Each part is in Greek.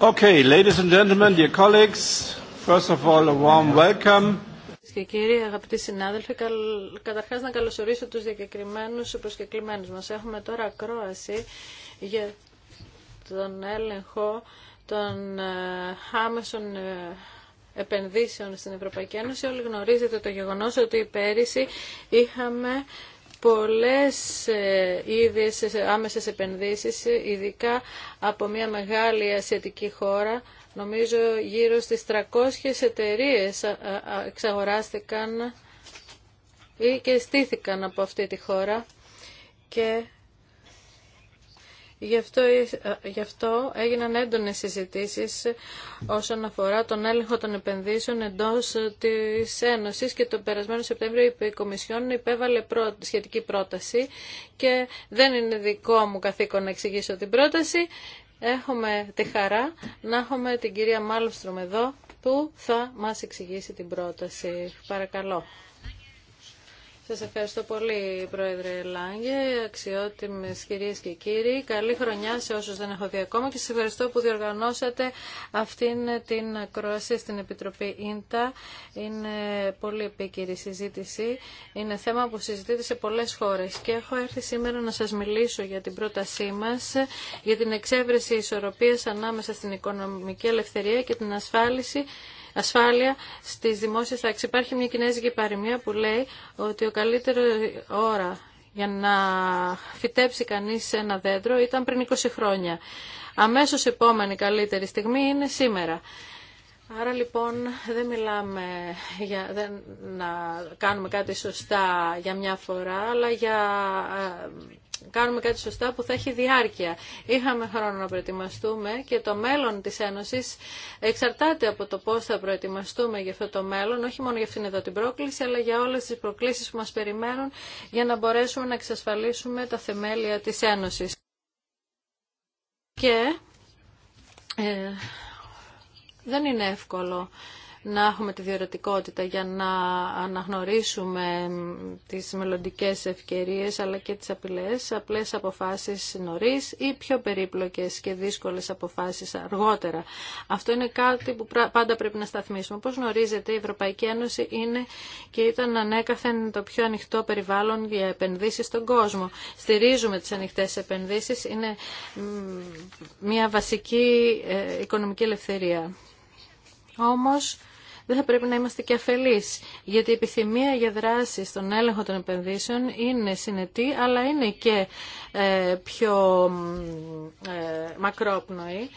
Okay, ladies and gentlemen, dear colleagues, first of all, a warm welcome. Και κύριοι, αγαπητοί συνάδελφοι, καταρχάς να καλωσορίσω τους διακεκριμένους προσκεκλημένους μας. Έχουμε τώρα ακρόαση για τον έλεγχο των άμεσων επενδύσεων στην Ευρωπαϊκή Ένωση. Όλοι γνωρίζετε το γεγονός ότι πέρυσι είχαμε πολλές ε, ίδιες ε, άμεσες επενδύσεις, ε, ειδικά από μια μεγάλη ασιατική χώρα. Νομίζω γύρω στις 300 εταιρείε εξαγοράστηκαν ή και στήθηκαν από αυτή τη χώρα και ε, γι' αυτό, έγιναν έντονες συζητήσεις όσον αφορά τον έλεγχο των επενδύσεων εντός της Ένωσης και τον περασμένο Σεπτέμβριο η Κομισιόν υπέβαλε σχετική πρόταση και δεν είναι δικό μου καθήκον να εξηγήσω την πρόταση. Έχουμε τη χαρά να έχουμε την κυρία Μάλουστρομ εδώ που θα μας εξηγήσει την πρόταση. Παρακαλώ. Σας ευχαριστώ πολύ, Πρόεδρε Λάγκε, αξιότιμες κυρίες και κύριοι. Καλή χρονιά σε όσους δεν έχω δει ακόμα και σας ευχαριστώ που διοργανώσατε αυτήν την ακρόαση στην Επιτροπή ΙΝΤΑ. Είναι πολύ επίκαιρη συζήτηση. Είναι θέμα που συζητείται σε πολλές χώρες και έχω έρθει σήμερα να σας μιλήσω για την πρότασή μας, για την εξέβρεση ισορροπίας ανάμεσα στην οικονομική ελευθερία και την ασφάλιση ασφάλεια στι δημόσιε τάξει. Υπάρχει μια κινέζικη παροιμία που λέει ότι ο καλύτερο ώρα για να φυτέψει κανείς ένα δέντρο ήταν πριν 20 χρόνια. Αμέσως επόμενη καλύτερη στιγμή είναι σήμερα. Άρα λοιπόν δεν μιλάμε για δεν, να κάνουμε κάτι σωστά για μια φορά, αλλά για ε, κάνουμε κάτι σωστά που θα έχει διάρκεια. Είχαμε χρόνο να προετοιμαστούμε και το μέλλον της Ένωσης εξαρτάται από το πώς θα προετοιμαστούμε για αυτό το μέλλον, όχι μόνο για αυτήν εδώ την πρόκληση, αλλά για όλες τις προκλήσεις που μας περιμένουν για να μπορέσουμε να εξασφαλίσουμε τα θεμέλια της Ένωσης. Και ε, δεν είναι εύκολο να έχουμε τη διορατικότητα για να αναγνωρίσουμε τις μελλοντικέ ευκαιρίες αλλά και τις απειλές, απλές αποφάσεις νωρίς ή πιο περίπλοκες και δύσκολες αποφάσεις αργότερα. Αυτό είναι κάτι που πάντα πρέπει να σταθμίσουμε. Όπως γνωρίζετε η Ευρωπαϊκή Ένωση είναι και ήταν σταθμισουμε πως γνωριζετε η ευρωπαικη ενωση ειναι και ηταν ανεκαθεν το πιο ανοιχτό περιβάλλον για επενδύσεις στον κόσμο. Στηρίζουμε τις ανοιχτές επενδύσεις, είναι μια βασική ε, οικονομική ελευθερία. Όμως δεν θα πρέπει να είμαστε και αφελείς, γιατί η επιθυμία για δράση στον έλεγχο των επενδύσεων είναι συνετή, αλλά είναι και ε, πιο ε, μακρόπνοη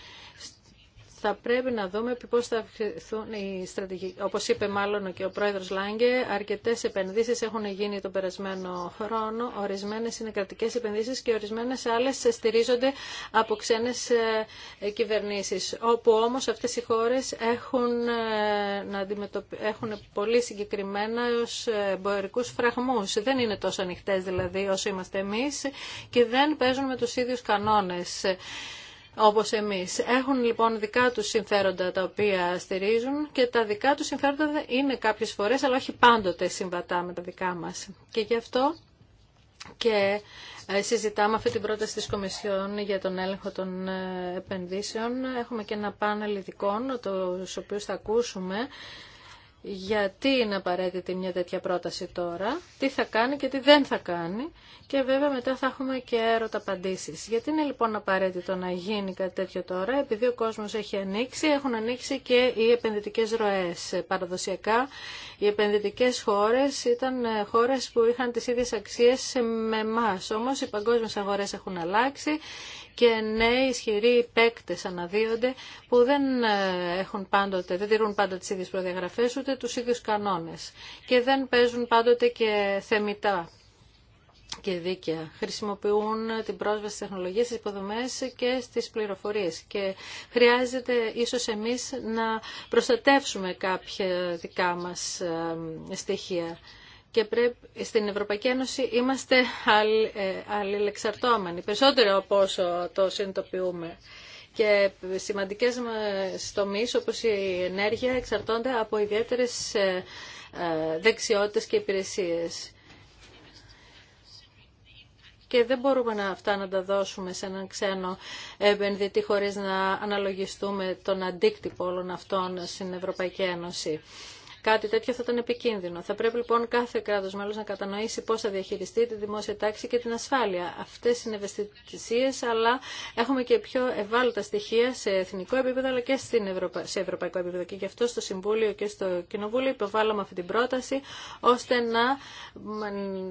θα πρέπει να δούμε πώ θα αυξηθούν οι στρατηγικοί. Όπως είπε μάλλον και ο πρόεδρο Λάγκε, αρκετέ επενδύσει έχουν γίνει τον περασμένο χρόνο. Ορισμένε είναι κρατικέ επενδύσεις και ορισμένε άλλε στηρίζονται από ξένες ε, ε, κυβερνήσει. Όπου όμω αυτέ οι χώρε έχουν, ε, να αντιμετωπι... έχουν πολύ συγκεκριμένα ω εμπορικούς φραγμούς. Δεν είναι τόσο ανοιχτέ δηλαδή όσο είμαστε εμείς και δεν παίζουν με τους ίδιους κανόνες όπως εμείς. Έχουν λοιπόν δικά τους συμφέροντα τα οποία στηρίζουν και τα δικά τους συμφέροντα είναι κάποιες φορές, αλλά όχι πάντοτε συμβατά με τα δικά μας. Και γι' αυτό και ε, συζητάμε αυτή την πρόταση της Κομισιόν για τον έλεγχο των ε, επενδύσεων. Έχουμε και ένα πάνελ ειδικών, του οποίους θα ακούσουμε γιατί είναι απαραίτητη μια τέτοια πρόταση τώρα, τι θα κάνει και τι δεν θα κάνει και βέβαια μετά θα έχουμε και έρωτα απαντήσεις. Γιατί είναι λοιπόν απαραίτητο να γίνει κάτι τέτοιο τώρα, επειδή ο κόσμος έχει ανοίξει, έχουν ανοίξει και οι επενδυτικές ροές. Παραδοσιακά οι επενδυτικές χώρες ήταν ε, χώρες που είχαν τις ίδιες αξίες με εμά. Όμως οι παγκόσμιες αγορές έχουν αλλάξει, και νέοι ισχυροί παίκτε αναδύονται που δεν, ε, έχουν πάντοτε, δεν τηρούν πάντα τις ίδιες προδιαγραφές ούτε τους ίδιους κανόνες και δεν παίζουν πάντοτε και θεμητά και δίκαια. Χρησιμοποιούν την πρόσβαση στις τεχνολογίες, στις υποδομές και στις πληροφορίες. Και χρειάζεται ίσως εμείς να προστατεύσουμε κάποια δικά μας ε, στοιχεία και πρέπει, στην Ευρωπαϊκή Ένωση είμαστε ε, αλληλεξαρτώμενοι, περισσότερο από όσο το συνειδητοποιούμε. Και σημαντικές τομεί όπως η ενέργεια εξαρτώνται από ιδιαίτερες ε, ε, δεξιότητες και υπηρεσίες. Και δεν μπορούμε να αυτά να τα δώσουμε σε έναν ξένο επενδυτή χωρίς να αναλογιστούμε τον αντίκτυπο όλων αυτών στην Ευρωπαϊκή Ένωση. Κάτι τέτοιο θα ήταν επικίνδυνο. Θα πρέπει λοιπόν κάθε κράτο μέλο να κατανοήσει πώ θα διαχειριστεί τη δημόσια τάξη και την ασφάλεια. Αυτέ είναι ευαισθησίε, αλλά έχουμε και πιο ευάλωτα στοιχεία σε εθνικό επίπεδο αλλά και στην σε ευρωπαϊκό επίπεδο. Και γι' αυτό στο Συμβούλιο και στο Κοινοβούλιο υποβάλαμε αυτή την πρόταση ώστε να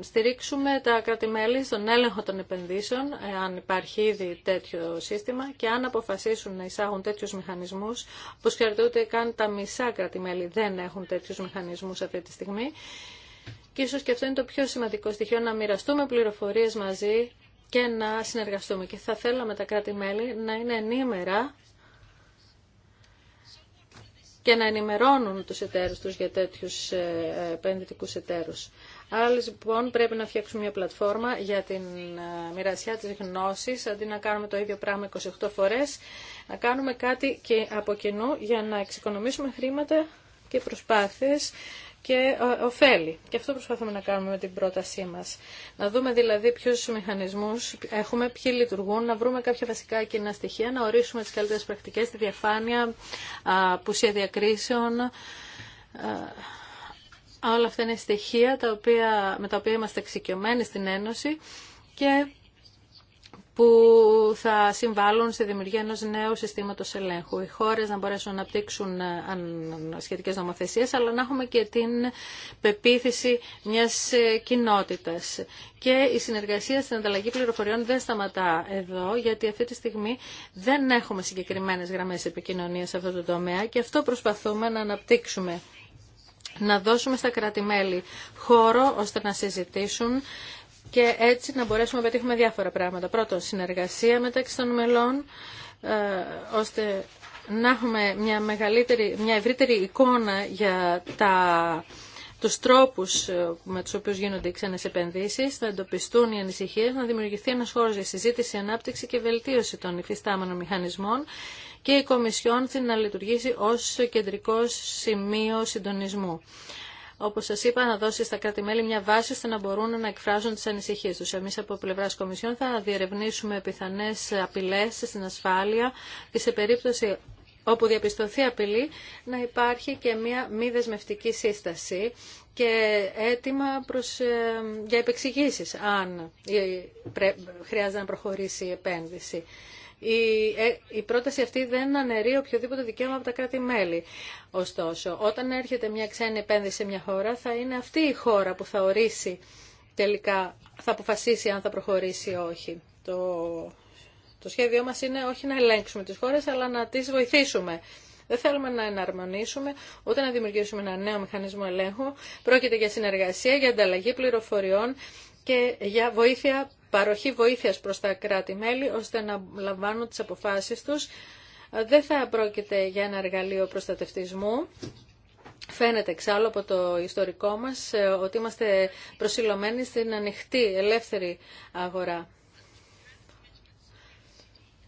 στηρίξουμε τα κράτη-μέλη στον έλεγχο των επενδύσεων, αν υπάρχει ήδη τέτοιο σύστημα και αν αποφασίσουν να εισάγουν τέτοιου μηχανισμού. Όπω ξέρετε, ούτε καν τα μισά κράτη-μέλη δεν έχουν τέτοιο τέτοιου μηχανισμούς αυτή τη στιγμή. Και ίσω και αυτό είναι το πιο σημαντικό στοιχείο, να μοιραστούμε πληροφορίε μαζί και να συνεργαστούμε. Και θα θέλαμε τα κράτη-μέλη να είναι ενήμερα και να ενημερώνουν τους εταίρους τους για τέτοιους ε, επενδυτικούς εταίρους. Άρα λοιπόν πρέπει να φτιάξουμε μια πλατφόρμα για την ε, μοιρασιά της γνώσης, αντί να κάνουμε το ίδιο πράγμα 28 φορές, να κάνουμε κάτι και από κοινού για να εξοικονομήσουμε χρήματα και προσπάθειες και ε, ωφέλη. Και αυτό προσπαθούμε να κάνουμε με την πρότασή μας. Να δούμε δηλαδή ποιους μηχανισμούς έχουμε, ποιοι λειτουργούν, να βρούμε κάποια βασικά κοινά στοιχεία, να ορίσουμε τις καλύτερες πρακτικές, τη διαφάνεια, απουσία διακρίσεων, Όλα αυτά είναι στοιχεία τα οποία, με τα οποία είμαστε εξοικειωμένοι στην Ένωση και που θα συμβάλλουν στη δημιουργία ενός νέου συστήματος ελέγχου. Οι χώρες να μπορέσουν να αναπτύξουν ε, ε, σχετικές νομοθεσίες, αλλά να έχουμε και την πεποίθηση μιας ε, κοινότητας. Και η συνεργασία στην ανταλλαγή πληροφοριών δεν σταματά εδώ, γιατί αυτή τη στιγμή δεν έχουμε συγκεκριμένες γραμμές επικοινωνίας σε αυτό το τομέα και αυτό προσπαθούμε να αναπτύξουμε να δώσουμε στα κράτη-μέλη χώρο ώστε να συζητήσουν και έτσι να μπορέσουμε να πετύχουμε διάφορα πράγματα. Πρώτον, συνεργασία μεταξύ των μελών, ε, ώστε να έχουμε μια, μεγαλύτερη, μια ευρύτερη εικόνα για τα, τους τρόπους ε, με τους οποίους γίνονται οι ξένες επενδύσεις, θα εντοπιστούν οι ανησυχίες, να δημιουργηθεί ένας χώρος για συζήτηση, ανάπτυξη και βελτίωση των υφιστάμενων μηχανισμών και η Κομισιόν να λειτουργήσει ως κεντρικό σημείο συντονισμού όπως σας είπα, να δώσει στα κράτη-μέλη μια βάση ώστε να μπορούν να εκφράζουν τις ανησυχίες τους. Εμείς από πλευράς Κομισιόν θα διερευνήσουμε πιθανές απειλές στην ασφάλεια και σε περίπτωση όπου διαπιστωθεί απειλή, να υπάρχει και μία μη δεσμευτική σύσταση και έτοιμα προς, ε, για επεξηγήσεις, αν χρειάζεται να προχωρήσει η επένδυση. Ε, η πρόταση αυτή δεν αναιρεί οποιοδήποτε δικαίωμα από τα κράτη-μέλη. Ωστόσο, όταν έρχεται μια ξένη επένδυση σε μια χώρα, θα είναι αυτή η χώρα που θα ορίσει τελικά, θα αποφασίσει αν θα προχωρήσει ή όχι. Το, το σχέδιό μας είναι όχι να ελέγξουμε τις χώρες, αλλά να τις βοηθήσουμε. Δεν θέλουμε να εναρμονίσουμε, ούτε να δημιουργήσουμε ένα νέο μηχανισμό ελέγχου. Πρόκειται για συνεργασία, για ανταλλαγή πληροφοριών και για βοήθεια παροχή βοήθειας προς τα κράτη-μέλη ώστε να λαμβάνουν τις αποφάσεις τους. Ε, δεν θα πρόκειται για ένα εργαλείο προστατευτισμού. Φαίνεται εξάλλου από το ιστορικό μας ε, ότι είμαστε προσιλωμένοι στην ανοιχτή, ελεύθερη αγορά.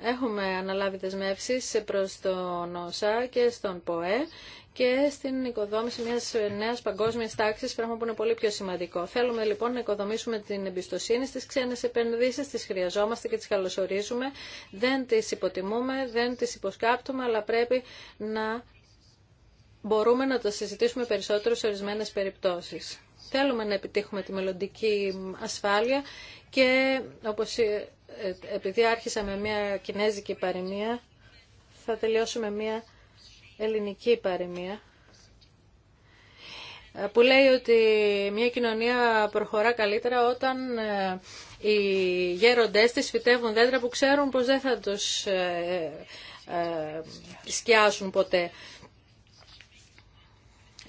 Έχουμε αναλάβει δεσμεύσεις προς τον ΩΣΑ και στον ΠΟΕ και στην οικοδόμηση μια νέα παγκόσμια τάξη, πράγμα που είναι πολύ πιο σημαντικό. Θέλουμε λοιπόν να οικοδομήσουμε την εμπιστοσύνη στις ξένες επενδύσεις, τι χρειαζόμαστε και τι καλωσορίζουμε, δεν τι υποτιμούμε, δεν τι υποσκάπτουμε, αλλά πρέπει να μπορούμε να το συζητήσουμε περισσότερο σε ορισμένε περιπτώσει. Θέλουμε να επιτύχουμε τη μελλοντική ασφάλεια και όπως ε, ε, επειδή άρχισα με μια κινέζικη παροιμία, θα τελειώσουμε μια ελληνική παροιμία που λέει ότι μια κοινωνία προχωρά καλύτερα όταν ε, οι γέροντές της φυτεύουν δέντρα που ξέρουν πως δεν θα τους ε, ε, σκιάσουν ποτέ.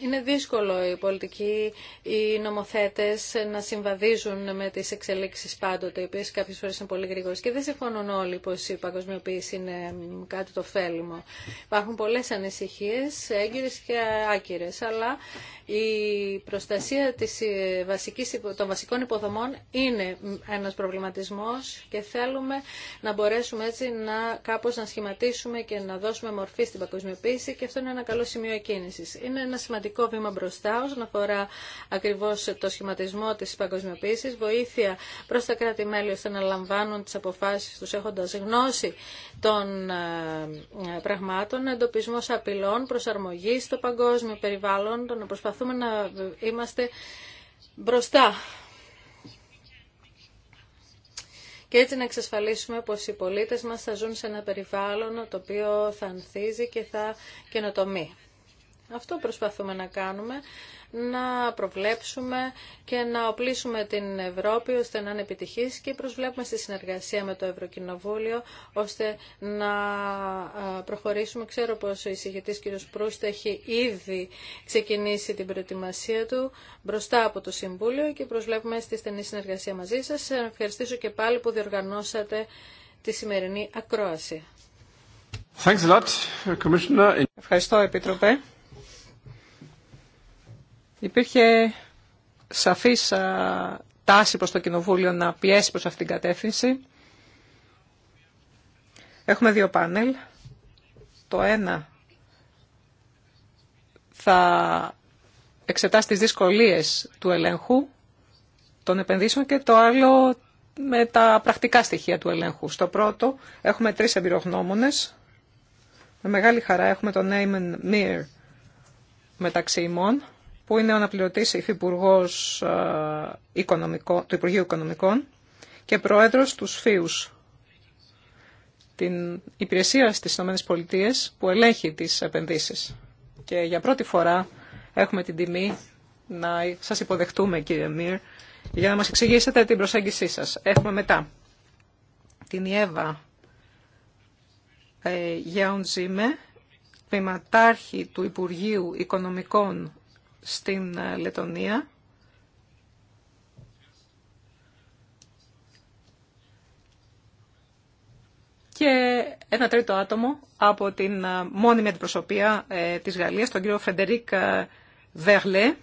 Είναι δύσκολο οι πολιτικοί, οι νομοθέτες να συμβαδίζουν με τις εξελίξεις πάντοτε, οι οποίες κάποιες φορές είναι πολύ γρήγορες και δεν συμφωνούν όλοι πως η παγκοσμιοποίηση είναι κάτι το φέλιμο. Υπάρχουν πολλές ανησυχίες, έγκυρες και άκυρες, αλλά η προστασία της ε, βασικής, των βασικών υποδομών είναι ένας προβληματισμός και θέλουμε να μπορέσουμε έτσι να κάπως να σχηματίσουμε και να δώσουμε μορφή στην παγκοσμιοποίηση και αυτό είναι ένα καλό σημείο κίνησης. Είναι ένα σημαντικό σημαντικό βήμα μπροστά όσον αφορά ακριβώ το σχηματισμό της παγκοσμιοποίηση, βοήθεια προ τα κράτη-μέλη ώστε να λαμβάνουν τι αποφάσει του έχοντα γνώση των ε, πραγμάτων, εντοπισμό απειλών, προσαρμογή στο παγκόσμιο περιβάλλον, να προσπαθούμε να είμαστε μπροστά και έτσι να εξασφαλίσουμε πως οι πολίτες μας θα ζουν σε ένα περιβάλλον το οποίο θα ανθίζει και θα καινοτομεί. Αυτό προσπαθούμε να κάνουμε, να προβλέψουμε και να οπλίσουμε την Ευρώπη ώστε να είναι επιτυχής και προσβλέπουμε στη συνεργασία με το Ευρωκοινοβούλιο ώστε να προχωρήσουμε. Ξέρω πως ο εισηγητής κ. Προύστα έχει ήδη ξεκινήσει την προετοιμασία του μπροστά από το Συμβούλιο και προσβλέπουμε στη στενή συνεργασία μαζί σας. Ε, ευχαριστήσω και πάλι που διοργανώσατε τη σημερινή ακρόαση. Ευχαριστώ, Επίτροπε. Υπήρχε σαφής τάση προς το Κοινοβούλιο να πιέσει προς αυτήν την κατεύθυνση. Έχουμε δύο πάνελ. Το ένα θα εξετάσει τις δυσκολίες του ελέγχου των επενδύσεων και το άλλο με τα πρακτικά στοιχεία του ελέγχου. Στο πρώτο έχουμε τρεις εμπειρογνώμονες. Με μεγάλη χαρά έχουμε τον Νέιμεν Μίρ μεταξύ ημών που είναι ο αναπληρωτής υφυπουργός ε, του Υπουργείου Οικονομικών και πρόεδρος του ΣΦΙΟΥΣ, την υπηρεσία στις ΗΠΑ που ελέγχει τις επενδύσεις. Και για πρώτη φορά έχουμε την τιμή να σας υποδεχτούμε, κύριε Μύρ, για να μας εξηγήσετε την προσέγγισή σας. Έχουμε μετά την Ιέβα ε, Γιάουντζίμε, του Υπουργείου Οικονομικών στην ε, Λετωνία. και ένα τρίτο άτομο από την ε, μόνιμη αντιπροσωπεία ε, της Γαλλίας, τον κύριο Φεντερίκ Βερλέ.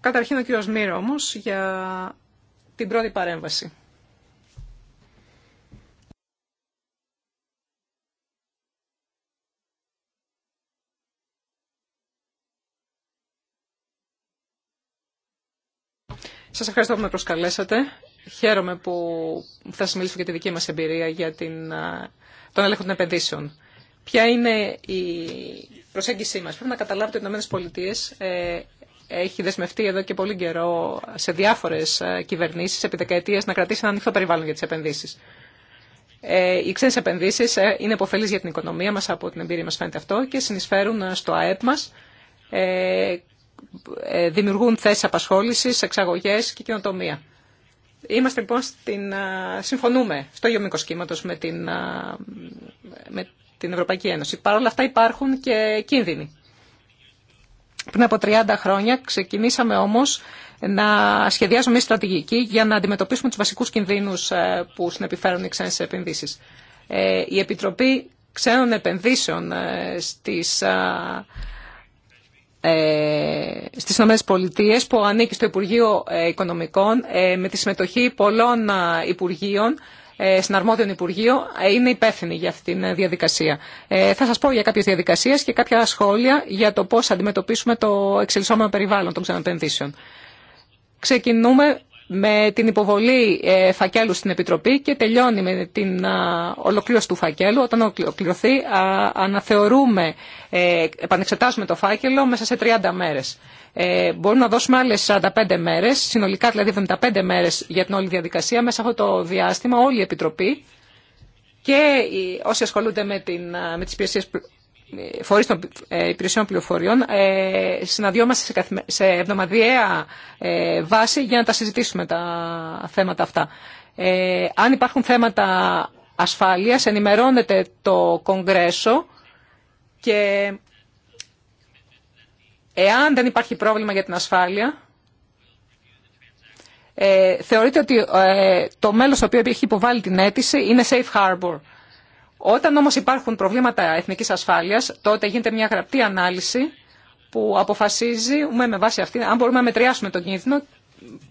Καταρχήν ο κύριος Μύρο όμως για την πρώτη παρέμβαση. Σα ευχαριστώ που με προσκαλέσατε. Χαίρομαι που θα σα μιλήσω για τη δική μα εμπειρία για την, τον έλεγχο των επενδύσεων. Ποια είναι η προσέγγισή μα Πρέπει να καταλάβετε ότι οι ΗΠΑ ε, έχει δεσμευτεί εδώ και πολύ καιρό σε διάφορε κυβερνήσει, επί δεκαετίε να κρατήσει ένα ανοιχτό περιβάλλον για τις επενδύσεις. Ε, οι ξένε επενδύσει ε, είναι υποφελεί για την οικονομία μα, από την εμπειρία μα φαίνεται αυτό, και συνεισφέρουν στο ΑΕΠ μα ε, δημιουργούν θέσει απασχόληση, εξαγωγέ και κοινοτομία. Είμαστε λοιπόν στην, συμφωνούμε στο γεωμικό σχήματος με την, με την Ευρωπαϊκή Ένωση. Παρ' όλα αυτά υπάρχουν και κίνδυνοι. Πριν από 30 χρόνια ξεκινήσαμε όμως να σχεδιάζουμε μια στρατηγική για να αντιμετωπίσουμε τους βασικούς κινδύνους ε, που συνεπιφέρουν οι ξένες επενδύσεις. Ε, η Επιτροπή Ξένων Επενδύσεων στις ε, στις Ηνωμένες Πολιτείες που ανήκει στο Υπουργείο ε, Οικονομικών ε, με τη συμμετοχή πολλών Υπουργείων, συναρμόδιων Υπουργείων, είναι υπεύθυνη για αυτή τη διαδικασία. Θα σας πω για κάποιες διαδικασίες και κάποια σχόλια για το πώς αντιμετωπίσουμε το εξελισσόμενο περιβάλλον των ξενοπενδύσεων. Ξεκινούμε με την υποβολή ε, φακέλου στην Επιτροπή και τελειώνει με την ολοκλήρωση του φακέλου. Όταν ολοκληρωθεί αναθεωρούμε, ε, επανεξετάζουμε το φάκελο μέσα σε 30 μέρες. Ε, μπορούμε να δώσουμε άλλες 45 μέρες, συνολικά δηλαδή 75 μέρες για την όλη διαδικασία. Μέσα αυτό το διάστημα όλη η Επιτροπή και όσοι ασχολούνται με, την, με τις φορείς των ε, υπηρεσιών πληροφοριών ε, συναντιόμαστε σε εβδομαδιαία ε, βάση για να τα συζητήσουμε τα θέματα αυτά. Αν υπάρχουν θέματα ασφάλειας, ενημερώνεται το Κογκρέσο και εάν δεν υπάρχει πρόβλημα για την ασφάλεια, θεωρείται ότι το μέλος το οποίο έχει υποβάλει την αίτηση είναι safe harbor όταν όμως υπάρχουν προβλήματα εθνικής ασφάλειας, τότε γίνεται μια γραπτή ανάλυση που αποφασίζει με βάση αυτή, αν μπορούμε να μετριάσουμε τον κίνδυνο,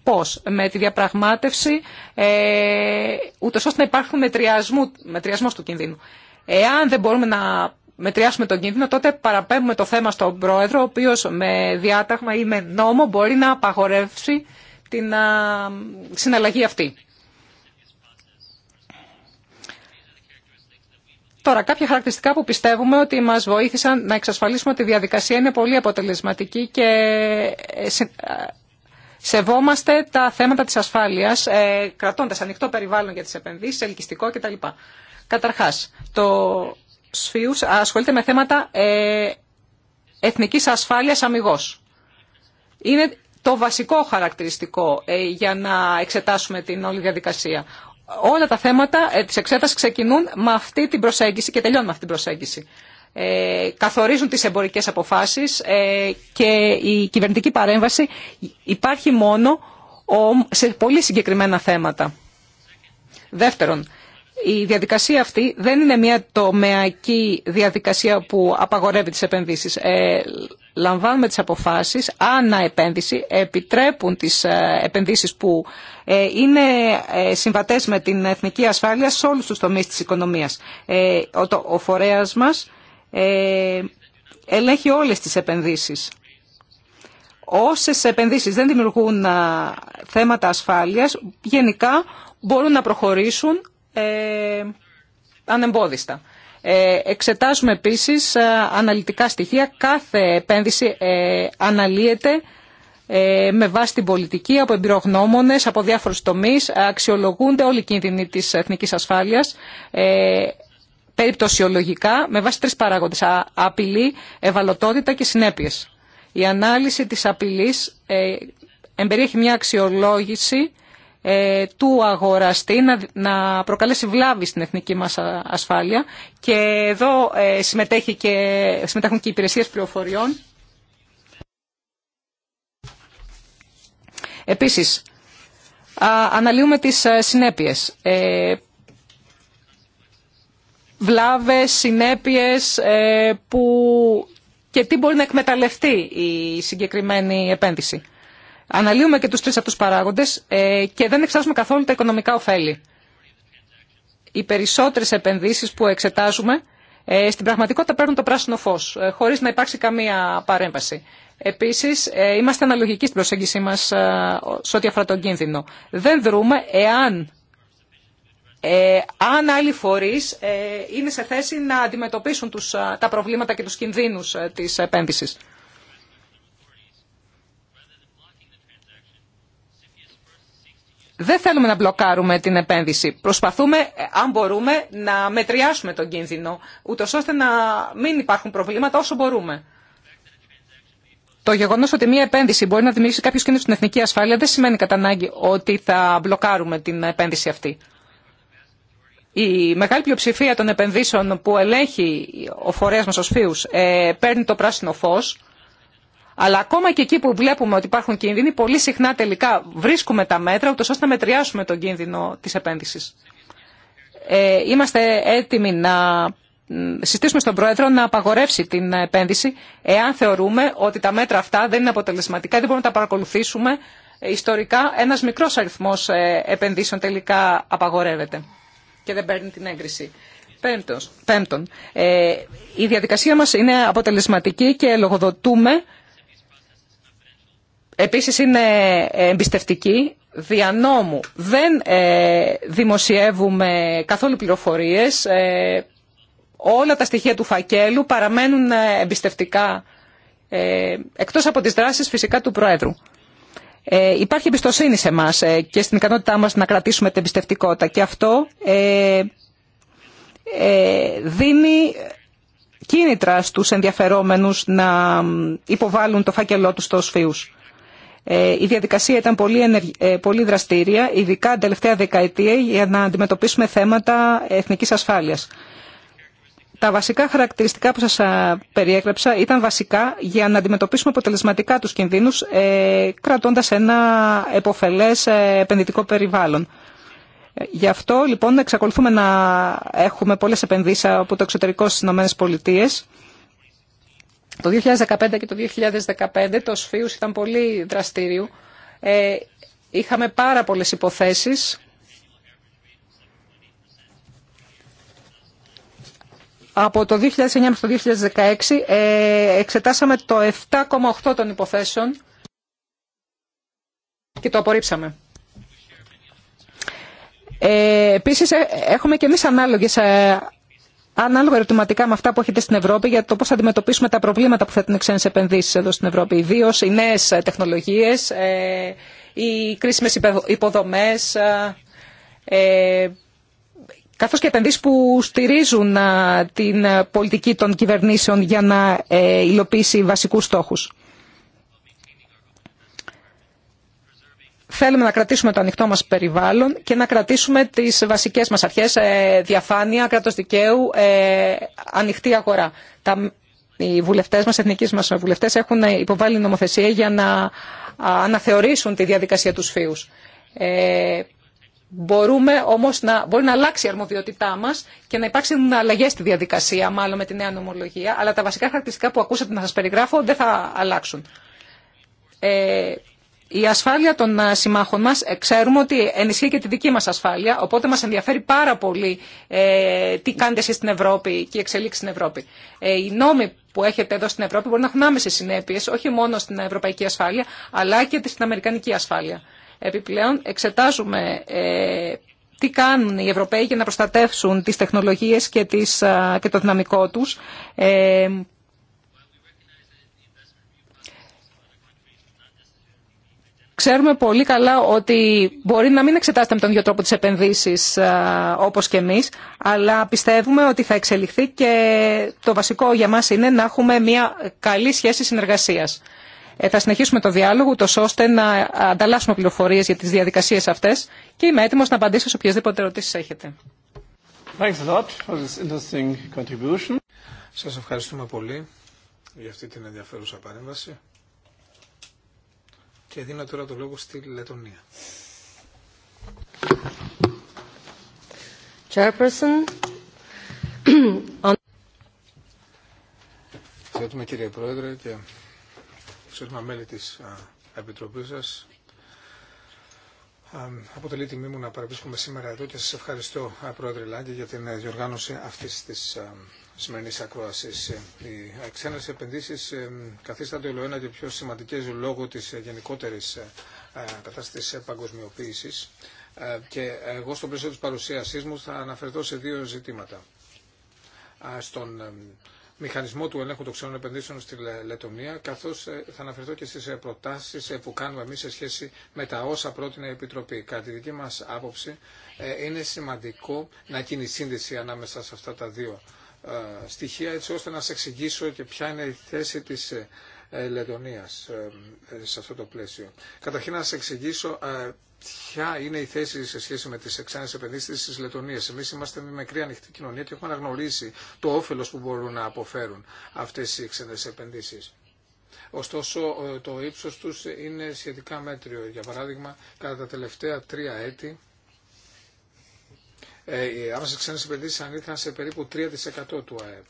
πώς, με τη διαπραγμάτευση, ε, ούτως ώστε να υπάρχουν μετριασμό μετριασμός του κινδύνου. Εάν δεν μπορούμε να μετριάσουμε τον κίνδυνο, τότε παραπέμπουμε το θέμα στον πρόεδρο, ο οποίος με διάταγμα ή με νόμο μπορεί να απαγορεύσει την συναλλαγή αυτή. Τώρα, κάποια χαρακτηριστικά που πιστεύουμε ότι μας βοήθησαν να εξασφαλίσουμε ότι η διαδικασία είναι πολύ αποτελεσματική και ε, ε, σεβόμαστε τα θέματα της ασφάλειας, ε, κρατώντας ανοιχτό περιβάλλον για τις επενδύσεις, ελκυστικό κτλ. Καταρχάς, το ΣΦΙΟΥΣ ασχολείται με θέματα εθνικής ασφάλειας αμυγός. Είναι το βασικό χαρακτηριστικό για να εξετάσουμε την όλη διαδικασία όλα τα θέματα ε, της εξέτασης ξεκινούν με αυτή την προσέγγιση και τελειώνουν με αυτή την προσέγγιση. Ε, καθορίζουν τις εμπορικές αποφάσεις ε, και η κυβερνητική παρέμβαση υπάρχει μόνο σε πολύ συγκεκριμένα θέματα. Δεύτερον, η διαδικασία αυτή δεν είναι μια τομεακή διαδικασία που απαγορεύει τις επενδύσεις. Ε, λαμβάνουμε τις αποφάσεις ανά επένδυση, επιτρέπουν τις ε, επενδύσεις που ε, είναι ε, συμβατές με την εθνική ασφάλεια σε όλους τους τομείς της οικονομίας. Ε, ο, ο φορέας μας ε, ελέγχει όλες τις επενδύσεις. Όσες επενδύσεις δεν δημιουργούν θέματα ασφάλειας, γενικά μπορούν να προχωρήσουν ε, ανεμπόδιστα. Ε, εξετάζουμε επίσης ε, αναλυτικά στοιχεία. Κάθε επένδυση ε, αναλύεται ε, με βάση την πολιτική, από εμπειρογνώμονες, από διάφορους τομείς. Αξιολογούνται όλοι οι κίνδυνοι της εθνικής ασφάλειας ε, περιπτωσιολογικά με βάση τρεις παράγοντες. απειλή, ευαλωτότητα και συνέπειες. Η ανάλυση της απειλής εμπεριέχει μια αξιολόγηση ε, του αγοραστή να προκαλέσει βλάβη στην εθνική μας ασφάλεια και εδώ ε, συμμετέχει και, συμμετέχουν και οι υπηρεσίες πληροφοριών. Επίσης, αναλύουμε τις ε, συνέπειες. Βλάβες, συνέπειες που... και τι μπορεί να εκμεταλλευτεί η συγκεκριμένη επένδυση. Αναλύουμε και τους τρεις αυτούς παράγοντες ε, και δεν εξετάζουμε καθόλου τα οικονομικά ωφέλη. Οι περισσότερες επενδύσεις που εξετάζουμε ε, στην πραγματικότητα παίρνουν το πράσινο φως, ε, χωρίς να υπάρξει καμία παρέμβαση. Επίσης, είμαστε αναλογικοί στην προσέγγιση μας σε ό,τι αφορά τον κίνδυνο. Δεν δρούμε εάν αν άλλοι φορείς είναι σε θέση να αντιμετωπίσουν τους, τα προβλήματα και τους κινδύνους ε, της επένδυσης. δεν θέλουμε να μπλοκάρουμε την επένδυση. Προσπαθούμε, ε, αν μπορούμε, να μετριάσουμε τον κίνδυνο, ούτω ώστε να μην υπάρχουν προβλήματα όσο μπορούμε. Το γεγονό ότι μια επένδυση μπορεί να δημιουργήσει κάποιο κίνδυνο στην εθνική ασφάλεια δεν σημαίνει κατά ανάγκη ότι θα μπλοκάρουμε την επένδυση αυτή. Η μεγάλη πλειοψηφία των επενδύσεων που ελέγχει ο φορέας μας ως ε, παίρνει το πράσινο φω. Αλλά ακόμα και εκεί που βλέπουμε ότι υπάρχουν κίνδυνοι, πολύ συχνά τελικά βρίσκουμε τα μέτρα, ούτως ώστε να μετριάσουμε τον κίνδυνο της επένδυσης. Ε, είμαστε έτοιμοι να συστήσουμε στον Πρόεδρο να απαγορεύσει την επένδυση, εάν θεωρούμε ότι τα μέτρα αυτά δεν είναι αποτελεσματικά, δεν μπορούμε να τα παρακολουθήσουμε. Ιστορικά, ένας μικρός αριθμός ε, επενδύσεων τελικά απαγορεύεται και δεν παίρνει την έγκριση. Πέμπτος, πέμπτον, ε, η διαδικασία μας είναι αποτελεσματική και λογοδοτούμε Επίσης είναι ε, εμπιστευτική, δια νόμου δεν ε, δημοσιεύουμε καθόλου πληροφορίες, ε, όλα τα στοιχεία του φακέλου παραμένουν εμπιστευτικά, ε, εκτός από τις δράσεις φυσικά του Προέδρου. υπάρχει εμπιστοσύνη σε εμά και στην ικανότητά μας να κρατήσουμε την εμπιστευτικότητα και αυτό δίνει κίνητρα στους ενδιαφερόμενους να υποβάλουν το φάκελό τους στους φιούς. Ε, η διαδικασία ήταν πολύ, ε, πολύ δραστήρια, ειδικά την τελευταία δεκαετία, για να αντιμετωπίσουμε θέματα εθνικής ασφάλειας. Τα βασικά χαρακτηριστικά που σας περιέγραψα ήταν βασικά για να αντιμετωπίσουμε αποτελεσματικά τους κινδύνους, ε, κρατώντας ένα εποφελές επενδυτικό περιβάλλον. Γι' αυτό λοιπόν εξακολουθούμε να έχουμε πολλές επενδύσεις από το εξωτερικό στις ΗΠΑ το 2015 και το 2015 το ΣΦΙΟΥΣ ήταν πολύ δραστήριο. Ε, είχαμε πάρα πολλές υποθέσεις. Από το 2009 μέχρι το 2016 ε, εξετάσαμε το 7,8 των υποθέσεων και το απορρίψαμε. Ε, επίσης ε, έχουμε και εμείς ανάλογες ε, ανάλογα ερωτηματικά με αυτά που έχετε στην Ευρώπη για το πώς θα αντιμετωπίσουμε τα προβλήματα που θέτουν οι ξένες επενδύσεις εδώ στην Ευρώπη. Ιδίω οι νέε ε, τεχνολογίες, ε, οι κρίσιμες υποδομές, ε, καθώς και επενδύσεις που στηρίζουν την πολιτική των κυβερνήσεων για να υλοποιήσει βασικούς στόχους. Θέλουμε να κρατήσουμε το ανοιχτό μας περιβάλλον και να κρατήσουμε τις βασικές μας αρχές ε, διαφάνεια, κράτος δικαίου, ε, ανοιχτή αγορά. Τα, οι βουλευτές μας, εθνικοί μας βουλευτές, έχουν υποβάλει νομοθεσία για να αναθεωρήσουν τη διαδικασία του φίους. Ε, μπορούμε όμως να, μπορεί να αλλάξει η αρμοδιότητά μας και να υπάρξουν αλλαγές στη διαδικασία, μάλλον με τη νέα νομολογία, αλλά τα βασικά χαρακτηριστικά που ακούσατε να σας περιγράφω δεν θα αλλάξουν. Ε, η ασφάλεια των ε, συμμάχων μας, ε, ξέρουμε ότι ενισχύει και τη δική μας ασφάλεια, οπότε μας ενδιαφέρει πάρα πολύ ε, τι κάνετε εσείς στην Ευρώπη και η εξελίξη στην Ευρώπη. οι νόμοι που έχετε εδώ στην Ευρώπη μπορεί να έχουν άμεσες συνέπειες, όχι μόνο στην ευρωπαϊκή ασφάλεια, αλλά και στην αμερικανική ασφάλεια. Επιπλέον, εξετάζουμε τι κάνουν οι Ευρωπαίοι για να προστατεύσουν τις τεχνολογίες και, τις, και το δυναμικό τους, Ξέρουμε πολύ καλά ότι μπορεί να μην εξετάσετε με τον ίδιο τρόπο τις επενδύσεις ε, όπως και εμείς, αλλά πιστεύουμε ότι θα εξελιχθεί και το βασικό για μας είναι να έχουμε μια καλή σχέση συνεργασίας. Ε, θα συνεχίσουμε το διάλογο, τόσο ώστε να ανταλλάσσουμε πληροφορίες για τις διαδικασίες αυτές και είμαι έτοιμος να απαντήσω σε οποιασδήποτε ερωτήσεις έχετε. Σας ευχαριστούμε πολύ για αυτή την ενδιαφέρουσα παρέμβαση. Και δίνω τώρα το λόγο στη Λετωνία. Chairperson. Ευχαριστούμε κύριε Πρόεδρε και ευχαριστούμε μέλη της Επιτροπής σας αποτελεί τιμή μου να παραβρίσκομαι σήμερα εδώ και σας ευχαριστώ Πρόεδρε Λάγκη για την ε, διοργάνωση αυτής της σημερινή ακρόαση. Ε, οι ε, ξένε επενδύσει καθίστανται όλο ένα και πιο σημαντικέ λόγω τη γενικότερη κατάσταση παγκοσμιοποίηση. Και εγώ στο πλαίσιο τη παρουσίασή μου θα αναφερθώ σε δύο ζητήματα. Στον μηχανισμό του ελέγχου των ξένων επενδύσεων στη Λετωνία, καθώ ε, θα αναφερθώ και στι ε, προτάσει ε, που κάνουμε εμεί σε σχέση με τα όσα πρότεινε η Επιτροπή. Κατά τη δική μα άποψη, είναι σημαντικό να γίνει σύνδεση ανάμεσα σε αυτά τα δύο στοιχεία, έτσι ώστε να σα εξηγήσω και ποια είναι η θέση τη Λετωνία σε αυτό το πλαίσιο. Καταρχήν να σα εξηγήσω ποια είναι η θέση σε σχέση με τι εξάνε επενδύσει τη Λετωνία. Εμεί είμαστε μια μικρή ανοιχτή κοινωνία και έχουμε αναγνωρίσει το όφελο που μπορούν να αποφέρουν αυτέ οι εξάνε επενδύσει. Ωστόσο, το ύψο του είναι σχετικά μέτριο. Για παράδειγμα, κατά τα τελευταία τρία έτη, ε, οι άμεσε ξένε επενδύσει ανήλθαν σε περίπου 3% του ΑΕΠ.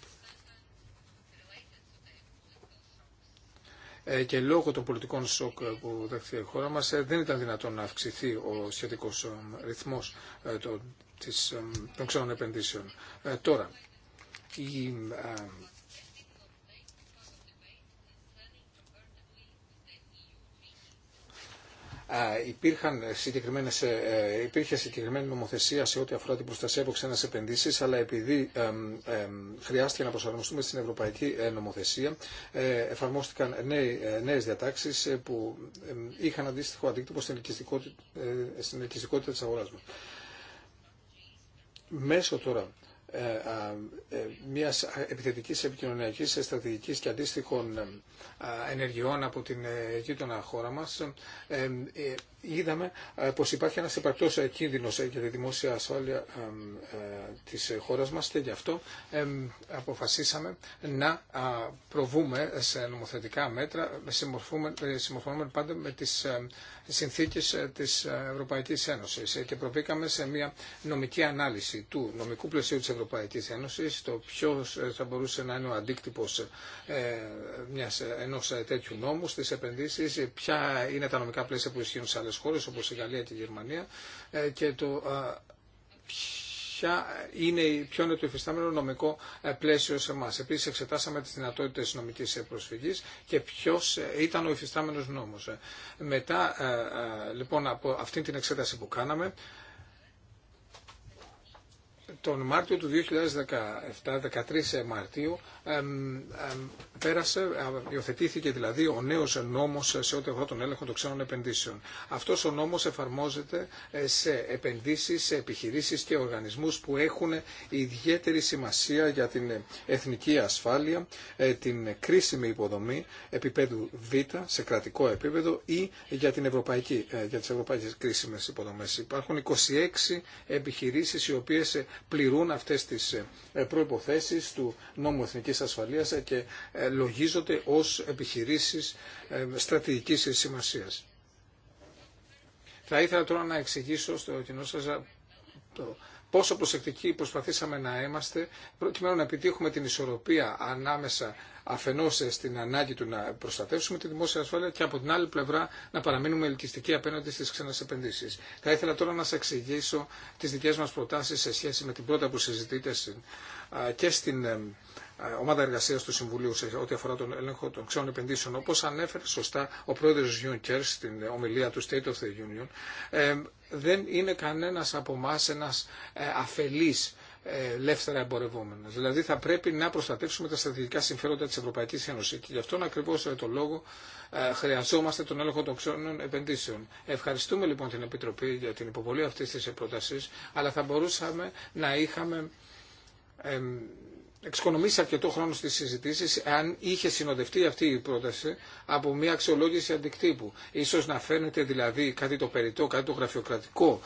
Ε, και λόγω των πολιτικών σοκ ε, που δέχθηκε η χώρα μας ε, δεν ήταν δυνατόν να αυξηθεί ο σχετικός ρυθμός των, ξένων επενδύσεων. Τώρα, η Ε, υπήρχε συγκεκριμένη νομοθεσία σε ό,τι αφορά την προστασία από ξένες επενδύσεις, αλλά επειδή χρειάστηκε να προσαρμοστούμε στην ευρωπαϊκή ε, νομοθεσία, ε, εφαρμόστηκαν νέε νέες διατάξεις που είχαν αντίστοιχο αντίκτυπο στην ελκυστικότητα, στην ελκυστικότητα της αγοράς μας. Μέσω τώρα ε, ε, μια επιθετική επικοινωνιακή στρατηγική και αντίστοιχων ε, ενεργειών από την γείτονα χώρα μα είδαμε ε, πως υπάρχει ένας υπαρκτός ε, κίνδυνος ε, για τη δημόσια ασφάλεια της χώρας μας και γι' αυτό αποφασίσαμε να προβούμε σε νομοθετικά μέτρα, συμμορφώνουμε πάντα με τις συνθήκες της Ευρωπαϊκής Ένωσης και προβήκαμε σε μια νομική ανάλυση του νομικού πλαισίου της Ευρωπαϊκής Ένωσης, το ποιο θα μπορούσε να είναι ο αντίκτυπος μιας, ενός τέτοιου νόμου στις επενδύσεις, ποια είναι τα νομικά πλαίσια που ισχύουν σε χώρες όπως η Γαλλία και η Γερμανία ε, και το ε, ποια είναι, ποιο είναι το υφιστάμενο νομικό ε, πλαίσιο σε εμά. Επίσης εξετάσαμε τις δυνατότητες νομική προσφυγή και ποιο ήταν ο υφιστάμενο νόμο. Μετά λοιπόν από αυτή την εξέταση που κάναμε, τον Μάρτιο του 2017, 13 Μαρτίου, πέρασε, υιοθετήθηκε δηλαδή ο νέος νόμος σε ό,τι αφορά τον έλεγχο των ξένων επενδύσεων. Αυτός ο νόμος εφαρμόζεται ε, σε επενδύσεις, σε επιχειρήσεις και οργανισμούς που έχουν ιδιαίτερη σημασία για την εθνική ασφάλεια, ε, την κρίσιμη υποδομή επίπεδου Β σε κρατικό επίπεδο ή για, την ευρωπαϊκή, ε, για τις ευρωπαϊκές κρίσιμες υποδομές. Υπάρχουν 26 επιχειρήσεις οι οποίες πληρούν αυτές τις ε, προϋποθέσεις του νόμου Εθνική ασφαλείας ε, και ε, λογίζονται ως επιχειρήσεις στρατηγικής σημασίας. Θα ήθελα τώρα να εξηγήσω στο κοινό σας το πόσο προσεκτικοί προσπαθήσαμε να είμαστε προκειμένου να επιτύχουμε την ισορροπία ανάμεσα Αφενό στην ανάγκη του να προστατεύσουμε τη δημόσια ασφάλεια και από την άλλη πλευρά να παραμείνουμε ελκυστικοί απέναντι στις ξένες επενδύσει. Θα ήθελα τώρα να σα εξηγήσω τις δικέ μας προτάσεις σε σχέση με την πρώτα που συζητείτε και στην ε, ομάδα εργασία του Συμβουλίου σε ό,τι αφορά τον έλεγχο των ξένων επενδύσεων. Όπω ανέφερε σωστά ο πρόεδρο Juncker στην ομιλία του State of the Union, ε, δεν είναι κανένα από εμά ένα ε, αφελή ελεύθερα εμπορευόμενο. Δηλαδή θα πρέπει να προστατεύσουμε τα στρατηγικά συμφέροντα τη Ευρωπαϊκή Ένωση. Και γι' αυτόν ακριβώ το λόγο χρειαζόμαστε τον έλεγχο των ξένων επενδύσεων. Ευχαριστούμε λοιπόν την Επιτροπή για την υποβολή αυτή τη πρόταση, αλλά θα μπορούσαμε να είχαμε εξοικονομήσει αρκετό χρόνο στις συζητήσεις αν είχε συνοδευτεί αυτή η πρόταση από μια αξιολόγηση αντικτύπου. Ίσως να φαίνεται δηλαδή κάτι το περιττό, κάτι το γραφειοκρατικό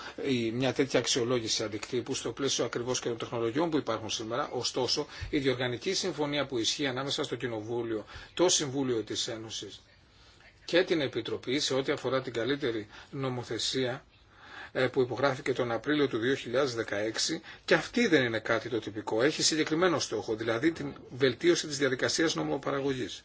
μια τέτοια αξιολόγηση αντικτύπου στο πλαίσιο ακριβώ και των τεχνολογιών που υπάρχουν σήμερα. Ωστόσο, η διοργανική συμφωνία που ισχύει ανάμεσα στο Κοινοβούλιο, το Συμβούλιο τη Ένωση και την Επιτροπή σε ό,τι αφορά την καλύτερη νομοθεσία ε, που υπογράφηκε τον Απρίλιο του 2016 και αυτή δεν είναι κάτι το τυπικό. Έχει συγκεκριμένο στόχο, δηλαδή την βελτίωση της διαδικασίας νομοπαραγωγής.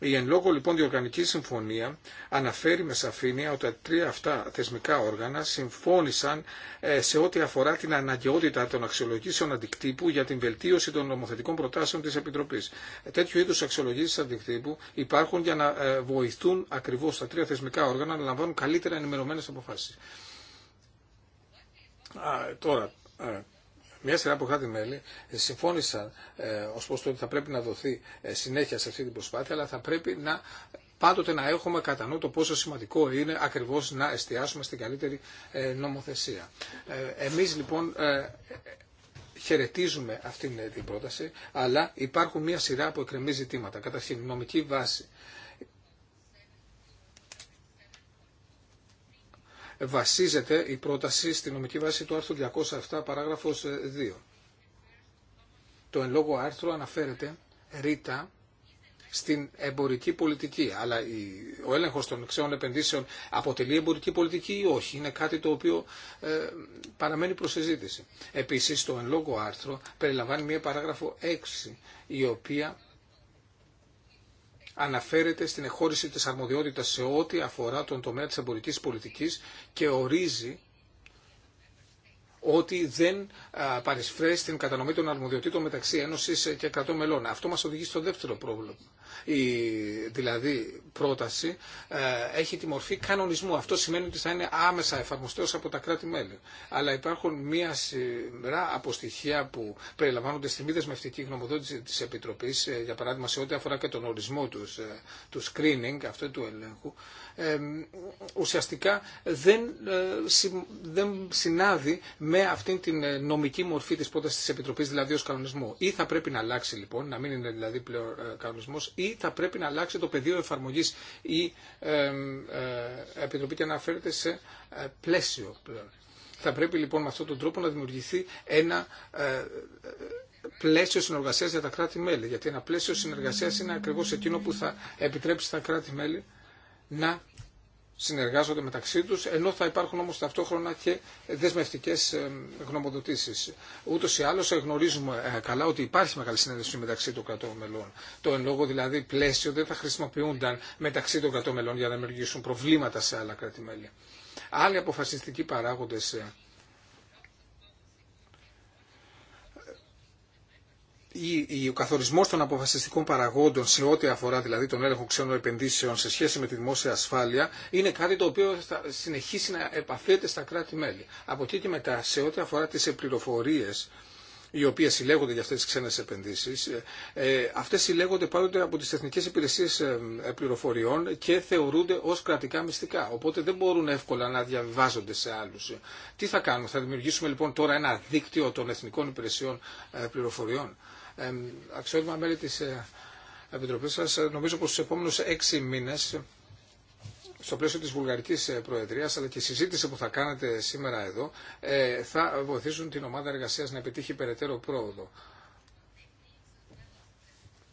Η εν λόγω λοιπόν διοργανική συμφωνία αναφέρει με σαφήνεια ότι τα τρία αυτά θεσμικά όργανα συμφώνησαν ε, σε ό,τι αφορά την αναγκαιότητα των αξιολογήσεων αντικτύπου για την βελτίωση των νομοθετικών προτάσεων τη Επιτροπή. Ε, τέτοιου είδου αξιολογήσει αντικτύπου υπάρχουν για να βοηθούν ακριβώ τα τρία θεσμικά όργανα να λαμβάνουν καλύτερα ενημερωμένε αποφάσει. Α, τώρα, μια σειρά από κράτη-μέλη ε, συμφώνησαν ε, ως πως το ότι θα πρέπει να δοθεί ε, συνέχεια σε αυτή την προσπάθεια, αλλά θα πρέπει να πάντοτε να έχουμε κατά το πόσο σημαντικό είναι ακριβώς να εστιάσουμε στην καλύτερη ε, νομοθεσία. Ε, εμείς λοιπόν χαιρετίζουμε αυτή την πρόταση, αλλά υπάρχουν μια σειρά από εκκρεμή ζητήματα. Καταρχήν, νομική βάση. βασίζεται η πρόταση στη νομική βάση του άρθρου 207 παράγραφος 2. Ε, το εν λόγω άρθρο αναφέρεται ρήτα στην εμπορική πολιτική. Αλλά ο έλεγχος των ξέων επενδύσεων αποτελεί εμπορική πολιτική ή όχι. Είναι κάτι το οποίο ε, παραμένει προσεζήτηση. Επίσης, το εν λόγω άρθρο περιλαμβάνει μία παράγραφο 6, η οποία αναφέρεται στην εχώρηση της αρμοδιότητας σε ό,τι αφορά τον τομέα της εμπορικής πολιτικής και ορίζει ότι δεν παρισφρέει στην κατανομή των αρμοδιοτήτων μεταξύ Ένωση και κρατών μελών. Αυτό μα οδηγεί στο δεύτερο πρόβλημα η δηλαδή πρόταση ε, έχει τη μορφή κανονισμού. Αυτό σημαίνει ότι θα είναι άμεσα εφαρμοστέ από τα κράτη-μέλη. Αλλά υπάρχουν μία σειρά από που περιλαμβάνονται στη μη δεσμευτική γνωμοδότηση της Επιτροπής, ε, για παράδειγμα σε ό,τι αφορά και τον ορισμό τους, ε, του screening, αυτό του ελέγχου, ουσιαστικά δεν, δεν συνάδει με αυτήν την νομική μορφή τη πρόταση τη επιτροπή, δηλαδή ως κανονισμό. Ή θα πρέπει να αλλάξει λοιπόν, να μην είναι δηλαδή πλέον κανονισμό. Θα πρέπει λοιπόν με αυτόν τον τρόπο να δημιουργηθεί ένα ε, πλαίσιο συνεργασίας για τα κράτη-μέλη. Γιατί ένα πλαίσιο συνεργασίας είναι ακριβώς εκείνο που θα επιτρέψει στα κράτη-μέλη να συνεργάζονται μεταξύ τους, ενώ θα υπάρχουν όμως ταυτόχρονα και δεσμευτικές ε, γνωμοδοτήσεις. Ούτως ή άλλως ε, γνωρίζουμε ε, καλά ότι υπάρχει μεγάλη συνέντευξη μεταξύ των κρατών μελών. Το εν λόγω δηλαδή πλαίσιο δεν θα χρησιμοποιούνταν μεταξύ των κρατών μελών για να δημιουργήσουν προβλήματα σε άλλα κράτη-μέλη. Άλλοι αποφασιστικοί παράγοντες ο καθορισμό των αποφασιστικών παραγόντων σε ό,τι αφορά δηλαδή τον έλεγχο ξένων επενδύσεων σε σχέση με τη δημόσια ασφάλεια είναι κάτι το οποίο θα συνεχίσει να επαφέται στα κράτη-μέλη. Από εκεί και μετά σε ό,τι αφορά τι πληροφορίε, οι οποίε συλλέγονται για αυτέ τι ξένες επενδύσει, αυτέ ε, ε, αυτές συλλέγονται πάντοτε από τι εθνικέ υπηρεσίε ε, πληροφοριών και θεωρούνται ω κρατικά μυστικά. Οπότε δεν μπορούν εύκολα να διαβιβάζονται σε άλλου. Τι θα κάνουμε, θα δημιουργήσουμε λοιπόν τώρα ένα δίκτυο των εθνικών υπηρεσιών πληροφοριών αξιότιμα μέλη της ε, Επιτροπής σας, ε, νομίζω πως στους επόμενους έξι μήνες στο πλαίσιο της Βουλγαρικής ε, Προεδρίας αλλά και η συζήτηση που θα κάνετε σήμερα εδώ θα βοηθήσουν την ομάδα εργασίας να επιτύχει περαιτέρω πρόοδο.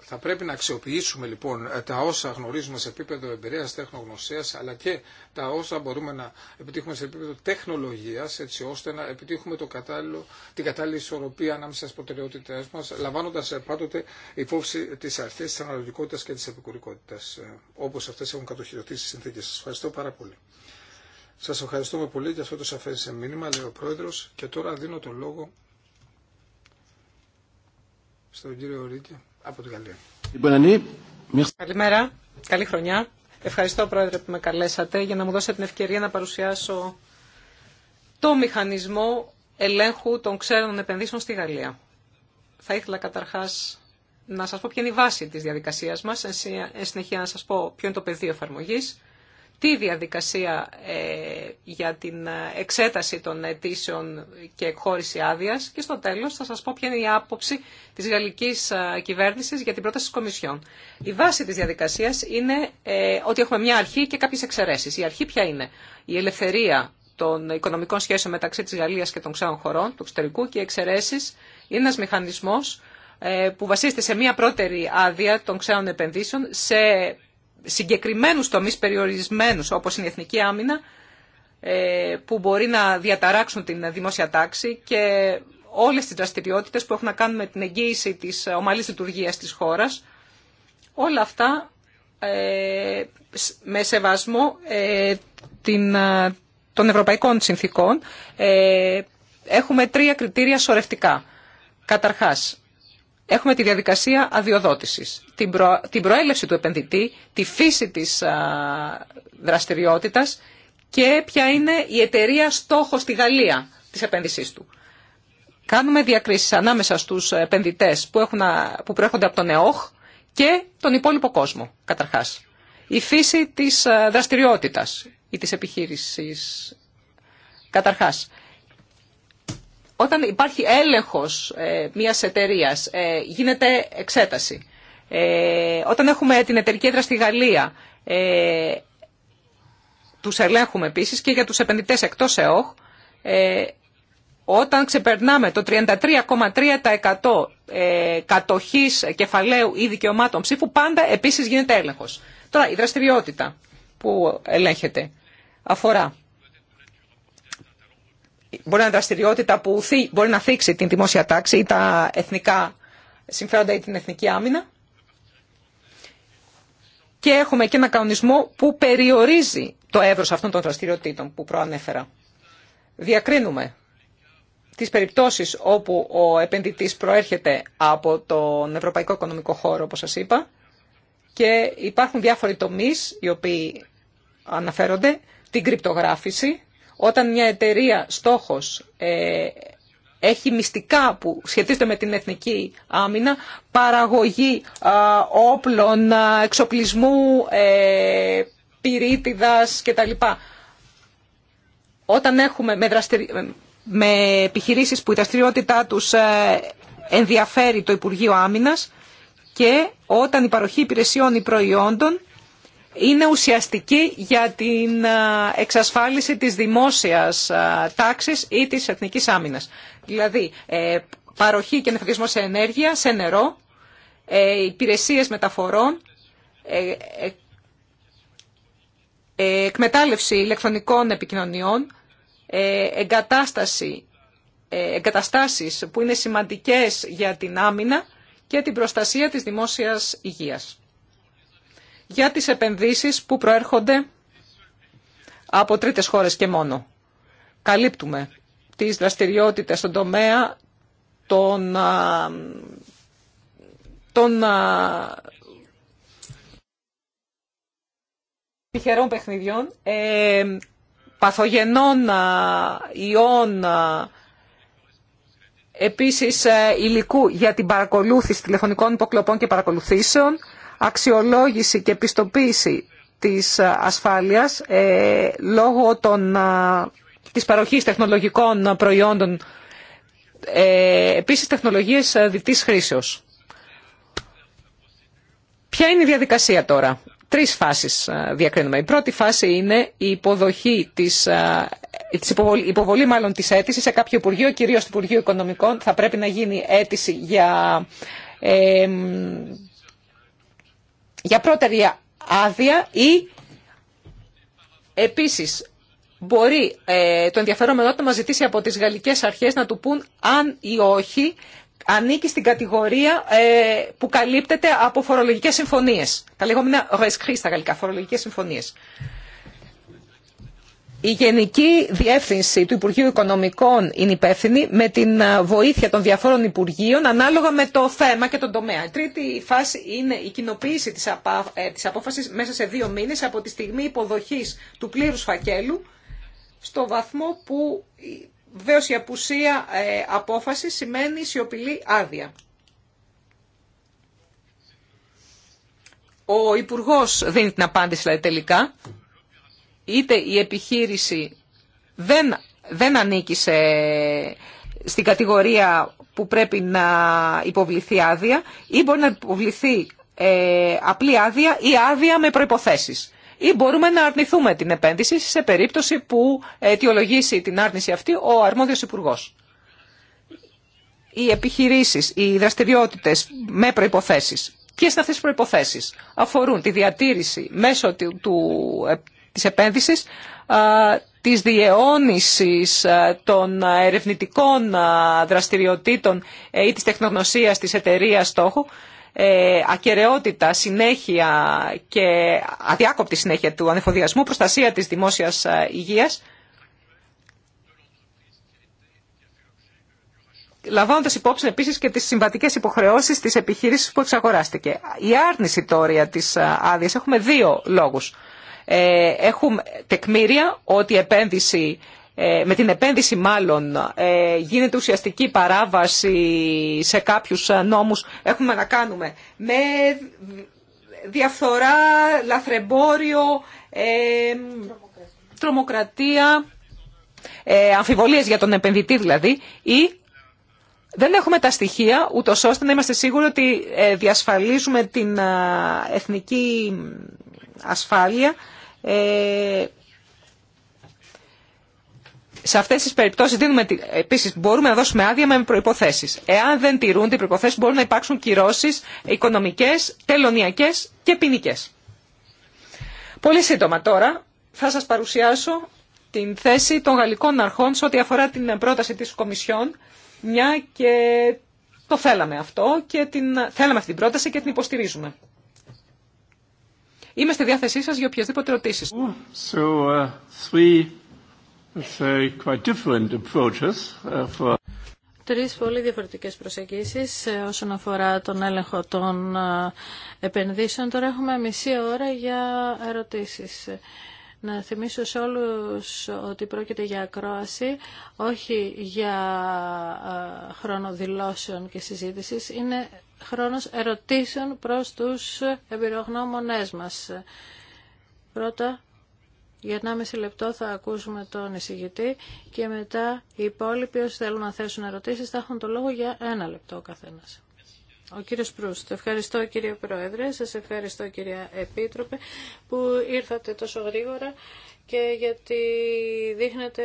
Θα πρέπει να αξιοποιήσουμε λοιπόν ε, τα όσα γνωρίζουμε σε επίπεδο εμπειρία τεχνογνωσίας αλλά και τα όσα μπορούμε να επιτύχουμε σε επίπεδο τεχνολογία έτσι ώστε να επιτύχουμε το κατάλληλο, την κατάλληλη ισορροπία ανάμεσα στι προτεραιότητέ μας λαμβάνοντα ε, πάντοτε υπόψη τις αρχές τη αναλογικότητα και τη επικουρικότητα, ε, όπω αυτέ έχουν κατοχυρωθεί στι συνθήκε. Σα ευχαριστώ πάρα πολύ. Σα ευχαριστούμε πολύ για αυτό το σαφέ μήνυμα, λέει ο πρόεδρο και τώρα δίνω το λόγο στον κύριο Ρίκη από Καλημέρα, καλή χρονιά. Ευχαριστώ Πρόεδρε που με καλέσατε για να μου δώσετε την ευκαιρία να παρουσιάσω το μηχανισμό ελέγχου των ξένων επενδύσεων στη Γαλλία. Θα ήθελα καταρχάς να σας πω ποια είναι η βάση της διαδικασίας μας, εν συνεχεία να σας πω ποιο είναι το πεδίο εφαρμογής τη διαδικασία ε, για την ε, εξέταση των αιτήσεων και εκχώρηση άδεια και στο τέλος θα σας πω ποια είναι η άποψη της γαλλικής ε, κυβέρνησης για την πρόταση της Κομισιόν. Η βάση της διαδικασίας είναι ότι έχουμε μια αρχή και κάποιες εξαιρέσεις. Η αρχή ποια είναι η ελευθερία των οικονομικών σχέσεων μεταξύ της Γαλλίας και των ξένων χωρών, του εξωτερικού και οι εξαιρέσει είναι ένας μηχανισμός που βασίζεται σε μια πρώτερη άδεια των ξένων επενδύσεων σε συγκεκριμένους τομείς περιορισμένους όπως είναι η εθνική άμυνα ε, που μπορεί να διαταράξουν την δημόσια τάξη και όλες τις δραστηριότητες που έχουν να κάνουν με την εγγύηση της ομαλής λειτουργίας της χώρας. Όλα αυτά ε, με σεβασμό ε, των ευρωπαϊκών συνθήκων έχουμε τρία κριτήρια σορευτικά. Καταρχάς, Έχουμε τη διαδικασία αδειοδότησης, την, προέλευση του επενδυτή, τη φύση της δραστηριότητας και ποια είναι η εταιρεία στόχος στη Γαλλία της επένδυσής του. Κάνουμε διακρίσεις ανάμεσα στους επενδυτές που, έχουν, που προέρχονται από τον ΕΟΧ και τον υπόλοιπο κόσμο, καταρχάς. Η φύση της δραστηριότητας ή της επιχείρησης, καταρχάς όταν υπάρχει έλεγχος ε, μιας εταιρείας, ε, γίνεται εξέταση. Ε, όταν έχουμε την εταιρική έδρα στη Γαλλία, ε, τους ελέγχουμε επίσης και για τους επενδυτές εκτός ΕΟΧ, ε, όταν ξεπερνάμε το 33,3% ε, κατοχής κεφαλαίου ή δικαιωμάτων ψήφου, πάντα επίσης γίνεται έλεγχος. Τώρα, η δραστηριότητα που ελέγχεται αφορά μπορεί να είναι δραστηριότητα που μπορεί να θίξει την δημόσια τάξη ή τα εθνικά συμφέροντα ή την εθνική άμυνα. Και έχουμε και ένα κανονισμό που περιορίζει το εύρος αυτών των δραστηριοτήτων που προανέφερα. Διακρίνουμε τις περιπτώσεις όπου ο επενδυτής προέρχεται από τον Ευρωπαϊκό Οικονομικό Χώρο, όπως σας είπα, και υπάρχουν διάφοροι τομείς οι οποίοι αναφέρονται, την κρυπτογράφηση, όταν μια εταιρεία στόχος ε, έχει μυστικά που σχετίζονται με την εθνική άμυνα, παραγωγή όπλων, εξοπλισμού, ε, πυρίτιδας κτλ. Όταν έχουμε με, δραστηρι... που η δραστηριότητά τους ε, ενδιαφέρει το Υπουργείο Άμυνας και όταν η παροχή υπηρεσιών ή προϊόντων είναι ουσιαστική για την ε, εξασφάλιση της δημόσιας ε, τάξης ή της εθνικής άμυνας. Δηλαδή, ε, παροχή και ανεφοδιασμό σε ενέργεια, σε νερό, υπηρεσίες μεταφορών, εκμετάλλευση ηλεκτρονικών επικοινωνιών, εγκατάσταση, εγκαταστάσεις που είναι σημαντικές για την άμυνα και την προστασία της δημόσιας υγείας για τις επενδύσεις που προέρχονται από τρίτες χώρες και μόνο. Καλύπτουμε τις δραστηριότητες στον τομέα των, των τυχερών παιχνιδιών, ε, παθογενών ιών, επίσης ε, υλικού για την παρακολούθηση τηλεφωνικών υποκλοπών και παρακολουθήσεων, αξιολόγηση και πιστοποίηση της ασφάλειας ε, λόγω των, ε, της παροχής τεχνολογικών προϊόντων, ε, επίσης τεχνολογίες ε, διτής χρήσεως. Ποια είναι η διαδικασία τώρα. Τρεις φάσεις ε, διακρίνουμε. Η πρώτη φάση είναι η υποδοχή της, υποβολή, υποβολή μάλλον της αίτησης σε κάποιο Υπουργείο, κυρίως του Υπουργείο Οικονομικών. Θα πρέπει να γίνει αίτηση για ε, για πρώτερη άδεια ή επίσης μπορεί ε, το ενδιαφέρομενο να μας ζητήσει από τις γαλλικές αρχές να του πούν αν ή όχι ανήκει στην κατηγορία ε, που καλύπτεται από φορολογικές συμφωνίες. Τα λεγόμενα «ρεσκρίστα» στα γαλλικά, φορολογικές συμφωνίες. Η Γενική Διεύθυνση του Υπουργείου Οικονομικών είναι υπεύθυνη με την ε, βοήθεια των διαφόρων Υπουργείων ανάλογα με το θέμα και τον τομέα. Η τρίτη φάση είναι η κοινοποίηση της, απόφαση ε, απόφασης μέσα σε δύο μήνες από τη στιγμή υποδοχής του πλήρους φακέλου στο βαθμό που βεβαίω η απουσία ε, απόφαση σημαίνει σιωπηλή άδεια. Ο Υπουργός δίνει την απάντηση τελικά είτε η επιχείρηση δεν, δεν ανήκει σε, στην κατηγορία που πρέπει να υποβληθεί άδεια ή μπορεί να υποβληθεί ε, απλή άδεια ή άδεια με προϋποθέσεις. Ή μπορούμε να αρνηθούμε την επένδυση σε περίπτωση που αιτιολογήσει την άρνηση αυτή ο αρμόδιος υπουργός. Οι επιχειρήσεις, οι δραστηριότητες με προϋποθέσεις. Ποιες είναι αυτές προϋποθέσεις. Αφορούν τη διατήρηση μέσω του της επένδυσης, της διαιώνησης των ερευνητικών δραστηριοτήτων ε, ή της τεχνογνωσίας της εταιρείας στόχου, ε, ακαιρεότητα, συνέχεια και αδιάκοπτη συνέχεια του ανεφοδιασμού, προστασία της δημόσιας υγείας, λαμβάνοντα υπόψη επίση και τι συμβατικέ υποχρεώσει τη επιχείρηση που εξαγοράστηκε. Η άρνηση τώρα τη άδεια έχουμε δύο λόγου. Ε, έχουμε τεκμήρια ότι η επένδυση ε, με την επένδυση μάλλον ε, γίνεται ουσιαστική παράβαση σε κάποιους νόμους. Έχουμε να κάνουμε με διαφθορά, λαθρεμπόριο, τρομοκρατία, αμφιβολίες για τον επενδυτή δηλαδή ή δεν έχουμε τα στοιχεία ούτω ώστε να είμαστε σίγουροι ότι διασφαλίζουμε την εθνική ασφάλεια ε, σε αυτές τις περιπτώσεις δίνουμε, μπορούμε να δώσουμε άδεια με προϋποθέσεις. Εάν δεν τηρούν οι προϋποθέσεις μπορούν να υπάρξουν κυρώσεις οικονομικές, τελωνιακές και ποινικέ. Πολύ σύντομα τώρα θα σας παρουσιάσω την θέση των γαλλικών αρχών σε ό,τι αφορά την πρόταση της Κομισιόν, μια και το θέλαμε αυτό και την... θέλαμε αυτή την πρόταση και την υποστηρίζουμε. Είμαστε στη διάθεσή σα για οποιασδήποτε ερωτήσει. Τρει uh, uh, Τρεις πολύ διαφορετικές προσεγγίσεις ε, όσον αφορά τον έλεγχο των ε, επενδύσεων. Τώρα έχουμε μισή ώρα για ερωτήσεις. Να θυμίσω σε όλους ότι πρόκειται για ακρόαση, όχι για ε, χρόνο και συζήτησης. Είναι χρόνος ερωτήσεων προς τους εμπειρογνώμονές μας. Πρώτα, για 1,5 λεπτό θα ακούσουμε τον εισηγητή και μετά οι υπόλοιποι όσοι θέλουν να θέσουν ερωτήσεις θα έχουν το λόγο για ένα λεπτό ο καθένας. Ο κύριος Προύστ, ευχαριστώ κύριε Πρόεδρε, σας ευχαριστώ κυρία Επίτροπε που ήρθατε τόσο γρήγορα και γιατί δείχνετε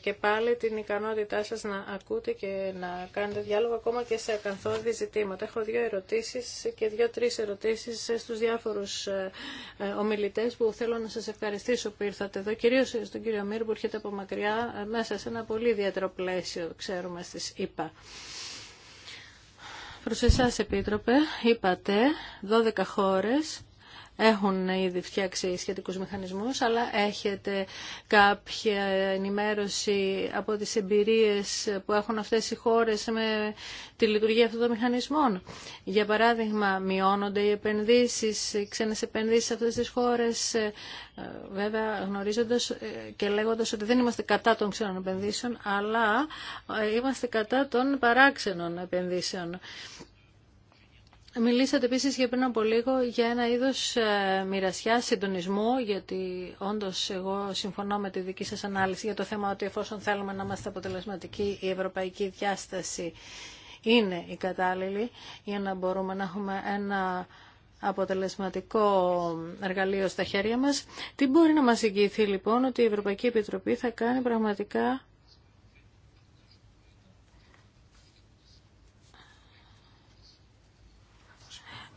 και πάλι την ικανότητά σας να ακούτε και να κάνετε διάλογο ακόμα και σε ακαθόδη ζητήματα. Έχω δύο ερωτήσεις και δύο-τρεις ερωτήσεις στους διάφορους ε, ομιλητές που θέλω να σας ευχαριστήσω που ήρθατε εδώ, κυρίως στον κύριο Μύρ που έρχεται από μακριά ε, μέσα σε ένα πολύ ιδιαίτερο πλαίσιο, ξέρουμε, στις ΗΠΑ. Προς εσάς, Επίτροπε, είπατε 12 χώρες έχουν ήδη φτιάξει σχετικούς μηχανισμούς, αλλά έχετε κάποια ενημέρωση από τις εμπειρίες που έχουν αυτές οι χώρες με τη λειτουργία αυτών των μηχανισμών. Για παράδειγμα, μειώνονται οι επενδύσεις, οι ξένες επενδύσεις σε αυτές τις χώρες, ε, βέβαια γνωρίζοντας ε, και λέγοντας ότι δεν είμαστε κατά των ξένων επενδύσεων, αλλά ε, είμαστε κατά των παράξενων επενδύσεων. Μιλήσατε επίσης για πριν από λίγο για ένα είδος ε, μοιρασιά συντονισμού, γιατί όντως εγώ συμφωνώ με τη δική σας ανάλυση για το θέμα ότι εφόσον θέλουμε να είμαστε αποτελεσματικοί, η ευρωπαϊκή διάσταση είναι η κατάλληλη για να μπορούμε να έχουμε ένα αποτελεσματικό εργαλείο στα χέρια μας. Τι μπορεί να μας εγγυηθεί λοιπόν ότι η Ευρωπαϊκή Επιτροπή θα κάνει πραγματικά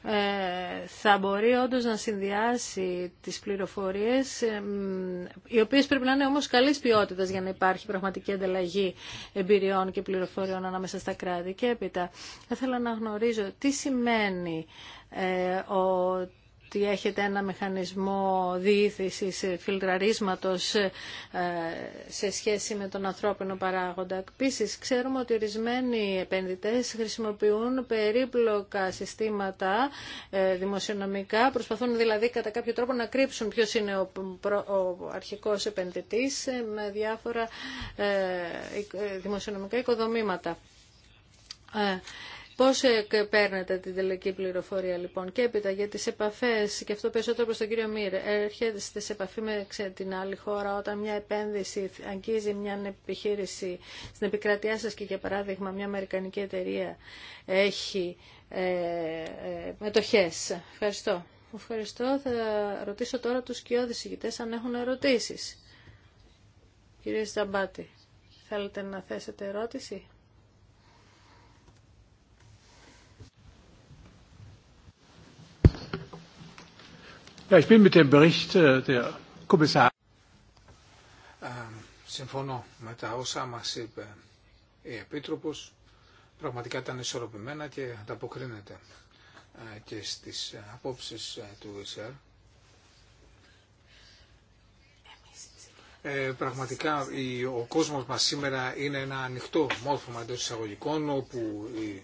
Ε, θα μπορεί όντως να συνδυάσει τις πληροφορίες ε, οι οποίες πρέπει να είναι όμως καλής ποιότητας για να υπάρχει πραγματική ανταλλαγή εμπειριών και πληροφοριών ανάμεσα στα κράτη. Και έπειτα θα ήθελα να γνωρίζω τι σημαίνει ε, ο ότι έχετε ένα μηχανισμό διήθησης ε, φιλτραρίσματος ε, σε σχέση με τον ανθρώπινο παράγοντα. Επίση, ξέρουμε ότι ορισμένοι επενδυτές χρησιμοποιούν περίπλοκα συστήματα ε, δημοσιονομικά, προσπαθούν δηλαδή κατά κάποιο τρόπο να κρύψουν ποιος είναι ο, ο αρχικός επενδυτής με διάφορα δημοσιονομικά οικοδομήματα. Πώς ε, παίρνετε την τελική πληροφορία λοιπόν και έπειτα για τις επαφές και αυτό περισσότερο προς τον κύριο Μύρ. Έρχεστε σε επαφή με την άλλη χώρα όταν μια επένδυση αγγίζει μια επιχείρηση στην επικρατεία σας και για παράδειγμα μια αμερικανική εταιρεία έχει ε, ε μετοχές. Ευχαριστώ. Ευχαριστώ. Θα ρωτήσω τώρα τους κοιόδης ηγητές αν έχουν ερωτήσεις. Κύριε Σταμπάτη, θέλετε να θέσετε ερώτηση. Συμφωνώ με τα όσα μας είπε η επίτροπο, Πραγματικά ήταν ισορροπημένα και ανταποκρίνεται ε, και στις ε, απόψεις ε, του ΕΣΕΡ. πραγματικά ο κόσμος μας σήμερα είναι ένα ανοιχτό μόρφωμα εντός εισαγωγικών όπου οι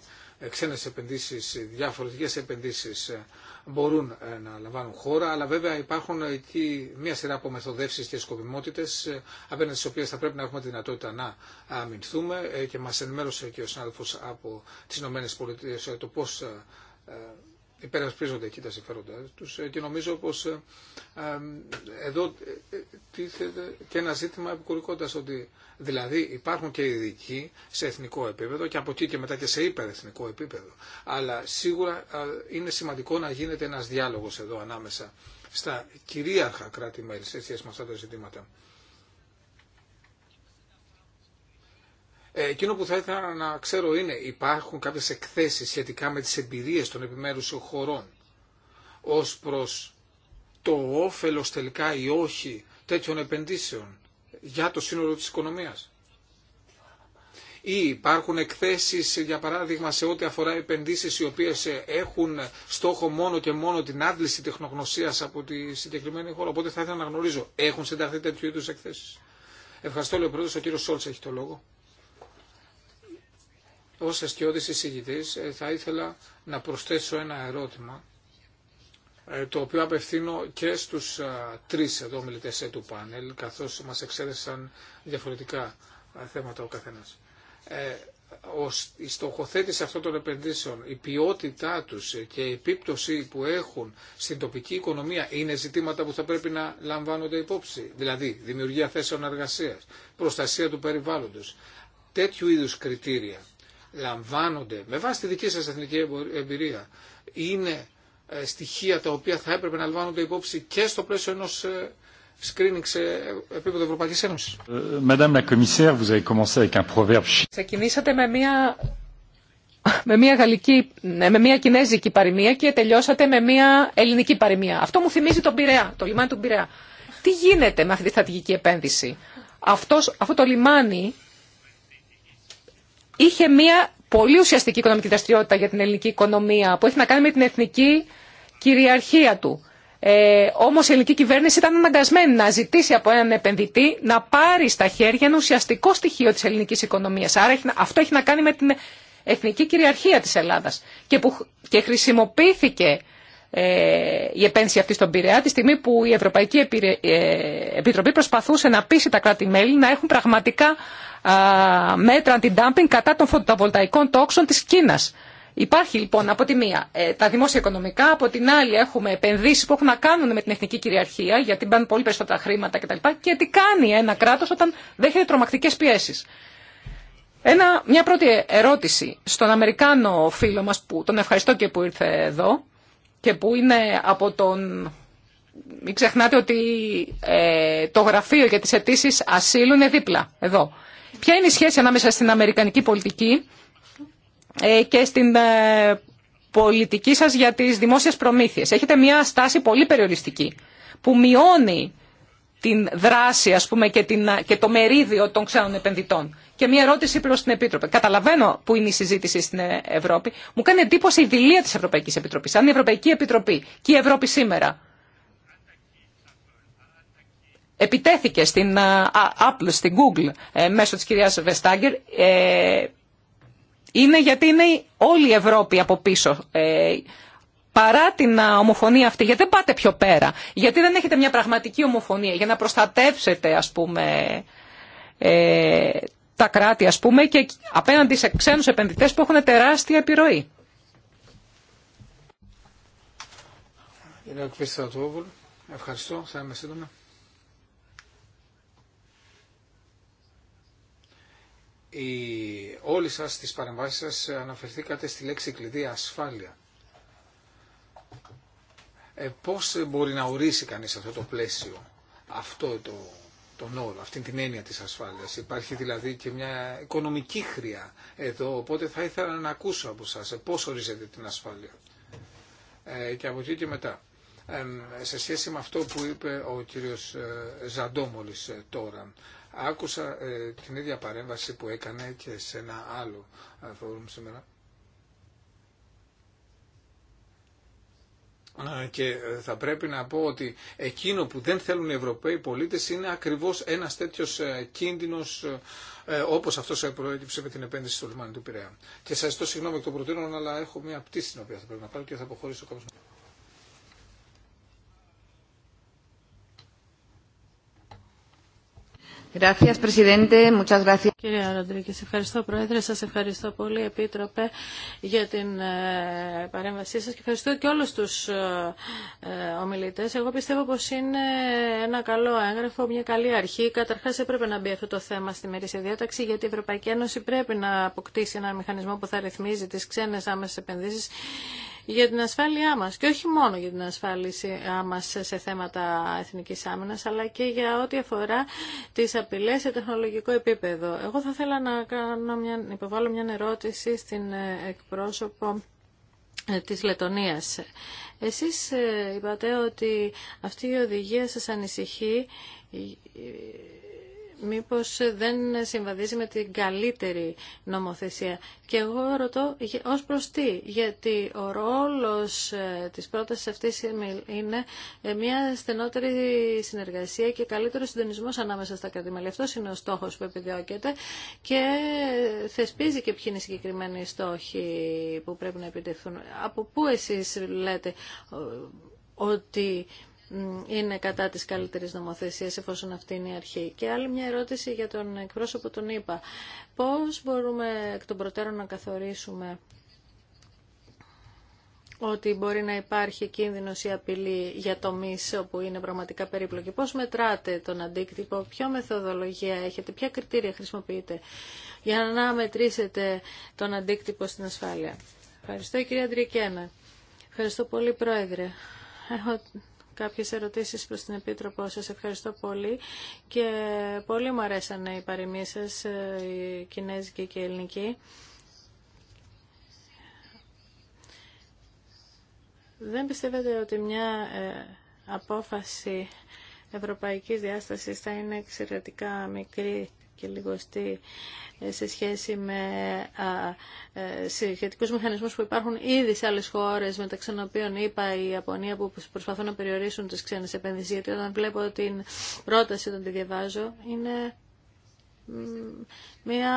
ξένες επενδύσεις, οι διάφορες μπορούν ε, να λαμβάνουν χώρα, αλλά βέβαια υπάρχουν εκεί μία σειρά από μεθοδεύσει και σκοπιμότητες ε, απέναντι στι οποίες θα πρέπει να έχουμε τη δυνατότητα να αμυνθούμε ε, και μας ενημέρωσε και ο συνάδελφος από τις ΗΠΑ το πώς υπερασπίζονται εκεί τα συμφέροντά τους ε, και νομίζω πως ε, ε, εδώ τίθεται και ένα ζήτημα επικουρικότητας ότι δηλαδή υπάρχουν και ειδικοί σε εθνικό επίπεδο και από εκεί και μετά και σε υπερεθνικό επίπεδο αλλά σίγουρα είναι σημαντικό να γίνεται ένας διάλογος εδώ ανάμεσα στα κυρίαρχα κράτη-μέλη σε σχέση με αυτά τα ζητήματα. Ε, εκείνο που θα ήθελα να ξέρω είναι υπάρχουν κάποιες εκθέσεις σχετικά με τις εμπειρίες των επιμέρους χωρών ως προς το όφελος τελικά ή όχι τέτοιων επενδύσεων για το σύνολο της οικονομίας. Ή υπάρχουν εκθέσεις, για παράδειγμα, σε ό,τι αφορά επενδύσεις οι οποίες έχουν στόχο μόνο και μόνο την άντληση τεχνογνωσίας από τη συγκεκριμένη χώρα. Οπότε θα ήθελα να γνωρίζω, έχουν συνταχθεί τέτοιου είδου εκθέσεις. Ευχαριστώ, λέει ο πρόεδρος, ο έχει το λόγο ω αστιώδη εισηγητή, ε, θα ήθελα να προσθέσω ένα ερώτημα ε, το οποίο απευθύνω και στου τρει εδώ μιλητέ του πάνελ καθώς μας εξέδεσαν διαφορετικά θέματα ο καθένας. Ε, η στοχοθέτηση αυτών των επενδύσεων, η ποιότητά τους και η επίπτωση που έχουν στην τοπική οικονομία είναι ζητήματα που θα πρέπει να λαμβάνονται υπόψη. Δηλαδή, δημιουργία θέσεων εργασία, προστασία του περιβάλλοντο τέτοιου είδου κριτήρια λαμβάνονται με βάση τη δική σας εθνική εμπειρία είναι ε, στοιχεία τα οποία θα έπρεπε να λαμβάνονται υπόψη και στο πλαίσιο ενός ε, screening σε επίπεδο Ευρωπαϊκής Ένωσης. Ε, Ξεκινήσατε με μια, με μια, γαλλική, ναι, με μια κινέζικη παροιμία και τελειώσατε με μια ελληνική παροιμία. Αυτό μου θυμίζει τον Πειραιά, το λιμάνι του Πειραιά. Τι γίνεται με αυτή τη στρατηγική επένδυση. Αυτός, αυτό το λιμάνι είχε μία πολύ ουσιαστική οικονομική δραστηριότητα για την ελληνική οικονομία που έχει να κάνει με την εθνική κυριαρχία του. Ε, Όμω η ελληνική κυβέρνηση ήταν αναγκασμένη να ζητήσει από έναν επενδυτή να πάρει στα χέρια ένα ουσιαστικό στοιχείο τη ελληνική οικονομία. Άρα αυτό έχει να κάνει με την εθνική κυριαρχία τη Ελλάδα. Και, και χρησιμοποιήθηκε ε, η επένδυση αυτή στον Πειραιά τη στιγμή που η Ευρωπαϊκή ε, Επιτροπή προσπαθούσε να πείσει τα κράτη-μέλη να έχουν πραγματικά μέτρα αντι-dumping κατά των φωτοβολταϊκών τόξων της Κίνας. Υπάρχει λοιπόν από τη μία ε, τα δημόσια οικονομικά, από την άλλη έχουμε επενδύσει που έχουν να κάνουν με την εθνική κυριαρχία, γιατί μπαίνουν πολύ περισσότερα χρήματα κτλ. Και τι κάνει ένα κράτο όταν δέχεται τρομακτικέ πιέσει. μια πρώτη ερώτηση στον Αμερικάνο φίλο μας που τον ευχαριστώ και που ήρθε εδώ και που είναι από τον... Μην ξεχνάτε ότι ε, το γραφείο για τις αιτήσει ασύλου είναι δίπλα εδώ. Ποια είναι η σχέση ανάμεσα στην αμερικανική πολιτική ε, και στην ε, πολιτική σας για τις δημόσιες προμήθειες. Έχετε μια στάση πολύ περιοριστική που μειώνει την δράση ας πούμε, και, ε, το μερίδιο των ξένων επενδυτών. Και μια ερώτηση προς την Επίτροπη. Καταλαβαίνω που είναι η συζήτηση στην Ευρώπη. Μου κάνει εντύπωση η δηλία της Ευρωπαϊκής Επιτροπής. Αν η Ευρωπαϊκή Επιτροπή και η Ευρώπη σήμερα επιτέθηκε στην ε, Apple, στην Google ε, μέσω της κυρίας Βεστάγκερ ε, είναι γιατί είναι όλη η Ευρώπη από πίσω παρά την ομοφωνία αυτή, γιατί δεν πάτε πιο πέρα, γιατί δεν έχετε μια πραγματική ομοφωνία για να προστατεύσετε ας πούμε τα κράτη ας πούμε και απέναντι σε ξένους επενδυτές που έχουν τεράστια επιρροή. Ευχαριστώ. Θα είμαι όλοι σας στις παρεμβάσεις σας αναφερθήκατε στη λέξη κλειδί ασφάλεια. Ε, πώς μπορεί να ορίσει κανείς αυτό το πλαίσιο, αυτό το, τον όρο, αυτή την έννοια της ασφάλειας. Υπάρχει δηλαδή και μια οικονομική χρειά εδώ, οπότε θα ήθελα να ακούσω από σας ε, πώς ορίζετε την ασφάλεια. Ε, και από εκεί και μετά. Ε, σε σχέση με αυτό που είπε ο κύριος Ζαντόμολης τώρα, Άκουσα ε, την ίδια παρέμβαση που έκανε και σε ένα άλλο φόρουμ ε, σήμερα. Και ε, θα πρέπει να πω ότι εκείνο που δεν θέλουν οι Ευρωπαίοι πολίτες είναι ακριβώς ένας τέτοιος κίνδυνος όπως αυτός προέκυψε με την επένδυση στο λιμάνι του Πειραιά. Και σας ζητώ συγγνώμη εκ των προτείνων, αλλά έχω μια πτήση την οποία θα πρέπει να πάρω και θα αποχωρήσω κάποιος. Κύριε ευχαριστώ Πρόεδρε, Σα ευχαριστώ πολύ Επίτροπε για την ε, παρέμβασή σας και ευχαριστώ και όλους τους ε, ε, ομιλητέ. Εγώ πιστεύω πως είναι ένα καλό έγγραφο, μια καλή αρχή. Καταρχάς έπρεπε να μπει αυτό το θέμα στη μερίσια διάταξη γιατί η Ευρωπαϊκή Ένωση πρέπει να αποκτήσει ένα μηχανισμό που θα ρυθμίζει τι ξένε άμεσε επενδύσει για την ασφάλειά μας και όχι μόνο για την ασφάλειά μας σε θέματα εθνικής άμυνας αλλά και για ό,τι αφορά τις απειλές σε τεχνολογικό επίπεδο. Εγώ θα ήθελα να κάνω μια, υποβάλω μια ερώτηση στην ε, εκπρόσωπο ε, της Λετωνίας. Εσείς ε, είπατε ότι αυτή η οδηγία σας ανησυχεί μήπως δεν συμβαδίζει με την καλύτερη νομοθεσία. Και εγώ ρωτώ ως προς τι, γιατί ο ρόλος ε, της πρότασης αυτής είναι ε, μια στενότερη συνεργασία και καλύτερο συντονισμό ανάμεσα στα κρατημέλη. Αυτός είναι ο στόχος που επιδιώκεται και ε, θεσπίζει και ποιοι είναι οι συγκεκριμένοι στόχοι που πρέπει να επιτευχθούν. Από πού εσείς λέτε ότι είναι κατά της καλύτερης νομοθεσίας εφόσον αυτή είναι η αρχή. Και άλλη μια ερώτηση για τον εκπρόσωπο τον είπα. Πώς μπορούμε εκ των προτέρων να καθορίσουμε ότι μπορεί να υπάρχει κίνδυνος ή απειλή για το μίσο που είναι πραγματικά περίπλοκη. Πώς μετράτε τον αντίκτυπο, ποια μεθοδολογία έχετε, ποια κριτήρια χρησιμοποιείτε για να μετρήσετε τον αντίκτυπο στην ασφάλεια. Ευχαριστώ κυρία Αντρικένα. Ευχαριστώ πολύ Πρόεδρε κάποιες ερωτήσεις προς την Επίτροπο. Σας ευχαριστώ πολύ και πολύ μου αρέσανε οι παροιμίες σας, ε, οι κινέζικοι και οι ελληνικοί. Δεν πιστεύετε ότι μια ε, απόφαση ευρωπαϊκής διάστασης θα είναι εξαιρετικά μικρή και λιγοστή ε, σε σχέση με ε, σχετικούς μηχανισμούς που υπάρχουν ήδη σε άλλες χώρες μεταξύ των οποίων είπα η Ιαπωνία που προσπαθούν να περιορίσουν τις ξένες επενδύσεις γιατί όταν βλέπω την πρόταση όταν τη διαβάζω είναι μια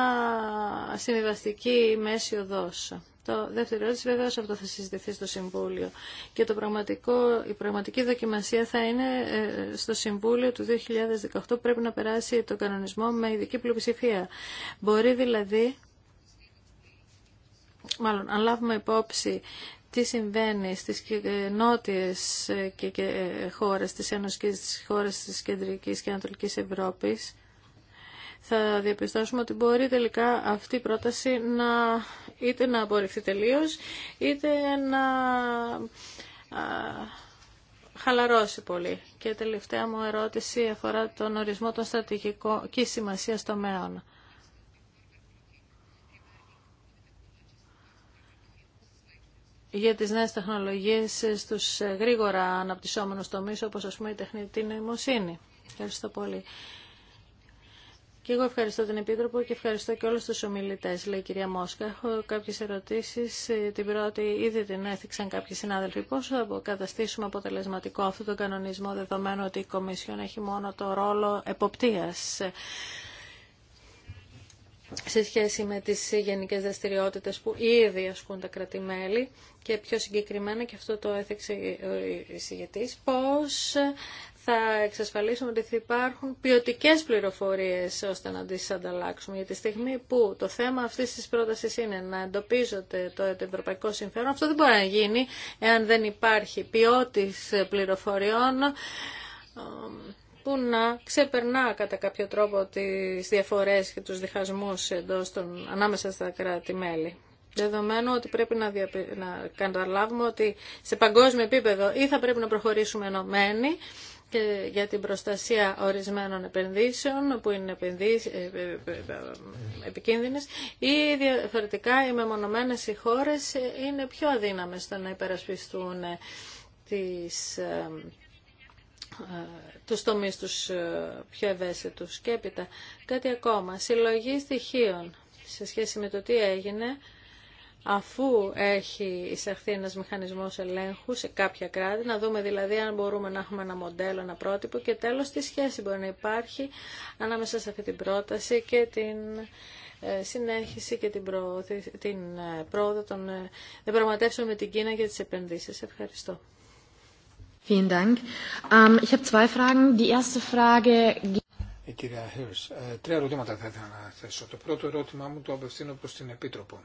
συμβιβαστική μέση οδός. Το δεύτερο ερώτηση βεβαίως αυτό θα συζητηθεί στο Συμβούλιο και το πραγματικό, η πραγματική δοκιμασία θα είναι ε, στο Συμβούλιο του 2018 πρέπει να περάσει το κανονισμό με ειδική πλειοψηφία. Μπορεί δηλαδή, μάλλον αν λάβουμε υπόψη τι συμβαίνει στις ε, νότιες ε, και χώρες της Ένωσης και στις χώρες της Κεντρικής και Ανατολικής Ευρώπης, θα διαπιστώσουμε ότι μπορεί τελικά αυτή η πρόταση να είτε να απορριφθεί τελείως είτε να χαλαρώσει πολύ. Και τελευταία μου ερώτηση αφορά τον ορισμό των στρατηγικών και σημασία τομέων. για τις νέες τεχνολογίες στους γρήγορα αναπτυσσόμενους τομείς όπως ας πούμε η τεχνητή νοημοσύνη. Ευχαριστώ πολύ. Και εγώ ευχαριστώ την Επίτροπο και ευχαριστώ και όλους τους ομιλητές, λέει η κυρία Μόσκα. Έχω κάποιες ερωτήσεις. Ε, την πρώτη ήδη την έθιξαν κάποιοι συνάδελφοι. πώ θα καταστήσουμε αποτελεσματικό αυτόν τον κανονισμό, δεδομένου ότι η Κομισιόν έχει μόνο το ρόλο εποπτείας ε, σε σχέση με τις γενικές δραστηριότητε που ήδη ασκούν τα κρατημέλη και πιο συγκεκριμένα, και αυτό το έθεξε ο εισηγητής, πώς θα εξασφαλίσουμε ότι θα υπάρχουν ποιοτικέ πληροφορίε ώστε να τι ανταλλάξουμε. Για τη στιγμή που το θέμα αυτή τη πρόταση είναι να εντοπίζεται το ευρωπαϊκό συμφέρον, αυτό δεν μπορεί να γίνει εάν δεν υπάρχει ποιότη πληροφοριών που να ξεπερνά κατά κάποιο τρόπο τι διαφορές και τους διχασμούς ανάμεσα στα κράτη-μέλη. Δεδομένου ότι πρέπει να, να καταλάβουμε ότι σε παγκόσμιο επίπεδο ή θα πρέπει να προχωρήσουμε ενωμένοι και για την προστασία ορισμένων επενδύσεων που είναι ε, ε, ε, επικίνδυνες ή διαφορετικά οι μεμονωμένες οι χώρες είναι πιο αδύναμες στο να υπερασπιστούν τις τους τομείς τους πιο ευαίσθητους. Και έπειτα κάτι ακόμα, συλλογή στοιχείων σε σχέση με το τι έγινε αφού έχει εισαχθεί ένας μηχανισμός ελέγχου σε κάποια κράτη, να δούμε δηλαδή αν μπορούμε να έχουμε ένα μοντέλο, ένα πρότυπο και τέλος τι σχέση μπορεί να υπάρχει ανάμεσα σε αυτή την πρόταση και την ε, συνέχιση και την, προ... την ε, πρόοδο των ε, διαπραγματεύσεων με την Κίνα για τις επενδύσεις. Ευχαριστώ. Vielen Dank. Ähm, ich habe zwei Fragen. Die erste Frage κυρία Χέρς, τρία ερωτήματα θα ήθελα να θέσω. Το πρώτο ερώτημά μου το απευθύνω προς την Επίτροπο.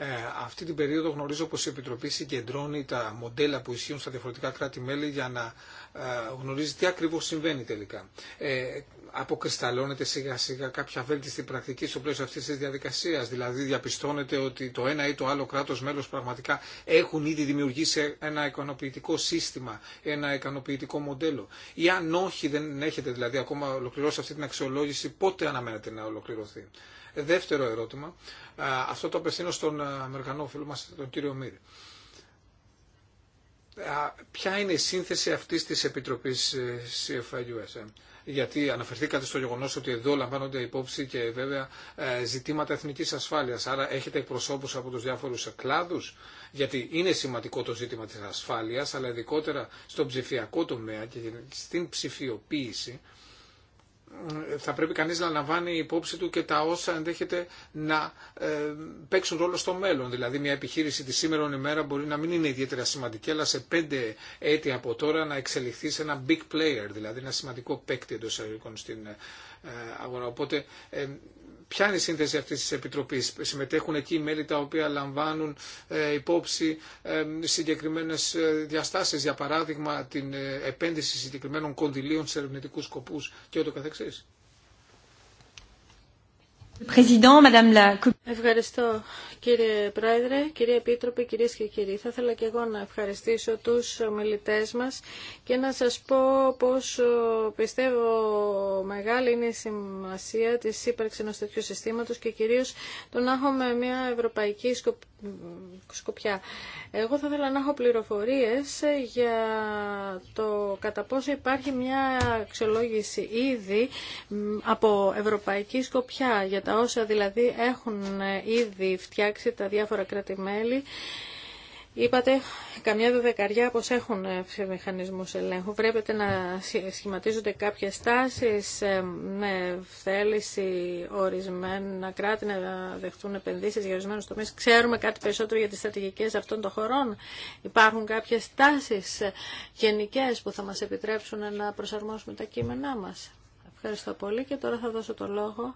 Ε, αυτή την περίοδο γνωρίζω πως η Επιτροπή συγκεντρώνει τα μοντέλα που ισχύουν στα διαφορετικά κράτη-μέλη για να ε, γνωρίζει τι ακριβώς συμβαίνει τελικά. Ε, αποκρισταλώνεται σιγά σιγά κάποια βέλτιστη πρακτική στο πλαίσιο αυτής της διαδικασίας. Δηλαδή διαπιστώνεται ότι το ένα ή το άλλο κράτος μέλος πραγματικά έχουν ήδη δημιουργήσει ένα ικανοποιητικό σύστημα, ένα ικανοποιητικό μοντέλο. Ή αν όχι δεν έχετε δηλαδή ακόμα ολοκληρώσει αυτή την αξιολόγηση, πότε αναμένεται να ολοκληρωθεί. Δεύτερο ερώτημα, αυτό το απευθύνω στον ε, Αμερικανό φίλο μας, τον κύριο Μύρη. Ποια είναι η σύνθεση αυτής της Επιτροπής ε, CFIUS, γιατί αναφερθήκατε στο γεγονός ότι εδώ λαμβάνονται υπόψη και βέβαια ε, ζητήματα εθνική ασφάλειας, άρα έχετε εκπροσώπους από τους διάφορους κλάδου, γιατί είναι σημαντικό το ζήτημα τη ασφάλεια, αλλά ειδικότερα στον ψηφιακό τομέα και στην ψηφιοποίηση, θα πρέπει κανείς να λαμβάνει υπόψη του και τα όσα ενδέχεται να ε, παίξουν ρόλο στο μέλλον. Δηλαδή μια επιχείρηση τη σήμερα ημέρα μπορεί να μην είναι ιδιαίτερα σημαντική, αλλά σε πέντε έτη από τώρα να εξελιχθεί σε ένα big player, δηλαδή ένα σημαντικό παίκτη εντό εισαγωγικών στην ε, αγορά. Οπότε ε, ποια είναι η σύνθεση αυτής της Επιτροπής. Συμμετέχουν εκεί μέλη τα οποία λαμβάνουν ε, υπόψη ε, συγκεκριμένε ε, διαστάσεις, για παράδειγμα την επένδυση συγκεκριμένων κονδυλίων σε ερευνητικού σκοπούς και ούτω καθεξής. Ευχαριστώ κύριε Πρόεδρε, κύριε Επίτροπε, κυρίες και κύριοι. Θα ήθελα και εγώ να ευχαριστήσω τους ομιλητές μας και να σας πω πως πιστεύω μεγάλη είναι η σημασία της ύπαρξης ενός τέτοιου συστήματος και κυρίως το να έχουμε μια ευρωπαϊκή σκοπιά. Εγώ θα ήθελα να έχω πληροφορίες για το κατά πόσο υπάρχει μια αξιολόγηση ήδη από ευρωπαϊκή σκοπιά για τα όσα δηλαδή έχουν ε, ήδη φτιάξει τα διάφορα κράτη-μέλη. Είπατε, καμιά δεκαριά πως έχουν ε, μηχανισμούς ελέγχου. Πρέπει να σχηματίζονται κάποιες στάσεις ε, με θέληση ορισμένα κράτη να δεχτούν επενδύσεις για ορισμένους τομείς. Ξέρουμε κάτι περισσότερο για τις στρατηγικές αυτών των χωρών. Υπάρχουν κάποιες στάσεις γενικές που θα μας επιτρέψουν να προσαρμόσουμε τα κείμενά μας. Ευχαριστώ πολύ και τώρα θα δώσω το λόγο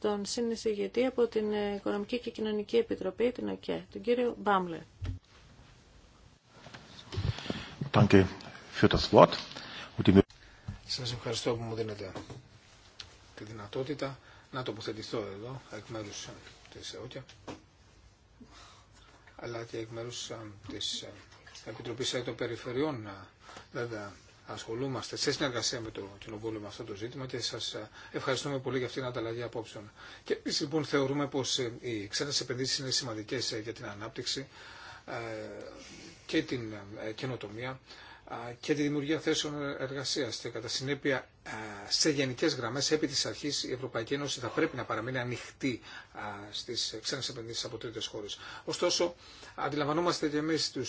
τον συνεισηγητή από την Οικονομική και Κοινωνική Επιτροπή, την ΟΚΕ, τον κύριο Μπάμλε. Σας ευχαριστώ που μου δίνετε τη δυνατότητα να τοποθετηθώ εδώ εκ μέρους ε, της ΕΟΚΕ αλλά και εκ μέρους ε, της ε, Επιτροπής των Περιφερειών βέβαια ασχολούμαστε σε συνεργασία με το Κοινοβούλιο με αυτό το ζήτημα και σα ε, ευχαριστούμε πολύ για αυτήν την ανταλλαγή απόψεων. Και επίση λοιπόν θεωρούμε πω ε, οι ξένε επενδύσει είναι σημαντικέ ε, για την ανάπτυξη και την καινοτομία και τη δημιουργία θέσεων εργασία. και κατά συνέπεια σε γενικέ γραμμέ, επί της αρχής η Ευρωπαϊκή Ένωση θα πρέπει να παραμείνει ανοιχτή στι ξένε επενδύσει από τρίτε χώρε. Ωστόσο αντιλαμβανόμαστε και εμεί του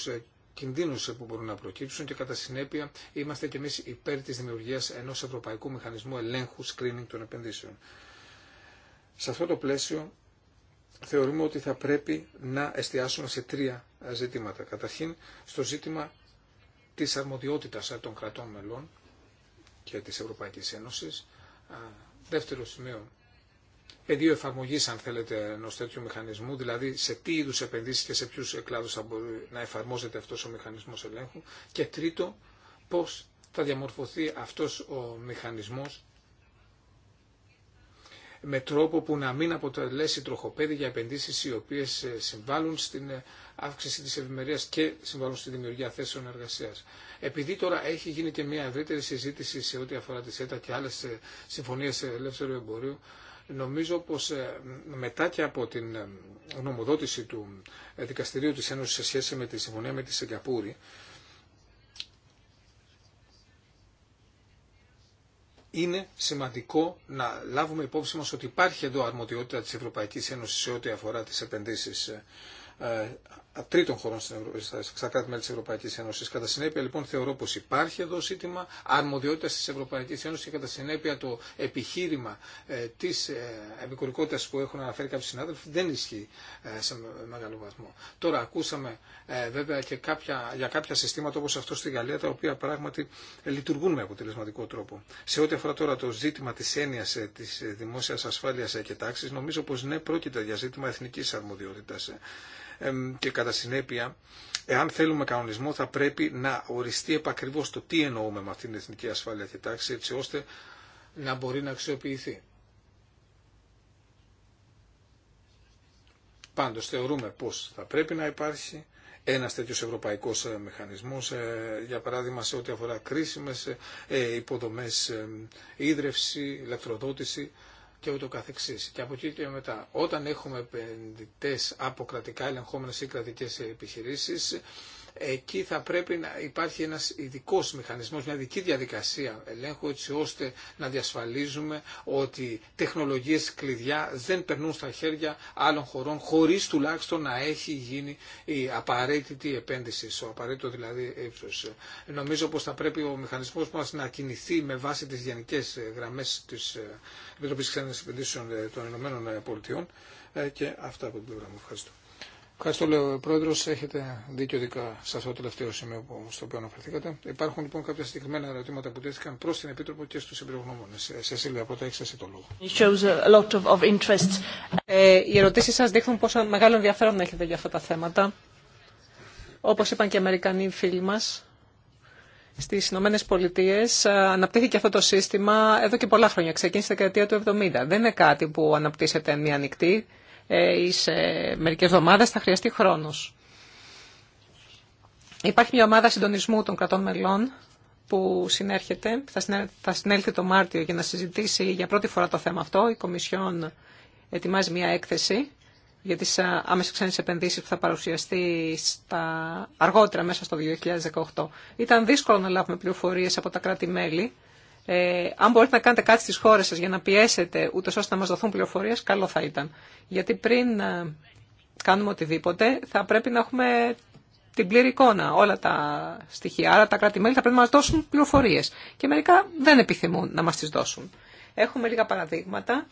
κινδύνου που μπορούν να προκύψουν και κατά συνέπεια είμαστε κι εμεί υπέρ τη δημιουργίας ενός ευρωπαϊκού μηχανισμού ελέγχου screening των επενδύσεων. Σε αυτό το πλαίσιο θεωρούμε ότι θα πρέπει να εστιάσουμε σε τρία ζητήματα. Καταρχήν στο ζήτημα της αρμοδιότητας των κρατών μελών και της Ευρωπαϊκής Ένωσης. Δεύτερο σημείο πεδίο εφαρμογή, αν θέλετε, ενό τέτοιου μηχανισμού, δηλαδή σε τι είδου επενδύσει και σε ποιου κλάδου θα μπορεί να εφαρμόζεται αυτό ο μηχανισμό ελέγχου. Και τρίτο, πώ θα διαμορφωθεί αυτό ο μηχανισμό με τρόπο που να μην αποτελέσει τροχοπέδι για επενδύσεις οι οποίες ε, συμβάλλουν στην ε, αύξηση της ευημερία και συμβάλλουν στη δημιουργία θέσεων εργασίας. Επειδή τώρα έχει γίνει και μια ευρύτερη συζήτηση σε ό,τι αφορά τη ΣΕΤΑ και άλλε συμφωνίε ελεύθερου εμπορίου, νομίζω πως ε, μετά και από την ε, νομοδότηση του ε, Δικαστηρίου της Ένωσης σε σχέση με τη συμφωνία με τη Σιγκαπούρη, είναι σημαντικό να λάβουμε υπόψη μας ότι υπάρχει εδώ αρμοδιότητα της Ευρωπαϊκής Ένωσης σε ό,τι αφορά τις επενδύσεις τρίτων χωρών στα κράτη μέλη τη Ευρωπαϊκή Ένωση. Κατά συνέπεια, λοιπόν, θεωρώ πω υπάρχει εδώ ζήτημα αρμοδιότητα τη Ευρωπαϊκή Ένωση και κατά συνέπεια το επιχείρημα ε, τη ε, που έχουν αναφέρει κάποιοι συνάδελφοι δεν ισχύει ε, σε μεγάλο βαθμό. Τώρα, ακούσαμε ε, βέβαια και κάποια, για κάποια συστήματα όπω αυτό στη Γαλλία, τα οποία πράγματι λειτουργούν με αποτελεσματικό τρόπο. Σε ό,τι αφορά τώρα το ζήτημα τη έννοια ε, τη δημόσια ασφάλεια ε, και τάξη, νομίζω πω ναι, πρόκειται για ζήτημα εθνική αρμοδιότητα και κατά συνέπεια εάν θέλουμε κανονισμό θα πρέπει να οριστεί επακριβώς το τι εννοούμε με αυτήν την εθνική ασφάλεια και τάξη έτσι ώστε να μπορεί να αξιοποιηθεί. Πάντως θεωρούμε πως θα πρέπει να υπάρχει ένας τέτοιος ευρωπαϊκός ε, μηχανισμός, ε, για παράδειγμα σε ό,τι αφορά κρίσιμες ε, υποδομές ίδρυυση, ηλεκτροδότηση και ούτω καθεξής. Και από εκεί και μετά, όταν έχουμε επενδυτές από κρατικά ελεγχόμενες ή κρατικές επιχειρήσεις, εκεί θα πρέπει να υπάρχει ένας ειδικό μηχανισμός, μια ειδική διαδικασία ελέγχου έτσι ώστε να διασφαλίζουμε ότι τεχνολογίες κλειδιά δεν περνούν στα χέρια άλλων χωρών χωρίς τουλάχιστον να έχει γίνει η απαραίτητη επένδυση, ο απαραίτητο δηλαδή ύψος. Νομίζω πως θα πρέπει ο μηχανισμός μας να κινηθεί με βάση τις γενικές γραμμές της Επιτροπής Επενδύσεων των Ηνωμένων Πολιτειών ε, και αυτά από την πλευρά μου. Ευχαριστώ. Ευχαριστώ, λέω Πρόεδρο. Έχετε δίκιο δικά σε αυτό το τελευταίο σημείο που, στο οποίο αναφερθήκατε. Υπάρχουν λοιπόν κάποια συγκεκριμένα ερωτήματα που τέθηκαν προ την Επίτροπο και στου εμπειρογνώμονε. Ε, σε Σίλβια, πρώτα έχει εσύ το λόγο. Ε, οι ερωτήσει σα δείχνουν πόσο μεγάλο ενδιαφέρον έχετε για αυτά τα θέματα. Όπω είπαν και οι Αμερικανοί φίλοι μα, στι Ηνωμένε Πολιτείε ε, αναπτύχθηκε αυτό το σύστημα εδώ και πολλά χρόνια. Ξεκίνησε τη δεκαετία του 70. Δεν είναι κάτι που αναπτύσσεται μία νυχτή είσε σε μερικές εβδομάδες θα χρειαστεί χρόνος. Υπάρχει μια ομάδα συντονισμού των κρατών μελών που συνέρχεται, θα συνέλθει το Μάρτιο για να συζητήσει για πρώτη φορά το θέμα αυτό. Η Κομισιόν ετοιμάζει μια έκθεση για τις ε, άμεσες ξένες επενδύσεις που θα παρουσιαστεί στα... αργότερα μέσα στο 2018. Ήταν δύσκολο να λάβουμε πληροφορίες από τα κράτη-μέλη ε, αν μπορείτε να κάνετε κάτι στις χώρες σας για να πιέσετε ούτως ώστε να μας δοθούν πληροφορίες, καλό θα ήταν. Γιατί πριν ε, κάνουμε οτιδήποτε θα πρέπει να έχουμε την πλήρη εικόνα, όλα τα στοιχεία. Άρα τα κράτη-μέλη θα πρέπει να μας δώσουν πληροφορίες. Και μερικά δεν επιθυμούν να μας τις δώσουν. Έχουμε λίγα παραδείγματα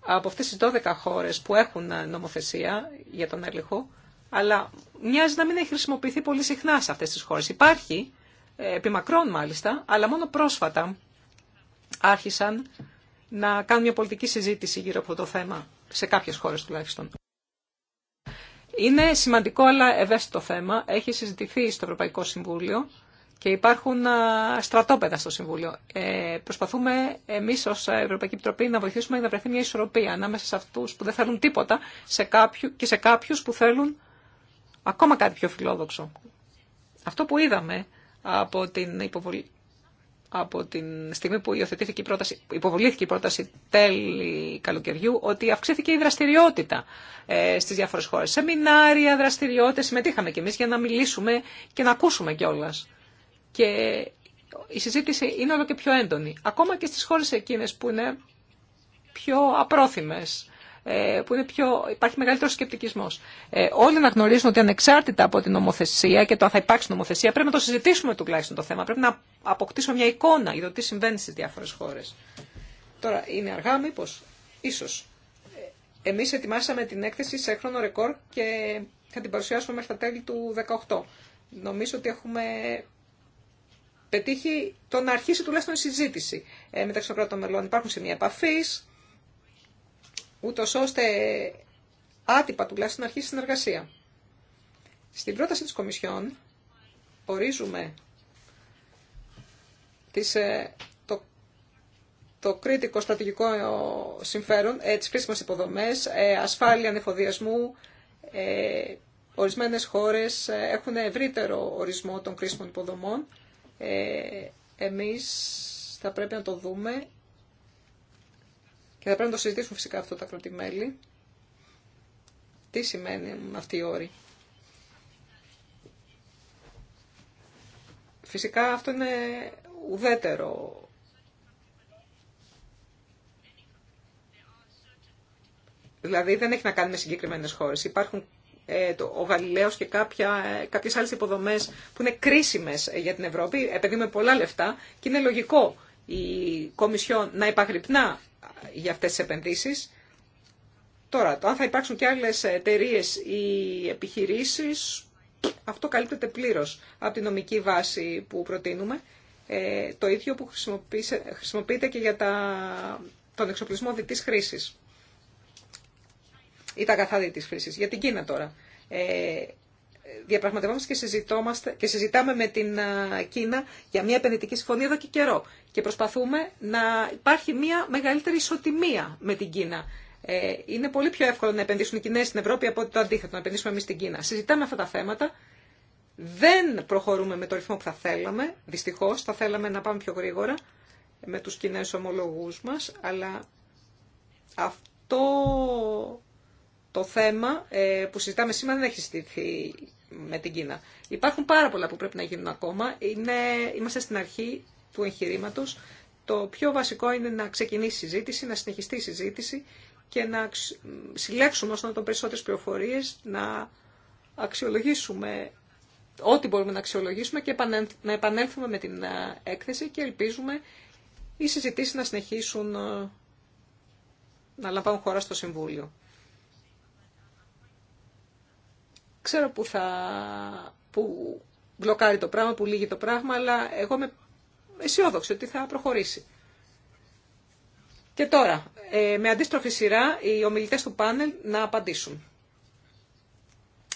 από αυτές τις 12 χώρες που έχουν ε, νομοθεσία για τον έλεγχο, αλλά μοιάζει να μην έχει χρησιμοποιηθεί πολύ συχνά σε αυτές τις χώρες. Υπάρχει, ε, επιμακρών μάλιστα, αλλά μόνο πρόσφατα άρχισαν να κάνουν μια πολιτική συζήτηση γύρω από το θέμα, σε κάποιες χώρες τουλάχιστον. Είναι σημαντικό αλλά ευαίσθητο θέμα. Έχει συζητηθεί στο Ευρωπαϊκό Συμβούλιο και υπάρχουν στρατόπεδα στο Συμβούλιο. Ε, προσπαθούμε εμεί ω Ευρωπαϊκή Επιτροπή να βοηθήσουμε να βρεθεί μια ισορροπία ανάμεσα σε αυτού που δεν θέλουν τίποτα σε κάποιου, και σε κάποιου που θέλουν ακόμα κάτι πιο φιλόδοξο. Αυτό που είδαμε από την υποβολή, από την στιγμή που η πρόταση, υποβολήθηκε η πρόταση τέλη καλοκαιριού ότι αυξήθηκε η δραστηριότητα ε, στις διάφορες χώρες. Σεμινάρια, δραστηριότητες, συμμετείχαμε κι εμείς για να μιλήσουμε και να ακούσουμε κιόλα. Και η συζήτηση είναι όλο και πιο έντονη. Ακόμα και στις χώρες εκείνες που είναι πιο απρόθυμες ε, που είναι πιο, υπάρχει μεγαλύτερο σκεπτικισμό. Ε, όλοι να γνωρίζουν ότι ανεξάρτητα από την νομοθεσία και το αν θα υπάρξει νομοθεσία, πρέπει να το συζητήσουμε τουλάχιστον το θέμα. Πρέπει να αποκτήσουμε μια εικόνα για το τι συμβαίνει στι διάφορε χώρε. Τώρα, είναι αργά, μήπω, ίσω. Ε, Εμεί ετοιμάσαμε την έκθεση σε χρόνο ρεκόρ και θα την παρουσιάσουμε μέχρι τα τέλη του 2018. Νομίζω ότι έχουμε πετύχει το να αρχίσει τουλάχιστον η συζήτηση ε, μεταξύ των κρατών μελών. Υπάρχουν σημεία επαφή, ούτως ώστε άτυπα τουλάχιστον να αρχίσει συνεργασία. Στην πρόταση της Κομισιόν ορίζουμε τις, ε, το, το κρίτικο στρατηγικό συμφέρον, ε, τις κρίσιμες υποδομές, ε, ασφάλεια ανεφοδιασμού, ε, ορισμένες χώρες έχουν ευρύτερο ορισμό των κρίσιμων υποδομών. Ε, εμείς θα πρέπει να το δούμε και θα πρέπει να το συζητήσουμε φυσικά αυτό τα κρατημέλη. Τι σημαίνει αυτή η όρη. Φυσικά αυτό είναι ουδέτερο. Δηλαδή δεν έχει να κάνει με συγκεκριμένες χώρες. Υπάρχουν ε, το, ο Γαλιλαίος και κάποια, ε, κάποιες άλλες υποδομές που είναι κρίσιμες ε, για την Ευρώπη, επενδύουμε πολλά λεφτά και είναι λογικό η Κομισιόν να υπαγρυπνά για αυτές τις επενδύσεις. Τώρα, το αν θα υπάρξουν και άλλες εταιρείε ή επιχειρήσεις, αυτό καλύπτεται πλήρως από τη νομική βάση που προτείνουμε. Ε, το ίδιο που χρησιμοποιείται και για τα, τον εξοπλισμό διτής χρήσης ή τα αγαθά της χρήσης. Για την Κίνα τώρα. Ε, διαπραγματευόμαστε και, συζητόμαστε, και συζητάμε με την Κίνα για μια επενδυτική συμφωνία εδώ και καιρό. Και προσπαθούμε να υπάρχει μια μεγαλύτερη ισοτιμία με την Κίνα. Ε, είναι πολύ πιο εύκολο να επενδύσουν οι Κινέζοι στην Ευρώπη από το αντίθετο, να επενδύσουμε εμεί στην Κίνα. Συζητάμε αυτά τα θέματα. Δεν προχωρούμε με το ρυθμό που θα θέλαμε. Δυστυχώ, θα θέλαμε να πάμε πιο γρήγορα με του Κινέζους ομολογού μα, αλλά αυτό το θέμα ε, που συζητάμε σήμερα δεν έχει συζητηθεί με την Κίνα. Υπάρχουν πάρα πολλά που πρέπει να γίνουν ακόμα. Είναι, είμαστε στην αρχή του εγχειρήματο. Το πιο βασικό είναι να ξεκινήσει η συζήτηση, να συνεχιστεί η συζήτηση και να συλλέξουμε όσο να τον περισσότερες πληροφορίες, να αξιολογήσουμε ό,τι μπορούμε να αξιολογήσουμε και να επανέλθουμε με την ε, έκθεση και ελπίζουμε οι συζητήσεις να συνεχίσουν ε, να λαμβάνουν χώρα στο Συμβούλιο. Ξέρω που, θα, που μπλοκάρει το πράγμα, που λύγει το πράγμα, αλλά εγώ είμαι αισιόδοξη ότι θα προχωρήσει. Και τώρα, ε, με αντίστροφη σειρά, οι ομιλητές του πάνελ να απαντήσουν.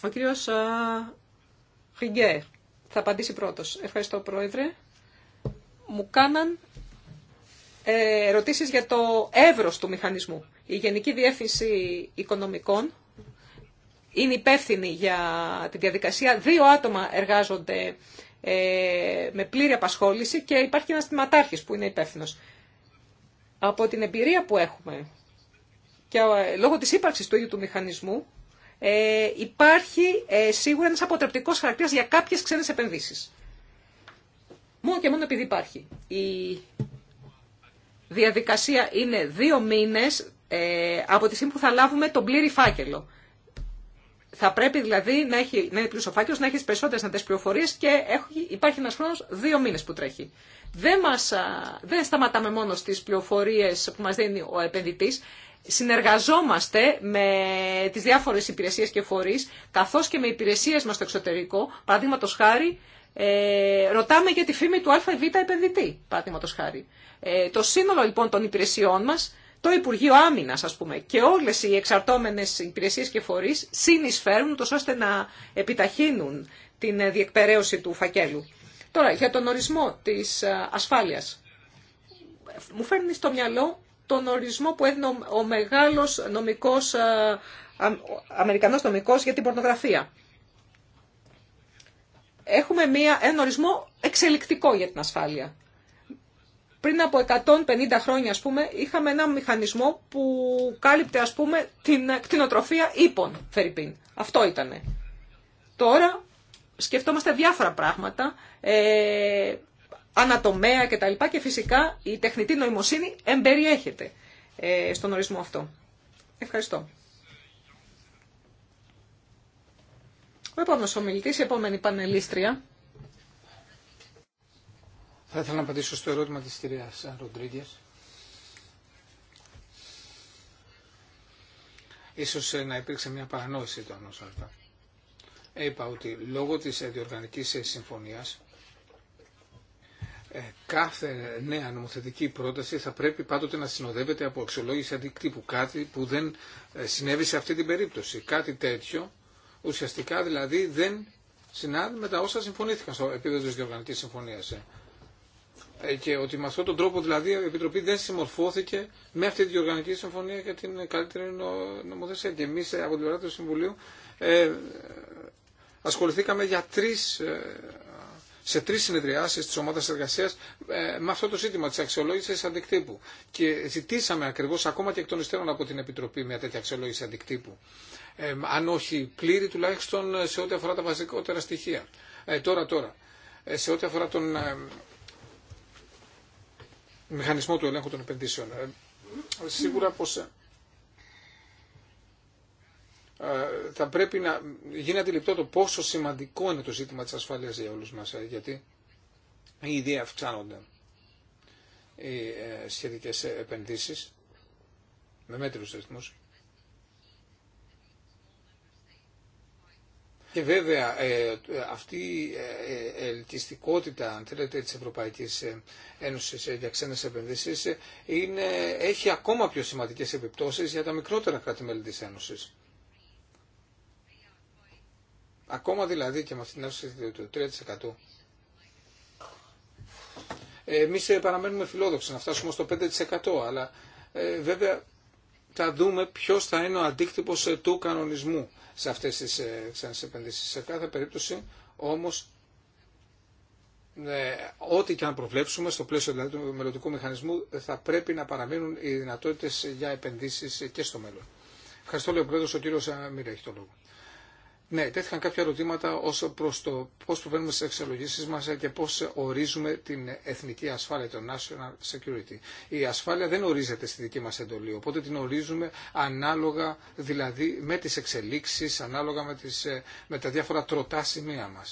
Ο κύριος Χιγκέ θα απαντήσει πρώτος. Ευχαριστώ, Πρόεδρε. Μου κάναν ε, ερωτήσεις για το εύρος του μηχανισμού. Η Γενική Διεύθυνση Οικονομικών είναι υπεύθυνοι για τη διαδικασία. Δύο άτομα εργάζονται ε, με πλήρη απασχόληση και υπάρχει ένας θυματάρχης που είναι υπεύθυνο. Από την εμπειρία που έχουμε και ε, λόγω της ύπαρξης του ίδιου του μηχανισμού ε, υπάρχει ε, σίγουρα ένας αποτρεπτικός χαρακτήρας για κάποιες ξένες επενδύσεις. Μόνο και μόνο επειδή υπάρχει. Η διαδικασία είναι δύο μήνες από τη στιγμή που θα λάβουμε τον πλήρη φάκελο. Θα πρέπει δηλαδή να, έχει, να είναι πλούσιο φάκελο, να έχει περισσότερε δυνατέ πληροφορίε και έχει, υπάρχει ένα χρόνο δύο μήνε που τρέχει. Δεν, μας, σταματάμε μόνο στι πληροφορίε που μα δίνει ο επενδυτή. Συνεργαζόμαστε με τι διάφορε υπηρεσίε και φορεί, καθώ και με υπηρεσίε μα στο εξωτερικό. Παραδείγματο χάρη, ε, ρωτάμε για τη φήμη του ΑΒ επενδυτή, παραδείγματο χάρη. Ε, το σύνολο λοιπόν των υπηρεσιών μας το Υπουργείο Άμυνας, ας πούμε, και όλες οι εξαρτώμενες υπηρεσίες και φορείς συνεισφέρουν τόσο ώστε να επιταχύνουν την ε, διεκπαιρέωση του φακέλου. Τώρα, για τον ορισμό της ε, ασφάλειας. Μου φέρνει στο μυαλό τον ορισμό που έδινε ο μεγάλος νομικός, ε, αμερικανός νομικός για την πορνογραφία. Έχουμε μία, ένα ορισμό εξελικτικό για την ασφάλεια. Πριν από 150 χρόνια, ας πούμε, είχαμε ένα μηχανισμό που κάλυπτε, ας πούμε, την κτηνοτροφία ύπων, Φερρυπίν. Αυτό ήτανε. Τώρα σκεφτόμαστε διάφορα πράγματα, ε, ανατομέα κτλ. Και, και φυσικά η τεχνητή νοημοσύνη εμπεριέχεται ε, στον ορισμό αυτό. Ευχαριστώ. Ο επόμενος ομιλητής, η επόμενη πανελίστρια. Θα ήθελα να απαντήσω στο ερώτημα της κυρίας Ροντρίγκες. Ίσως ε, να υπήρξε μια παρανόηση το ανώσαρτα. αυτά. Είπα ότι λόγω της ε, διοργανικής ε, συμφωνίας κάθε νέα νομοθετική πρόταση θα πρέπει πάντοτε να συνοδεύεται από αξιολόγηση αντικτύπου. Κάτι που δεν συνέβη σε αυτή την περίπτωση. Κάτι τέτοιο ουσιαστικά δηλαδή δεν συνάδει με τα όσα συμφωνήθηκαν στο επίπεδο της διοργανικής συμφωνίας. Ε, και ότι με αυτόν τον τρόπο δηλαδή η Επιτροπή δεν συμμορφώθηκε με αυτή τη διοργανική συμφωνία για την καλύτερη νομοθεσία. Και εμεί ε, από την πλευρά του Συμβουλίου ε, ασχοληθήκαμε για τρεις, ε, σε τρει συνεδριάσει τη ομάδα εργασία με αυτό το ζήτημα τη αξιολόγηση αντικτύπου. Και ζητήσαμε ακριβώ ακόμα και εκ των υστέρων από την Επιτροπή μια τέτοια αξιολόγηση αντικτύπου. Ε, αν όχι πλήρη, τουλάχιστον σε ό,τι αφορά τα βασικότερα στοιχεία. τώρα, τώρα. σε ό,τι αφορά τον μηχανισμό του ελέγχου των επενδύσεων. Ε, σίγουρα πως ε, ε, θα πρέπει να γίνει αντιληπτό το πόσο σημαντικό είναι το ζήτημα της ασφάλειας για όλους μας, γιατί ήδη αυξάνονται οι σχετικές επενδύσεις με μέτρους ρυθμούς Και βέβαια ε, αυτή η ε, ε, ελκυστικότητα αν θέλετε της Ευρωπαϊκής Ένωσης για ξένες επενδύσεις είναι, έχει ακόμα πιο σημαντικές επιπτώσεις για τα μικρότερα κράτη-μέλη της Ένωσης. Ακόμα δηλαδή και με αυτήν την αύξηση του 3% εμεί παραμένουμε φιλόδοξοι να φτάσουμε στο 5% αλλά βέβαια θα δούμε ποιο θα είναι ο αντίκτυπο ε, του κανονισμού σε αυτές τις ε, ξένε επενδύσεις. Σε κάθε περίπτωση όμως ε, ό,τι και αν προβλέψουμε στο πλαίσιο δηλαδή, του μελλοντικού μηχανισμού θα πρέπει να παραμείνουν οι δυνατότητες για επενδύσεις και στο μέλλον. Ευχαριστώ λέει ο Πρόεδρος, ο κύριος έχει το λόγο. Ναι, τέθηκαν κάποια ερωτήματα ω προ το πώ προβαίνουμε στι αξιολογήσει μα και πώ ορίζουμε την εθνική ασφάλεια, το national security. Η ασφάλεια δεν ορίζεται στη δική μα εντολή, οπότε την ορίζουμε ανάλογα δηλαδή με τι εξελίξει, ανάλογα με, τις, με τα διάφορα τροτά σημεία μα.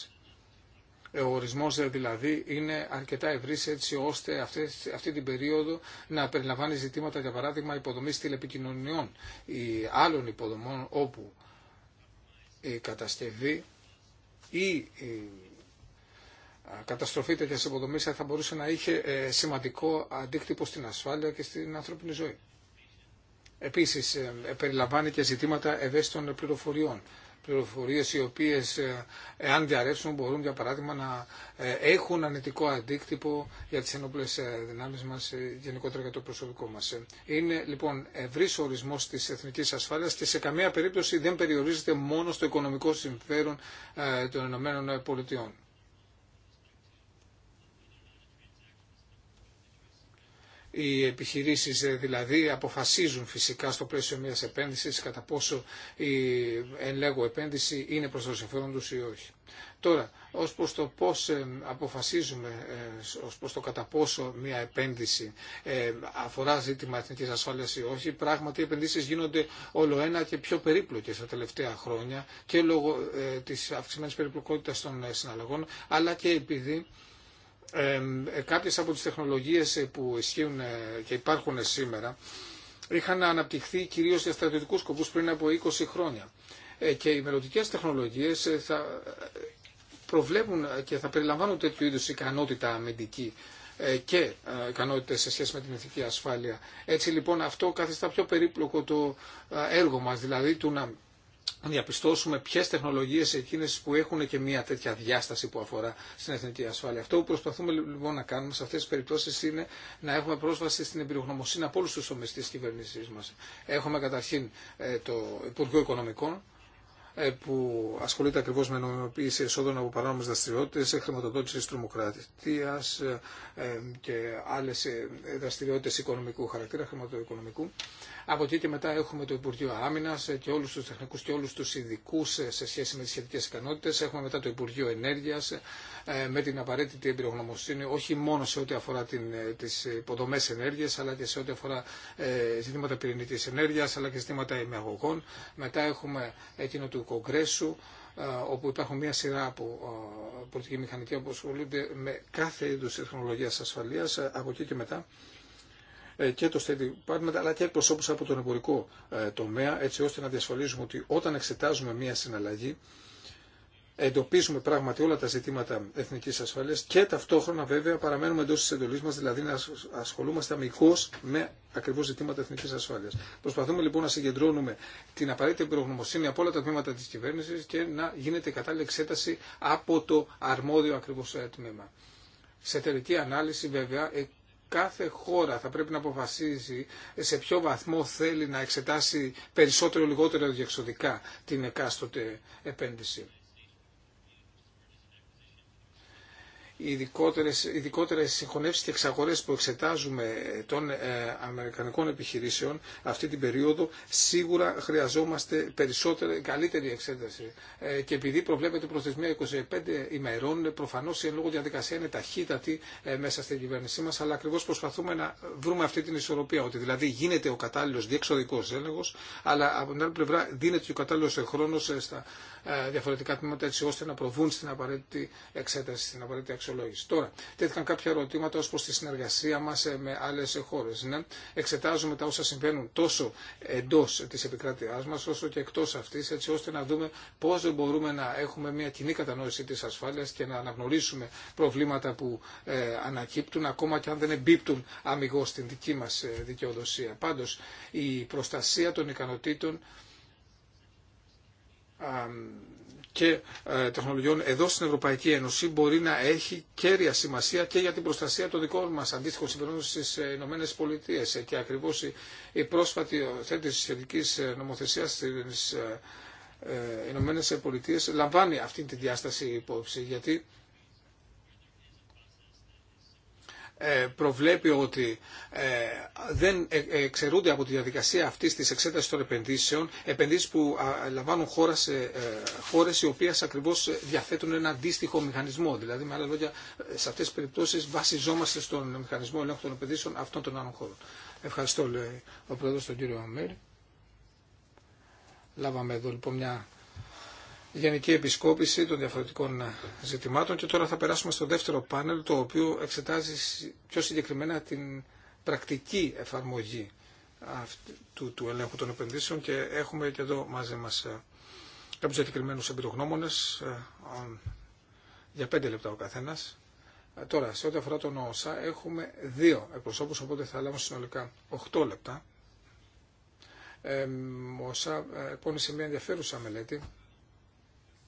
Ο ορισμός δηλαδή είναι αρκετά ευρύς έτσι ώστε αυτές, αυτή την περίοδο να περιλαμβάνει ζητήματα για παράδειγμα υποδομής τηλεπικοινωνιών ή άλλων υποδομών όπου η κατασκευή ή η καταστροφή τέτοια υποδομή θα μπορούσε να είχε ε, σημαντικό αντίκτυπο στην ασφάλεια και στην ανθρώπινη ζωή. Επίση, ε, ε, περιλαμβάνει και ζητήματα ευαίσθητων πληροφοριών πληροφορίες οι οποίες ε, εάν διαρρεύσουν μπορούν για παράδειγμα να ε, έχουν ανετικό αντίκτυπο για τις ενόπλες ε, δυνάμεις μας γενικότερα για το προσωπικό μας. Είναι λοιπόν ευρύ ορισμό της εθνικής ασφάλειας και σε καμία περίπτωση δεν περιορίζεται μόνο στο οικονομικό συμφέρον των ΗΠΑ. οι επιχειρήσεις ε, δηλαδή αποφασίζουν φυσικά στο πλαίσιο μιας επένδυσης κατά πόσο η εν λέγω επένδυση είναι προς το συμφέρον τους ή όχι. Τώρα, ως προς το πώς ε, αποφασίζουμε, ε, ως προς το κατά πόσο μια επένδυση αφορά ζήτημα εθνικής ασφάλειας ή όχι, πράγματι οι επενδύσεις γίνονται όλο ένα και πιο περίπλοκες τα τελευταία χρόνια και λόγω της αυξημένης περιπλοκότητας των συναλλαγών, αλλά και επειδή ε, κάποιες από τις τεχνολογίες ε, που ισχύουν ε, και υπάρχουν σήμερα είχαν αναπτυχθεί κυρίως για στρατιωτικούς σκοπούς πριν από 20 χρόνια. Και οι μελλοντικές τεχνολογίες θα προβλέπουν και θα περιλαμβάνουν τέτοιου είδους ικανότητα αμυντική και ικανότητες σε σχέση με την ηθική ασφάλεια. Έτσι λοιπόν αυτό καθιστά πιο περίπλοκο το έργο μας, δηλαδή του να να διαπιστώσουμε ποιε τεχνολογίε εκείνε που έχουν και μια τέτοια διάσταση που αφορά στην εθνική ασφάλεια. Αυτό που προσπαθούμε λοιπόν να κάνουμε σε αυτέ τι περιπτώσει είναι να έχουμε πρόσβαση στην εμπειρογνωμοσύνη από όλου του τομεί τη κυβέρνησή μα. Έχουμε καταρχήν ε, το Υπουργείο Οικονομικών ε, που ασχολείται ακριβώ με νομιμοποίηση εσόδων από παράνομες δραστηριότητες, ε, χρηματοδότηση τρομοκρατία και άλλες δραστηριότητε οικονομικού χαρακτήρα, χρηματοοικονομικού. Από εκεί και μετά έχουμε το Υπουργείο Άμυνα και όλου του τεχνικού και όλου του ειδικού σε σχέση με τι σχετικέ ικανότητε. Έχουμε μετά το Υπουργείο Ενέργεια ε, με την απαραίτητη εμπειρογνωμοσύνη όχι μόνο σε ό,τι αφορά ε, τι υποδομέ ενέργεια αλλά και σε ό,τι αφορά ε, ζητήματα πυρηνική ενέργεια αλλά και ζητήματα ημεαγωγών. Μετά έχουμε εκείνο του Κογκρέσου όπου υπάρχουν μια σειρά από πολιτικοί μηχανικοί που ασχολούνται με κάθε είδου τεχνολογία ασφαλεία από εκεί και μετά ε, και το State Department αλλά και εκπροσώπους από τον εμπορικό ε, τομέα έτσι ώστε να διασφαλίζουμε ότι όταν εξετάζουμε μια συναλλαγή εντοπίζουμε πράγματι όλα τα ζητήματα εθνική ασφάλεια και ταυτόχρονα βέβαια παραμένουμε εντό τη εντολή μα, δηλαδή να ασχολούμαστε αμυγό με ακριβώ ζητήματα εθνική ασφάλεια. Προσπαθούμε λοιπόν να συγκεντρώνουμε την απαραίτητη προγνωμοσύνη από όλα τα τμήματα τη κυβέρνηση και να γίνεται η κατάλληλη εξέταση από το αρμόδιο ακριβώ ε, τμήμα. Σε τελική ανάλυση βέβαια κάθε χώρα θα πρέπει να αποφασίζει σε ποιο βαθμό θέλει να εξετάσει περισσότερο ή λιγότερο διεξοδικά την εκάστοτε επένδυση. ειδικότερες, ειδικότερες συγχωνεύσεις και εξαγορές που εξετάζουμε ε, των ε, αμερικανικών επιχειρήσεων αυτή την περίοδο, σίγουρα χρειαζόμαστε περισσότερη, καλύτερη εξέταση. Ε, και επειδή προβλέπεται προθεσμία 25 ημερών, ε, προφανώς η λόγω διαδικασία είναι ταχύτατη ε, μέσα στην κυβέρνησή μας, αλλά ακριβώς προσπαθούμε να βρούμε αυτή την ισορροπία, ότι δηλαδή γίνεται ο κατάλληλος διεξοδικός έλεγχος, αλλά από την άλλη πλευρά δίνεται και ο κατάλληλος χρόνος στα διαφορετικά τμήματα έτσι ώστε να προβούν στην απαραίτητη εξέταση, στην απαραίτητη αξιολόγηση. Τώρα, τέθηκαν κάποια ερωτήματα ω προ τη συνεργασία μα ε, με άλλε χώρε. Ναι, εξετάζουμε τα όσα συμβαίνουν τόσο εντό τη επικράτειά μα όσο και εκτό αυτή, έτσι ώστε να δούμε πώ μπορούμε να έχουμε μια κοινή κατανόηση τη ασφάλεια και να αναγνωρίσουμε προβλήματα που ε, ανακύπτουν, ακόμα και αν δεν εμπίπτουν αμυγό στην δική μα ε, δικαιοδοσία. Πάντω, η προστασία των ικανοτήτων και ε, τεχνολογιών εδώ στην Ευρωπαϊκή Ένωση μπορεί να έχει κέρια σημασία και για την προστασία των δικών μας αντίστοιχων συμφερόντων στις ε, Ηνωμένε Πολιτείε. Ε, και ακριβώς η, πρόσφατη θέτηση σχετικής νομοθεσίας στις Ηνωμένε Πολιτείε λαμβάνει αυτή τη διάσταση υπόψη γιατί Ε, προβλέπει ότι ε, δεν ε, εξαιρούνται από τη διαδικασία αυτή τη εξέταση των επενδύσεων επενδύσει που λαμβάνουν χώρα σε χώρες οι οποίε ακριβώ διαθέτουν ένα αντίστοιχο μηχανισμό. Δηλαδή, με άλλα λόγια, σε αυτέ τι περιπτώσει βασιζόμαστε στον μηχανισμό ελέγχου των επενδύσεων αυτών των άλλων χώρων. Ευχαριστώ, λέει ο πρόεδρο, τον κύριο Αμέρη. Λάβαμε εδώ λοιπόν μια γενική επισκόπηση των διαφορετικών ζητημάτων και τώρα θα περάσουμε στο δεύτερο πάνελ το οποίο εξετάζει πιο συγκεκριμένα την πρακτική εφαρμογή του, του ελέγχου των επενδύσεων και έχουμε και εδώ μαζί μας ε, κάποιους συγκεκριμένους εμπειρογνώμονες ε, για πέντε λεπτά ο καθένας. Ε, τώρα, σε ό,τι αφορά τον ΩΣΑ, έχουμε δύο εκπροσώπους, οπότε θα λάβουν συνολικά 8 λεπτά. Ε, ο ΩΣΑ μια ενδιαφέρουσα μελέτη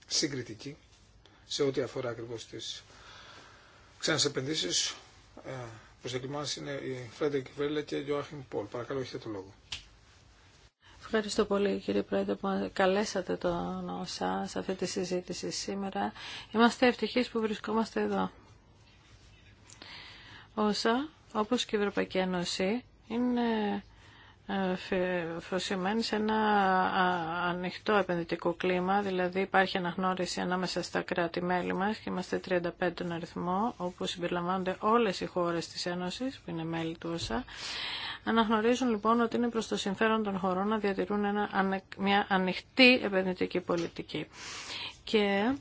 συγκριτική σε ό,τι αφορά ακριβώς τις ξένες επενδύσεις. Ε, που είναι η Φρέντερ Βέλλε και η Ιωάχιμ Πολ. Παρακαλώ, έχετε το λόγο. Ευχαριστώ πολύ κύριε Πρόεδρε που καλέσατε τον ΩΣΑ σε αυτή τη συζήτηση σήμερα. Είμαστε ευτυχείς που βρισκόμαστε εδώ. Οσα, ΩΣΑ, όπως και η Ευρωπαϊκή Ένωση, είναι ε, αφοσιωμένη σε ένα ανοιχτό επενδυτικό κλίμα, δηλαδή υπάρχει αναγνώριση ανάμεσα στα κράτη-μέλη μας και είμαστε 35 τον αριθμό, όπου συμπεριλαμβάνονται όλες οι χώρες της Ένωσης, που είναι μέλη του ΩΣΑ. Αναγνωρίζουν λοιπόν ότι είναι προς το συμφέρον των χωρών να διατηρούν ένα, μια ανοιχτή επενδυτική πολιτική. Και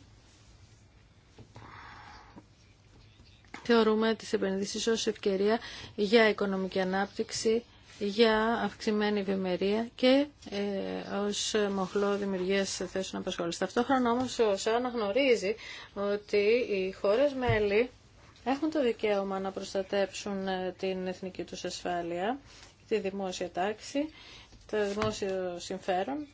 θεωρούμε τις επενδύσεις ως ευκαιρία για οικονομική ανάπτυξη, για αυξημένη ευημερία και ε, ως μοχλό δημιουργίας θέσεων απασχόλησης. Ταυτόχρονα όμως ο ΣΑ αναγνωρίζει ότι οι χώρες μέλη έχουν το δικαίωμα να προστατέψουν ε, την εθνική τους ασφάλεια, τη δημόσια τάξη, το δημόσιο συμφέρον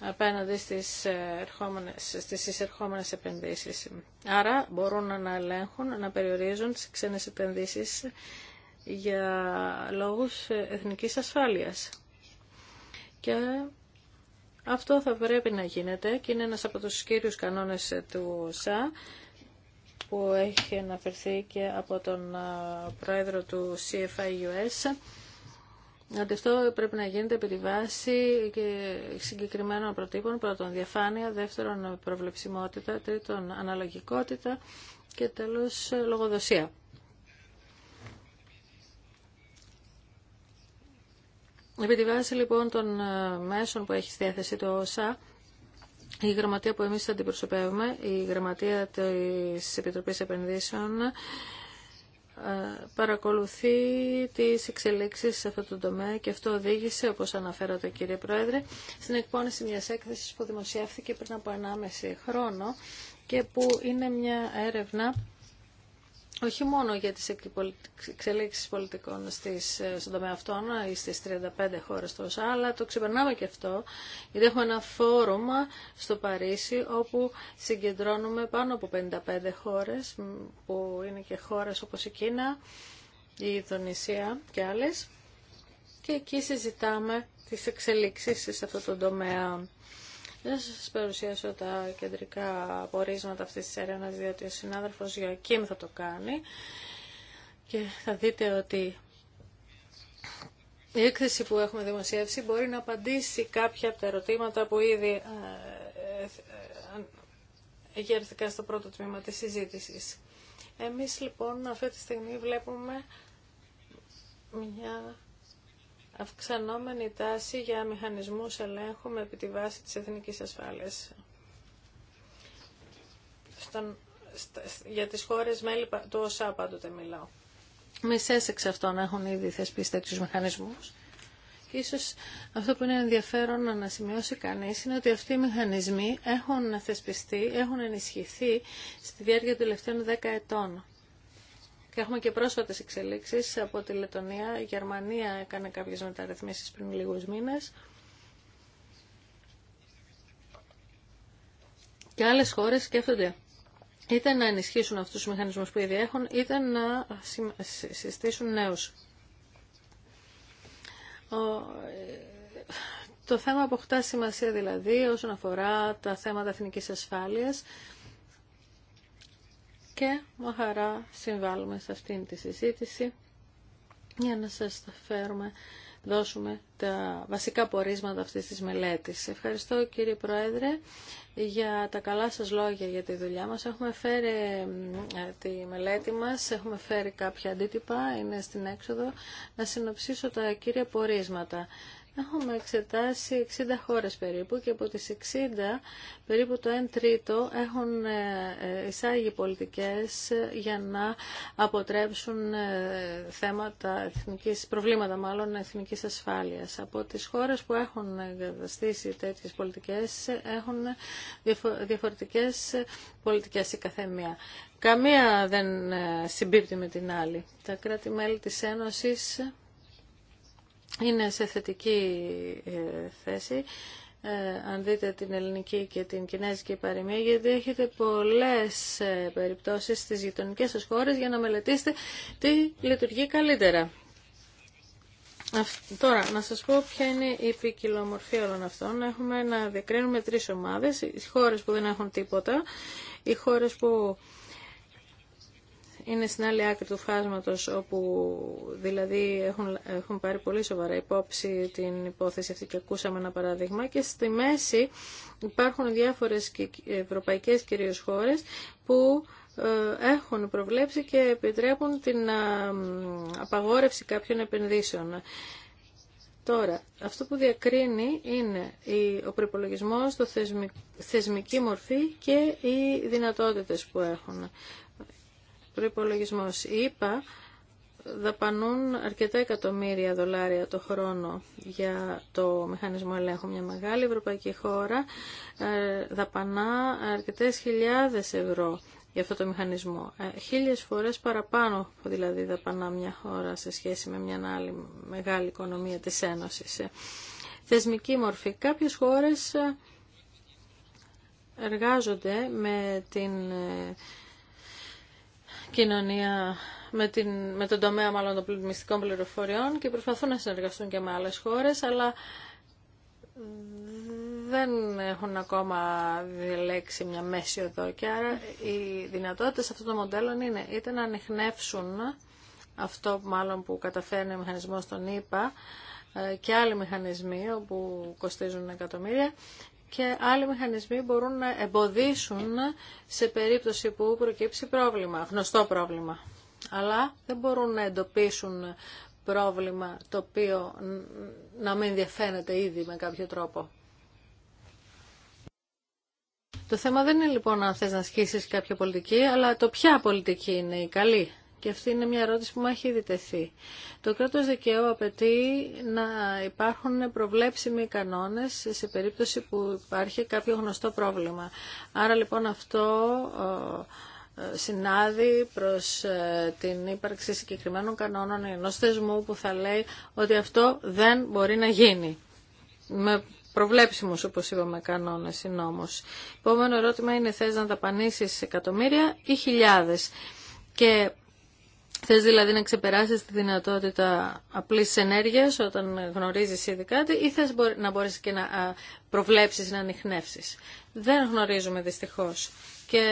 απέναντι στις, ε, ερχόμενες, στις εισερχόμενες επενδύσεις. Άρα μπορούν να ελέγχουν, να περιορίζουν τις ξένες επενδύσεις για λόγους εθνικής ασφάλειας. Και αυτό θα πρέπει να γίνεται και είναι ένας από τους κύριους κανόνες του ΣΑ που έχει αναφερθεί και από τον πρόεδρο του CFIUS. Ότι αυτό πρέπει να γίνεται επί τη βάση συγκεκριμένων προτύπων, πρώτον διαφάνεια, δεύτερον προβλεψιμότητα, τρίτον αναλογικότητα και τέλος λογοδοσία. Επί τη βάση λοιπόν των ε, μέσων που έχει στη διάθεση το ΩΣΑ, η γραμματεία που εμείς αντιπροσωπεύουμε, η γραμματεία της Επιτροπής Επενδύσεων, ε, παρακολουθεί τις εξελίξεις σε αυτό το τομέα και αυτό οδήγησε, όπως αναφέρατε κύριε Πρόεδρε, στην εκπόνηση μιας έκθεσης που δημοσιεύθηκε πριν από 1,5 χρόνο και που είναι μια έρευνα όχι μόνο για τις εξελίξεις πολιτικών στις, στον τομέα αυτών ή στις 35 χώρες τόσο, αλλά το ξεπερνάμε και αυτό, γιατί έχουμε ένα φόρουμ στο Παρίσι όπου συγκεντρώνουμε πάνω από 55 χώρες, που είναι και χώρες όπως η Κίνα, η Ιδονησία και άλλες, και εκεί συζητάμε τις εξελίξεις σε αυτό το τομέα. Δεν θα σας παρουσιάσω τα κεντρικά απορίσματα αυτής της έρευνας, διότι ο συνάδελφος Γιωακήμ θα το κάνει και θα δείτε ότι η έκθεση που έχουμε δημοσιεύσει μπορεί να απαντήσει κάποια από τα ερωτήματα που ήδη εγερθήκαν ε, ε, στο πρώτο τμήμα της συζήτησης. Εμείς λοιπόν αυτή τη στιγμή βλέπουμε μια αυξανόμενη τάση για μηχανισμούς ελέγχου με επί τη βάση της εθνικής ασφάλειας. για τις χώρες μέλη του ΩΣΑ πάντοτε μιλάω. Μισές εξ αυτών έχουν ήδη θεσπίσει τέτοιους μηχανισμούς. Και ίσως αυτό που είναι ενδιαφέρον να σημειώσει κανείς είναι ότι αυτοί οι μηχανισμοί έχουν θεσπιστεί, έχουν ενισχυθεί στη διάρκεια των τελευταίων 10 ετών. Και έχουμε και πρόσφατες εξελίξεις από τη Λετωνία. Η Γερμανία έκανε κάποιες μεταρρυθμίσεις πριν λίγους μήνες. Και άλλες χώρες σκέφτονται είτε να ενισχύσουν αυτούς τους μηχανισμούς που ήδη έχουν, είτε να συστήσουν νέους. Ε, το θέμα αποκτά σημασία δηλαδή όσον αφορά τα θέματα εθνικής ασφάλειας και με χαρά συμβάλλουμε σε αυτήν τη συζήτηση για να σας φέρουμε, δώσουμε τα βασικά πορίσματα αυτής της μελέτης. Ευχαριστώ κύριε Πρόεδρε για τα καλά σας λόγια για τη δουλειά μας. Έχουμε φέρει ε, τη μελέτη μας, έχουμε φέρει κάποια αντίτυπα, είναι στην έξοδο. Να συνοψίσω τα κύρια πορίσματα. Έχουμε εξετάσει 60 χώρες περίπου και από τις 60 περίπου το 1 τρίτο έχουν ε, ε, εισάγει πολιτικές για να αποτρέψουν ε, θέματα εθνικής, προβλήματα μάλλον εθνικής ασφάλειας. Από τις χώρες που έχουν εγκαταστήσει τέτοιες πολιτικές έχουν διαφορετικές πολιτικές η καθεμία. Καμία δεν συμπίπτει με την άλλη. Τα κράτη-μέλη της Ένωσης είναι σε θετική ε, θέση. Ε, αν δείτε την ελληνική και την κινέζικη παροιμία, γιατί έχετε πολλές ε, περιπτώσεις στις γειτονικές σας χώρες για να μελετήσετε τι λειτουργεί καλύτερα. Τώρα, να σας πω ποια είναι η ποικιλομορφία όλων αυτών. Έχουμε να διακρίνουμε τρεις ομάδες. Οι χώρες που δεν έχουν τίποτα, οι χώρες που είναι στην άλλη άκρη του φάσματος όπου δηλαδή έχουν, έχουν πάρει πολύ σοβαρά υπόψη την υπόθεση αυτή και ακούσαμε ένα παράδειγμα και στη μέση υπάρχουν διάφορες ευρωπαϊκές κυρίως χώρες που ε, έχουν προβλέψει και επιτρέπουν την ε, απαγόρευση κάποιων επενδύσεων. Τώρα, αυτό που διακρίνει είναι ο προπολογισμό, το θεσμική μορφή και οι δυνατότητες που έχουν προϋπολογισμός. Η ΕΠΑ δαπανούν αρκετά εκατομμύρια δολάρια το χρόνο για το μηχανισμό ελέγχου. Μια μεγάλη ευρωπαϊκή χώρα ε, δαπανά αρκετές χιλιάδες ευρώ για αυτό το μηχανισμό. Ε, χίλιες φορές παραπάνω δηλαδή δαπανά μια χώρα σε σχέση με μια άλλη μεγάλη οικονομία της Ένωσης. Ε, θεσμική μορφή. Κάποιες χώρες εργάζονται με την κοινωνία με, την, με τον τομέα μάλλον των πληθυμιστικών πληροφοριών και προσπαθούν να συνεργαστούν και με άλλες χώρες, αλλά δεν έχουν ακόμα διαλέξει μια μέση εδώ και άρα οι δυνατότητες αυτών των μοντέλων είναι είτε να ανοιχνεύσουν αυτό μάλλον που καταφέρνει ο μηχανισμός των ΙΠΑ ε, και άλλοι μηχανισμοί όπου κοστίζουν εκατομμύρια και άλλοι μηχανισμοί μπορούν να εμποδίσουν σε περίπτωση που προκύψει πρόβλημα, γνωστό πρόβλημα. Αλλά δεν μπορούν να εντοπίσουν πρόβλημα το οποίο να μην διαφαίνεται ήδη με κάποιο τρόπο. Το θέμα δεν είναι λοιπόν αν θες να ασκήσεις κάποια πολιτική, αλλά το ποια πολιτική είναι η καλή. Και αυτή είναι μια ερώτηση που μου έχει ήδη Το κράτος δικαίου απαιτεί να υπάρχουν προβλέψιμοι κανόνες σε περίπτωση που υπάρχει κάποιο γνωστό πρόβλημα. Άρα λοιπόν αυτό συνάδει προς ε, την ύπαρξη συγκεκριμένων κανόνων ενό θεσμού που θα λέει ότι αυτό δεν μπορεί να γίνει. Με προβλέψιμους, όπως είπαμε, κανόνες ή νόμους. Επόμενο ερώτημα είναι θες να ταπανίσεις εκατομμύρια ή χιλιάδες. Θες δηλαδή να ξεπεράσεις τη δυνατότητα απλής ενέργειας όταν γνωρίζεις ήδη κάτι ή θες να μπορείς και να προβλέψεις, να ανοιχνεύσεις. Δεν γνωρίζουμε δυστυχώς και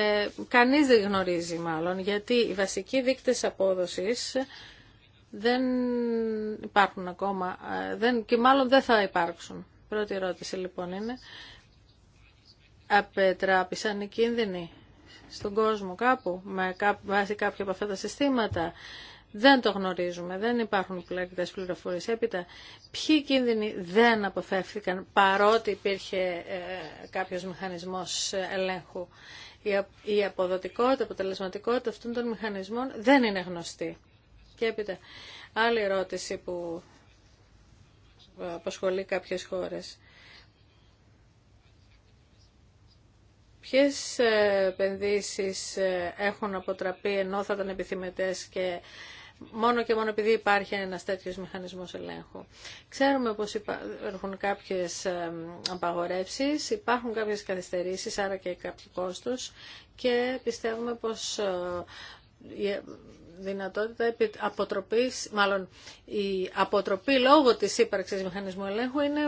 κανείς δεν γνωρίζει μάλλον γιατί οι βασικοί δείκτες απόδοσης δεν υπάρχουν ακόμα δεν, και μάλλον δεν θα υπάρξουν. Πρώτη ερώτηση λοιπόν είναι, απετράπησαν οι κίνδυνοι στον κόσμο κάπου με βάση κάποια από αυτά τα συστήματα. Δεν το γνωρίζουμε, δεν υπάρχουν πλέον πληροφορίες. Έπειτα, ποιοι κίνδυνοι δεν αποφεύθηκαν παρότι υπήρχε ε, κάποιος μηχανισμός ελέγχου. Η αποδοτικότητα, η αποτελεσματικότητα αυτών των μηχανισμών δεν είναι γνωστή. Και έπειτα, άλλη ερώτηση που ε, απασχολεί κάποιες χώρες. Ποιες ε, επενδύσεις ε, έχουν αποτραπεί ενώ θα ήταν επιθυμητές και μόνο και μόνο επειδή υπάρχει ένας τέτοιος μηχανισμός ελέγχου. Ξέρουμε πως υπάρχουν κάποιες ε, απαγορεύσεις, υπάρχουν κάποιες καθυστερήσεις, άρα και κάποιο κόστος και πιστεύουμε πως η δυνατότητα αποτροπής, μάλλον η αποτροπή λόγω της ύπαρξης μηχανισμού ελέγχου είναι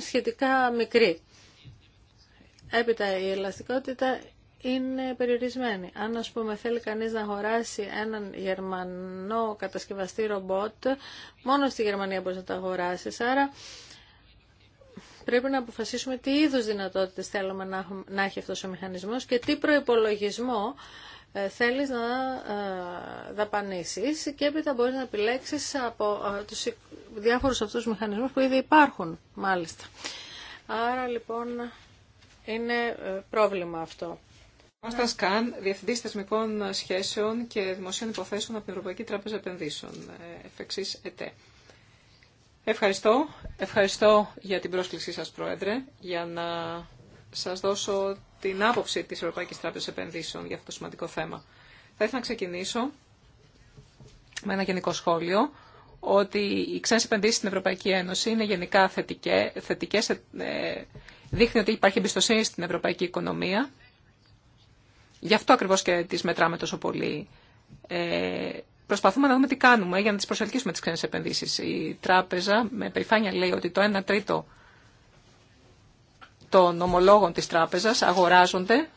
σχετικά μικρή. Έπειτα η ελαστικότητα είναι περιορισμένη. Αν ας πούμε θέλει κανείς να αγοράσει έναν γερμανό κατασκευαστή ρομπότ, μόνο στη Γερμανία μπορεί να το αγοράσει. Άρα πρέπει να αποφασίσουμε τι είδους δυνατότητες θέλουμε να, να έχει αυτός ο μηχανισμός και τι προϋπολογισμό ε, θέλεις να ε, δαπανίσεις και έπειτα μπορείς να επιλέξεις από ε, τους διάφορους αυτούς μηχανισμούς που ήδη υπάρχουν μάλιστα. Άρα λοιπόν είναι ε, πρόβλημα αυτό. Κώστα Καν, Διευθυντή Θεσμικών Σχέσεων και Δημοσίων Υποθέσεων από την Ευρωπαϊκή Τράπεζα Επενδύσεων, ε, εφεξή ΕΤΕ. Ευχαριστώ. Ευχαριστώ για την πρόσκλησή σας, Πρόεδρε, για να σας δώσω την άποψη της Ευρωπαϊκής Τράπεζας Επενδύσεων για αυτό το σημαντικό θέμα. Θα ήθελα να ξεκινήσω με ένα γενικό σχόλιο ότι οι ξένες επενδύσεις στην Ευρωπαϊκή Ένωση είναι γενικά θετικές, θετικές δείχνει ότι υπάρχει εμπιστοσύνη στην ευρωπαϊκή οικονομία. Γι' αυτό ακριβώς και τις μετράμε τόσο πολύ. Ε, προσπαθούμε να δούμε τι κάνουμε για να τις προσελκύσουμε τις ξένες επενδύσεις. Η τράπεζα με περηφάνεια λέει ότι το 1 τρίτο των ομολόγων της τράπεζας αγοράζονται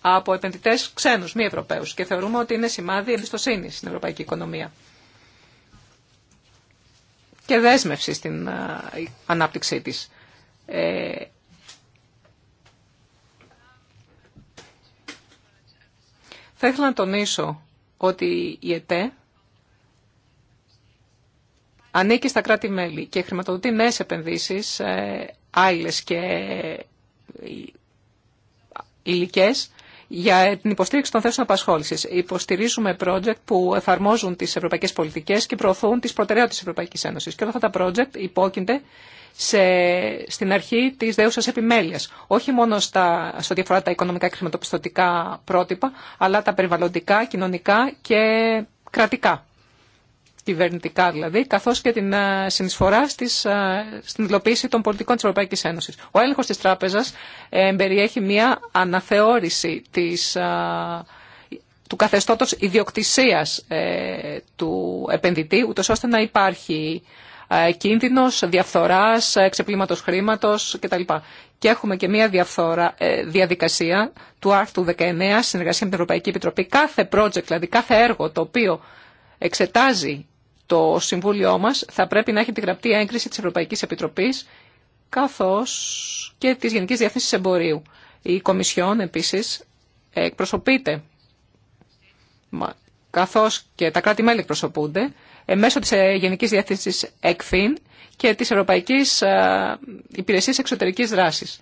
από επενδυτές ξένους, μη Ευρωπαίους και θεωρούμε ότι είναι σημάδι εμπιστοσύνη στην ευρωπαϊκή οικονομία και δέσμευση στην ε, ανάπτυξή της. Ε, θα ήθελα να τονίσω ότι η ΕΤΕ ανήκει στα κράτη-μέλη και χρηματοδοτεί νέες επενδύσεις, ε, άλλες και υλικές, για την υποστήριξη των θέσεων απασχόληση. Υποστηρίζουμε project που εφαρμόζουν τι ευρωπαϊκέ πολιτικέ και προωθούν τι προτεραιότητε τη Ευρωπαϊκή Ένωση. Και όλα αυτά τα project υπόκεινται σε, στην αρχή τη δέουσα επιμέλεια. Όχι μόνο στα, σε ό,τι τα οικονομικά και χρηματοπιστωτικά πρότυπα, αλλά τα περιβαλλοντικά, κοινωνικά και κρατικά κυβερνητικά δηλαδή, καθώς και την ε, συνεισφορά στις, ε, στην υλοποίηση των πολιτικών τη Ευρωπαϊκή Ένωση. Ο έλεγχος της τράπεζας ε, περιέχει μια αναθεώρηση της, του καθεστώτος ιδιοκτησίας του επενδυτή, ούτω ώστε να υπάρχει κίνδυνο, διαφθορά, ξεπλήματο χρήματο κτλ. Και έχουμε και μια διαφθορά, διαδικασία του άρθρου 19, συνεργασία με την Ευρωπαϊκή Επιτροπή. Κάθε project, δηλαδή κάθε έργο το οποίο εξετάζει το Συμβούλιο μας θα πρέπει να έχει τη γραπτή έγκριση της Ευρωπαϊκής Επιτροπής καθώς και της Γενικής Διεύθυνσης Εμπορίου. Η Κομισιόν επίσης εκπροσωπείται καθώς και τα κράτη-μέλη εκπροσωπούνται ε, μέσω της ε, Γενικής Διεύθυνσης Εκφίν και της Ευρωπαϊκής ε, Υπηρεσίας Εξωτερικής Δράσης.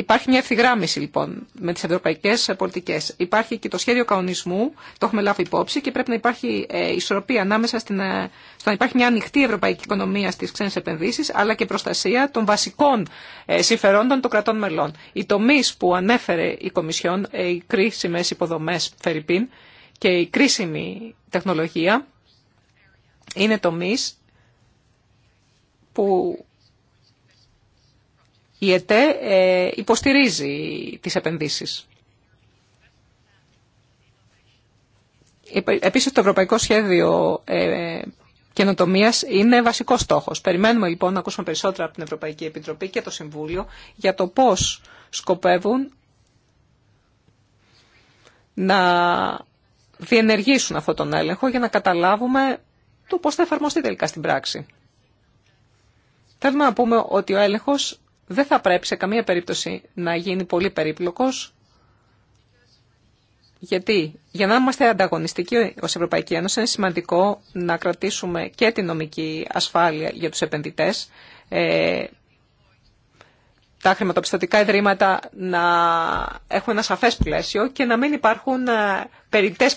Υπάρχει μια ευθυγράμμιση λοιπόν με τις ευρωπαϊκές πολιτικές. Υπάρχει και το σχέδιο καονισμού, το έχουμε λάβει υπόψη και πρέπει να υπάρχει ε, ισορροπία ανάμεσα στην, ε, στο να υπάρχει μια ανοιχτή ευρωπαϊκή οικονομία στις ξένες επενδύσεις αλλά και προστασία των βασικών ε, συμφερόντων των κρατών μελών. Οι τομεί που ανέφερε η Κομισιόν, οι κρίσιμες υποδομές Φερρυπίν και η κρίσιμη τεχνολογία είναι τομεί που η ΕΤΕ ε, υποστηρίζει τις επενδύσεις. Επίσης, το Ευρωπαϊκό Σχέδιο ε, Καινοτομία είναι βασικό στόχος. Περιμένουμε λοιπόν να ακούσουμε περισσότερα από την Ευρωπαϊκή Επιτροπή και το Συμβούλιο για το πώς σκοπεύουν να διενεργήσουν αυτόν τον έλεγχο για να καταλάβουμε το πώς θα εφαρμοστεί τελικά στην πράξη. Θέλουμε να πούμε ότι ο έλεγχος δεν θα πρέπει σε καμία περίπτωση να γίνει πολύ περίπλοκος, γιατί για να είμαστε ανταγωνιστικοί ως Ευρωπαϊκή Ένωση είναι σημαντικό να κρατήσουμε και την νομική ασφάλεια για τους επενδυτές, ε, τα χρηματοπιστωτικά ιδρύματα να έχουν ένα σαφές πλαίσιο και να μην υπάρχουν ε, περιττές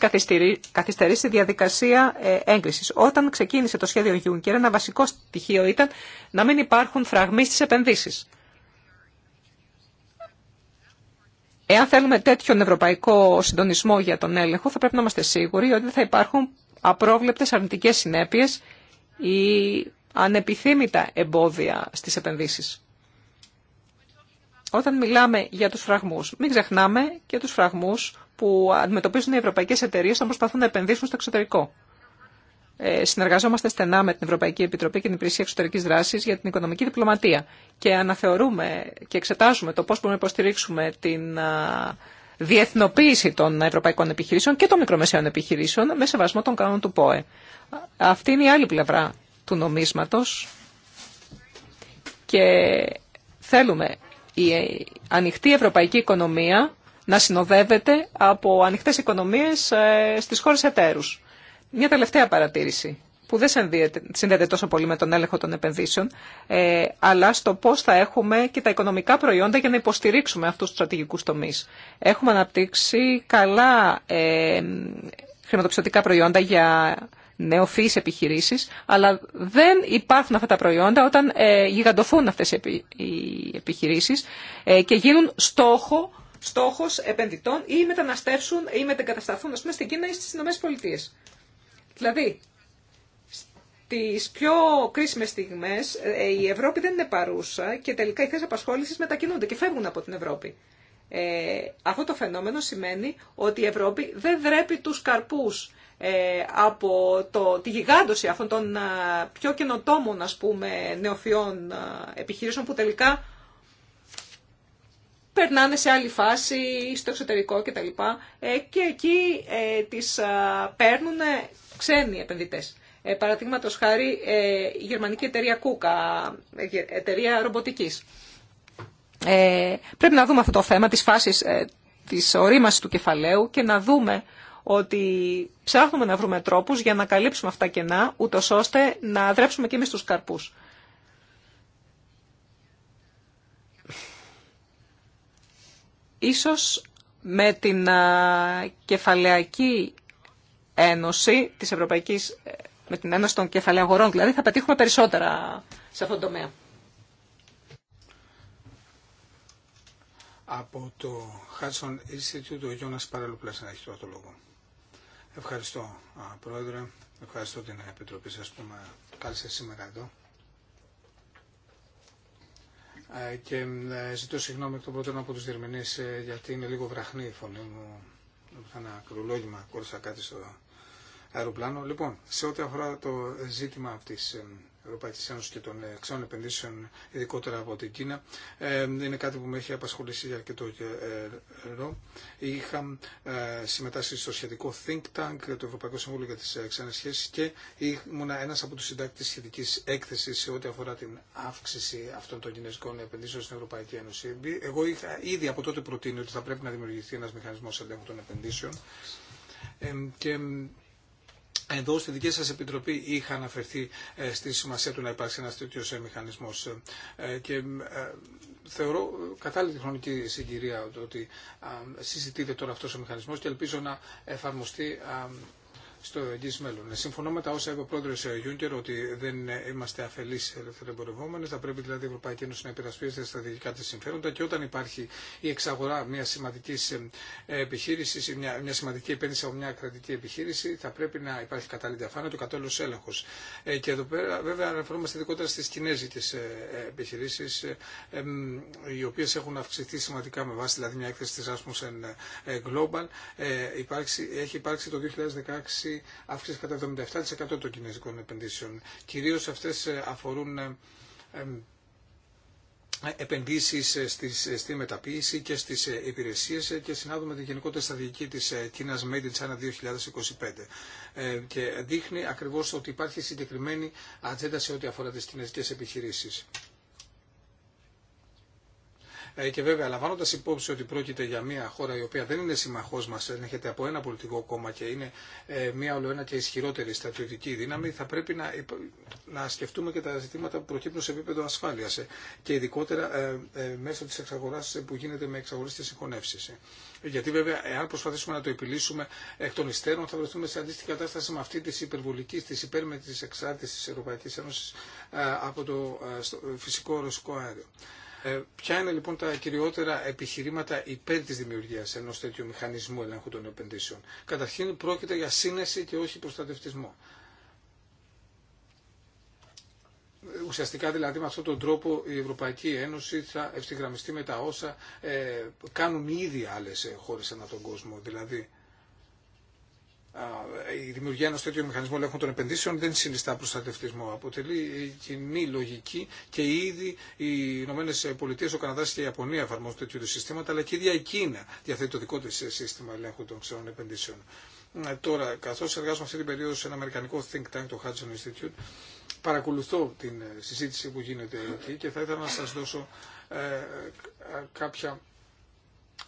καθυστερήσεις στη διαδικασία ε, έγκρισης. Όταν ξεκίνησε το σχέδιο Juncker, ένα βασικό στοιχείο ήταν να μην υπάρχουν φραγμοί στις επενδύσεις. Εάν θέλουμε τέτοιον ευρωπαϊκό συντονισμό για τον έλεγχο, θα πρέπει να είμαστε σίγουροι ότι θα υπάρχουν απρόβλεπτες αρνητικές συνέπειες ή ανεπιθύμητα εμπόδια στις επενδύσεις. Όταν μιλάμε για τους φραγμούς, μην ξεχνάμε και τους φραγμούς που αντιμετωπίζουν οι ευρωπαϊκές εταιρείες όταν προσπαθούν να επενδύσουν στο εξωτερικό. Ε, συνεργαζόμαστε στενά με την Ευρωπαϊκή Επιτροπή και την Υπηρεσία Εξωτερική Δράση για την οικονομική διπλωματία και αναθεωρούμε και εξετάζουμε το πώ μπορούμε να υποστηρίξουμε την διεθνοποίηση των ευρωπαϊκών επιχειρήσεων και των μικρομεσαίων επιχειρήσεων με σεβασμό των κανόνων του ΠΟΕ. Αυτή είναι η άλλη πλευρά του νομίσματος και θέλουμε η ε, ανοιχτή ευρωπαϊκή οικονομία να συνοδεύεται από ανοιχτές οικονομίες ε, στις χώρες εταίρους. Μια τελευταία παρατήρηση που δεν συνδέεται τόσο πολύ με τον έλεγχο των επενδύσεων, ε, αλλά στο πώς θα έχουμε και τα οικονομικά προϊόντα για να υποστηρίξουμε αυτούς τους στρατηγικούς τομείς. Έχουμε αναπτύξει καλά ε, χρηματοπιστωτικά προϊόντα για νεοφύης επιχειρήσεις, αλλά δεν υπάρχουν αυτά τα προϊόντα όταν ε, γιγαντωθούν αυτές οι, επιχειρήσεις ε, και γίνουν στόχο στόχος επενδυτών ή μεταναστεύσουν ή μετεγκατασταθούν ας πούμε, στην Κίνα ή στις Ηνωμένες Πολιτείες. Δηλαδή, στι πιο κρίσιμες στιγμές ε, η Ευρώπη δεν είναι παρούσα και τελικά οι θέσει απασχόληση μετακινούνται και φεύγουν από την Ευρώπη. Ε, αυτό το φαινόμενο σημαίνει ότι η Ευρώπη δεν δρέπει τους καρπούς ε, από το, τη γιγάντωση αυτών των ε, πιο καινοτόμων ας πούμε, νεοφιών ε, επιχειρήσεων που τελικά περνάνε σε άλλη φάση στο εξωτερικό κτλ. Ε, και εκεί ε, τις παίρνουν ε, ξένοι επενδυτές. Ε, Παραδείγματο χάρη η γερμανική εταιρεία Κούκα, εταιρεία ρομποτικής. Ε, πρέπει να δούμε αυτό το θέμα της φάσης ε, της ορίμασης του κεφαλαίου και να δούμε ότι ψάχνουμε να βρούμε τρόπους για να καλύψουμε αυτά κενά, ούτως ώστε να δρέψουμε και εμείς τους καρπούς. Ίσως με την κεφαλαιακή ένωση της Ευρωπαϊκής, ε, με την ένωση των κεφαλαίων δηλαδή, θα πετύχουμε περισσότερα σε αυτόν τον τομέα. Από το Hudson Institute, ο Γιώνας Παραλουπλάς, να έχει το λόγο. Ευχαριστώ, Πρόεδρε. Ευχαριστώ την Επιτροπή σας που με κάλεσε σήμερα εδώ. Ε, και ε, ζητώ συγγνώμη εκ των πρώτων από τους διερμηνείς ε, γιατί είναι λίγο βραχνή η φωνή μου. Είχα ένα ακρολόγημα, κόρσα κάτι στο αεροπλάνο. Λοιπόν, σε ό,τι αφορά το ζήτημα αυτής Ευρωπαϊκή Ένωση και των ε, ξένων επενδύσεων, ειδικότερα από την Κίνα, ε, είναι κάτι που με έχει απασχολήσει για αρκετό καιρό. Είχα ε, συμμετάσχει στο σχετικό Think Tank, το Ευρωπαϊκό Συμβούλιο για τι Ξένε Σχέσει και ήμουν ένα από του συντάκτε σχετική έκθεση σε ό,τι αφορά την αύξηση αυτών των κινέζικων επενδύσεων στην Ευρωπαϊκή Ένωση. Εγώ είχα ήδη από τότε προτείνει ότι θα πρέπει να δημιουργηθεί ένα μηχανισμό ελέγχου των επενδύσεων και εδώ στη δική σας επιτροπή είχα αναφερθεί ε, στη σημασία του να υπάρξει ένας τέτοιος ε, μηχανισμός ε, και θεωρώ κατάλληλη χρονική συγκυρία ότι συζητείται τώρα αυτός ο μηχανισμός και ελπίζω να εφαρμοστεί στο εγγύ μέλλον. Ε, συμφωνώ με τα όσα είπε ο πρόεδρο ε, Γιούγκερ ότι δεν ε, είμαστε αφελεί ελευθερεμπορευόμενοι. Θα πρέπει δηλαδή η Ευρωπαϊκή Ένωση να υπερασπίζεται στα στρατηγικά τη συμφέροντα και όταν υπάρχει η εξαγορά μια σημαντική επιχείρηση ή μια, μια σημαντική επένδυση από μια κρατική επιχείρηση, θα πρέπει να υπάρχει κατάλληλη διαφάνεια και ο κατάλληλο έλεγχο. Και εδώ πέρα βέβαια αναφερόμαστε ειδικότερα στι κινέζικε επιχειρήσει, οι οποίε έχουν αυξηθεί σημαντικά με βάση δηλαδή μια έκθεση τη Rasmussen Global. Υπάρξει, έχει υπάρξει το 2016 αύξηση κατά 77% των κινέζικων επενδύσεων. Κυρίως αυτές ε, αφορούν ε, επενδύσεις ε, στις, στη μεταποίηση και στις υπηρεσίες και συνάδουμε τη την γενικότερη στρατηγική της Κίνας Made in China 2025 και δείχνει ακριβώς ότι υπάρχει συγκεκριμένη ατζέντα σε ό,τι αφορά τις κινέζικες επιχειρήσεις. Ε, και βέβαια, λαμβάνοντα υπόψη ότι πρόκειται για μια χώρα η οποία δεν είναι συμμαχό μα, ενέχεται από ένα πολιτικό κόμμα και είναι ε, μια ολοένα και ισχυρότερη στρατιωτική δύναμη, θα πρέπει να, να σκεφτούμε και τα ζητήματα που προκύπτουν σε επίπεδο ασφάλεια ε, και ειδικότερα μέσω τη εξαγορά που γίνεται με εξαγορέ και συγχωνεύσει. Γιατί βέβαια, εάν προσπαθήσουμε να το επιλύσουμε εκ των υστέρων, θα βρεθούμε σε αντίστοιχη κατάσταση με αυτή τη υπερβολική, τη υπέρμετρη εξάρτηση τη Ευρωπαϊκή Ένωση από το φυσικό ρωσικό αέριο. Ε, ποια είναι λοιπόν τα κυριότερα επιχειρήματα υπέρ τη δημιουργία ενό τέτοιου μηχανισμού ελέγχου των επενδύσεων. Καταρχήν πρόκειται για σύνεση και όχι προστατευτισμό. Ουσιαστικά δηλαδή με αυτόν τον τρόπο η Ευρωπαϊκή Ένωση θα ευθυγραμμιστεί με τα όσα ε, κάνουν ήδη άλλες ε, χώρες ανά τον κόσμο. Δηλαδή η δημιουργία ενό τέτοιου μηχανισμού ελέγχου των επενδύσεων δεν συνιστά προστατευτισμό. Αποτελεί κοινή λογική και ήδη οι Ηνωμένε Πολιτείε, ο Καναδά και η Ιαπωνία εφαρμόζουν τέτοιου είδου συστήματα, αλλά και η ίδια η Κίνα διαθέτει το δικό τη σύστημα ελέγχου των ξένων επενδύσεων. Ε, τώρα, καθώ εργάζομαι αυτή την περίοδο σε ένα αμερικανικό think tank, το Hudson Institute, παρακολουθώ την ε, συζήτηση που γίνεται εκεί και θα ήθελα να σα δώσω ε, ε, κάποια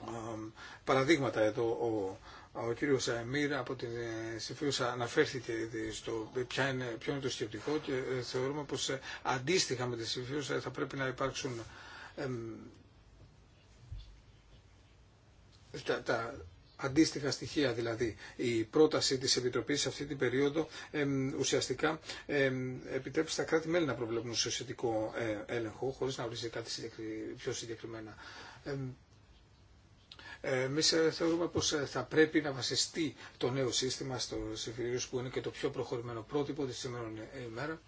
ε, παραδείγματα εδώ. Ο, ο κύριο Αεμίρ από την ε, Συμφίουσα αναφέρθηκε στο ποιο είναι το σκεπτικό και ε, θεωρούμε πως ε, αντίστοιχα με τη Συμφίουσα θα πρέπει να υπάρξουν τα, αντίστοιχα στοιχεία δηλαδή. Η πρόταση της Επιτροπής σε αυτή την περίοδο ουσιαστικά εμ, επιτρέπει στα κράτη-μέλη να προβλέπουν σωσιατικό έλεγχο χωρί να βρίσκεται κάτι πιο συγκεκριμένα. Εμεί ε, θεωρούμε πω ε, θα πρέπει να βασιστεί το νέο σύστημα στο Σεφυρίους που είναι και το πιο προχωρημένο πρότυπο τη σήμερα ημέρα.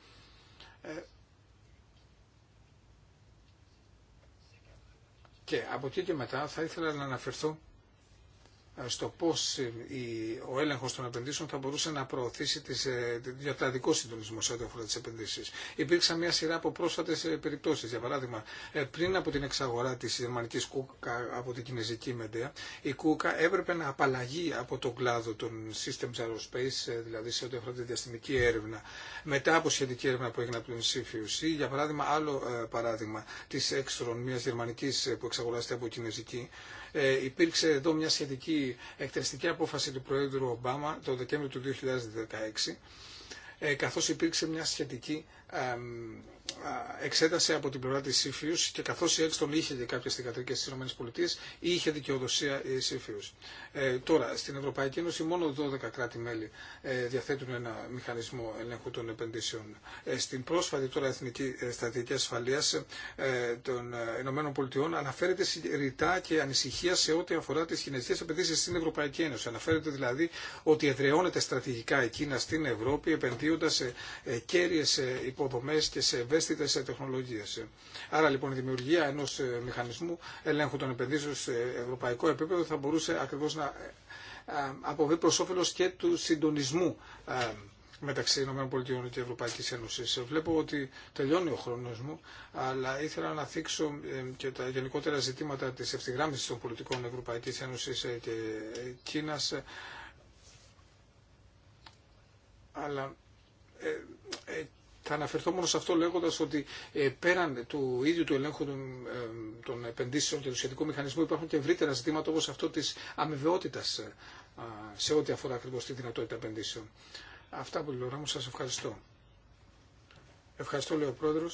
Ε, και από εκεί και μετά θα ήθελα να αναφερθώ στο πώ ε, ο έλεγχο των επενδύσεων θα μπορούσε να προωθήσει τις, ε, διαταδικό συντονισμό σε ό,τι αφορά τις επενδύσεις. Υπήρξαν μια σειρά από πρόσφατε περιπτώσει. Για παράδειγμα, ε, πριν από την εξαγορά τη γερμανική Κούκα από την κινέζικη Μεντέα, η Κούκα έπρεπε να απαλλαγεί από τον κλάδο των Systems Aerospace, δηλαδή σε ό,τι αφορά τη διαστημική έρευνα, μετά από σχετική έρευνα που έγινε από την CFUC. Για παράδειγμα, άλλο παράδειγμα τη Extron, μια γερμανική που εξαγοράστηκε από κινέζικη, ε, υπήρξε εδώ μια σχετική εκτελεστική απόφαση του Προέδρου Ομπάμα το Δεκέμβριο του 2016 ε, καθώς υπήρξε μια σχετική εξέταση από την πλευρά τη ΣΥΦΙΟΥΣ και καθώ η Έξτον είχε και κάποιες θηγατρικές στι ΗΠΑ είχε δικαιοδοσία η ε, ΣΥΦΙΟΥΣ. Ε, τώρα, στην Ευρωπαϊκή Ένωση μόνο 12 κράτη-μέλη ε, διαθέτουν ένα μηχανισμό ελέγχου των επενδύσεων. Ε, στην πρόσφατη τώρα Εθνική ε, Στρατηγική Ασφαλεία ε, των ΗΠΑ αναφέρεται ρητά και ανησυχία σε ό,τι αφορά τι κινέζικε επενδύσει στην Ευρωπαϊκή Ένωση. Αναφέρεται δηλαδή ότι εδραιώνεται στρατηγικά η στην Ευρώπη επενδύοντα σε ε, υποδομές και σε ευαίσθητες τεχνολογίες. Άρα λοιπόν η δημιουργία ενός ε, μηχανισμού ελέγχου των επενδύσεων σε ευρωπαϊκό επίπεδο θα μπορούσε ακριβώς να ε, αποβεί προς όφελος και του συντονισμού ε, μεταξύ ΗΠΑ και ευρωπαϊκής Βλέπω ότι τελειώνει ο χρόνο μου, αλλά ήθελα να θίξω και τα γενικότερα ζητήματα τη ευθυγράμμιση των πολιτικών ΕΕ και Κίνα. Αλλά θα αναφερθώ μόνο σε αυτό λέγοντα ότι ε, πέραν του ίδιου του ελέγχου ε, των επενδύσεων και του σχετικού μηχανισμού υπάρχουν και ευρύτερα ζητήματα όπω αυτό τη αμοιβαιότητα ε, σε ό,τι αφορά ακριβώ τη δυνατότητα επενδύσεων. Αυτά από την πλευρά μου. Σα ευχαριστώ. Ευχαριστώ, λέει ο πρόεδρο.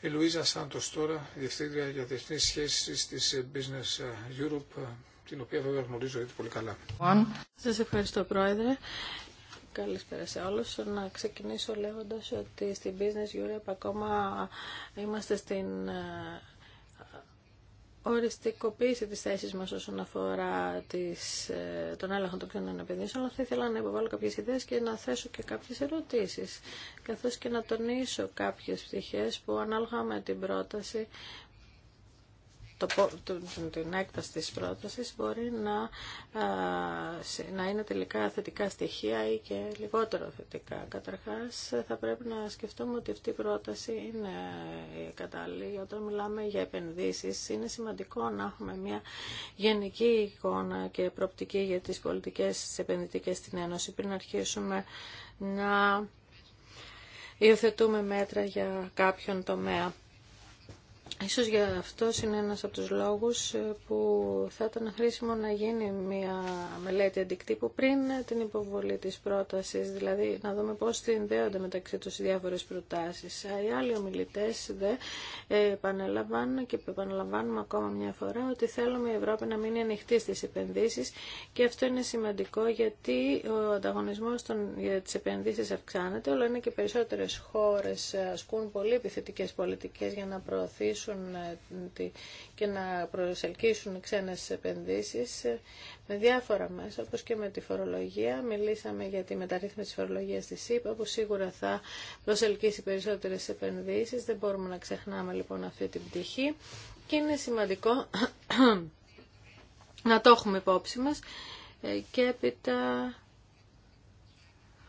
Η Λουίζα Σάντος τώρα, διευθύντρια για διεθνείς σχέσεις της Business Europe την οποία βέβαια γνωρίζω ήδη πολύ καλά. Λοιπόν, Σα ευχαριστώ Πρόεδρε. Καλησπέρα σε όλους. Να ξεκινήσω λέγοντας ότι στην Business Europe ακόμα είμαστε στην ε, οριστικοποίηση της θέσης μας όσον αφορά τις, ε, τον έλεγχο των ξένων επενδύσεων, αλλά θα ήθελα να υποβάλω κάποιες ιδέες και να θέσω και κάποιες ερωτήσεις, καθώς και να τονίσω κάποιες πτυχές που ανάλογα με την πρόταση το, την έκταση της πρότασης μπορεί να, να είναι τελικά θετικά στοιχεία ή και λιγότερο θετικά. Καταρχάς θα πρέπει να σκεφτούμε ότι αυτή η πρόταση είναι ε, κατάλληλη. Όταν μιλάμε για επενδύσεις είναι σημαντικό να έχουμε μια γενική εικόνα και προοπτική για τις πολιτικές τις επενδυτικές στην Ένωση πριν αρχίσουμε να υιοθετούμε μέτρα για κάποιον τομέα. Ίσως για αυτό είναι ένας από τους λόγους ε, που θα ήταν χρήσιμο να γίνει μια μελέτη αντικτύπου πριν την υποβολή της πρότασης, δηλαδή να δούμε πώς συνδέονται μεταξύ τους οι διάφορες προτάσεις. Οι άλλοι ομιλητές δε ε, επαναλαμβάνουν και επαναλαμβάνουμε ακόμα μια φορά ότι θέλουμε η Ευρώπη να μείνει ανοιχτή στις επενδύσεις και αυτό είναι σημαντικό γιατί ο ανταγωνισμός των, για τις επενδύσεις αυξάνεται, όλο είναι και περισσότερες χώρες ασκούν πολύ επιθετικές πολιτικές για να προωθήσουν ε, και να προσελκύσουν ξένες επενδύσεις ε, με διάφορα μέσα, όπως και με τη φορολογία. Μιλήσαμε για τη μεταρρύθμιση της φορολογίας της ΣΥΠΑ, που σίγουρα θα προσελκύσει περισσότερες επενδύσεις. Δεν μπορούμε να ξεχνάμε λοιπόν αυτή την πτυχή. Και είναι σημαντικό να το έχουμε υπόψη μας ε, και έπειτα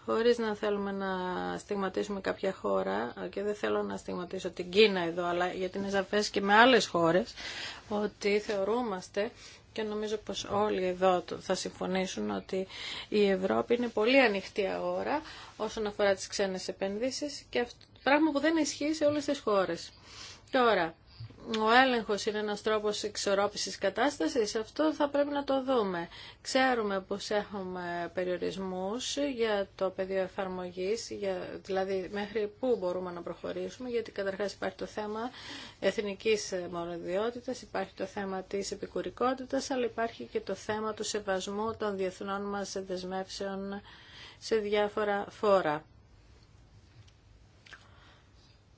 χωρίς να θέλουμε να στιγματίσουμε κάποια χώρα και δεν θέλω να στιγματίσω την Κίνα εδώ, αλλά γιατί είναι σαφές και με άλλες χώρες ότι θεωρούμαστε και νομίζω πως όλοι εδώ θα συμφωνήσουν ότι η Ευρώπη είναι πολύ ανοιχτή αγορά όσον αφορά τις ξένες επενδύσεις και αυτό, πράγμα που δεν ισχύει σε όλες τις χώρες. Τώρα, ο έλεγχος είναι ένας τρόπος εξορρόπησης κατάστασης, αυτό θα πρέπει να το δούμε. Ξέρουμε πως έχουμε περιορισμούς για το πεδίο εφαρμογής, για, δηλαδή μέχρι πού μπορούμε να προχωρήσουμε, γιατί καταρχάς υπάρχει το θέμα εθνικής μονοδιότητας, υπάρχει το θέμα της επικουρικότητας, αλλά υπάρχει και το θέμα του σεβασμού των διεθνών μας δεσμεύσεων σε διάφορα φόρα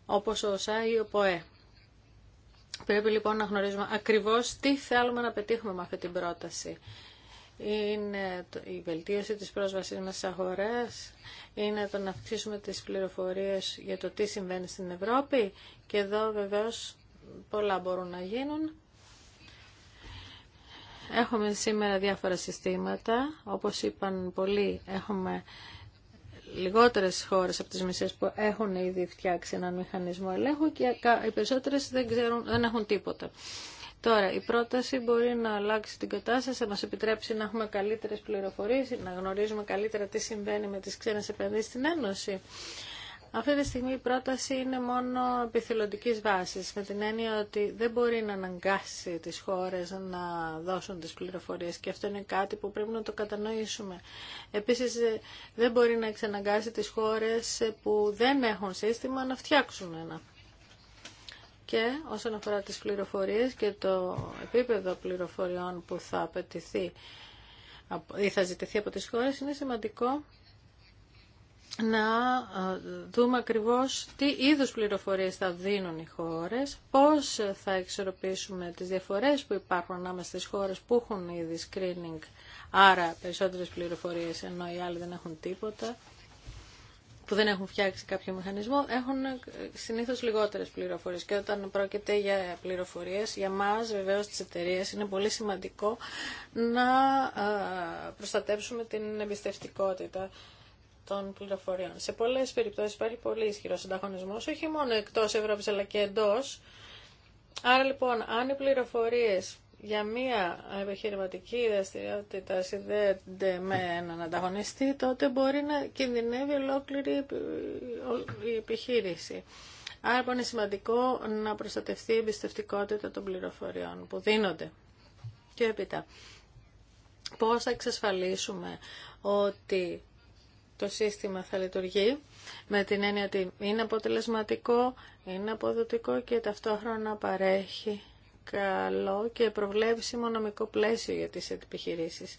όπως ο ΣΑΙ ο Πρέπει λοιπόν να γνωρίζουμε ακριβώς τι θέλουμε να πετύχουμε με αυτή την πρόταση. Είναι η βελτίωση της πρόσβασης μας στις αγορές, είναι το να αυξήσουμε τις πληροφορίες για το τι συμβαίνει στην Ευρώπη και εδώ βεβαίως πολλά μπορούν να γίνουν. Έχουμε σήμερα διάφορα συστήματα, όπως είπαν πολλοί έχουμε λιγότερες χώρες από τις μισές που έχουν ήδη φτιάξει έναν μηχανισμό ελέγχου και οι περισσότερες δεν, ξέρουν, δεν έχουν τίποτα. Τώρα, η πρόταση μπορεί να αλλάξει την κατάσταση, να μας επιτρέψει να έχουμε καλύτερες πληροφορίες, να γνωρίζουμε καλύτερα τι συμβαίνει με τις ξένες επενδύσεις στην Ένωση. Αυτή τη στιγμή η πρόταση είναι μόνο επιθελοντικής βάσης, με την έννοια ότι δεν μπορεί να αναγκάσει τις χώρες να δώσουν τις πληροφορίες και αυτό είναι κάτι που πρέπει να το κατανοήσουμε. Επίσης δεν μπορεί να εξαναγκάσει τις χώρες που δεν έχουν σύστημα να φτιάξουν ένα. Και όσον αφορά τις πληροφορίες και το επίπεδο πληροφοριών που θα απαιτηθεί ή θα ζητηθεί από τις χώρες, είναι σημαντικό να ε, δούμε ακριβώς τι είδους πληροφορίες θα δίνουν οι χώρες, πώς θα εξορροπήσουμε τις διαφορές που υπάρχουν ανάμεσα στις χώρες που έχουν ήδη screening, άρα περισσότερες πληροφορίες ενώ οι άλλοι δεν έχουν τίποτα, που δεν έχουν φτιάξει κάποιο μηχανισμό, έχουν ε, συνήθως λιγότερες πληροφορίες. Και όταν πρόκειται για πληροφορίες, για μας βεβαίως τις εταιρείε είναι πολύ σημαντικό να ε, προστατεύσουμε την εμπιστευτικότητα των πληροφοριών. Σε πολλέ περιπτώσει υπάρχει πολύ ισχυρό ανταγωνισμό, όχι μόνο εκτό Ευρώπη αλλά και εντό. Άρα λοιπόν, αν οι πληροφορίε για μία επιχειρηματική δραστηριότητα συνδέεται με έναν ανταγωνιστή, τότε μπορεί να κινδυνεύει ολόκληρη η επιχείρηση. Άρα λοιπόν είναι σημαντικό να προστατευτεί η εμπιστευτικότητα των πληροφοριών που δίνονται. Και έπειτα, πώς θα εξασφαλίσουμε ότι το σύστημα θα λειτουργεί με την έννοια ότι είναι αποτελεσματικό, είναι αποδοτικό και ταυτόχρονα παρέχει καλό και προβλέψιμο νομικό πλαίσιο για τις επιχειρήσεις.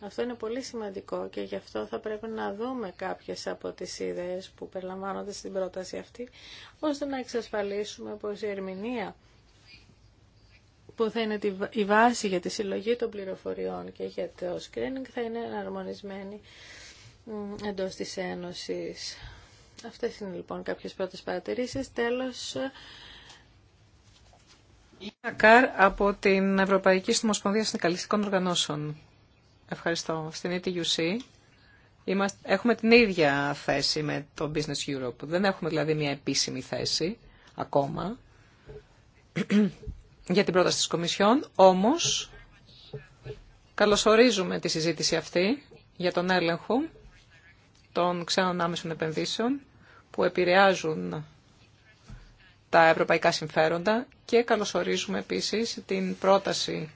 Αυτό είναι πολύ σημαντικό και γι' αυτό θα πρέπει να δούμε κάποιες από τις ιδέες που περιλαμβάνονται στην πρόταση αυτή, ώστε να εξασφαλίσουμε πως η ερμηνεία που θα είναι η βάση για τη συλλογή των πληροφοριών και για το screening θα είναι εναρμονισμένη εντός της Ένωσης. Αυτές είναι λοιπόν κάποιες πρώτες παρατηρήσεις. Τέλος... η Καρ από την Ευρωπαϊκή Συνομοσπονδία Συνδικαλιστικών Οργανώσεων. Ευχαριστώ. Στην ETUC είμαστε, έχουμε την ίδια θέση με το Business Europe. Δεν έχουμε δηλαδή μια επίσημη θέση ακόμα για την πρόταση της Κομισιόν, όμως καλωσορίζουμε τη συζήτηση αυτή για τον έλεγχο των ξένων άμεσων επενδύσεων που επηρεάζουν τα ευρωπαϊκά συμφέροντα και καλωσορίζουμε επίσης την πρόταση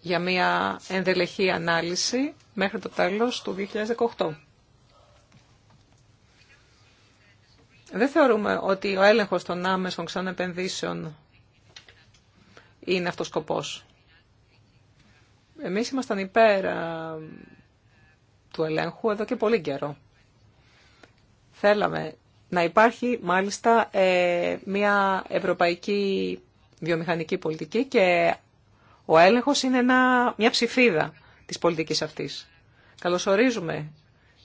για μια ενδελεχή ανάλυση μέχρι το τέλος του 2018. Δεν θεωρούμε ότι ο έλεγχος των άμεσων ξένων επενδύσεων είναι αυτός ο σκοπός. Εμείς ήμασταν υπέρ του ελέγχου εδώ και πολύ καιρό. Θέλαμε να υπάρχει μάλιστα ε, μια ευρωπαϊκή βιομηχανική πολιτική και ο έλεγχος είναι μια ψηφίδα της πολιτικής αυτής. Καλωσορίζουμε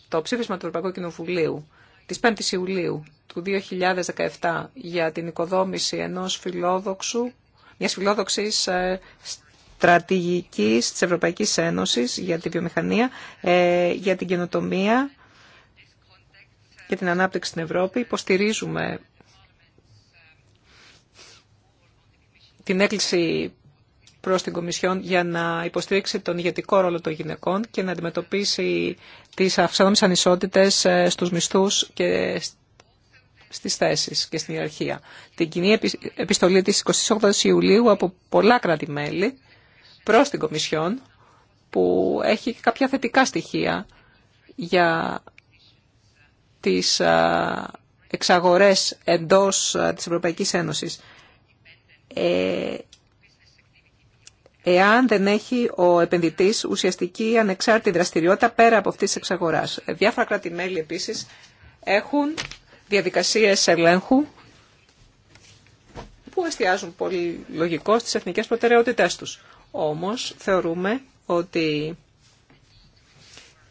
το ψήφισμα του Ευρωπαϊκού Κοινοβουλίου της 5ης Ιουλίου του 2017 για την οικοδόμηση ενός φιλόδοξου, μιας φιλόδοξης ε, στρατηγικής της Ευρωπαϊκής Ένωσης για τη βιομηχανία, ε, για την καινοτομία και την ανάπτυξη στην Ευρώπη. Υποστηρίζουμε την έκκληση προς την Κομισιόν για να υποστηρίξει τον ηγετικό ρόλο των γυναικών και να αντιμετωπίσει τις αυξανόμενες ανισότητες ε, στους μισθούς και στις θέσεις και στην ιεραρχία. Την κοινή επιστολή της 28 Ιουλίου από πολλά κράτη-μέλη προς την Κομισιόν που έχει κάποια θετικά στοιχεία για τις εξαγορές εντός της Ευρωπαϊκής Ένωσης. Ε, εάν δεν έχει ο επενδυτής ουσιαστική ανεξάρτητη δραστηριότητα πέρα από αυτής της εξαγοράς. Διάφορα κράτη-μέλη επίσης έχουν διαδικασίες ελέγχου που εστιάζουν πολύ λογικό στις εθνικές προτεραιότητές τους. Όμως θεωρούμε ότι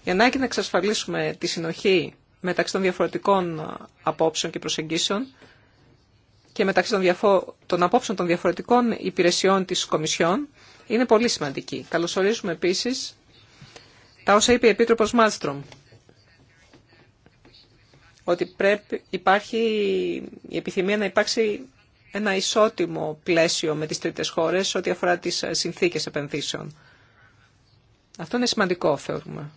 η ανάγκη να εξασφαλίσουμε τη συνοχή μεταξύ των διαφορετικών απόψεων και προσεγγίσεων και μεταξύ των, διαφο... των απόψεων των διαφορετικών υπηρεσιών της Κομισιόν είναι πολύ σημαντική. Καλωσορίζουμε επίσης τα όσα είπε η Επίτροπος Μάλστρομ ότι πρέπει, υπάρχει η επιθυμία να υπάρξει ένα ισότιμο πλαίσιο με τις τρίτες χώρες ό,τι αφορά τις ε, συνθήκες επενδύσεων. Αυτό είναι σημαντικό, θεωρούμε.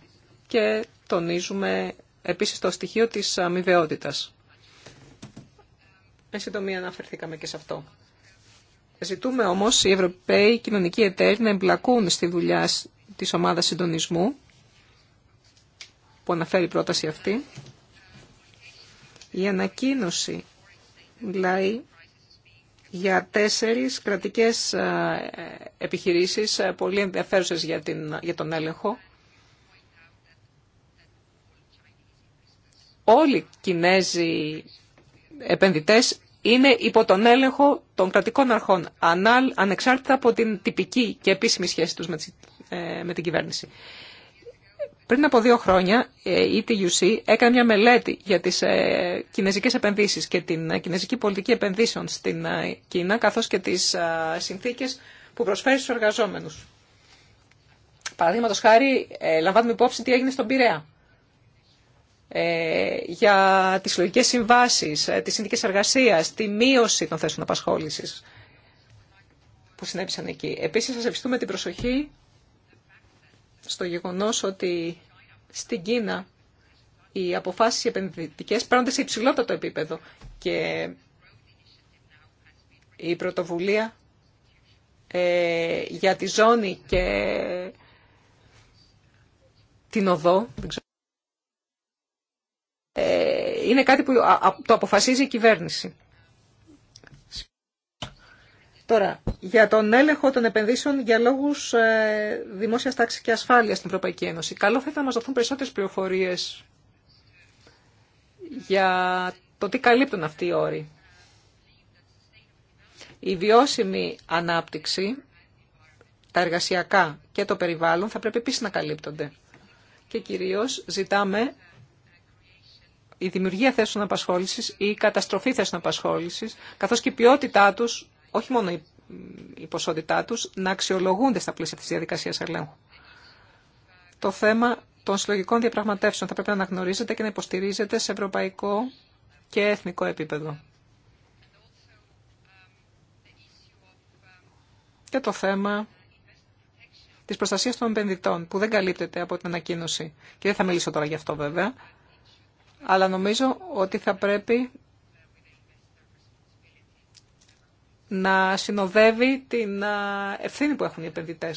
Και τονίζουμε επίσης το στοιχείο της αμοιβαιότητας. Με συντομή αναφερθήκαμε και σε αυτό. Ζητούμε όμως οι Ευρωπαίοι κοινωνικοί εταίροι να εμπλακούν στη δουλειά της ομάδας συντονισμού που αναφέρει η πρόταση αυτή. Η ανακοίνωση μιλάει για τέσσερις κρατικές ε, επιχειρήσεις ε, πολύ ενδιαφέρουσες για, την, για τον έλεγχο. Όλοι οι Κινέζοι επενδυτές είναι υπό τον έλεγχο των κρατικών αρχών, ανεξάρτητα από την τυπική και επίσημη σχέση τους με ε, την κυβέρνηση. Πριν από δύο χρόνια ε, η TUC έκανε μια μελέτη για τις ε, κινέζικες επενδύσεις και την ε, κινέζικη πολιτική επενδύσεων στην Κίνα, καθώς και τις συνθήκες που προσφέρει στους εργαζόμενους. Παραδείγματο χάρη, λαμβάνουμε υπόψη τι έγινε στον Πειραιά. για τις λογικές συμβάσεις, τις συνθήκες εργασίας, τη μείωση των θέσεων απασχόλησης που συνέβησαν εκεί. Επίσης, σας ευχαριστούμε την προσοχή στο γεγονός ότι στην Κίνα οι αποφάσεις επενδυτικές παίρνονται σε υψηλότατο επίπεδο και η πρωτοβουλία ε, για τη ζώνη και την οδό ε, είναι κάτι που το αποφασίζει η κυβέρνηση. Τώρα, για τον έλεγχο των επενδύσεων για λόγου ε, δημόσια τάξη και ασφάλεια στην Ευρωπαϊκή Ένωση. Καλό θα ήταν να μα δοθούν περισσότερε πληροφορίε για το τι καλύπτουν αυτοί οι όροι. Η βιώσιμη ανάπτυξη, τα εργασιακά και το περιβάλλον θα πρέπει επίσης να καλύπτονται. Και κυρίως ζητάμε η δημιουργία θέσεων απασχόλησης ή η καταστροφή θέσεων απασχόλησης, καθώς και η ποιότητά τους όχι μόνο η, η ποσότητά τους, να αξιολογούνται στα πλαίσια της διαδικασίας ελέγχου. Το θέμα των συλλογικών διαπραγματεύσεων θα πρέπει να αναγνωρίζεται και να υποστηρίζεται σε ευρωπαϊκό και εθνικό επίπεδο. Και το θέμα τη προστασία των επενδυτών, που δεν καλύπτεται από την ανακοίνωση. Και δεν θα μιλήσω τώρα γι' αυτό βέβαια. Αλλά νομίζω ότι θα πρέπει να συνοδεύει την ευθύνη που έχουν οι επενδυτέ.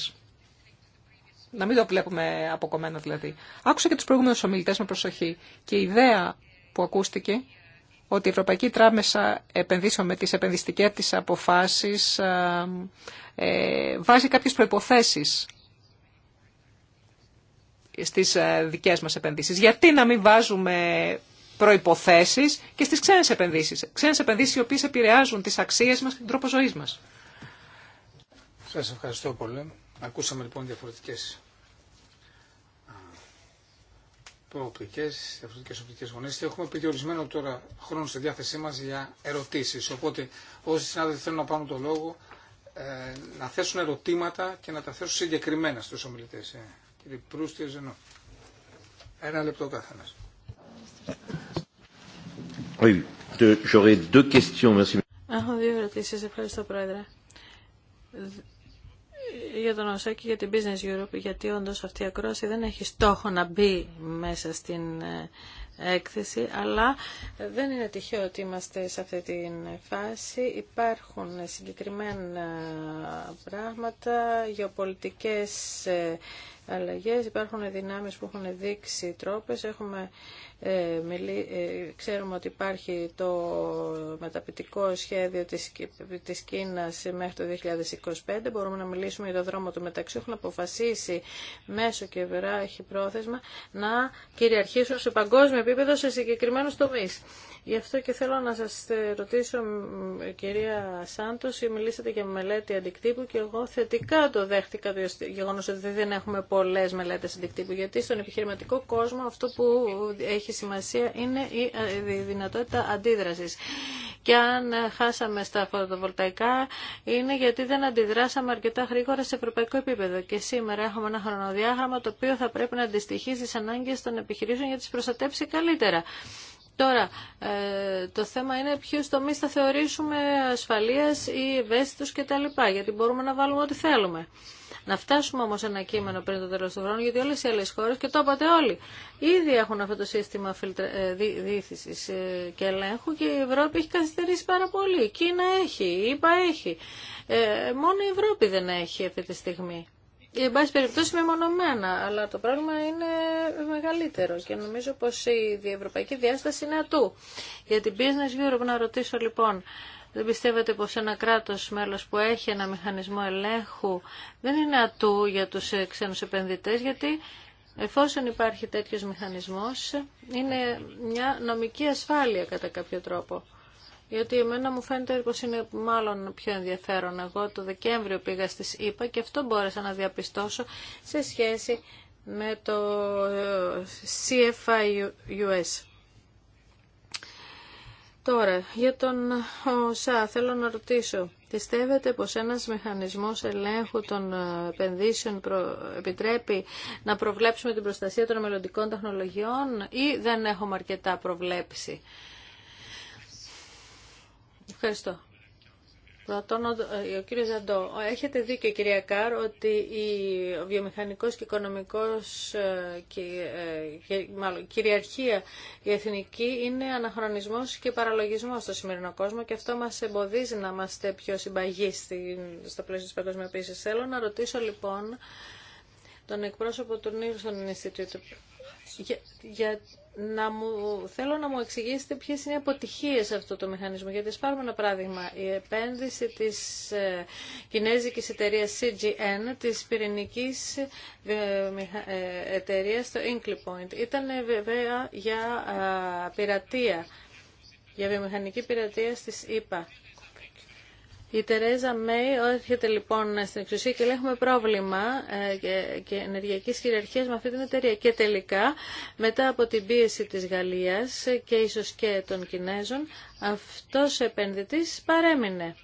Να μην το βλέπουμε αποκομμένο δηλαδή. Άκουσα και του προηγούμενους ομιλητέ με προσοχή και η ιδέα που ακούστηκε ότι η Ευρωπαϊκή Τράπεζα επενδύσεων με τις επενδυστικές της αποφάσεις ε, βάζει κάποιες προϋποθέσεις στις ε, δικές μας επενδύσεις. Γιατί να μην βάζουμε Προποθέσει και στι ξένε επενδύσει, Ξένε επενδύσεις οι οποίε επηρεάζουν τι αξίε μα και τον τρόπο ζωή μα. Σα ευχαριστώ πολύ. Ακούσαμε λοιπόν διαφορετικέ προοπτικέ, διαφορετικέ οπτικέ γωνίε και έχουμε περιορισμένο τώρα χρόνο στη διάθεσή μα για ερωτήσει. Οπότε όσοι συνάδελφοι θέλουν να πάρουν το λόγο, ε, να θέσουν ερωτήματα και να τα θέσουν συγκεκριμένα στους ομιλητές. Ε, κύριε Προύστη, ναι. Ένα λεπτό καθένας. Έχω δύο ερωτήσει, Ευχαριστώ, Πρόεδρε. Για τον ΩΣΑ και για την Business Europe, γιατί όντω αυτή η ακρόαση δεν έχει στόχο να μπει μέσα στην ε, έκθεση, αλλά δεν είναι τυχαίο ότι είμαστε σε αυτή τη φάση. Υπάρχουν συγκεκριμένα πράγματα, γεωπολιτικές ε, Υπάρχουν δυνάμεις που έχουν δείξει τρόπες. Ε, ε, ξέρουμε ότι υπάρχει το μεταπητικό σχέδιο της, της Κίνας μέχρι το 2025. Μπορούμε να μιλήσουμε για το δρόμο του μεταξύ. Έχουν αποφασίσει μέσω και έχει πρόθεσμα να κυριαρχήσουν σε παγκόσμιο επίπεδο σε συγκεκριμένους τομείς. Γι' αυτό και θέλω να σας ρωτήσω, κυρία Σάντος, μιλήσατε για μελέτη αντικτύπου και εγώ θετικά το δέχτηκα το γεγονός ότι δεν έχουμε πολύ Πολλέ μελέτε αντικτύπου, γιατί στον επιχειρηματικό κόσμο αυτό που έχει σημασία είναι η ε, δυνατότητα αντίδραση. Και αν χάσαμε στα φωτοβολταϊκά είναι γιατί δεν αντιδράσαμε αρκετά γρήγορα σε ευρωπαϊκό επίπεδο. Και σήμερα έχουμε ένα χρονοδιάγραμμα το οποίο θα πρέπει να αντιστοιχεί στι ανάγκε των επιχειρήσεων για τι τις προστατεύσει καλύτερα. Τώρα, ε, το θέμα είναι ποιου τομεί θα θεωρήσουμε ασφαλεία ή ευαίσθητου κτλ. Γιατί μπορούμε να βάλουμε ό,τι θέλουμε. Να φτάσουμε όμω ένα κείμενο πριν το τέλο του χρόνου, γιατί όλε οι άλλε χώρε και το είπατε όλοι, ήδη έχουν αυτό το σύστημα ε, διήθηση ε, και ελέγχου και η Ευρώπη έχει καθυστερήσει πάρα πολύ. Η Κίνα έχει, η ΕΠΑ έχει. Ε, μόνο η Ευρώπη δεν έχει αυτή τη στιγμή. Εν πάση περιπτώσει μονομένα, αλλά το πρόβλημα είναι μεγαλύτερο και νομίζω πως η διευρωπαϊκή διάσταση είναι ατού. Για την Business Europe να ρωτήσω λοιπόν, δεν πιστεύετε πως ένα κράτος μέλος που έχει ένα μηχανισμό ελέγχου δεν είναι ατού για τους ε, ξένους επενδυτές, γιατί εφόσον υπάρχει τέτοιος μηχανισμός, είναι μια νομική ασφάλεια κατά κάποιο τρόπο. Γιατί εμένα μου φαίνεται πως είναι μάλλον πιο ενδιαφέρον. Εγώ το Δεκέμβριο πήγα στις ΗΠΑ και αυτό μπόρεσα να διαπιστώσω σε σχέση με το ε, CFIUS. Τώρα, για τον ΩΣΑ θέλω να ρωτήσω. Πιστεύετε πως ένας μηχανισμός ελέγχου των επενδύσεων επιτρέπει να προβλέψουμε την προστασία των μελλοντικών τεχνολογιών ή δεν έχουμε αρκετά προβλέψει. Ευχαριστώ. Πρώτον, ε, ο κύριος Ζαντό, έχετε δίκιο κυρία Κάρ ότι ο βιομηχανικός και οικονομικός ε, και, ε, κυριαρχία η εθνική είναι αναχρονισμός και παραλογισμός στο σημερινό κόσμο και αυτό μας εμποδίζει να είμαστε πιο συμπαγεί στο πλαίσιο της παγκοσμιοποίησης. Θέλω να ρωτήσω λοιπόν τον εκπρόσωπο του Νίλσον Ινστιτούτου για, για να μου, θέλω να μου εξηγήσετε ποιες είναι οι αποτυχίες αυτού του μηχανισμού. Γιατί σπάρουμε ένα παράδειγμα. Η επένδυση της ε, κινέζικης εταιρείας CGN, της πυρηνικής ε, ε εταιρείας στο Point. ήταν βέβαια για πειρατεία, για βιομηχανική πειρατεία στις ΗΠΑ. Η Τερέζα Μέη έρχεται λοιπόν στην εξουσία και λέει έχουμε πρόβλημα ε, και, και ενεργειακής κυριαρχίας με αυτή την εταιρεία. Και τελικά μετά από την πίεση της Γαλλίας και ίσως και των Κινέζων αυτός ο επενδυτής παρέμεινε.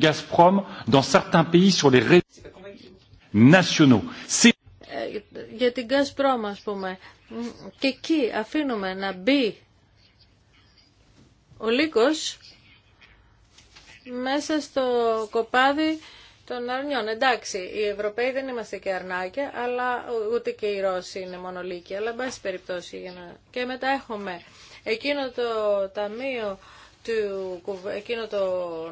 Gazprom dans certains pays sur les nationaux. Ε, για την Gazprom ας πούμε. Και εκεί αφήνουμε να μπει ο λύκος μέσα στο κοπάδι των αρνιών. Εντάξει, οι Ευρωπαίοι δεν είμαστε και αρνάκια, αλλά ούτε και οι Ρώσοι είναι μονολίκοι, αλλά εν περιπτώσει. Για να... Και μετά έχουμε εκείνο το ταμείο του, εκείνο το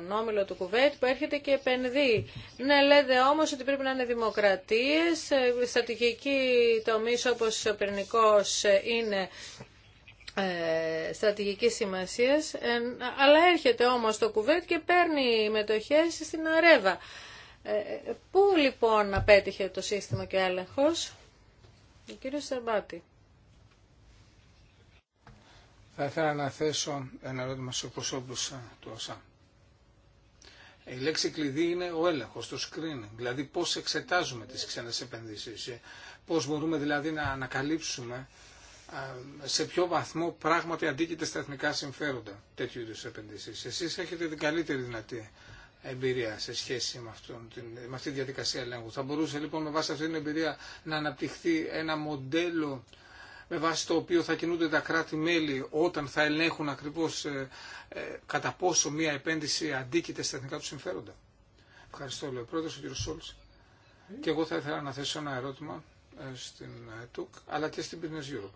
νόμιλο του Κουβέιτ που έρχεται και επενδύει. Ναι, λέτε όμως ότι πρέπει να είναι δημοκρατίες, ε, στρατηγικοί τομείς όπως ο Πυρνικός ε, είναι ε, στρατηγικής αλλά έρχεται όμως το κουβέτ και παίρνει μετοχές στην Αρέβα. Ε, πού λοιπόν απέτυχε το σύστημα και ο έλεγχος, ο κύριος Σερμπάτη. Θα ήθελα να θέσω ένα ερώτημα σε εκπροσώπους ε, του ΩΣΑ. Η λέξη κλειδί είναι ο έλεγχος, το screening, δηλαδή πώς εξετάζουμε τις ξένες επενδύσεις, ε, πώς μπορούμε δηλαδή να ανακαλύψουμε σε ποιο βαθμό πράγματι αντίκειται στα εθνικά συμφέροντα τέτοιου είδου επενδύσει. Εσεί έχετε την καλύτερη δυνατή εμπειρία σε σχέση με, αυτόν, με αυτή τη διαδικασία ελέγχου. Θα μπορούσε λοιπόν με βάση αυτή την εμπειρία να αναπτυχθεί ένα μοντέλο με βάση το οποίο θα κινούνται τα κράτη-μέλη όταν θα ελέγχουν ακριβώς ε, ε, κατά πόσο μία επένδυση αντίκειται στα εθνικά του συμφέροντα. Ευχαριστώ, λέει ο πρόεδρος, ο κύριος Σόλτς. Και εγώ θα ήθελα να θέσω ένα ερώτημα ε, στην ΤΟΚ, αλλά και στην Business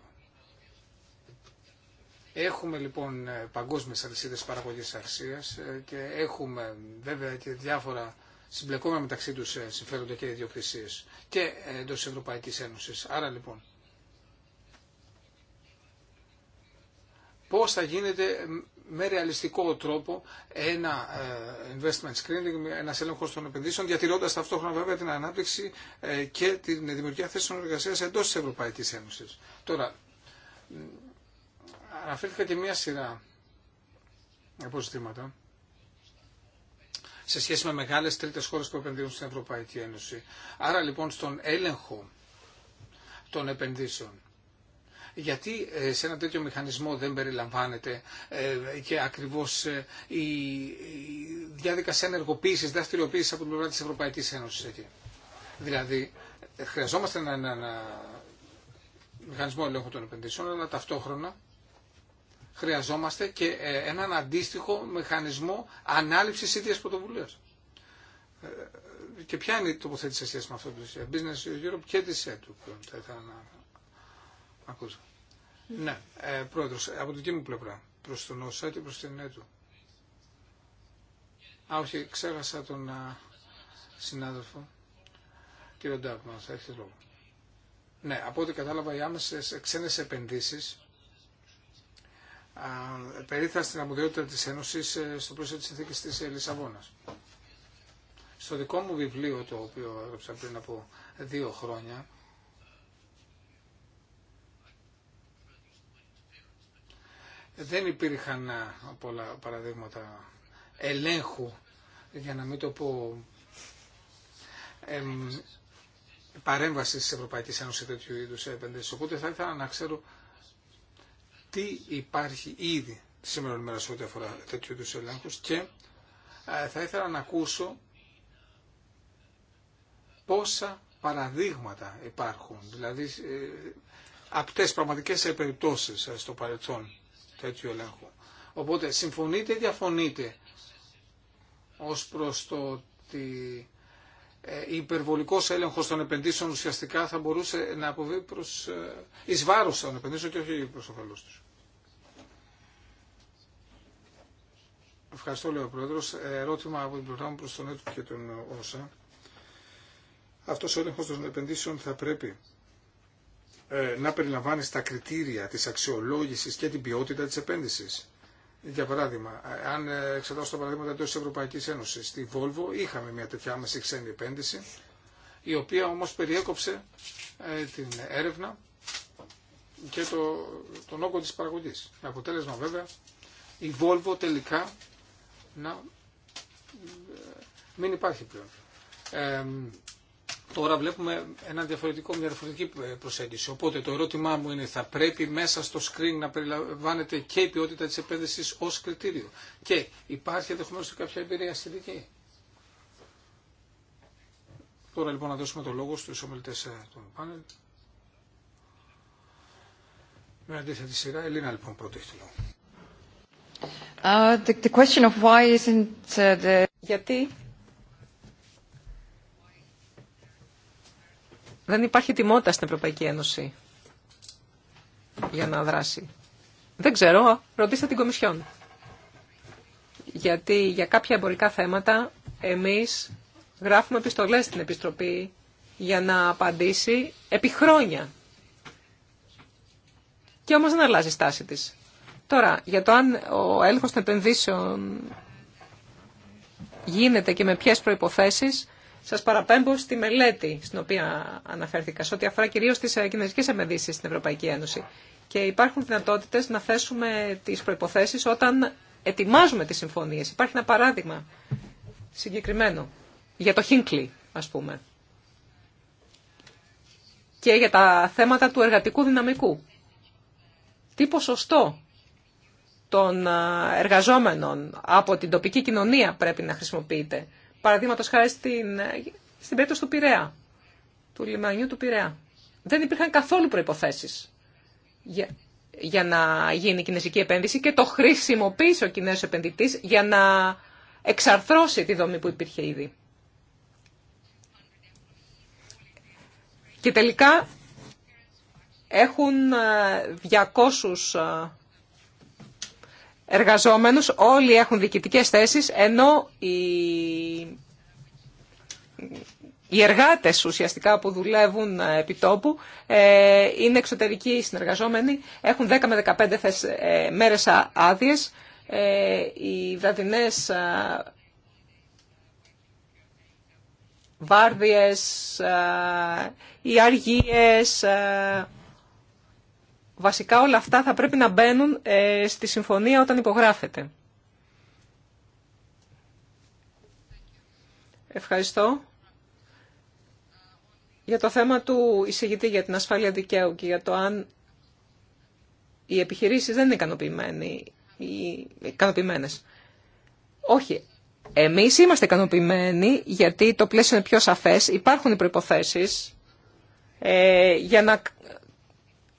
Έχουμε λοιπόν ε, παγκόσμιες αλυσίδε παραγωγή αξία ε, και έχουμε βέβαια και διάφορα συμπλεκόμενα μεταξύ τους ε, συμφέροντα και ιδιοκτησίες και εντό Ευρωπαϊκή Ένωση. Άρα λοιπόν, πώς θα γίνεται με ρεαλιστικό τρόπο ένα investment screening, ένα έλεγχο των επενδύσεων, διατηρώντα ταυτόχρονα βέβαια την ανάπτυξη και την δημιουργία θέσεων εργασία εντό τη Ευρωπαϊκή Ένωση. Τώρα, αναφέρθηκα και μία σειρά από ζητήματα σε σχέση με μεγάλες τρίτες χώρες που επενδύουν στην Ευρωπαϊκή Ένωση. Άρα λοιπόν στον έλεγχο των επενδύσεων. Γιατί ε, σε ένα τέτοιο μηχανισμό δεν περιλαμβάνεται ε, και ακριβώς ε, η διάδικαση ενεργοποίησης, δραστηριοποίησης από την πλευρά της Ευρωπαϊκής Ένωσης εκεί. Δηλαδή χρειαζόμαστε ένα μηχανισμό ελέγχου των επενδύσεων, αλλά ταυτόχρονα χρειαζόμαστε και ε, έναν αντίστοιχο μηχανισμό ανάληψης ίδιας πρωτοβουλία. Ε, και ποια είναι η τοποθέτηση σε σχέση με αυτό το Business Europe και τη ΕΤΟ. θα ακούσω. Ναι, ε, από την δική μου πλευρά, προς τον ΟΣΕΤ και προς την ΕΤΟ. Α, όχι, ξέχασα τον α, ε, συνάδελφο. Κύριο Ντάκμα, θα έχετε λόγο. Ναι, από ό,τι κατάλαβα, οι άμεσε ξένε επενδύσει περίθαλψη στην αρμοδιότητα της Ένωσης ε, στο πλαίσιο της συνθήκης της ε, Λισαβόνας. Στο δικό μου βιβλίο, το οποίο έγραψα πριν από δύο χρόνια, δεν υπήρχαν ε, πολλά παραδείγματα ελέγχου, για να μην το πω εμ, παρέμβαση τη Ευρωπαϊκή Ένωση τέτοιου είδου επενδύσει. Οπότε θα ήθελα να ξέρω τι υπάρχει ήδη σήμερα μέρα σε ό,τι αφορά τέτοιου είδους ελέγχους και ε, θα ήθελα να ακούσω πόσα παραδείγματα υπάρχουν, δηλαδή ε, απτές πραγματικές περιπτώσεις ε, στο παρελθόν τέτοιου ελέγχου. Οπότε συμφωνείτε ή διαφωνείτε ως προς το ότι ε, υπερβολικός έλεγχος των επενδύσεων ουσιαστικά θα μπορούσε να αποβεί προς ε, εις βάρος των επενδύσεων και όχι προς οφελούς τους. Ευχαριστώ, λέει ο Πρόεδρος. Ερώτημα από την πλευρά μου προς τον Έτου και τον ΩΣΑ. Αυτός ο έλεγχος των επενδύσεων θα πρέπει ε, να περιλαμβάνει στα κριτήρια της αξιολόγησης και την ποιότητα της επένδυσης. Για παράδειγμα, αν εξετάσω τα παραδείγματα εντό τη Ευρωπαϊκή Ένωση, στη Volvo είχαμε μια τέτοια άμεση ξένη επένδυση, η οποία όμω περιέκοψε ε, την έρευνα και το, τον όγκο της παραγωγής. Με αποτέλεσμα βέβαια η Volvo τελικά να ε, μην υπάρχει πλέον. Ε, Τώρα βλέπουμε ένα διαφορετικό, μια διαφορετική ε, προσέγγιση. Οπότε το ερώτημά μου είναι θα πρέπει μέσα στο screen να περιλαμβάνεται και η ποιότητα της επένδυσης ως κριτήριο. Και υπάρχει ενδεχομένω και κάποια εμπειρία στη δική. Τώρα λοιπόν να δώσουμε το λόγο στους ομιλητές ε, των πάνελ. Με αντίθετη σειρά, Ελίνα λοιπόν πρώτη έχει το λόγο. Uh, the, the question of why isn't uh, the... Γιατί Δεν υπάρχει τιμότητα στην Ευρωπαϊκή Ένωση για να δράσει. Δεν ξέρω, ρωτήστε την Κομισιόν. Γιατί για κάποια εμπορικά θέματα εμείς γράφουμε επιστολές στην Επιστροπή για να απαντήσει επί χρόνια. Και όμως δεν αλλάζει η στάση της. Τώρα, για το αν ο έλεγχος των επενδύσεων γίνεται και με ποιες προϋποθέσεις, σας παραπέμπω στη μελέτη στην οποία αναφέρθηκα, σε ό,τι αφορά κυρίω τι ε, κοινωνικέ επενδύσει στην Ευρωπαϊκή Ένωση. Και υπάρχουν δυνατότητε να θέσουμε τις προϋποθέσεις όταν ετοιμάζουμε τις συμφωνίες. Υπάρχει ένα παράδειγμα συγκεκριμένο για το Χίνκλι, ας πούμε. Και για τα θέματα του εργατικού δυναμικού. Τι ποσοστό των ε, εργαζόμενων από την τοπική κοινωνία πρέπει να χρησιμοποιείται Παραδείγματο χάρη στην, στην περίπτωση του Πειραιά, του λιμανιού του Πειραιά. Δεν υπήρχαν καθόλου προϋποθέσεις για, για να γίνει κινέζικη επένδυση και το χρησιμοποίησε ο Κινέζο επενδυτή για να εξαρθρώσει τη δομή που υπήρχε ήδη. Και τελικά έχουν 200 ε, εργαζόμενους, όλοι έχουν διοικητικές θέσεις, ενώ οι, οι εργάτες ουσιαστικά που δουλεύουν επί τόπου ε, είναι εξωτερικοί συνεργαζόμενοι, έχουν 10 με 15 θέσεις, ε, μέρες άδειε. Ε, οι βραδινές βάρδιες, οι αργίες, Βασικά όλα αυτά θα πρέπει να μπαίνουν ε, στη συμφωνία όταν υπογράφεται. Ευχαριστώ. Για το θέμα του εισηγητή για την ασφάλεια δικαίου και για το αν οι επιχειρήσεις δεν είναι ικανοποιημένες. Όχι. Εμείς είμαστε ικανοποιημένοι γιατί το πλαίσιο είναι πιο σαφές. Υπάρχουν οι προϋποθέσεις ε, για να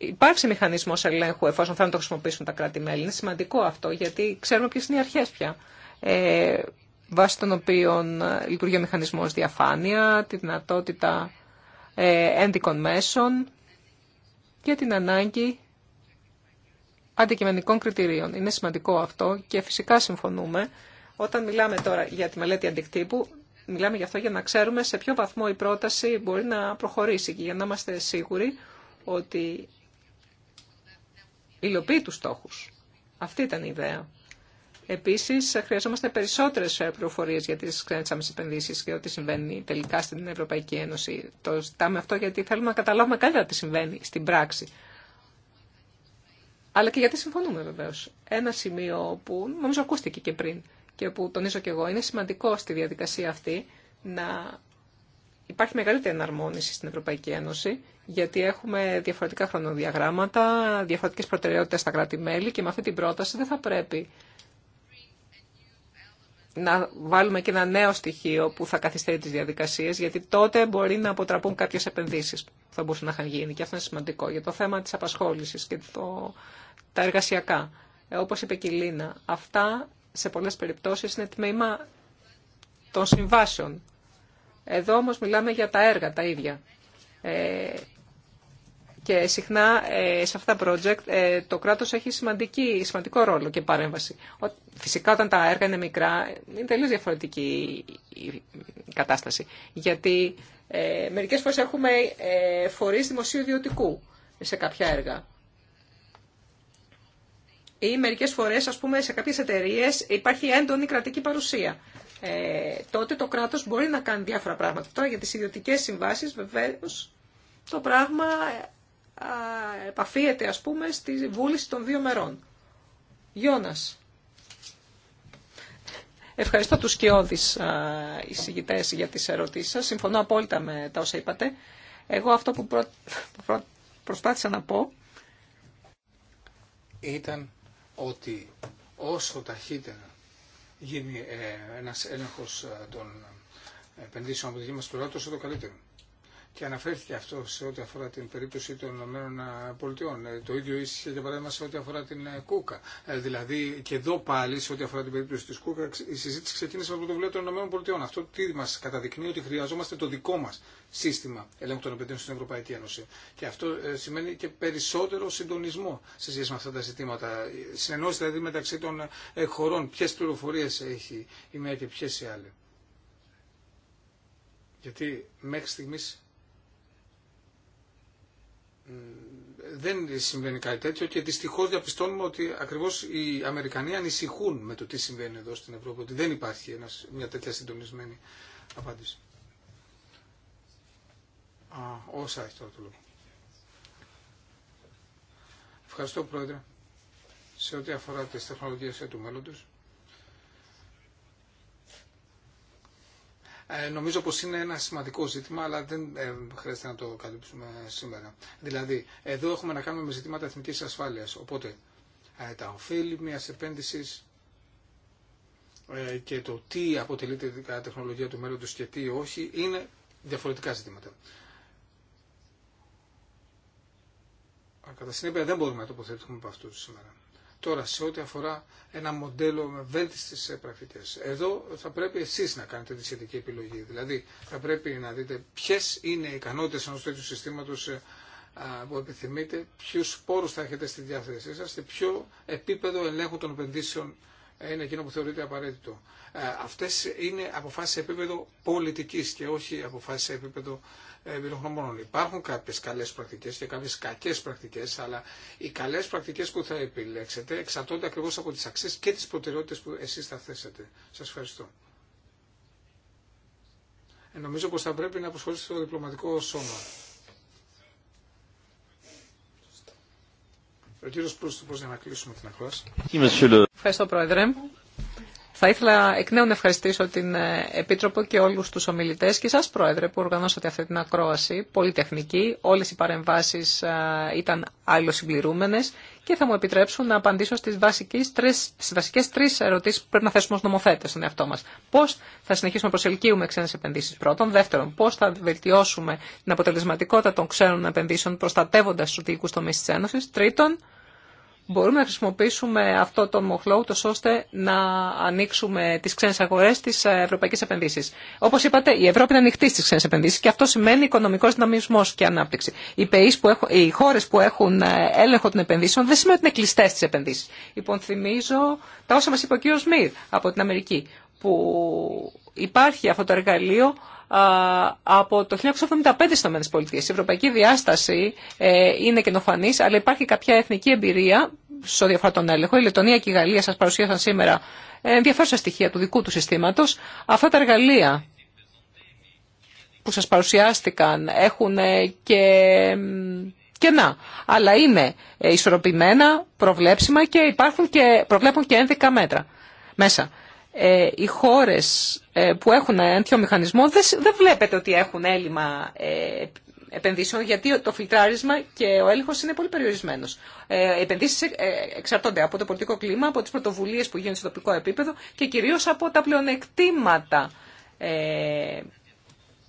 υπάρξει μηχανισμό ελέγχου εφόσον θέλουν να το χρησιμοποιήσουν τα κράτη-μέλη. Είναι σημαντικό αυτό γιατί ξέρουμε ποιε είναι οι αρχέ πια. Ε, βάσει των οποίων λειτουργεί ο μηχανισμό διαφάνεια, τη δυνατότητα ε, ένδικων μέσων και την ανάγκη αντικειμενικών κριτηρίων. Είναι σημαντικό αυτό και φυσικά συμφωνούμε. Όταν μιλάμε τώρα για τη μελέτη αντικτύπου, μιλάμε γι' αυτό για να ξέρουμε σε ποιο βαθμό η πρόταση μπορεί να προχωρήσει και για να είμαστε σίγουροι ότι υλοποιεί τους στόχους. Αυτή ήταν η ιδέα. Επίσης, χρειαζόμαστε περισσότερες ε, πληροφορίε για τις ξένες επενδύσεις και ό,τι συμβαίνει τελικά στην Ευρωπαϊκή Ένωση. Το ζητάμε αυτό γιατί θέλουμε να καταλάβουμε καλύτερα τι συμβαίνει στην πράξη. Αλλά και γιατί συμφωνούμε βεβαίω. Ένα σημείο που νομίζω ακούστηκε και πριν και που τονίζω και εγώ, είναι σημαντικό στη διαδικασία αυτή να υπάρχει μεγαλύτερη εναρμόνιση στην Ευρωπαϊκή Ένωση, γιατί έχουμε διαφορετικά χρονοδιαγράμματα, διαφορετικές προτεραιότητες στα κράτη-μέλη και με αυτή την πρόταση δεν θα πρέπει να βάλουμε και ένα νέο στοιχείο που θα καθυστερεί τις διαδικασίες, γιατί τότε μπορεί να αποτραπούν κάποιες επενδύσεις που θα μπορούσαν να είχαν γίνει. Και αυτό είναι σημαντικό για το θέμα της απασχόλησης και το... τα εργασιακά. Ε, όπως είπε και η Λίνα, αυτά σε πολλές περιπτώσεις είναι τμήμα των συμβάσεων εδώ όμως μιλάμε για τα έργα τα ίδια. Ε, και συχνά ε, σε αυτά τα project ε, το κράτος έχει σημαντική, σημαντικό ρόλο και παρέμβαση. Φυσικά όταν τα έργα είναι μικρά είναι τελείως διαφορετική η κατάσταση. Γιατί μερικές φορές έχουμε ε, φορείς δημοσίου ιδιωτικού σε κάποια έργα. Ή μερικές φορές, ας πούμε, σε κάποιες εταιρείες υπάρχει έντονη κρατική παρουσία ε, τότε το κράτος μπορεί να κάνει διάφορα πράγματα. Τώρα για τις ιδιωτικές συμβάσεις βεβαίως το πράγμα ε, α, επαφίεται ας πούμε στη βούληση των δύο μερών. Γιώνας. Ευχαριστώ τους σκιώδεις εισηγητές για τις ερωτήσεις σας. Συμφωνώ απόλυτα με τα όσα είπατε. Εγώ αυτό που προ... προσπάθησα να πω ήταν ότι όσο ταχύτερα γίνει ε, ένας έλεγχος ε, των επενδύσεων από τη δική μας πλευρά, τόσο το καλύτερο και αναφέρθηκε αυτό σε ό,τι αφορά την περίπτωση των Ηνωμένων Πολιτειών. Ε, το ίδιο ίσχυε για παράδειγμα σε ό,τι αφορά την ε, Κούκα. Ε, δηλαδή και εδώ πάλι σε ό,τι αφορά την περίπτωση τη Κούκα η συζήτηση ξεκίνησε από το βιβλίο των Ηνωμένων Πολιτειών. Αυτό τι μα καταδεικνύει ότι χρειαζόμαστε το δικό μα σύστημα ελέγχου των επενδύσεων στην Ευρωπαϊκή Ένωση. Και αυτό σημαίνει και περισσότερο συντονισμό σε σχέση με αυτά τα ζητήματα. Συνεννόηση δηλαδή μεταξύ των χωρών. Ποιε πληροφορίε έχει η μία και ποιε οι άλλοι. Γιατί μέχρι στιγμής δεν συμβαίνει κάτι τέτοιο και δυστυχώ διαπιστώνουμε ότι ακριβώς οι Αμερικανοί ανησυχούν με το τι συμβαίνει εδώ στην Ευρώπη, ότι δεν υπάρχει ένας, μια τέτοια συντονισμένη απάντηση. όσα έχει τώρα το λόγο. Ευχαριστώ Πρόεδρε. Σε ό,τι αφορά τις τεχνολογίες του μέλλοντος, Ε, νομίζω πως είναι ένα σημαντικό ζήτημα, αλλά δεν ε, χρειάζεται να το καλύψουμε σήμερα. Δηλαδή, εδώ έχουμε να κάνουμε με ζητήματα εθνικής ασφάλειας, οπότε ε, τα ωφέλη μιας επένδυσης και το τι αποτελείται η τεχνολογία του μέλλοντος και τι όχι, είναι διαφορετικά ζητήματα. Κατά συνέπεια δεν μπορούμε να τοποθετηθούμε από αυτού σήμερα. Τώρα, σε ό,τι αφορά ένα μοντέλο με βέλτιστε πρακτικέ, εδώ θα πρέπει εσεί να κάνετε τη σχετική επιλογή. Δηλαδή, θα πρέπει να δείτε ποιε είναι οι ικανότητε ενό τέτοιου συστήματο ε, που επιθυμείτε, ποιου πόρου θα έχετε στη διάθεσή σα και ποιο επίπεδο ελέγχου των επενδύσεων είναι εκείνο που θεωρείται απαραίτητο. Ε, αυτές είναι αποφάσεις σε επίπεδο πολιτικής και όχι αποφάσεις σε επίπεδο ε, εμπειρογνωμόνων. Υπάρχουν κάποιες καλές πρακτικές και κάποιες κακές πρακτικές, αλλά οι καλές πρακτικές που θα επιλέξετε εξαρτώνται ακριβώς από τις αξίες και τις προτεραιότητες που εσείς θα θέσετε. Σας ευχαριστώ. Ε, νομίζω πως θα πρέπει να αποσχολήσετε το διπλωματικό σώμα. Ο κύριο Προύστο, για να κλείσουμε την ακρόαση. Ευχαριστώ, Πρόεδρε. Θα ήθελα εκ νέου να ευχαριστήσω την ε, Επίτροπο και όλους τους ομιλητές και σας Πρόεδρε που οργανώσατε αυτή την ακρόαση, πολύ τεχνική. Όλες οι παρεμβάσεις ε, ήταν αλληλοσυμπληρούμενες και θα μου επιτρέψουν να απαντήσω στις βασικές τρεις, στις βασικές τρεις ερωτήσεις που πρέπει να θέσουμε ως νομοθέτες στον εαυτό μας. Πώς θα συνεχίσουμε να προσελκύουμε ξένες επενδύσεις πρώτον. Δεύτερον, πώς θα βελτιώσουμε την αποτελεσματικότητα των ξένων επενδύσεων προστατεύοντας τους στρατηγικούς τομείς της Ένωσης. Τρίτον, μπορούμε να χρησιμοποιήσουμε αυτό το μοχλό ούτως ώστε να ανοίξουμε τις ξένες αγορές της ευρωπαϊκής επενδύσεις. Όπως είπατε, η Ευρώπη είναι ανοιχτή στις ξένες επενδύσεις και αυτό σημαίνει οικονομικός δυναμισμός και ανάπτυξη. Οι, που έχουν, οι χώρες που έχουν ε, έλεγχο των επενδύσεων δεν σημαίνει ότι είναι κλειστέ στις επενδύσεις. Λοιπόν, θυμίζω τα όσα μας είπε ο κ. Σμιρ από την Αμερική, που υπάρχει αυτό το εργαλείο από το 1975 στι ΗΠΑ. Η ευρωπαϊκή διάσταση ε, είναι καινοφανής, αλλά υπάρχει κάποια εθνική εμπειρία σε ό,τι αφορά τον έλεγχο. Η Λετωνία και η Γαλλία σας παρουσίασαν σήμερα ε, ενδιαφέρουσα στοιχεία του δικού του συστήματος. Αυτά τα εργαλεία που σας παρουσιάστηκαν έχουν ε, και κενά, αλλά είναι ισορροπημένα, προβλέψιμα και υπάρχουν και προβλέπουν και ένδεικα μέτρα μέσα. Ε, οι χώρες ε, που έχουν έναν τέτοιο μηχανισμό δεν βλέπετε ότι έχουν έλλειμμα ε, επενδύσεων γιατί το φιλτράρισμα και ο έλεγχος είναι πολύ περιορισμένος. Οι επενδύσεις εξαρτώνται από το πολιτικό κλίμα, από τις πρωτοβουλίες που γίνονται στο τοπικό επίπεδο και κυρίως από τα πλεονεκτήματα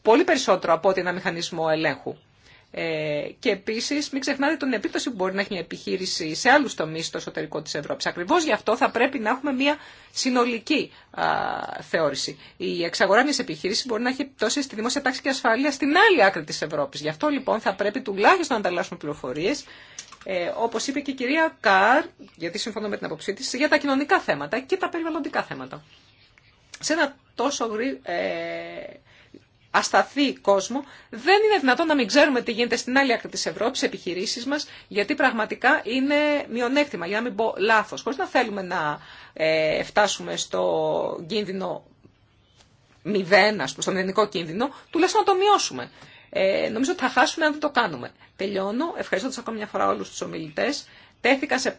πολύ περισσότερο από ότι ένα μηχανισμό ελέγχου. Ε, και επίση, μην ξεχνάτε την επίπτωση που μπορεί να έχει μια επιχείρηση σε άλλου τομεί στο εσωτερικό τη Ευρώπη. Ακριβώ γι' αυτό θα πρέπει να έχουμε μια συνολική θεώρηση. Η εξαγορά μια επιχείρηση μπορεί να έχει επιπτώσει στη δημόσια τάξη και ασφάλεια στην άλλη άκρη τη Ευρώπη. Γι' αυτό λοιπόν θα πρέπει τουλάχιστον να ανταλλάσσουμε πληροφορίε, ε, όπω είπε και η κυρία Καρ, γιατί συμφωνώ με την αποψή τη, για τα κοινωνικά θέματα και τα περιβαλλοντικά θέματα. Σε ένα τόσο γρήγορο. Ε, ασταθή κόσμο, δεν είναι δυνατόν να μην ξέρουμε τι γίνεται στην άλλη άκρη τη Ευρώπη, σε επιχειρήσει μα, γιατί πραγματικά είναι μειονέκτημα, για να μην πω λάθο. Χωρί να θέλουμε να ε, φτάσουμε στο κίνδυνο μηδέν, πούμε, στον ελληνικό κίνδυνο, τουλάχιστον να το μειώσουμε. Ε, νομίζω ότι θα χάσουμε αν δεν το κάνουμε. Τελειώνω. Ευχαριστώ ακόμη μια φορά όλου του ομιλητέ τέθηκαν σε,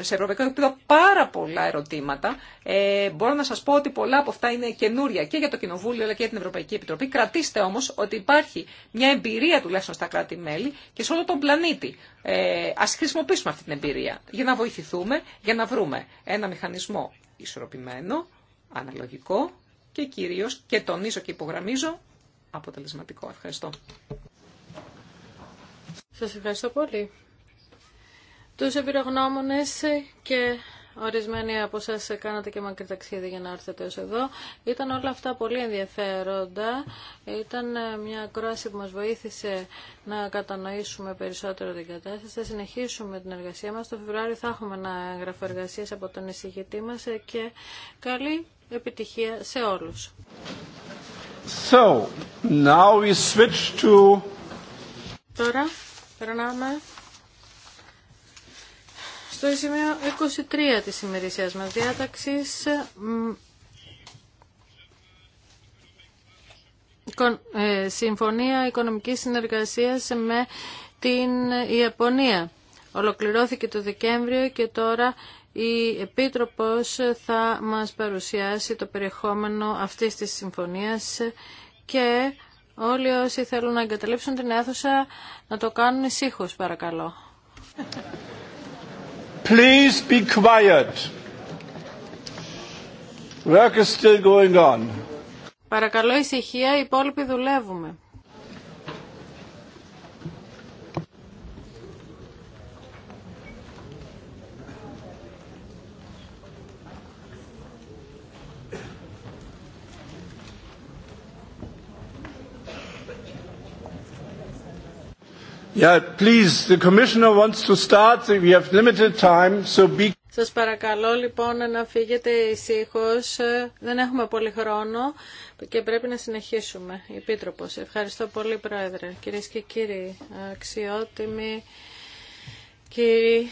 σε ευρωπαϊκό επίπεδο πάρα πολλά ερωτήματα. Ε, μπορώ να σας πω ότι πολλά από αυτά είναι καινούρια και για το Κοινοβούλιο αλλά και για την Ευρωπαϊκή Επιτροπή. Κρατήστε όμως ότι υπάρχει μια εμπειρία τουλάχιστον στα κράτη-μέλη και σε όλο τον πλανήτη. Ε, ας χρησιμοποιήσουμε αυτή την εμπειρία για να βοηθηθούμε, για να βρούμε ένα μηχανισμό ισορροπημένο, αναλογικό και κυρίως, και τονίζω και υπογραμμίζω, αποτελεσματικό. Ευχαριστώ. Σας ευχαριστώ πολύ τους εμπειρογνώμονες και ορισμένοι από εσά κάνατε και μακρύ ταξίδι για να έρθετε ως εδώ. Ήταν όλα αυτά πολύ ενδιαφέροντα. Ήταν ε, μια ακρόαση που μας βοήθησε να κατανοήσουμε περισσότερο την κατάσταση. Θα συνεχίσουμε την εργασία μας. Το Φεβρουάριο θα έχουμε ένα έγγραφο εργασία από τον εισηγητή μας και καλή επιτυχία σε όλους. So, now we switch to... Τώρα περνάμε στο σημείο 23 της ημερησίας μας διάταξης ε, Συμφωνία Οικονομικής Συνεργασίας με την Ιαπωνία. Ολοκληρώθηκε το Δεκέμβριο και τώρα η Επίτροπος θα μας παρουσιάσει το περιεχόμενο αυτής της συμφωνίας και όλοι όσοι θέλουν να εγκαταλείψουν την αίθουσα να το κάνουν εισήχως, παρακαλώ. Please be quiet. Work is still going on. Παρακαλώ ησυχία, οι υπόλοιποι δουλεύουμε. Σας παρακαλώ λοιπόν να φύγετε ησύχως. Δεν έχουμε πολύ χρόνο και πρέπει να συνεχίσουμε. Επίτροπος. Ευχαριστώ πολύ Πρόεδρε. Κυρίες και κύριοι, αξιότιμοι κύριοι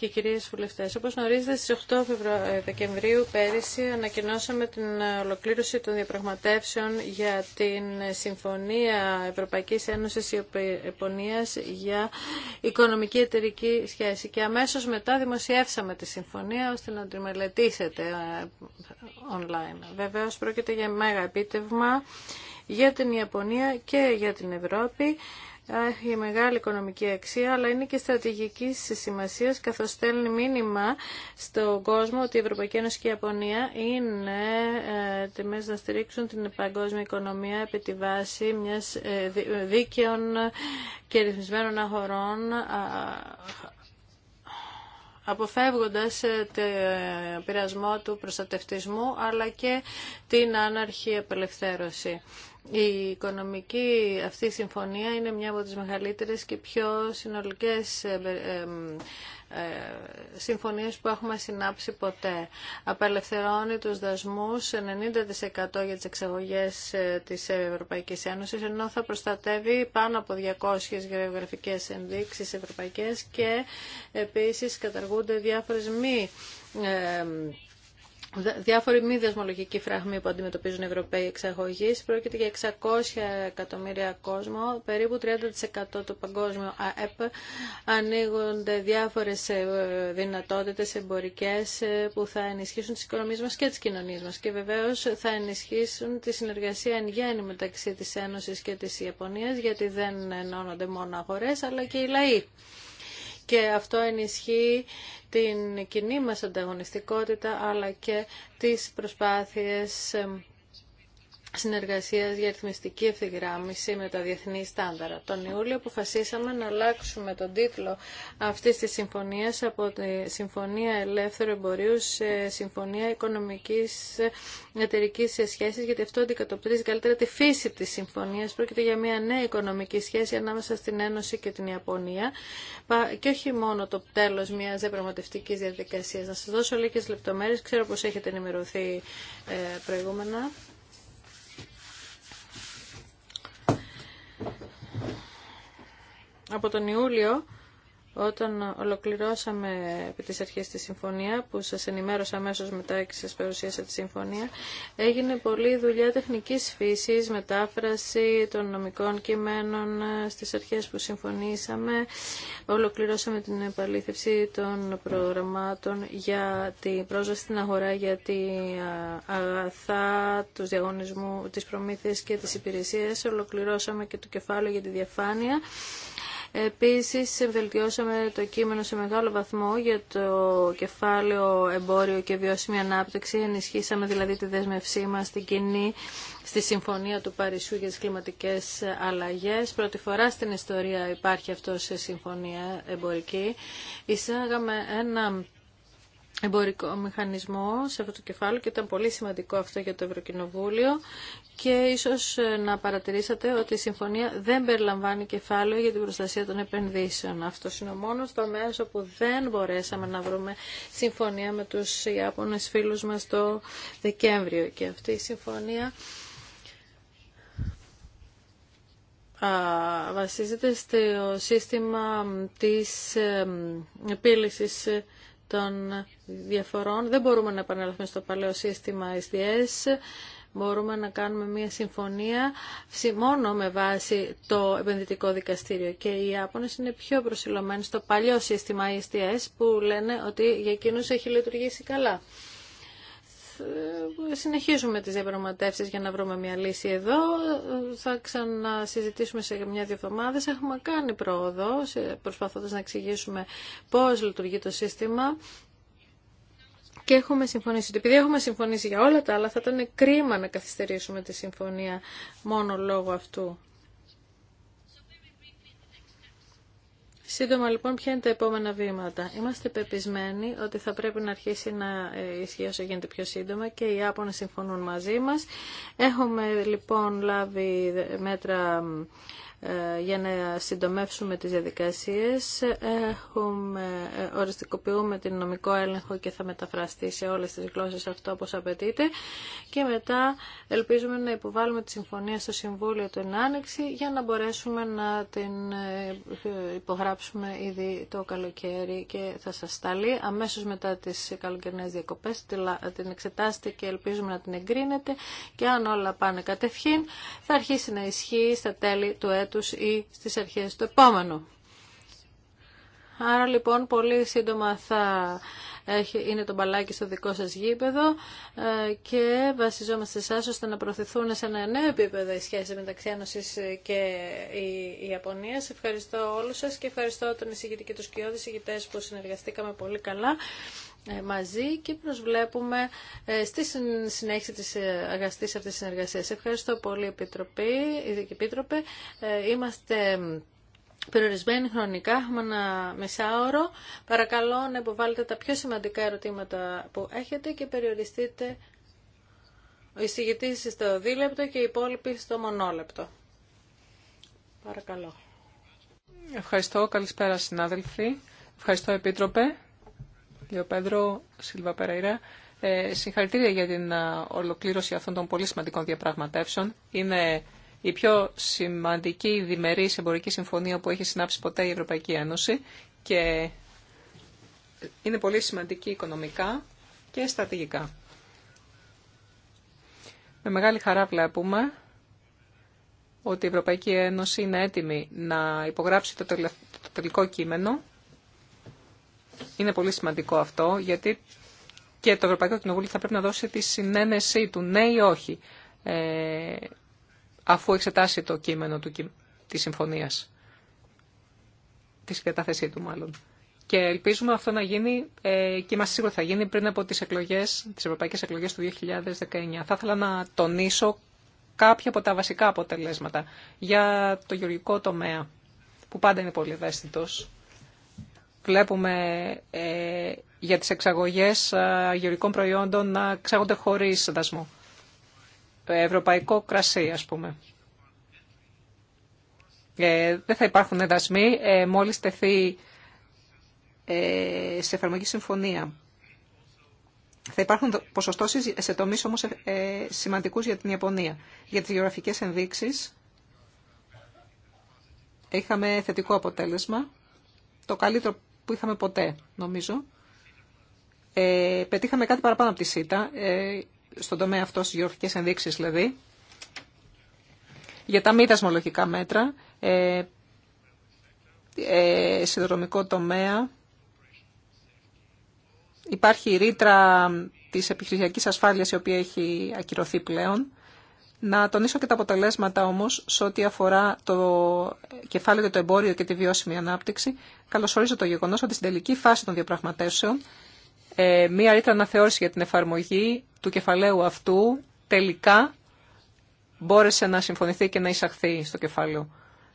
και κυρίες βουλευτές. Όπως γνωρίζετε, στις 8 ε, Δεκεμβρίου πέρυσι ανακοινώσαμε την ε, ολοκλήρωση των διαπραγματεύσεων για την Συμφωνία Ευρωπαϊκής Ένωσης Ιαπωνίας για οικονομική εταιρική σχέση και αμέσως μετά δημοσιεύσαμε τη συμφωνία ώστε να την μελετήσετε ε, online. Βεβαίως πρόκειται για μέγα επίτευγμα για την Ιαπωνία και για την Ευρώπη έχει μεγάλη οικονομική αξία, αλλά είναι και στρατηγική σημασία, καθώ στέλνει μήνυμα στον κόσμο ότι η Ευρωπαϊκή Ένωση και η Ιαπωνία είναι ε, τιμέ να στηρίξουν την παγκόσμια οικονομία επί τη βάση μια ε, δίκαιων και ρυθμισμένων αγορών αποφεύγοντας ε, το πειρασμό του προστατευτισμού αλλά και την άναρχη απελευθέρωση. Η οικονομική αυτή συμφωνία είναι μια από τις μεγαλύτερες και πιο συνολικές ε, ε, ε, συμφωνίες που έχουμε συνάψει ποτέ. Απελευθερώνει τους δασμούς 90% για τις εξαγωγές της Ευρωπαϊκής Ένωσης, ενώ θα προστατεύει πάνω από 200 γεωγραφικές ενδείξεις ευρωπαϊκές και επίσης καταργούνται διάφορες μη διάφοροι μη δεσμολογικοί φραγμοί που αντιμετωπίζουν οι Ευρωπαίοι εξαγωγείς. Πρόκειται για 600 εκατομμύρια κόσμο, περίπου 30% του παγκόσμιου ΑΕΠ. Ανοίγονται διάφορες ε, δυνατότητες εμπορικές ε, που θα ενισχύσουν τις οικονομίες μας και τις κοινωνίες μας και βεβαίως θα ενισχύσουν τη συνεργασία εν γέννη μεταξύ της Ένωσης και της Ιαπωνίας γιατί δεν ενώνονται μόνο αγορές αλλά και οι λαοί και αυτό ενισχύει την κοινή μας ανταγωνιστικότητα αλλά και τις προσπάθειες συνεργασίας για αριθμιστική ευθυγράμμιση με τα διεθνή στάνταρα. Τον Ιούλιο αποφασίσαμε να αλλάξουμε τον τίτλο αυτής της συμφωνίας από τη Συμφωνία Ελεύθερου Εμπορίου σε Συμφωνία Οικονομικής Εταιρικής Σχέσης, γιατί αυτό αντικατοπτρίζει καλύτερα τη φύση της συμφωνίας. Πρόκειται για μια νέα οικονομική σχέση ανάμεσα στην Ένωση και την Ιαπωνία και όχι μόνο το τέλος μιας διαπραγματευτικής διαδικασία. Να σα δώσω λίγες λεπτομέρειες. Ξέρω πως έχετε ενημερωθεί ε, προηγούμενα. Από τον Ιούλιο, όταν ολοκληρώσαμε επί τις αρχές τη συμφωνία, που σας ενημέρωσα αμέσω μετά και σας παρουσίασα τη συμφωνία, έγινε πολλή δουλειά τεχνικής φύσης, μετάφραση των νομικών κειμένων ε, στις αρχές που συμφωνήσαμε. Ολοκληρώσαμε την επαλήθευση των προγραμμάτων για την πρόσβαση στην αγορά, για την αγαθά, τους διαγωνισμού, τις προμήθειες και τις υπηρεσίες. Ολοκληρώσαμε και το κεφάλαιο για τη διαφάνεια. Επίσης, βελτιώσαμε το κείμενο σε μεγάλο βαθμό για το κεφάλαιο εμπόριο και βιώσιμη ανάπτυξη. Ενισχύσαμε δηλαδή τη δέσμευσή μας στην κοινή στη Συμφωνία του Παρισσού για τις κλιματικές αλλαγές. Πρώτη φορά στην ιστορία υπάρχει αυτό σε συμφωνία εμπορική. Εισάγαμε ένα εμπορικό μηχανισμό σε αυτό το κεφάλαιο και ήταν πολύ σημαντικό αυτό για το Ευρωκοινοβούλιο και ίσως ε, να παρατηρήσατε ότι η συμφωνία δεν περιλαμβάνει κεφάλαιο για την προστασία των επενδύσεων. Αυτό είναι ο μόνος τομέας όπου δεν μπορέσαμε να βρούμε συμφωνία με τους Ιάπωνες φίλους μας το Δεκέμβριο. Και αυτή η συμφωνία βασίζεται στο σύστημα της ε, επίλυσης των διαφορών. Δεν μπορούμε να επανέλθουμε στο παλαιό σύστημα SDS μπορούμε να κάνουμε μια συμφωνία μόνο με βάση το επενδυτικό δικαστήριο. Και οι Ιάπωνες είναι πιο προσιλωμένοι στο παλιό σύστημα ISTS που λένε ότι για εκείνους έχει λειτουργήσει καλά συνεχίζουμε τις διαπραγματεύσεις για να βρούμε μια λύση εδώ. Θα ξανασυζητήσουμε σε μια-δύο εβδομάδες. Έχουμε κάνει πρόοδο προσπαθώντας να εξηγήσουμε πώς λειτουργεί το σύστημα και έχουμε συμφωνήσει. Επειδή έχουμε συμφωνήσει για όλα τα άλλα, θα ήταν κρίμα να καθυστερήσουμε τη συμφωνία μόνο λόγω αυτού. Σύντομα λοιπόν, ποια είναι τα επόμενα βήματα. Είμαστε πεπισμένοι ότι θα πρέπει να αρχίσει να ε, ισχύει όσο γίνεται πιο σύντομα και οι Άπωνες συμφωνούν μαζί μας. Έχουμε λοιπόν λάβει μέτρα ε, για να συντομεύσουμε τις διαδικασίες. Έχουμε, ε, οριστικοποιούμε την νομικό έλεγχο και θα μεταφραστεί σε όλες τις γλώσσες αυτό όπως απαιτείται. Και μετά ελπίζουμε να υποβάλουμε τη συμφωνία στο Συμβούλιο του Άνοιξη για να μπορέσουμε να την ε, υπογράψουμε ήδη το καλοκαίρι και θα σας σταλεί αμέσως μετά τις καλοκαιρινές διακοπές. Την εξετάστε και ελπίζουμε να την εγκρίνετε και αν όλα πάνε κατευχήν θα αρχίσει να ισχύει στα τέλη του έτου τους ή στις αρχές του επόμενου. Άρα λοιπόν πολύ σύντομα θα είναι το μπαλάκι στο δικό σας γήπεδο ε, και βασιζόμαστε σε εσάς ώστε να προωθηθούν σε ένα νέο επίπεδο οι σχέσεις μεταξύ Ένωσης και η Σε Ευχαριστώ όλους σας και ευχαριστώ τον εισηγητή και τους κοιόδης εισηγητές που συνεργαστήκαμε πολύ καλά ε, μαζί και προσβλέπουμε ε, στη συνέχιση της ε, αγαστής αυτής της συνεργασίας. Ευχαριστώ πολύ, Επιτροπή, Επίτροπε. Είμαστε περιορισμένοι χρονικά, έχουμε ένα μισάωρο. Παρακαλώ να υποβάλλετε τα πιο σημαντικά ερωτήματα που έχετε και περιοριστείτε ο εισηγητής στο δίλεπτο και οι υπόλοιποι στο μονόλεπτο. Παρακαλώ. Ευχαριστώ. Καλησπέρα συνάδελφοι. Ευχαριστώ Επίτροπε Λέω ο Σίλβα Περαϊρά. Ε, συγχαρητήρια για την ε, ολοκλήρωση αυτών των πολύ σημαντικών διαπραγματεύσεων. Είναι η πιο σημαντική διμερή εμπορική συμφωνία που έχει συνάψει ποτέ η Ευρωπαϊκή Ένωση και είναι πολύ σημαντική οικονομικά και στρατηγικά. Με μεγάλη χαρά βλέπουμε ότι η Ευρωπαϊκή Ένωση είναι έτοιμη να υπογράψει το τελικό κείμενο είναι πολύ σημαντικό αυτό, γιατί και το Ευρωπαϊκό Κοινοβούλιο θα πρέπει να δώσει τη συνένεσή του, ναι ή όχι, ε, αφού εξετάσει το κείμενο του, της συμφωνίας, τη συγκατάθεσή του μάλλον. Και ελπίζουμε αυτό να γίνει ε, και είμαστε σίγουροι θα γίνει πριν από τις, εκλογές, τις ευρωπαϊκές εκλογές του 2019. Θα ήθελα να τονίσω κάποια από τα βασικά αποτελέσματα για το γεωργικό τομέα, που πάντα είναι πολύ ευαίσθητος Βλέπουμε ε, για τις εξαγωγές ε, αγιορικών προϊόντων να εξάγονται χωρίς δασμό. Ευρωπαϊκό κρασί, ας πούμε. Ε, δεν θα υπάρχουν δασμοί ε, μόλις τεθεί ε, σε εφαρμογή συμφωνία. Θα υπάρχουν ποσοστώσεις σε τομείς όμως σημαντικούς για την Ιαπωνία. Για τις γεωγραφικές ενδείξεις είχαμε θετικό αποτέλεσμα. Το καλύτερο που είχαμε ποτέ, νομίζω. Ε, πετύχαμε κάτι παραπάνω από τη ΣΥΤΑ, ε, στον τομέα αυτό, στι γεωργικές ενδείξεις δηλαδή, για τα μη δασμολογικά μέτρα, ε, ε, συνδρομικό τομέα, υπάρχει η ρήτρα της επιχειρησιακής ασφάλειας η οποία έχει ακυρωθεί πλέον, να τονίσω και τα αποτελέσματα όμως σε ό,τι αφορά το κεφάλαιο για το εμπόριο και τη βιώσιμη ανάπτυξη. Καλωσορίζω το γεγονός ότι στην τελική φάση των διαπραγματεύσεων ε, μία ρήτρα αναθεώρηση για την εφαρμογή του κεφαλαίου αυτού τελικά μπόρεσε να συμφωνηθεί και να εισαχθεί στο κεφάλαιο.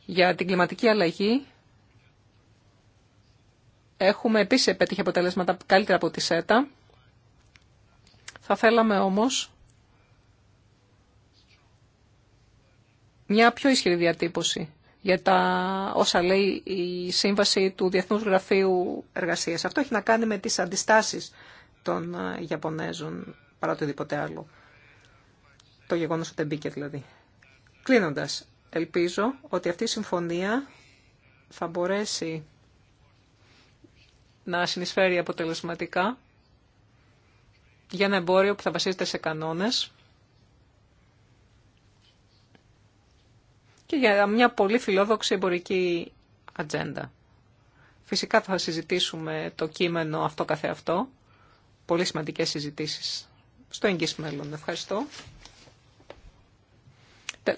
Για την κλιματική αλλαγή έχουμε επίσης πετύχει αποτελέσματα καλύτερα από τη ΣΕΤΑ. Θα θέλαμε όμως μια πιο ισχυρή διατύπωση για τα όσα λέει η σύμβαση του Διεθνούς Γραφείου Εργασίας. Αυτό έχει να κάνει με τις αντιστάσεις των ε, Ιαπωνέζων παρά οτιδήποτε άλλο. Το γεγονός ότι μπήκε δηλαδή. Κλείνοντας, ελπίζω ότι αυτή η συμφωνία θα μπορέσει να συνεισφέρει αποτελεσματικά για ένα εμπόριο που θα βασίζεται σε κανόνες και για μια πολύ φιλόδοξη εμπορική ατζέντα. Φυσικά θα συζητήσουμε το κείμενο αυτό καθεαυτό. Πολύ σημαντικές συζητήσεις στο εγγύς μέλλον. Ευχαριστώ.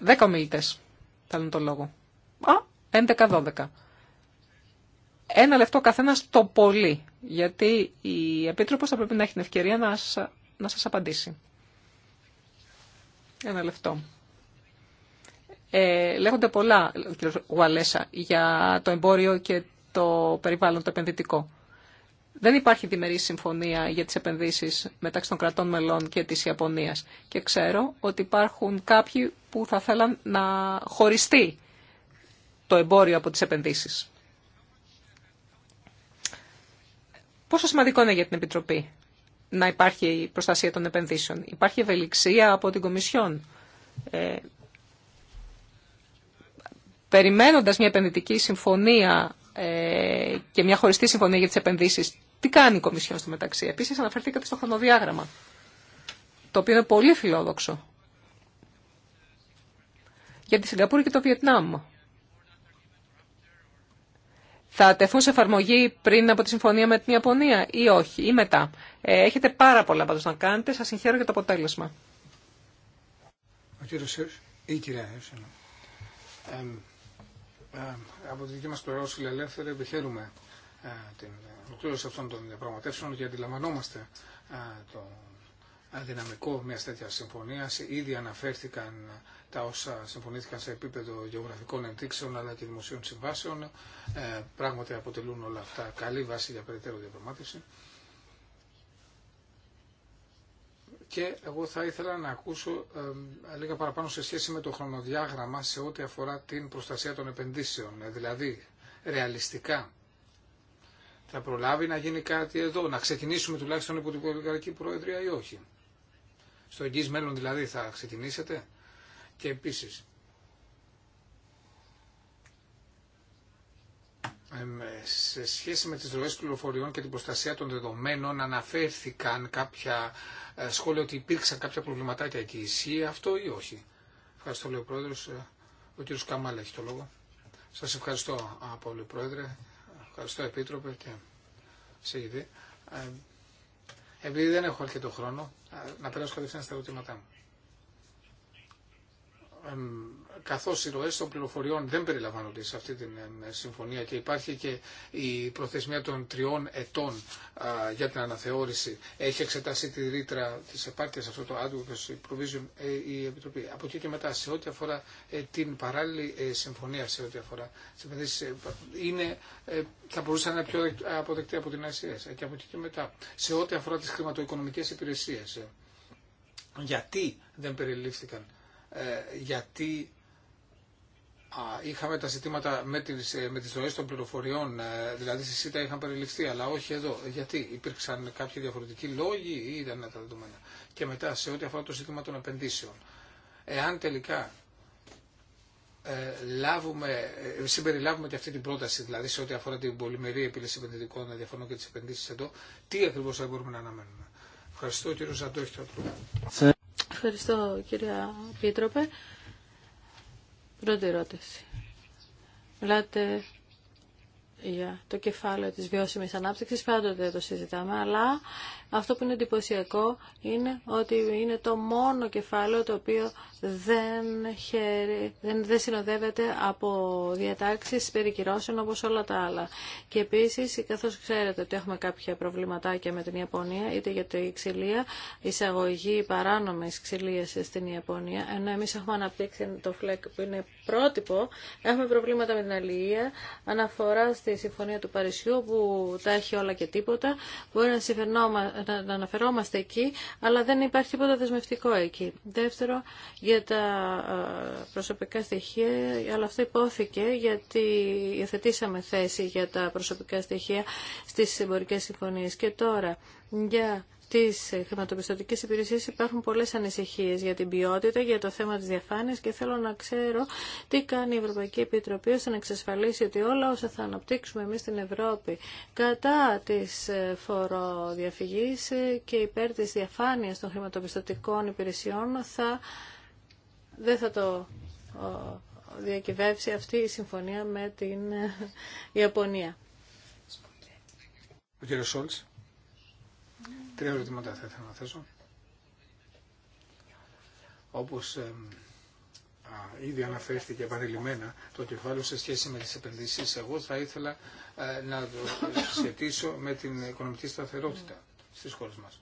Δέκα ομιλητές θέλουν το λόγο. Α, 11-12. Ένα λεπτό καθένα το πολύ, γιατί η Επίτροπο θα πρέπει να έχει την ευκαιρία να σα απαντήσει. Ένα λεπτό. Ε, λέγονται πολλά, ο Γουαλέσα, για το εμπόριο και το περιβάλλον, το επενδυτικό. Δεν υπάρχει διμερή συμφωνία για τις επενδύσεις μεταξύ των κρατών μελών και της Ιαπωνίας. Και ξέρω ότι υπάρχουν κάποιοι που θα θέλαν να χωριστεί το εμπόριο από τις επενδύσεις. Πόσο σημαντικό είναι για την Επιτροπή να υπάρχει η προστασία των επενδύσεων. Υπάρχει ευελιξία από την Κομισιόν. Ε, περιμένοντας μια επενδυτική συμφωνία ε, και μια χωριστή συμφωνία για τις επενδύσεις, τι κάνει η Κομισιόν στο μεταξύ. Επίσης αναφερθήκατε στο χρονοδιάγραμμα, το οποίο είναι πολύ φιλόδοξο. Για τη Σιγκαπούρη και το Βιετνάμ. Θα τεθούν σε εφαρμογή πριν από τη συμφωνία με την Ιαπωνία ή όχι, ή μετά. Ε, έχετε πάρα πολλά πάντως να κάνετε. Σας συγχαίρω για το αποτέλεσμα. Ο κύριος ή ε, από τη δική μα πλευρά ω φιλελεύθεροι επιχαίρουμε ε, την ολοκλήρωση αυτών των διαπραγματεύσεων και αντιλαμβανόμαστε ε, το δυναμικό μια τέτοια συμφωνία. Ήδη αναφέρθηκαν τα όσα συμφωνήθηκαν σε επίπεδο γεωγραφικών ενδείξεων αλλά και δημοσίων συμβάσεων. Πράγματι αποτελούν όλα αυτά καλή βάση για περαιτέρω διαπραγμάτευση. και εγώ θα ήθελα να ακούσω λίγα παραπάνω σε σχέση με το χρονοδιάγραμμα σε ό,τι αφορά την προστασία των επενδύσεων. Ε, δηλαδή, ρεαλιστικά θα προλάβει να γίνει κάτι εδώ, να ξεκινήσουμε τουλάχιστον υπό την Πολυγαρική Προεδρία ή όχι. Στο εγγύς μέλλον δηλαδή θα ξεκινήσετε και επίσης σε σχέση με τις ροές πληροφοριών και την προστασία των δεδομένων αναφέρθηκαν κάποια ε, Σχόλιο ότι υπήρξαν κάποια προβληματάκια εκεί. Ισχύει αυτό ή όχι. Ευχαριστώ, λέει ο Πρόεδρο. Ε, ο κ. Καμάλα έχει το λόγο. Σα ευχαριστώ πολύ, Πρόεδρε. Ευχαριστώ, Επίτροπε και σε είδη. Ε, επειδή δεν έχω αρκετό χρόνο, να περάσω κατευθείαν στα ερωτήματά μου καθώς οι ροές των πληροφοριών δεν περιλαμβάνονται σε αυτή την συμφωνία και υπάρχει και η προθεσμία των τριών ετών για την αναθεώρηση, έχει εξετάσει τη ρήτρα της επάρκειας αυτό το που Provision ε, η Επιτροπή. Από εκεί και μετά, σε ό,τι αφορά ε, την παράλληλη ε, συμφωνία, σε ό,τι αφορά τις επενδύσεις, είναι, θα μπορούσε να είναι πιο αποδεκτή από την Ασία. Και από εκεί και μετά, σε ό,τι αφορά τις χρηματοοικονομικές υπηρεσίες, γιατί δεν περιλήφθηκαν ε, γιατί είχαμε τα ζητήματα με τις, ε, με τις των πληροφοριών, ε, δηλαδή στη ΣΥΤΑ είχαν περιληφθεί, αλλά όχι εδώ. Γιατί υπήρξαν κάποιοι διαφορετικοί λόγοι ή ήταν τα δεδομένα. Και μετά σε ό,τι αφορά το ζήτημα των επενδύσεων. Εάν τελικά λάβουμε, συμπεριλάβουμε και αυτή την πρόταση, δηλαδή σε ό,τι αφορά την πολυμερή επίλυση επενδυτικών να διαφωνώ και τι επενδύσει εδώ, τι ακριβώ θα μπορούμε να αναμένουμε. Ευχαριστώ κύριο Ζαντόχη. Ευχαριστώ κυρία Πίτροπε. Πρώτη ερώτηση. Μιλάτε για το κεφάλαιο της βιώσιμης ανάπτυξης, πάντοτε το συζητάμε, αλλά αυτό που είναι εντυπωσιακό είναι ότι είναι το μόνο κεφάλαιο το οποίο δεν, δεν, δεν συνοδεύεται από διατάξεις περικυρώσεων όπως όλα τα άλλα. Και επίσης, καθώς ξέρετε ότι έχουμε κάποια προβληματάκια με την Ιαπωνία, είτε για τη ξυλία, εισαγωγή παράνομες ξυλίες στην Ιαπωνία, ενώ εμείς έχουμε αναπτύξει το φλεκ που είναι πρότυπο. Έχουμε προβλήματα με την αλληλεία. Αναφορά στη Συμφωνία του Παρισιού που τα έχει όλα και τίποτα. Μπορεί να, να αναφερόμαστε εκεί, αλλά δεν υπάρχει τίποτα δεσμευτικό εκεί. Δεύτερο, για τα ε, προσωπικά στοιχεία, αλλά αυτό υπόθηκε γιατί υιοθετήσαμε θέση για τα προσωπικά στοιχεία στις εμπορικές συμφωνίες. Και τώρα, για Τις χρηματοπιστωτικές υπηρεσίες υπάρχουν πολλές ανησυχίες για την ποιότητα, για το θέμα της διαφάνειας και θέλω να ξέρω τι κάνει η Ευρωπαϊκή Επιτροπή ώστε να εξασφαλίσει ότι όλα όσα θα αναπτύξουμε εμείς στην Ευρώπη κατά της ε, φοροδιαφυγής ε, και υπέρ της διαφάνειας των χρηματοπιστωτικών υπηρεσιών θα, δεν θα το διακυβεύσει αυτή η συμφωνία με την ε, Ιαπωνία. Σόλτς. Τρία ερωτήματα θα ήθελα να θέσω. Όπως ε, α, ήδη αναφέρθηκε επανειλημμένα το κεφάλαιο σε σχέση με τις επενδύσεις, εγώ θα ήθελα ε, να το σχετίσω με την οικονομική σταθερότητα στις χώρες μας.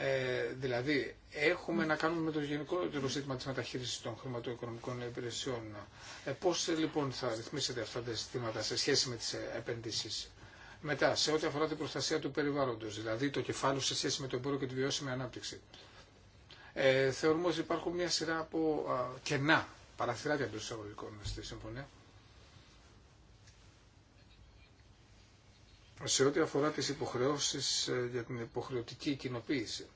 Ε, δηλαδή, έχουμε να κάνουμε με το γενικότερο ζήτημα τη μεταχείρισης των χρηματοοικονομικών υπηρεσιών. Ε, Πώ λοιπόν θα ρυθμίσετε αυτά τα ζητήματα σε σχέση με τι επενδύσει, μετά, σε ό,τι αφορά την προστασία του περιβάλλοντος, δηλαδή το κεφάλαιο σε σχέση με το εμπόριο και τη βιώσιμη ανάπτυξη, ε, θεωρούμε ότι υπάρχουν μια σειρά από α, κενά παραθυράκια των εισαγωγικών στη συμφωνία. Σε ό,τι αφορά τις υποχρεώσεις ε, για την υποχρεωτική κοινοποίηση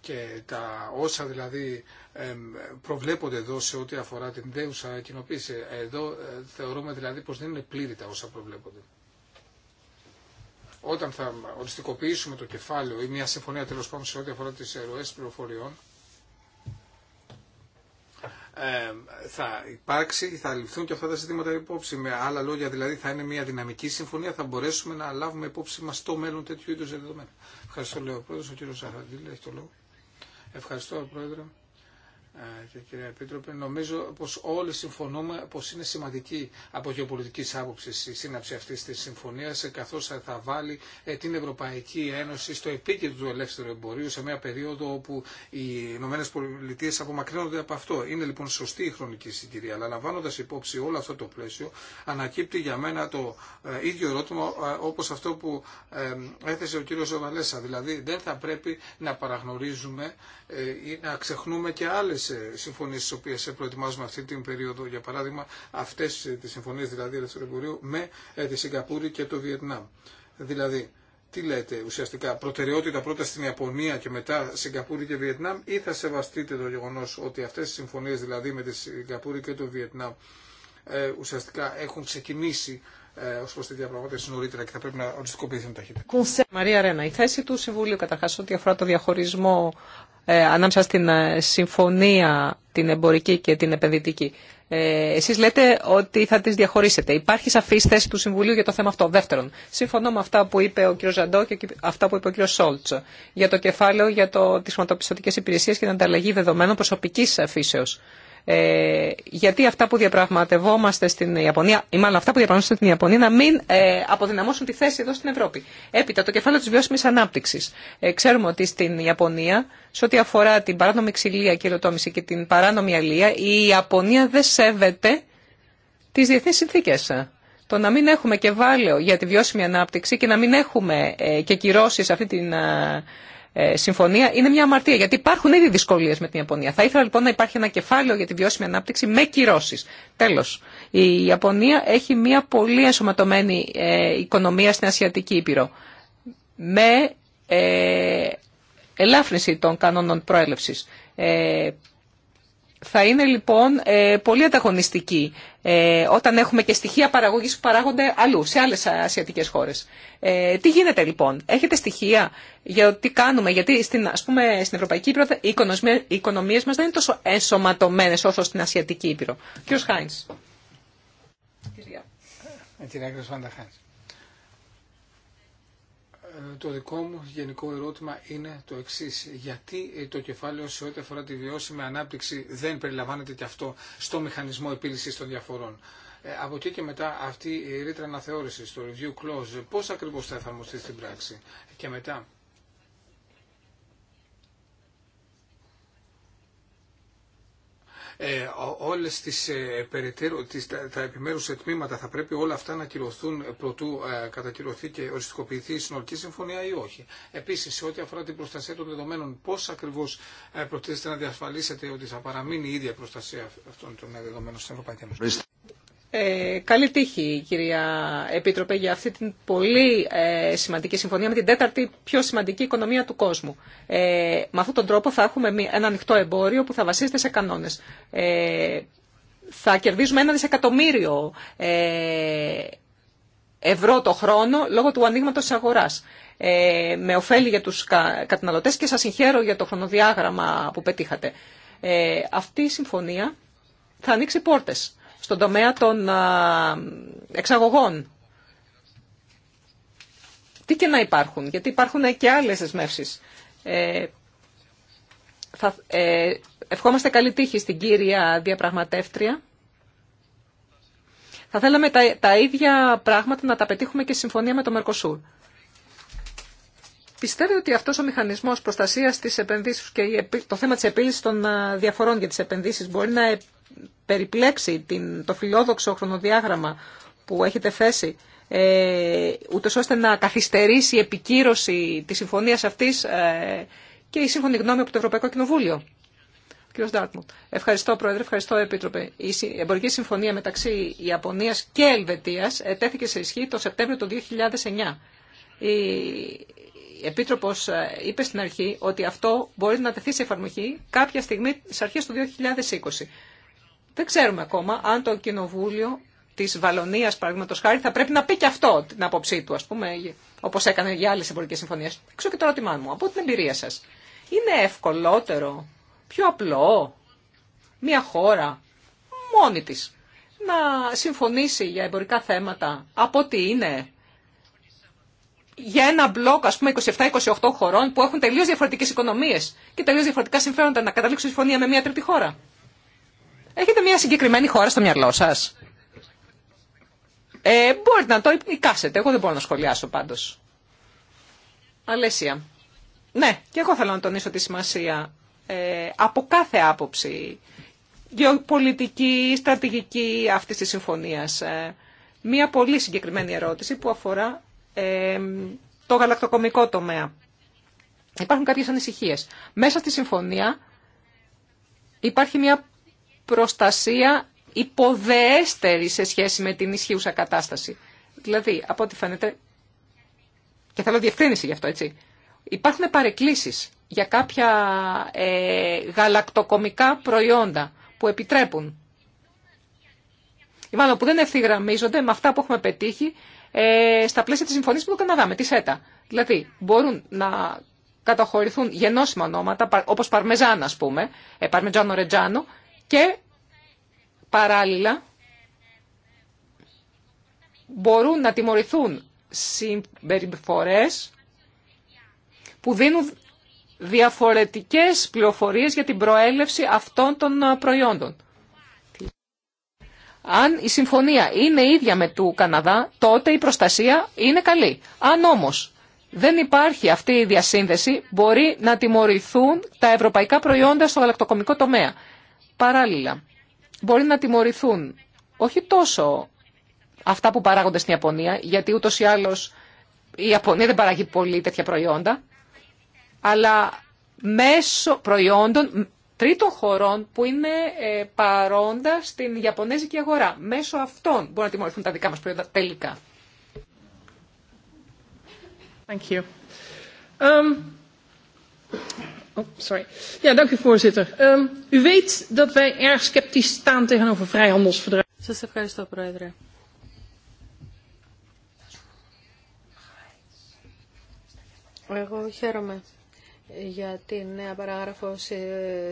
και τα όσα δηλαδή προβλέπονται εδώ σε ό,τι αφορά την δέουσα κοινοποίηση. Εδώ ε, θεωρούμε δηλαδή πως δεν είναι πλήρη τα όσα προβλέπονται. Όταν θα οριστικοποιήσουμε το κεφάλαιο ή μια συμφωνία τέλος πάντων σε ό,τι αφορά τις ροές πληροφοριών, θα υπάρξει, θα ληφθούν και αυτά τα ζητήματα υπόψη. Με άλλα λόγια, δηλαδή, θα είναι μια δυναμική συμφωνία, θα μπορέσουμε να λάβουμε υπόψη μα στο μέλλον τέτοιου είδου δεδομένα. Ευχαριστώ, λέω ο πρόεδρο, ο κύριο Σαχαντήλ, έχει το λόγο. Ευχαριστώ, Πρόεδρε. Ε, και κυρία Επίτροπε, νομίζω πως όλοι συμφωνούμε πως είναι σημαντική από γεωπολιτική άποψη η σύναψη αυτή τη συμφωνία καθώ θα βάλει ε, την Ευρωπαϊκή Ένωση στο επίκεντρο του ελεύθερου εμπορίου σε μια περίοδο όπου οι Ηνωμένε Πολιτείε απομακρύνονται από αυτό. Είναι λοιπόν σωστή η χρονική συγκυρία, αλλά λαμβάνοντα υπόψη όλο αυτό το πλαίσιο ανακύπτει για μένα το ε, ίδιο ερώτημα όπω αυτό που έθεσε ο κύριο Βαλέσα. Δηλαδή δεν θα πρέπει να παραγνωρίζουμε ή να ξεχνούμε και άλλε. Ε, συμφωνίες τις οποίε ε, προετοιμάζουμε αυτή την περίοδο, για παράδειγμα αυτές ε, τις συμφωνίες δηλαδή ελευθεροπορίου με τη Σιγκαπούρη και το Βιετνάμ. Δηλαδή, τι λέτε ουσιαστικά, προτεραιότητα πρώτα στην Ιαπωνία και μετά Σιγκαπούρη και Βιετνάμ ή θα σεβαστείτε το γεγονός ότι αυτές οι συμφωνίες δηλαδή με τη Σιγκαπούρη και το Βιετνάμ ουσιαστικά έχουν ξεκινήσει ε, ω προ τη διαπραγμάτευση νωρίτερα και θα πρέπει να οριστικοποιηθούν ταχύτερα. Μαρία Ρένα, η θέση του Συμβουλίου καταρχά ό,τι αφορά το διαχωρισμό ε, ανάμεσα στην ε, συμφωνία την εμπορική και την επενδυτική. Ε, εσείς λέτε ότι θα τις διαχωρίσετε. Υπάρχει σαφή θέση του Συμβουλίου για το θέμα αυτό. Δεύτερον, συμφωνώ με αυτά που είπε ο κ. Ζαντό και αυτά που είπε ο κ. Σόλτ για το κεφάλαιο για τι χρηματοπιστωτικέ υπηρεσίε και την ανταλλαγή δεδομένων προσωπική αφήσεω. Ε, γιατί αυτά που διαπραγματευόμαστε στην Ιαπωνία, ή μάλλον αυτά που διαπραγματεύομαστε στην Ιαπωνία, να μην ε, αποδυναμώσουν τη θέση εδώ στην Ευρώπη. Έπειτα, το κεφάλαιο τη βιώσιμη ανάπτυξη. Ε, ξέρουμε ότι στην Ιαπωνία, σε ό,τι αφορά την παράνομη ξυλία και και την παράνομη αλία, η Ιαπωνία δεν σέβεται τι διεθνεί συνθήκε. Το να μην έχουμε κεφάλαιο για τη βιώσιμη ανάπτυξη και να μην έχουμε και κυρώσει αυτή την ε, συμφωνία είναι μια αμαρτία, γιατί υπάρχουν ήδη δυσκολίε με την Ιαπωνία. Θα ήθελα λοιπόν να υπάρχει ένα κεφάλαιο για τη βιώσιμη ανάπτυξη με κυρώσει. Τέλο, η Ιαπωνία έχει μια πολύ ενσωματωμένη ε, οικονομία στην Ασιατική Ήπειρο. Με ε, ελάφρυνση των κανόνων προέλευση. Θα είναι λοιπόν πολύ ανταγωνιστική όταν έχουμε και στοιχεία παραγωγής που παράγονται αλλού, σε άλλες ασιατικές χώρες. Τι γίνεται λοιπόν, έχετε στοιχεία για τι κάνουμε, γιατί στην, ας πούμε, στην Ευρωπαϊκή Ήπειρο οι οικονομίες μας δεν είναι τόσο ενσωματωμένες όσο στην Ασιατική Ήπειρο. Κύριος Χάινς. Κυρία. Ε, το δικό μου γενικό ερώτημα είναι το εξή. Γιατί ε, το κεφάλαιο σε ό,τι αφορά τη βιώσιμη ανάπτυξη δεν περιλαμβάνεται και αυτό στο μηχανισμό επίλυση των διαφορών. Ε, από εκεί και μετά αυτή η ρήτρα αναθεώρηση, το review clause, πώ ακριβώ θα εφαρμοστεί στην πράξη. Και μετά, Ε, όλες τις, ε, τις, τα, τα επιμέρους τμήματα θα πρέπει όλα αυτά να κυρωθούν ε, προτού κατακυρωθεί και οριστικοποιηθεί η συνολική συμφωνία ή όχι. Επίσης, σε ό,τι αφορά την προστασία των δεδομένων, πώς ακριβώς προτείνετε να διασφαλίσετε ότι θα παραμείνει η ίδια προστασία αυτών των δεδομένων στην Ευρωπαϊκή Ένωση. Ε, καλή τύχη, κυρία Επίτροπε, για αυτή την πολύ ε, σημαντική συμφωνία με την τέταρτη πιο σημαντική οικονομία του κόσμου. Ε, με αυτόν τον τρόπο θα έχουμε ένα ανοιχτό εμπόριο που θα βασίζεται σε κανόνες. Ε, θα κερδίζουμε ένα δισεκατομμύριο ε, ευρώ το χρόνο λόγω του ανοίγματο της αγοράς. Ε, με ωφέλη για τους καταναλωτές και σας συγχαίρω για το χρονοδιάγραμμα που πετύχατε. αυτή η συμφωνία θα ανοίξει πόρτες στον τομέα των εξαγωγών. Τι και να υπάρχουν, γιατί υπάρχουν και άλλες δεσμεύσεις. Ε, θα, ε, ευχόμαστε καλή τύχη στην κύρια διαπραγματεύτρια. Θα θέλαμε τα, ίδια πράγματα να τα πετύχουμε και συμφωνία με το Μερκοσούρ. Πιστεύετε ότι αυτός ο μηχανισμός προστασίας της επενδύσεως και το θέμα της επίλυσης των διαφορών για τις επενδύσεις μπορεί να περιπλέξει την, το φιλόδοξο χρονοδιάγραμμα που έχετε θέσει, ε, ούτως ώστε να καθυστερήσει η επικύρωση της συμφωνίας αυτής ε, και η σύμφωνη γνώμη από το Ευρωπαϊκό Κοινοβούλιο. Κύριο Ντάρτμουντ. Ευχαριστώ, Πρόεδρε. Ευχαριστώ, Επίτροπε. Η εμπορική συμφωνία μεταξύ Ιαπωνίας και Ελβετίας ετέθηκε σε ισχύ το Σεπτέμβριο του 2009. Η Επίτροπος ε, είπε στην αρχή ότι αυτό μπορεί να τεθεί σε εφαρμογή κάποια στιγμή στι αρχέ του 2020. Δεν ξέρουμε ακόμα αν το κοινοβούλιο τη Βαλωνία, παραδείγματο χάρη, θα πρέπει να πει και αυτό την άποψή του, α πούμε, όπω έκανε για άλλε εμπορικέ συμφωνίε. Ξέρω και το ερώτημά μου, από την εμπειρία σα. Είναι ευκολότερο, πιο απλό, μια χώρα μόνη τη να συμφωνήσει για εμπορικά θέματα από ότι είναι για ένα μπλοκ, α πούμε, 27-28 χωρών που έχουν τελείω διαφορετικέ οικονομίε και τελείω διαφορετικά συμφέροντα να καταλήξουν συμφωνία με μια τρίτη χώρα. Έχετε μια συγκεκριμένη χώρα στο μυαλό σα. Ε, μπορείτε να το εικάσετε. Εγώ δεν μπορώ να σχολιάσω πάντως. Αλέσια. Ναι, και εγώ θέλω να τονίσω τη σημασία ε, από κάθε άποψη γεωπολιτική, στρατηγική αυτής της συμφωνίας. Ε, μία πολύ συγκεκριμένη ερώτηση που αφορά ε, το γαλακτοκομικό τομέα. Υπάρχουν κάποιες ανησυχίες. Μέσα στη συμφωνία υπάρχει μια προστασία υποδεέστερη σε σχέση με την ισχύουσα κατάσταση. Δηλαδή, από ό,τι φαίνεται, και θέλω διευκρίνηση γι' αυτό, έτσι, υπάρχουν παρεκκλήσεις για κάποια ε, γαλακτοκομικά προϊόντα που επιτρέπουν ή μάλλον που δεν ευθυγραμμίζονται με αυτά που έχουμε πετύχει ε, στα πλαίσια της συμφωνίας που τον Καναδά, με τη ΣΕΤΑ. Δηλαδή, μπορούν να καταχωρηθούν γενώσιμα ονόματα, όπως Παρμεζάν, ας πούμε, ε, Παρμετζάνο Ρετζάνο, και παράλληλα μπορούν να τιμωρηθούν συμπεριφορές που δίνουν διαφορετικές πληροφορίες για την προέλευση αυτών των προϊόντων. Αν η συμφωνία είναι ίδια με του Καναδά, τότε η προστασία είναι καλή. Αν όμως δεν υπάρχει αυτή η διασύνδεση, μπορεί να τιμωρηθούν τα ευρωπαϊκά προϊόντα στο γαλακτοκομικό τομέα. Παράλληλα, μπορεί να τιμωρηθούν όχι τόσο αυτά που παράγονται στην Ιαπωνία, γιατί ούτως ή άλλως η Ιαπωνία δεν παράγει πολύ τέτοια προϊόντα, αλλά μέσω προϊόντων τρίτων χωρών που είναι ε, παρόντα στην Ιαπωνέζικη αγορά. Μέσω αυτών μπορούν να τιμωρηθούν τα δικά μας προϊόντα τελικά. Thank you. Um, voorzitter. ευχαριστώ, Πρόεδρε. Εγώ χαίρομαι για την νέα παράγραφο σε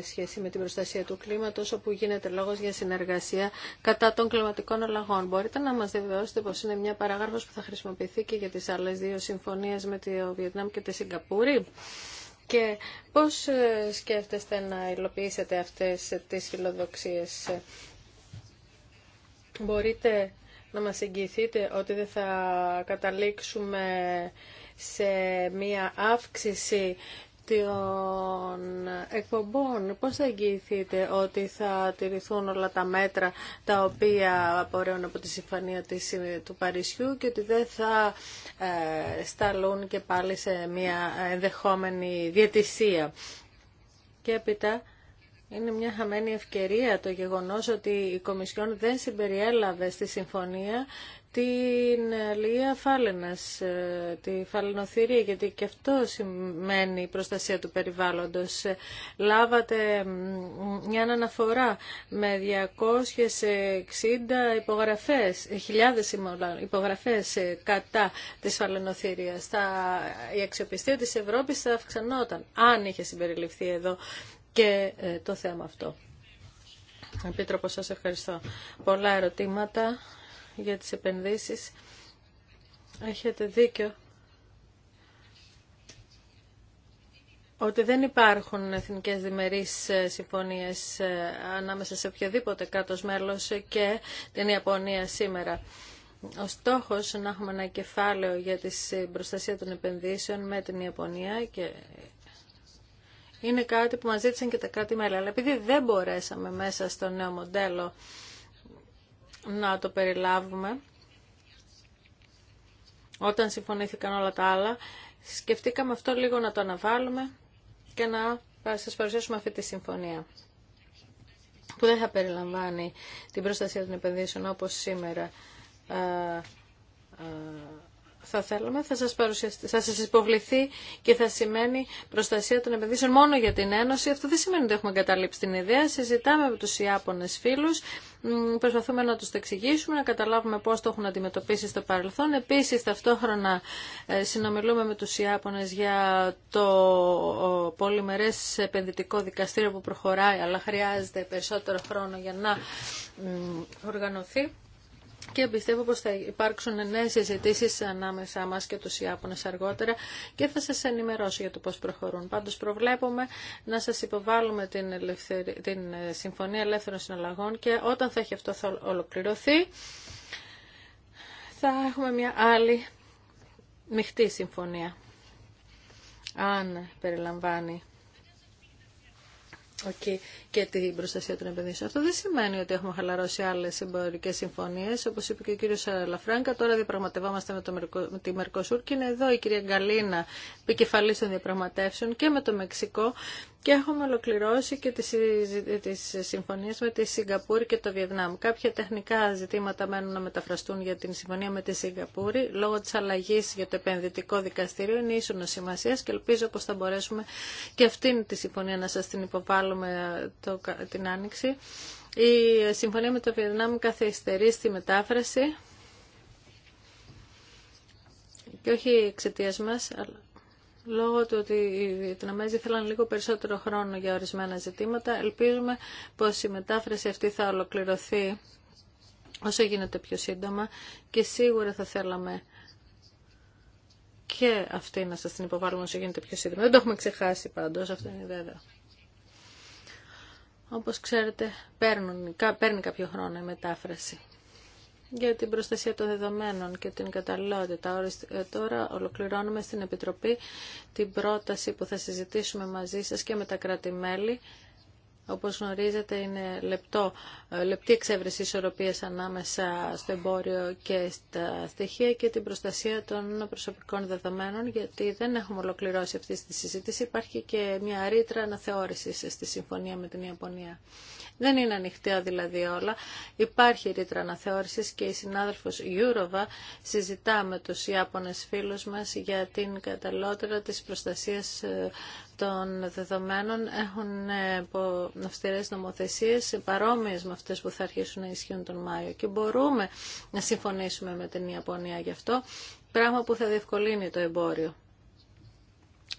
σχέση με την προστασία του κλίματος, όπου γίνεται λόγος για συνεργασία κατά των κλιματικών αλλαγών. Μπορείτε να μας διαβεβαιώσετε πως είναι μια παράγραφος που θα χρησιμοποιηθεί και για τις άλλες δύο συμφωνίες με το Βιετνάμ και τη Σιγκαπούρη και πώς ε, σκέφτεστε να υλοποιήσετε αυτές τις φιλοδοξίες. Μπορείτε να μας εγγυηθείτε ότι δεν θα καταλήξουμε σε μία αύξηση των εκπομπών. Πώς θα εγγυηθείτε ότι θα τηρηθούν όλα τα μέτρα τα οποία απορρέουν από τη Συμφωνία του Παρισιού και ότι δεν θα ε, σταλούν και πάλι σε μια ενδεχόμενη διατησία. Και έπειτα... Είναι μια χαμένη ευκαιρία το γεγονός ότι η Κομισιόν δεν συμπεριέλαβε στη συμφωνία την Λία Φάλαινας, ε, τη φαλαινοθυρία, γιατί και αυτό σημαίνει η προστασία του περιβάλλοντος. Ε, λάβατε μια αναφορά με 260 υπογραφές, χιλιάδες υπογραφές ε, κατά της φαλαινοθυρίας. Θα, η αξιοπιστία της Ευρώπης θα αυξανόταν, αν είχε συμπεριληφθεί εδώ και το θέμα αυτό. Επίτροπο, σας ευχαριστώ. Πολλά ερωτήματα για τις επενδύσεις. Έχετε δίκιο ότι δεν υπάρχουν εθνικές διμερείς ε, συμφωνίες ε, ανάμεσα σε οποιοδήποτε κράτος μέλος και την Ιαπωνία σήμερα. Ο στόχος να έχουμε ένα κεφάλαιο για την προστασία των επενδύσεων με την Ιαπωνία και είναι κάτι που μας ζήτησαν και τα κράτη-μέλη. Αλλά επειδή δεν μπορέσαμε μέσα στο νέο μοντέλο να το περιλάβουμε. Όταν συμφωνήθηκαν όλα τα άλλα, σκεφτήκαμε αυτό λίγο να το αναβάλουμε και να σας παρουσιάσουμε αυτή τη συμφωνία που δεν θα περιλαμβάνει την προστασία των επενδύσεων όπως σήμερα ε, ε, θα θέλαμε θα σας, θα σας υποβληθεί και θα σημαίνει προστασία των επενδύσεων μόνο για την Ένωση. Αυτό δεν σημαίνει ότι έχουμε καταλήψει την ιδέα. Συζητάμε με τους Ιάπωνες φίλους, προσπαθούμε να τους το εξηγήσουμε, να καταλάβουμε πώς το έχουν αντιμετωπίσει στο παρελθόν. Επίσης, ταυτόχρονα ε, συνομιλούμε με τους Ιάπωνες για το πολυμερές επενδυτικό δικαστήριο που προχωράει, αλλά χρειάζεται περισσότερο χρόνο για να οργανωθεί και πιστεύω πως θα υπάρξουν νέες συζητήσει ανάμεσά μας και τους Ιάπωνες αργότερα και θα σας ενημερώσω για το πώς προχωρούν. Πάντως προβλέπουμε να σας υποβάλουμε την, την ε, Συμφωνία Ελεύθερων Συναλλαγών και όταν θα έχει αυτό θα ολοκληρωθεί θα έχουμε μια άλλη μειχτή συμφωνία αν περιλαμβάνει Okay και την προστασία των επενδύσεων. Αυτό δεν σημαίνει ότι έχουμε χαλαρώσει άλλε εμπορικέ συμφωνίε. Όπω είπε και ο κύριο Λαφράγκα, τώρα διαπραγματευόμαστε με, το τη Μερκοσούρ και είναι εδώ η κυρία Γκαλίνα, επικεφαλή των διαπραγματεύσεων και με το Μεξικό. Και έχουμε ολοκληρώσει και τι συμφωνίε με τη Σιγκαπούρη και το Βιετνάμ. Κάποια τεχνικά ζητήματα μένουν να μεταφραστούν για την συμφωνία με τη Σιγκαπούρη. Λόγω τη αλλαγή για το επενδυτικό δικαστήριο είναι ίσονο σημασία και ελπίζω πω θα μπορέσουμε και αυτήν τη συμφωνία να σα την υποβάλουμε το, την Άνοιξη. Η συμφωνία με το Βιετνάμ καθυστερεί στη μετάφραση και όχι εξαιτία μα, αλλά λόγω του ότι οι Βιετναμέζοι θέλαν λίγο περισσότερο χρόνο για ορισμένα ζητήματα. Ελπίζουμε πως η μετάφραση αυτή θα ολοκληρωθεί όσο γίνεται πιο σύντομα και σίγουρα θα θέλαμε και αυτή να σας την υποβάλουμε όσο γίνεται πιο σύντομα. Δεν το έχουμε ξεχάσει πάντως, αυτό είναι βέβαιο. Όπως ξέρετε, παίρνουν, παίρνει κάποιο χρόνο η μετάφραση. Για την προστασία των δεδομένων και την καταλληλότητα. Ε, τώρα ολοκληρώνουμε στην Επιτροπή την πρόταση που θα συζητήσουμε μαζί σας και με τα κράτη-μέλη όπως γνωρίζετε είναι λεπτό, ε, λεπτή εξέβρεση ισορροπίας ανάμεσα στο εμπόριο και στα στοιχεία και την προστασία των προσωπικών δεδομένων γιατί δεν έχουμε ολοκληρώσει αυτή τη συζήτηση. Υπάρχει και μια ρήτρα αναθεώρηση στη συμφωνία με την Ιαπωνία. Δεν είναι ανοιχτή, δηλαδή όλα. Υπάρχει ρήτρα αναθεώρηση και η συνάδελφο Γιούροβα συζητά με τους Ιάπωνες φίλου μας για την καταλότερα τη προστασία ε, των δεδομένων. Έχουν ε, αυστηρές νομοθεσίες παρόμοιες με αυτές που θα αρχίσουν να ισχύουν τον Μάιο και μπορούμε να συμφωνήσουμε με την Ιαπωνία γι' αυτό, πράγμα που θα διευκολύνει το εμπόριο.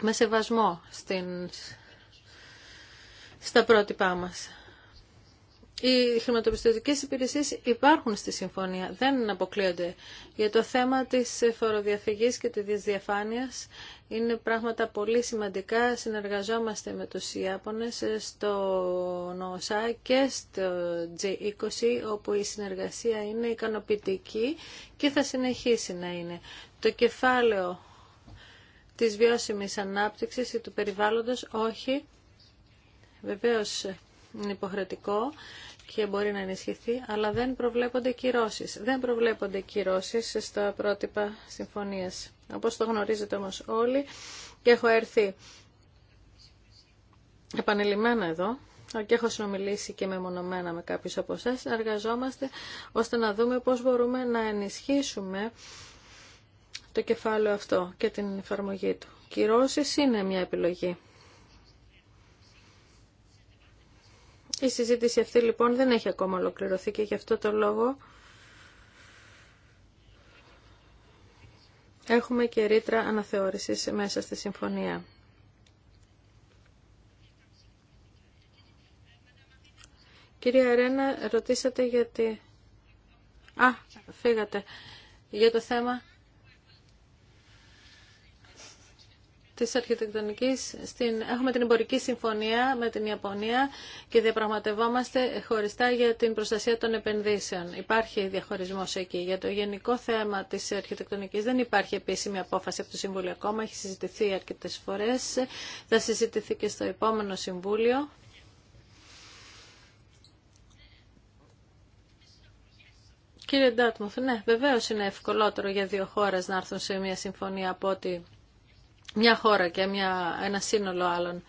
Με σεβασμό στην... στα πρότυπά μας. Οι χρηματοπιστωτικέ υπηρεσίε υπάρχουν στη συμφωνία, δεν αποκλείονται. Για το θέμα τη φοροδιαφυγή και τη διαφάνεια είναι πράγματα πολύ σημαντικά. Συνεργαζόμαστε με του Ιάπωνε στο ΝΟΣΑ και στο G20 όπου η συνεργασία είναι ικανοποιητική και θα συνεχίσει να είναι. Το κεφάλαιο της βιώσιμης ανάπτυξης ή του περιβάλλοντος όχι. Βεβαίως είναι υποχρεωτικό και μπορεί να ενισχυθεί, αλλά δεν προβλέπονται κυρώσει. Δεν προβλέπονται κυρώσει στα πρότυπα συμφωνία. Όπω το γνωρίζετε όμω όλοι και έχω έρθει επανειλημμένα εδώ και έχω συνομιλήσει και μεμονωμένα με κάποιους από εσά, εργαζόμαστε ώστε να δούμε πώς μπορούμε να ενισχύσουμε το κεφάλαιο αυτό και την εφαρμογή του. Κυρώσεις είναι μια επιλογή. Η συζήτηση αυτή λοιπόν δεν έχει ακόμα ολοκληρωθεί και γι' αυτό το λόγο έχουμε και ρήτρα αναθεώρησης μέσα στη συμφωνία. Κυρία Αρένα, ρωτήσατε γιατί... Α, φύγατε. Για το θέμα της αρχιτεκτονικής, στην, έχουμε την εμπορική συμφωνία με την Ιαπωνία και διαπραγματευόμαστε χωριστά για την προστασία των επενδύσεων. Υπάρχει διαχωρισμός εκεί. Για το γενικό θέμα της αρχιτεκτονικής δεν υπάρχει επίσημη απόφαση από το Συμβούλιο ακόμα. Έχει συζητηθεί αρκετές φορές. Θα συζητηθεί και στο επόμενο Συμβούλιο. Κύριε Ντάτμοφ, ναι, βεβαίως είναι ευκολότερο για δύο χώρες να έρθουν σε μια συμφωνία από ότι μια χώρα και μια, ένα σύνολο άλλων.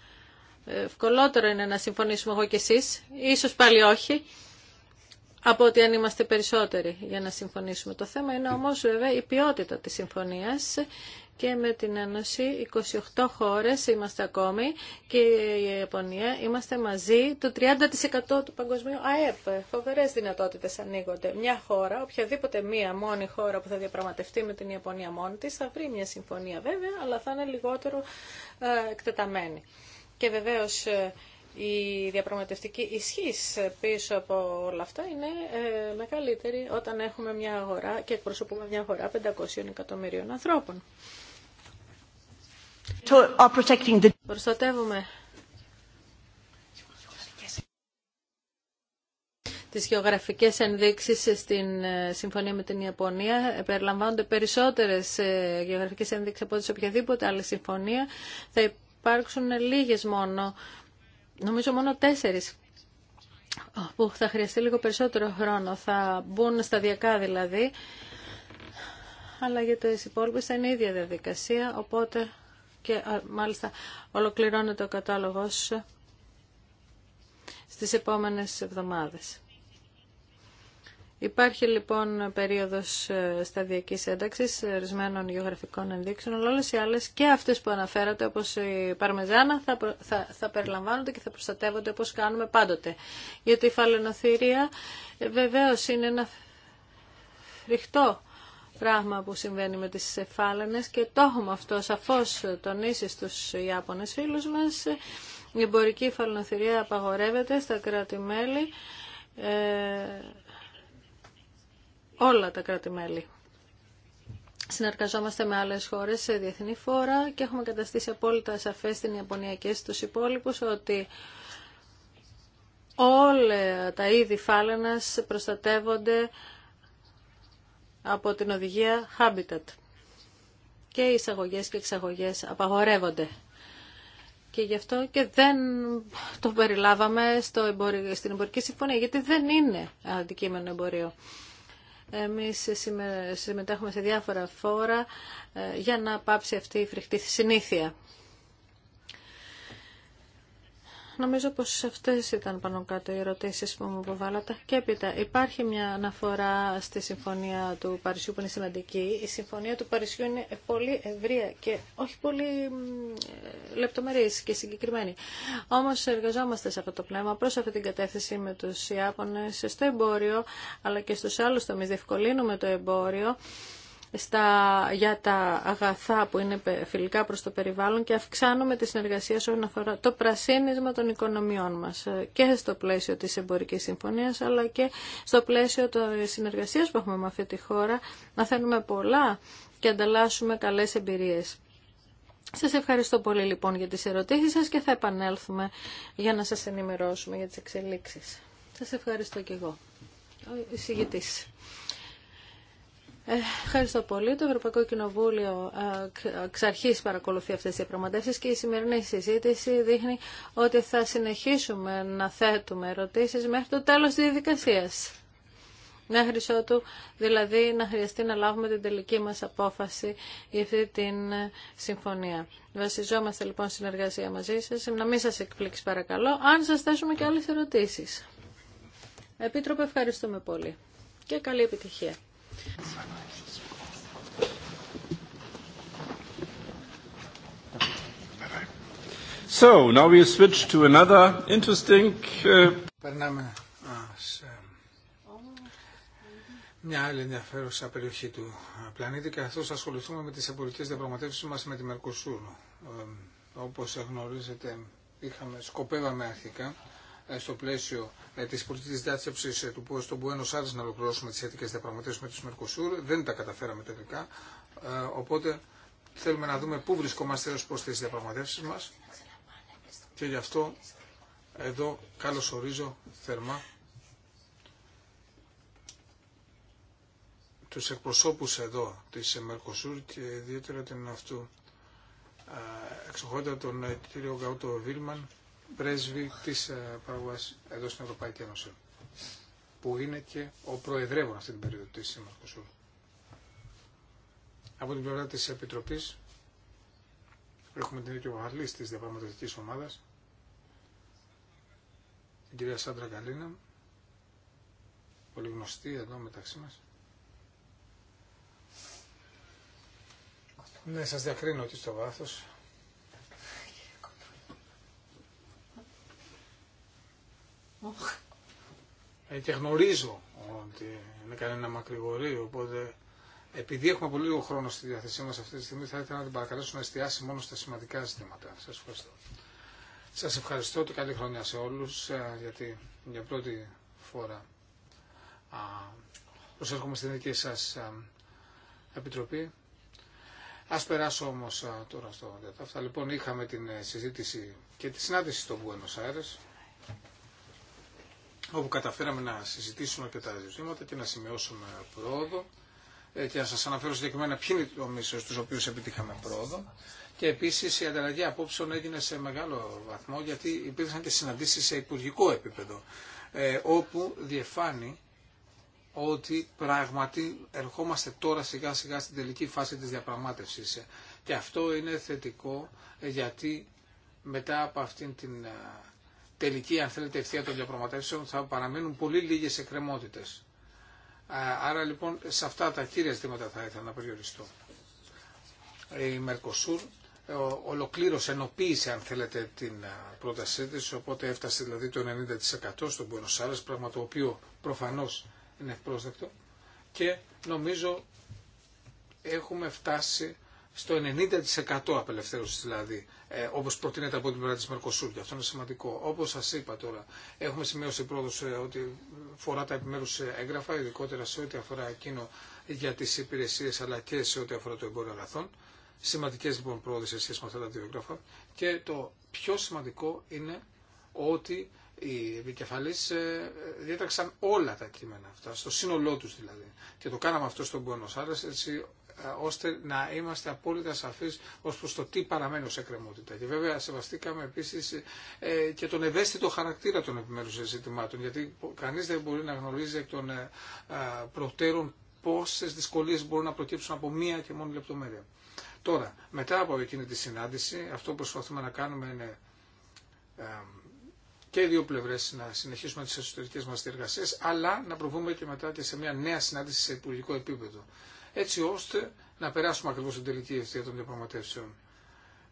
Ευκολότερο είναι να συμφωνήσουμε εγώ και εσείς, ίσως πάλι όχι, από ότι αν είμαστε περισσότεροι για να συμφωνήσουμε. Το θέμα είναι όμως βέβαια η ποιότητα της συμφωνίας και με την Ένωση 28 χώρες είμαστε ακόμη και η Ιαπωνία είμαστε μαζί το 30% του παγκοσμίου ΑΕΠ. Φοβερές δυνατότητες ανοίγονται. Μια χώρα, οποιαδήποτε μία μόνη χώρα που θα διαπραγματευτεί με την Ιαπωνία μόνη της θα βρει μια συμφωνία βέβαια, αλλά θα είναι λιγότερο ε, εκτεταμένη. Και βεβαίως ε, η διαπραγματευτική ισχύς πίσω από όλα αυτά είναι ε, μεγαλύτερη όταν έχουμε μια αγορά και εκπροσωπούμε μια αγορά 500 εκατομμυρίων ανθρώπων. Προστατεύουμε τις γεωγραφικές ενδείξεις στην ε, συμφωνία με την Ιαπωνία. Περιλαμβάνονται περισσότερες ε, γεωγραφικές ενδείξεις από ό,τι σε οποιαδήποτε άλλη συμφωνία. Θα υπάρξουν λίγες μόνο, νομίζω μόνο τέσσερις που θα χρειαστεί λίγο περισσότερο χρόνο. Θα μπουν σταδιακά δηλαδή, αλλά για τις υπόλοιπες θα είναι η ίδια διαδικασία, οπότε και μάλιστα ολοκληρώνεται ο κατάλογος στις επόμενες εβδομάδες. Υπάρχει λοιπόν περίοδος ε, σταδιακής ένταξης ορισμένων γεωγραφικών ενδείξεων, αλλά όλες οι άλλες και αυτές που αναφέρατε όπως η Παρμεζάνα θα, θα, θα περιλαμβάνονται και θα προστατεύονται όπως κάνουμε πάντοτε. Γιατί η φαλαινοθήρια ε, βεβαίως είναι ένα φρικτό πράγμα που συμβαίνει με τις φάλαινες και το έχουμε αυτό σαφώς τονίσει στους Ιάπωνες φίλους μας. Η εμπορική φαλαινοθυρία απαγορεύεται στα κράτη-μέλη, ε, όλα τα κράτη-μέλη. Συνεργαζόμαστε με άλλες χώρες σε διεθνή φόρα και έχουμε καταστήσει απόλυτα σαφές στην Ιαπωνία και στους υπόλοιπους ότι όλα τα είδη φάλαινας προστατεύονται από την οδηγία Habitat. Και οι εισαγωγές και εξαγωγές απαγορεύονται. Και γι' αυτό και δεν το περιλάβαμε στο στην εμπορική συμφωνία, γιατί δεν είναι αντικείμενο εμπορίο. Εμείς συμμετέχουμε σε διάφορα φόρα ε, για να πάψει αυτή η φρικτή συνήθεια. Νομίζω πως αυτές ήταν πάνω κάτω οι ερωτήσεις που μου υποβάλλατε. Και έπειτα υπάρχει μια αναφορά στη Συμφωνία του Παρισιού που είναι σημαντική. Η Συμφωνία του Παρισιού είναι πολύ ευρεία και όχι πολύ λεπτομερής και συγκεκριμένη. Όμως εργαζόμαστε σε αυτό το πνεύμα προς αυτή την κατεύθυνση με τους Ιάπωνες στο εμπόριο αλλά και στους άλλους τομείς διευκολύνουμε το εμπόριο στα, για τα αγαθά που είναι φιλικά προς το περιβάλλον και αυξάνουμε τη συνεργασία όσον αφορά το πρασίνισμα των οικονομιών μας ε, και στο πλαίσιο της εμπορικής συμφωνίας αλλά και στο πλαίσιο της ε, συνεργασίας που έχουμε με αυτή τη χώρα να θέλουμε πολλά και ανταλλάσσουμε καλές εμπειρίες. Σας ευχαριστώ πολύ λοιπόν για τις ερωτήσεις σας και θα επανέλθουμε για να σας ενημερώσουμε για τις εξελίξεις. Σας ευχαριστώ και εγώ. Ο εισηγητής. Ευχαριστώ πολύ. Το Ευρωπαϊκό Κοινοβούλιο ε, ε, εξ αρχής παρακολουθεί αυτέ τι διαπραγματεύσει και η σημερινή συζήτηση δείχνει ότι θα συνεχίσουμε να θέτουμε ερωτήσει μέχρι το τέλο τη διαδικασία, Μέχρι ότου, δηλαδή, να χρειαστεί να λάβουμε την τελική μας απόφαση για αυτή την ε, συμφωνία. Βασιζόμαστε λοιπόν στην εργασία μαζί σα. Να μην σα εκπλήξει παρακαλώ, αν σα θέσουμε και άλλε ερωτήσει. Επίτροπε, ευχαριστούμε πολύ και καλή επιτυχία. So, now we switch to another interesting... Uh, Περνάμε σε μια άλλη ενδιαφέρουσα περιοχή του πλανήτη καθώς ασχοληθούμε με τις εμπορικές διαπραγματεύσεις μας με τη Μερκοσούρ. Ε, όπως γνωρίζετε είχαμε, σκοπεύαμε αρχικά ε, στο πλαίσιο ε, τη πολιτική διάθεση ε, του ΠΟΕ τον Πουένο Άρη να ολοκληρώσουμε τι σχετικέ διαπραγματεύσει με του Μερκοσούρ. Δεν τα καταφέραμε τελικά. Οπότε θέλουμε να δούμε πού βρισκόμαστε ω προ τι διαπραγματεύσει μα. Και γι' αυτό εδώ καλώς ορίζω θερμά τους εκπροσώπους εδώ της Μερκοσούρ και ιδιαίτερα την αυτού εξοχότητα τον κύριο Γκαούτο Βίλμαν πρέσβη της ε, παραγωγή εδώ στην Ευρωπαϊκή Ένωση, που είναι και ο προεδρεύων αυτή την περίοδο της Μαρκοσούρ. Από την πλευρά της Επιτροπής έχουμε την ίδια Γαλλή τη διαπραγματευτικής ομάδας, την κυρία Σάντρα Καλίνα, πολύ γνωστή εδώ μεταξύ μας. Ναι, σας διακρίνω ότι στο βάθος Ε, και γνωρίζω ότι είναι κανένα μακρηγορή, οπότε επειδή έχουμε πολύ λίγο χρόνο στη διάθεσή μας αυτή τη στιγμή, θα ήθελα να την παρακαλέσω να εστιάσει μόνο στα σημαντικά ζητήματα. Σας ευχαριστώ. Σας ευχαριστώ και καλή χρονιά σε όλους, ε, γιατί για πρώτη φορά προσέρχομαι στην δική σας ε, επιτροπή. Ας περάσω όμως τώρα στο Λοιπόν, είχαμε την συζήτηση και τη συνάντηση στο Buenos Aires όπου καταφέραμε να συζητήσουμε και τα ζητήματα και να σημειώσουμε πρόοδο ε, και να σας αναφέρω συγκεκριμένα ποιοι είναι οι τομείς στους οποίους επιτύχαμε πρόοδο και επίσης η ανταλλαγή απόψεων έγινε σε μεγάλο βαθμό γιατί υπήρξαν και συναντήσεις σε υπουργικό επίπεδο ε, όπου διεφάνει ότι πράγματι ερχόμαστε τώρα σιγά σιγά στην τελική φάση της διαπραγμάτευσης και αυτό είναι θετικό ε, γιατί μετά από αυτήν την τελική αν θέλετε ευθεία των διαπραγματεύσεων θα παραμείνουν πολύ λίγες εκκρεμότητες. Άρα λοιπόν σε αυτά τα κύρια ζητήματα θα ήθελα να περιοριστώ. Η Μερκοσούρ ε, ολοκλήρωσε, ενοποίησε αν θέλετε την πρότασή της, οπότε έφτασε δηλαδή το 90% στον Buenos Aires, πράγμα το οποίο προφανώς είναι ευπρόσδεκτο και νομίζω έχουμε φτάσει στο 90% απελευθέρωση δηλαδή ε, όπως προτείνεται από την πλευρά της Μερκοσούρ και αυτό είναι σημαντικό. Όπως σας είπα τώρα, έχουμε σημειώσει πρόοδος ε, ότι φορά τα επιμέρους ε, έγγραφα, ειδικότερα σε ό,τι αφορά εκείνο για τις υπηρεσίες αλλά και σε ό,τι αφορά το εμπόριο αγαθών. Σημαντικές λοιπόν πρόοδες σε σχέση με αυτά τα δύο έγγραφα και το πιο σημαντικό είναι ότι οι επικεφαλείς ε, διέταξαν όλα τα κείμενα αυτά, στο σύνολό τους δηλαδή. Και το κάναμε αυτό στον Buenos Aires, έτσι ε, ώστε να είμαστε απόλυτα σαφείς ως προς το τι παραμένει ως εκκρεμότητα. Και βέβαια σεβαστήκαμε επίσης ε, και τον ευαίσθητο χαρακτήρα των επιμέρους ζητημάτων, γιατί κανείς δεν μπορεί να γνωρίζει εκ των ε, προτέρων πόσες δυσκολίες μπορούν να προκύψουν από μία και μόνη λεπτομέρεια. Τώρα, μετά από εκείνη τη συνάντηση, αυτό που προσπαθούμε να κάνουμε είναι και οι δύο πλευρέ να συνεχίσουμε τι εσωτερικέ μα διεργασίε, αλλά να προβούμε και μετά και σε μια νέα συνάντηση σε υπουργικό επίπεδο έτσι ώστε να περάσουμε ακριβώς στην τελική ευθεία των διαπραγματεύσεων.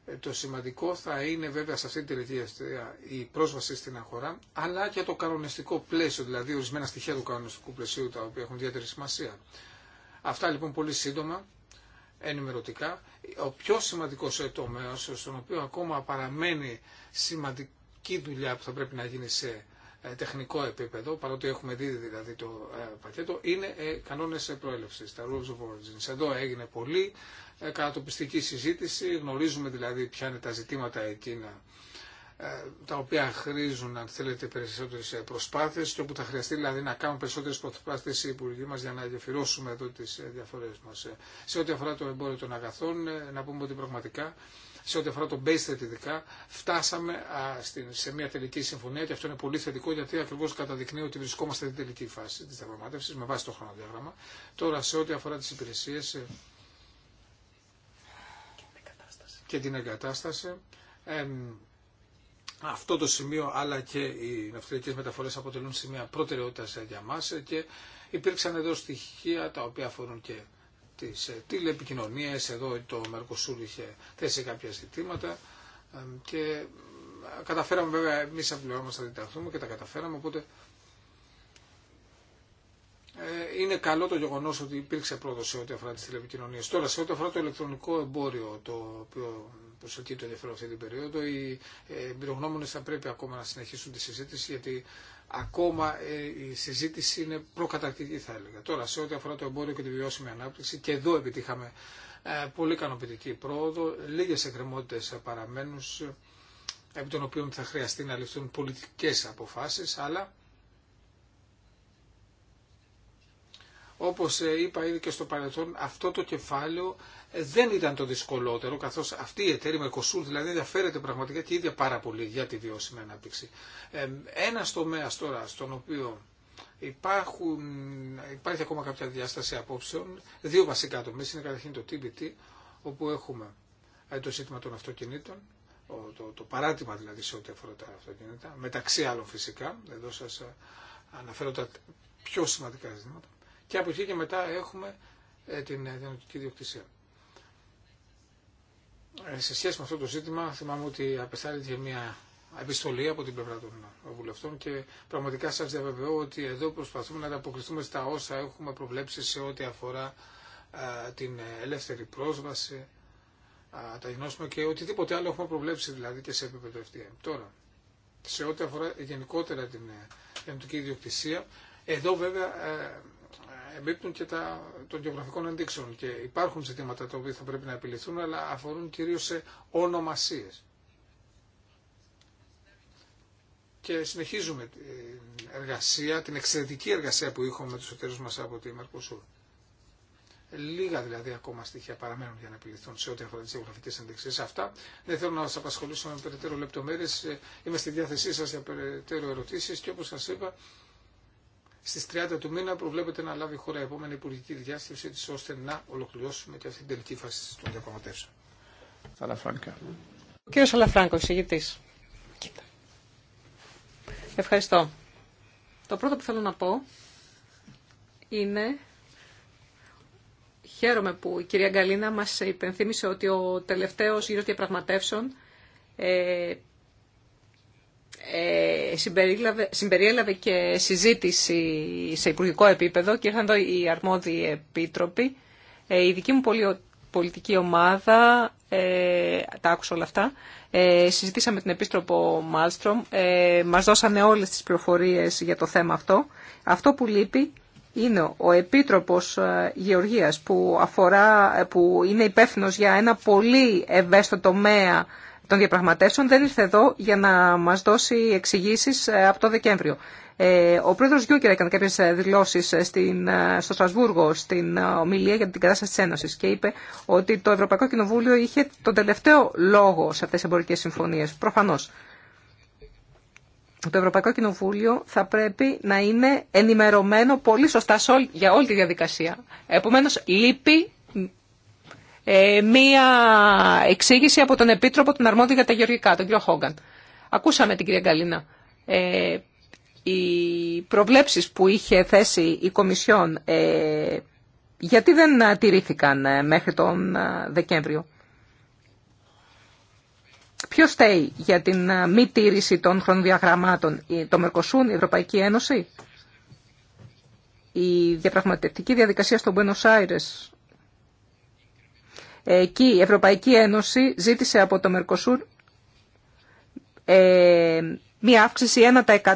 Ε, το σημαντικό θα είναι βέβαια σε αυτή την τελική ευθεία η πρόσβαση στην αγορά, αλλά και το κανονιστικό πλαίσιο, δηλαδή ορισμένα στοιχεία του κανονιστικού πλαισίου τα οποία έχουν ιδιαίτερη σημασία. Αυτά λοιπόν πολύ σύντομα, ενημερωτικά. Ο πιο σημαντικός τομέας, στον οποίο ακόμα παραμένει σημαντική δουλειά που θα πρέπει να γίνει σε ε, τεχνικό επίπεδο, παρότι έχουμε δει δηλαδή το ε, πακέτο, είναι ε, κανόνες προέλευσης, τα rules of origins. Εδώ έγινε πολύ κατατοπιστική συζήτηση, γνωρίζουμε δηλαδή ποια είναι τα ζητήματα εκείνα τα οποία χρήζουν, αν θέλετε, περισσότερε προσπάθειε και όπου θα χρειαστεί δηλαδή να κάνουν περισσότερε προσπάθειε οι υπουργοί μα για να γεφυρώσουμε εδώ τι διαφορέ μα. Σε ό,τι αφορά το εμπόριο των αγαθών, να πούμε ότι πραγματικά σε ό,τι αφορά το base rate φτάσαμε σε μια τελική συμφωνία και αυτό είναι πολύ θετικό γιατί ακριβώ καταδεικνύει ότι βρισκόμαστε στην τελική φάση τη διαπραγμάτευση με βάση το χρονοδιάγραμμα. Τώρα σε ό,τι αφορά τι υπηρεσίε ε, και την εγκατάσταση. Ε, αυτό το σημείο αλλά και οι ναυτιλιακέ μεταφορές αποτελούν σημεία προτεραιότητα για μα και υπήρξαν εδώ στοιχεία τα οποία αφορούν και τις ε, τηλεπικοινωνίες. Εδώ το Μερκοσούρ είχε θέσει κάποια ζητήματα και ε, καταφέραμε βέβαια εμείς απλώς να διταχθούμε και τα καταφέραμε οπότε ε, είναι καλό το γεγονό ότι υπήρξε πρόοδο σε ό,τι αφορά τι τηλεπικοινωνίε. Τώρα, σε ό,τι αφορά το ηλεκτρονικό εμπόριο, το οποίο προσελκύει το ενδιαφέρον αυτή την περίοδο, οι εμπειρογνώμονε θα πρέπει ακόμα να συνεχίσουν τη συζήτηση, γιατί ακόμα ε, η συζήτηση είναι προκατακτική θα έλεγα. Τώρα σε ό,τι αφορά το εμπόριο και τη βιώσιμη ανάπτυξη και εδώ επιτύχαμε ε, πολύ ικανοποιητική πρόοδο, λίγες εκκρεμότητες παραμένουν ε, επί των οποίων θα χρειαστεί να ληφθούν πολιτικές αποφάσεις, αλλά Όπως ε, είπα ήδη και στο παρελθόν, αυτό το κεφάλαιο ε, δεν ήταν το δυσκολότερο, καθώς αυτή η εταιρεία κοσούλ δηλαδή ενδιαφέρεται πραγματικά και ίδια πάρα πολύ για τη βιώσιμη ανάπτυξη. Ε, Ένα τομέα τώρα στον οποίο υπάρχουν, υπάρχει ακόμα κάποια διάσταση απόψεων, δύο βασικά τομείς είναι καταρχήν το TBT, όπου έχουμε το σύντημα των αυτοκινήτων, το, το παράτημα δηλαδή σε ό,τι αφορά τα αυτοκίνητα, μεταξύ άλλων φυσικά, εδώ σας αναφέρω τα πιο σημαντικά ζητήματα και από εκεί και μετά έχουμε ε, την ιδιωτική ε, διοκτησία. Ε, σε σχέση με αυτό το ζήτημα, θυμάμαι ότι απεστάλλεται μια επιστολή από την πλευρά των βουλευτών και πραγματικά σας διαβεβαιώ ότι εδώ προσπαθούμε να ανταποκριθούμε στα όσα έχουμε προβλέψει σε ό,τι αφορά την ελεύθερη πρόσβαση, τα γνώσουμε και οτιδήποτε άλλο έχουμε προβλέψει δηλαδή και σε επίπεδο FDM. Τώρα, σε ό,τι αφορά γενικότερα την γενετική ιδιοκτησία, εδώ βέβαια εμπίπτουν και τα, των γεωγραφικών ενδείξεων και υπάρχουν ζητήματα τα οποία θα πρέπει να επιληθούν αλλά αφορούν κυρίως σε ονομασίες. Και συνεχίζουμε την εργασία, την εξαιρετική εργασία που είχαμε με τους εταίρους μας από τη Μερκοσούρ. Λίγα δηλαδή ακόμα στοιχεία παραμένουν για να επιληθούν σε ό,τι αφορά τι γεωγραφικέ ενδείξει. Αυτά δεν θέλω να σα απασχολήσω με περαιτέρω λεπτομέρειε. Είμαι στη διάθεσή σα για περαιτέρω ερωτήσει και όπω σα είπα, στις 30 του μήνα προβλέπεται να λάβει η χώρα επόμενη υπουργική διάσκεψη έτσι ώστε να ολοκληρώσουμε και αυτή την τελική φάση των διαπραγματεύσεων. Ο κύριος Αλαφράνκο, εισηγητής. Ευχαριστώ. Το πρώτο που θέλω να πω είναι χαίρομαι που η κυρία Γκαλίνα μας υπενθύμησε ότι ο τελευταίος γύρος διαπραγματεύσεων ε, ε, συμπεριέλαβε και συζήτηση σε υπουργικό επίπεδο και ήρθαν εδώ οι αρμόδιοι επίτροποι. Ε, η δική μου πολιτική ομάδα, ε, τα άκουσα όλα αυτά, συζητήσαμε την Επίστροπο Μάλστρομ, μας δώσανε όλες τις πληροφορίες για το θέμα αυτό. Αυτό που λείπει είναι ο Επίτροπος Γεωργίας που, αφορά, που είναι υπεύθυνος για ένα πολύ ευαίσθητο τομέα των διαπραγματεύσεων δεν ήρθε εδώ για να μα δώσει εξηγήσει ε, από το Δεκέμβριο. Ε, ο πρόεδρος Γιούκερ έκανε κάποιε δηλώσει ε, στο Στρασβούργο στην ομιλία για την κατάσταση τη Ένωση. και είπε ότι το Ευρωπαϊκό Κοινοβούλιο είχε τον τελευταίο λόγο σε αυτέ τι εμπορικέ συμφωνίε. Προφανώ. Το Ευρωπαϊκό Κοινοβούλιο θα πρέπει να είναι ενημερωμένο πολύ σωστά για όλη τη διαδικασία. Επομένω, λείπει ε, μία εξήγηση από τον Επίτροπο των Αρμόδιων για τα Γεωργικά, τον κύριο Χόγκαν. Ακούσαμε την κυρία Γκαλίνα. Ε, οι προβλέψεις που είχε θέσει η Κομισιόν, ε, γιατί δεν τηρήθηκαν ε, μέχρι τον Δεκέμβριο. Ποιο στέει για την μη τήρηση των χρονοδιαγραμμάτων, το Μερκοσούν, η Ευρωπαϊκή Ένωση, η διαπραγματευτική διαδικασία στον Buenos Aires Εκεί η Ευρωπαϊκή Ένωση ζήτησε από το Μερκοσούρ ε, μία αύξηση 1%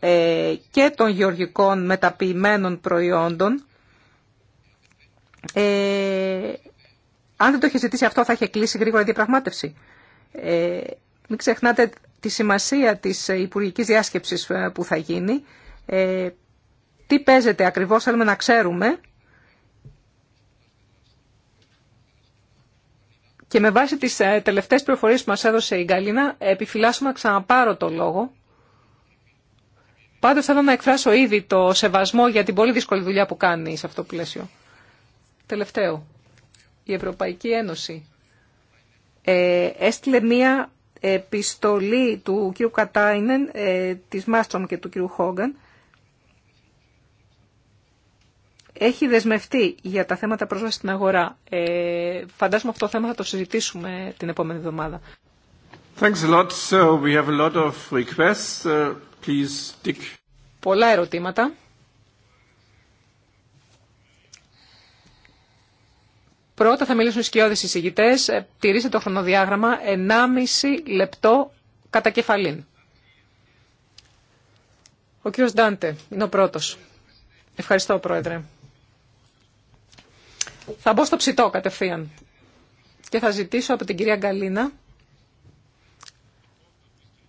ε, και των γεωργικών μεταποιημένων προϊόντων. Ε, αν δεν το είχε ζητήσει αυτό θα είχε κλείσει γρήγορα η διαπραγμάτευση. μην ξεχνάτε τη σημασία της υπουργική διάσκεψης που θα γίνει. τι παίζεται ακριβώς, θέλουμε να ξέρουμε Και με βάση τις ε, τελευταίες προφορίες που μας έδωσε η Γκαλίνα, επιφυλάσσομαι να ξαναπάρω το λόγο. Πάντως θέλω να εκφράσω ήδη το σεβασμό για την πολύ δύσκολη δουλειά που κάνει σε αυτό το πλαίσιο. Τελευταίο, η Ευρωπαϊκή Ένωση ε, έστειλε μία επιστολή του κ. Κατάινεν, ε, της Μάστρομ και του κ. Χόγκαν, έχει δεσμευτεί για τα θέματα πρόσβαση στην αγορά. Ε, φαντάζομαι αυτό το θέμα θα το συζητήσουμε την επόμενη εβδομάδα. Πολλά ερωτήματα. Πρώτα θα μιλήσουν οι σκιώδεις εισηγητές. Ε, τηρήστε το χρονοδιάγραμμα 1,5 λεπτό κατά κεφαλήν. Ο κύριος Ντάντε είναι ο πρώτος. Ευχαριστώ, Πρόεδρε. Θα μπω στο ψητό κατευθείαν και θα ζητήσω από την κυρία Γκαλίνα